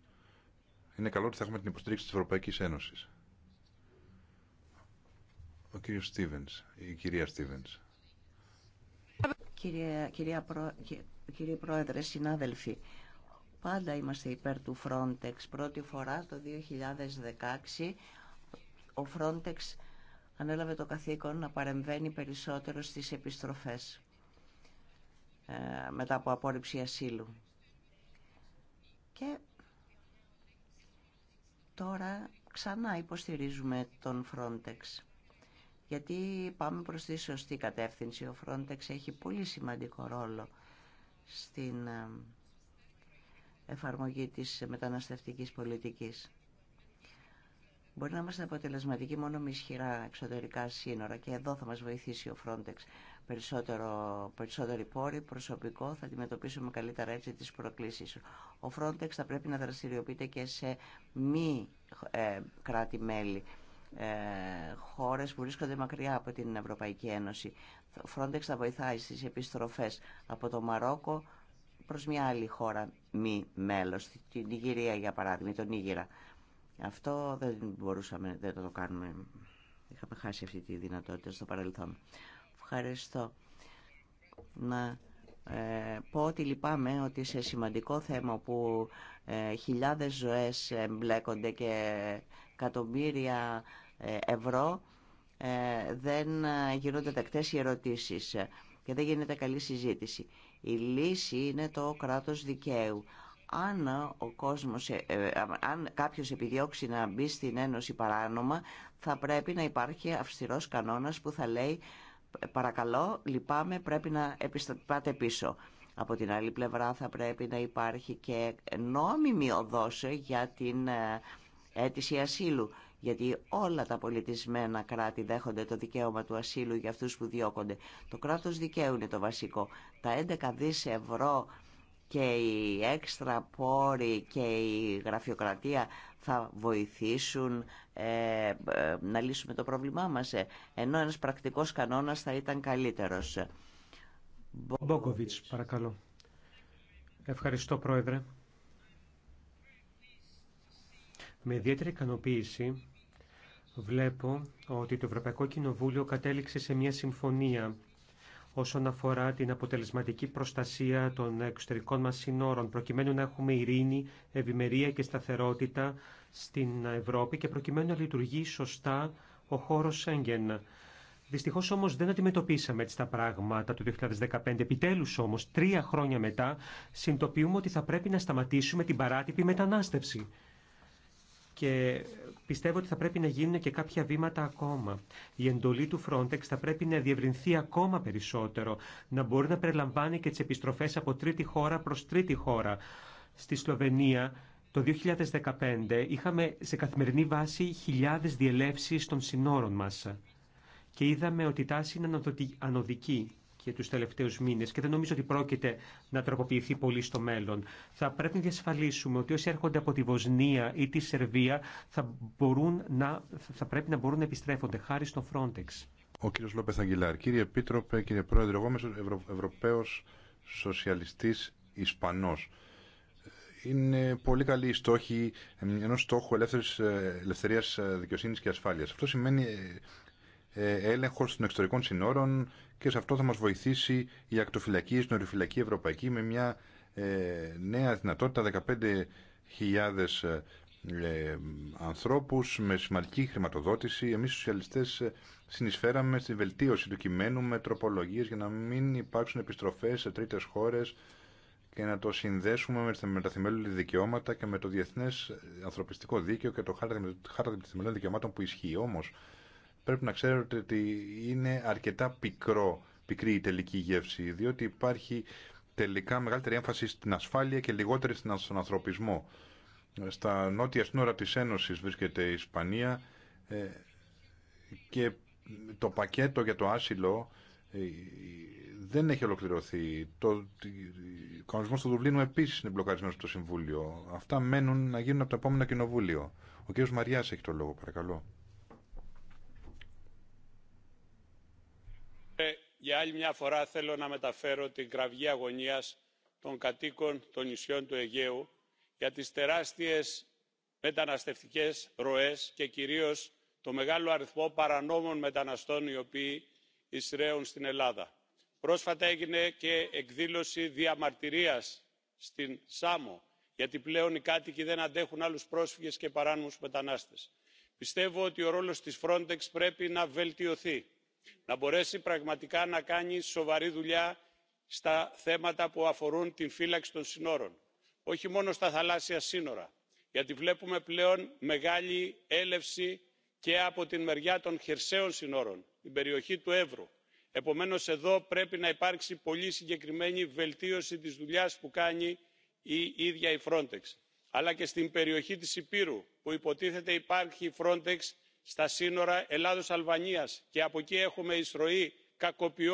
Είναι καλό ότι θα έχουμε την υποστήριξη της Ευρωπαϊκής Ένωσης. Ο κύριος Στίβενς, η κυρία Στίβενς. Κυρία, κυρία κύριε Πρόεδρε, συνάδελφοι, Πάντα είμαστε υπέρ του Frontex. Πρώτη φορά το 2016 ο Frontex ανέλαβε το καθήκον να παρεμβαίνει περισσότερο στις επιστροφές ε, μετά από απόρριψη ασύλου. Και τώρα ξανά υποστηρίζουμε τον Frontex. Γιατί πάμε προς τη σωστή κατεύθυνση. Ο Frontex έχει πολύ σημαντικό ρόλο στην ε, εφαρμογή της μεταναστευτικής πολιτικής. Μπορεί να είμαστε αποτελεσματικοί μόνο με ισχυρά εξωτερικά σύνορα και εδώ θα μας βοηθήσει ο Frontex. Περισσότερο, περισσότερη πόροι, προσωπικό, θα αντιμετωπίσουμε καλύτερα έτσι τις προκλήσεις. Ο Frontex θα πρέπει να δραστηριοποιείται και σε μη ε, κράτη-μέλη, ε, χώρες που βρίσκονται μακριά από την Ευρωπαϊκή Ένωση. Ο Frontex θα βοηθάει στις επιστροφές από το Μαρόκο προς μια άλλη χώρα μη μέλος, την Ιγυρία για παράδειγμα, τον Ήγυρα. Αυτό δεν μπορούσαμε, δεν το κάνουμε. Είχαμε χάσει αυτή τη δυνατότητα στο παρελθόν. Ευχαριστώ. Να ε, πω ότι λυπάμαι ότι σε σημαντικό θέμα που ε, χιλιάδες ζωές εμπλέκονται και εκατομμύρια ε, ευρώ ε, δεν ε, γίνονται τακτές οι ερωτήσεις και δεν γίνεται καλή συζήτηση. Η λύση είναι το κράτος δικαίου. Αν, ο κόσμος, ε, ε, αν κάποιος επιδιώξει να μπει στην Ένωση παράνομα, θα πρέπει να υπάρχει αυστηρός κανόνας που θα λέει «Παρακαλώ, λυπάμαι, πρέπει να πάτε πίσω». Από την άλλη πλευρά θα πρέπει να υπάρχει και νόμιμη οδός για την ε, αίτηση ασύλου γιατί όλα τα πολιτισμένα κράτη δέχονται το δικαίωμα του ασύλου για αυτούς που διώκονται. Το κράτος δικαίου είναι το βασικό. Τα 11 δις ευρώ και οι έξτρα πόροι και η γραφειοκρατία θα βοηθήσουν ε, ε, να λύσουμε το πρόβλημά μας, ε, ενώ ένας πρακτικός κανόνας θα ήταν καλύτερος. Μπόκοβιτς, παρακαλώ. Ευχαριστώ, Πρόεδρε. Με ιδιαίτερη ικανοποίηση βλέπω ότι το Ευρωπαϊκό Κοινοβούλιο κατέληξε σε μια συμφωνία όσον αφορά την αποτελεσματική προστασία των εξωτερικών μας συνόρων, προκειμένου να έχουμε ειρήνη, ευημερία και σταθερότητα στην Ευρώπη και προκειμένου να λειτουργεί σωστά ο χώρος Σέγγεν. Δυστυχώ όμω δεν αντιμετωπίσαμε έτσι τα πράγματα του 2015. Επιτέλου όμω, τρία χρόνια μετά, συνειδητοποιούμε ότι θα πρέπει να σταματήσουμε την παράτυπη μετανάστευση και πιστεύω ότι θα πρέπει να γίνουν και κάποια βήματα ακόμα. Η εντολή του Frontex θα πρέπει να διευρυνθεί ακόμα περισσότερο, να μπορεί να περιλαμβάνει και τις επιστροφές από τρίτη χώρα προς τρίτη χώρα. Στη Σλοβενία το 2015 είχαμε σε καθημερινή βάση χιλιάδες διελεύσεις των συνόρων μας και είδαμε ότι η τάση είναι ανωδική και του τελευταίου μήνε και δεν νομίζω ότι πρόκειται να τροποποιηθεί πολύ στο μέλλον. Θα πρέπει να διασφαλίσουμε ότι όσοι έρχονται από τη Βοσνία ή τη Σερβία θα, μπορούν να, θα πρέπει να μπορούν να επιστρέφονται χάρη στο Frontex. Ο κύριος Λόπεθ Αγγιλάρ, κύριε Επίτροπε, κύριε Πρόεδρε, εγώ είμαι Ευρω... Ευρωπαίος Σοσιαλιστής Ισπανός. Είναι πολύ καλή η στόχη ενός στόχου ελεύθερης, ε, ελευθερίας ε, δικαιοσύνης και ασφάλειας. Αυτό σημαίνει ε, ε, έλεγχος των εξωτερικών συνόρων και σε αυτό θα μας βοηθήσει η ακτοφυλακή, η σνοριοφυλακή ευρωπαϊκή με μια ε, νέα δυνατότητα 15.000 ε, ε, ανθρώπους με σημαντική χρηματοδότηση. Εμείς οι σοσιαλιστές συνεισφέραμε στη βελτίωση του κειμένου με τροπολογίες για να μην υπάρξουν επιστροφές σε τρίτες χώρες και να το συνδέσουμε με τα θεμελιώδη δικαιώματα και με το Διεθνές Ανθρωπιστικό Δίκαιο και το χάρτη των Θεμελιών Δικαιωμάτων που ισχύει. Όμως, πρέπει να ξέρετε ότι είναι αρκετά πικρό, πικρή η τελική γεύση, διότι υπάρχει τελικά μεγαλύτερη έμφαση στην ασφάλεια και λιγότερη στον ανθρωπισμό. Στα νότια σύνορα της Ένωσης βρίσκεται η Ισπανία ε, και το πακέτο για το άσυλο ε, δεν έχει ολοκληρωθεί. Το, ο κανονισμό του Δουβλίνου επίση είναι μπλοκαρισμένο στο Συμβούλιο. Αυτά μένουν να γίνουν από το επόμενο Κοινοβούλιο. Ο κ. Μαριάς έχει το λόγο, παρακαλώ. για άλλη μια φορά θέλω να μεταφέρω την κραυγή αγωνίας των κατοίκων των νησιών του αιγαίου για τις τεράστιες μεταναστευτικές ροές και κυρίως το μεγάλο αριθμό παρανόμων μεταναστών οι οποίοι εισραίουν στην ελλάδα. πρόσφατα έγινε και εκδήλωση διαμαρτυρίας στην σάμο γιατί πλέον οι κάτοικοι δεν αντέχουν άλλους πρόσφυγες και παράνομους μετανάστες. πιστεύω ότι ο ρόλος της frontex πρέπει να βελτιωθεί να μπορέσει πραγματικά να κάνει σοβαρή δουλειά στα θέματα που αφορούν την φύλαξη των συνόρων όχι μόνο στα θαλάσσια σύνορα γιατί βλέπουμε πλέον μεγάλη έλευση και από την μεριά των χερσαίων συνόρων την περιοχή του εύρου. επομένως εδώ πρέπει να υπάρξει πολύ συγκεκριμένη βελτίωση της δουλειάς που κάνει η ίδια η frontex αλλά και στην περιοχή της Υπήρου, που υποτίθεται υπάρχει η frontex στα σύνορα ελλάδος αλβανίας και από εκεί έχουμε εισρωή κακοποιών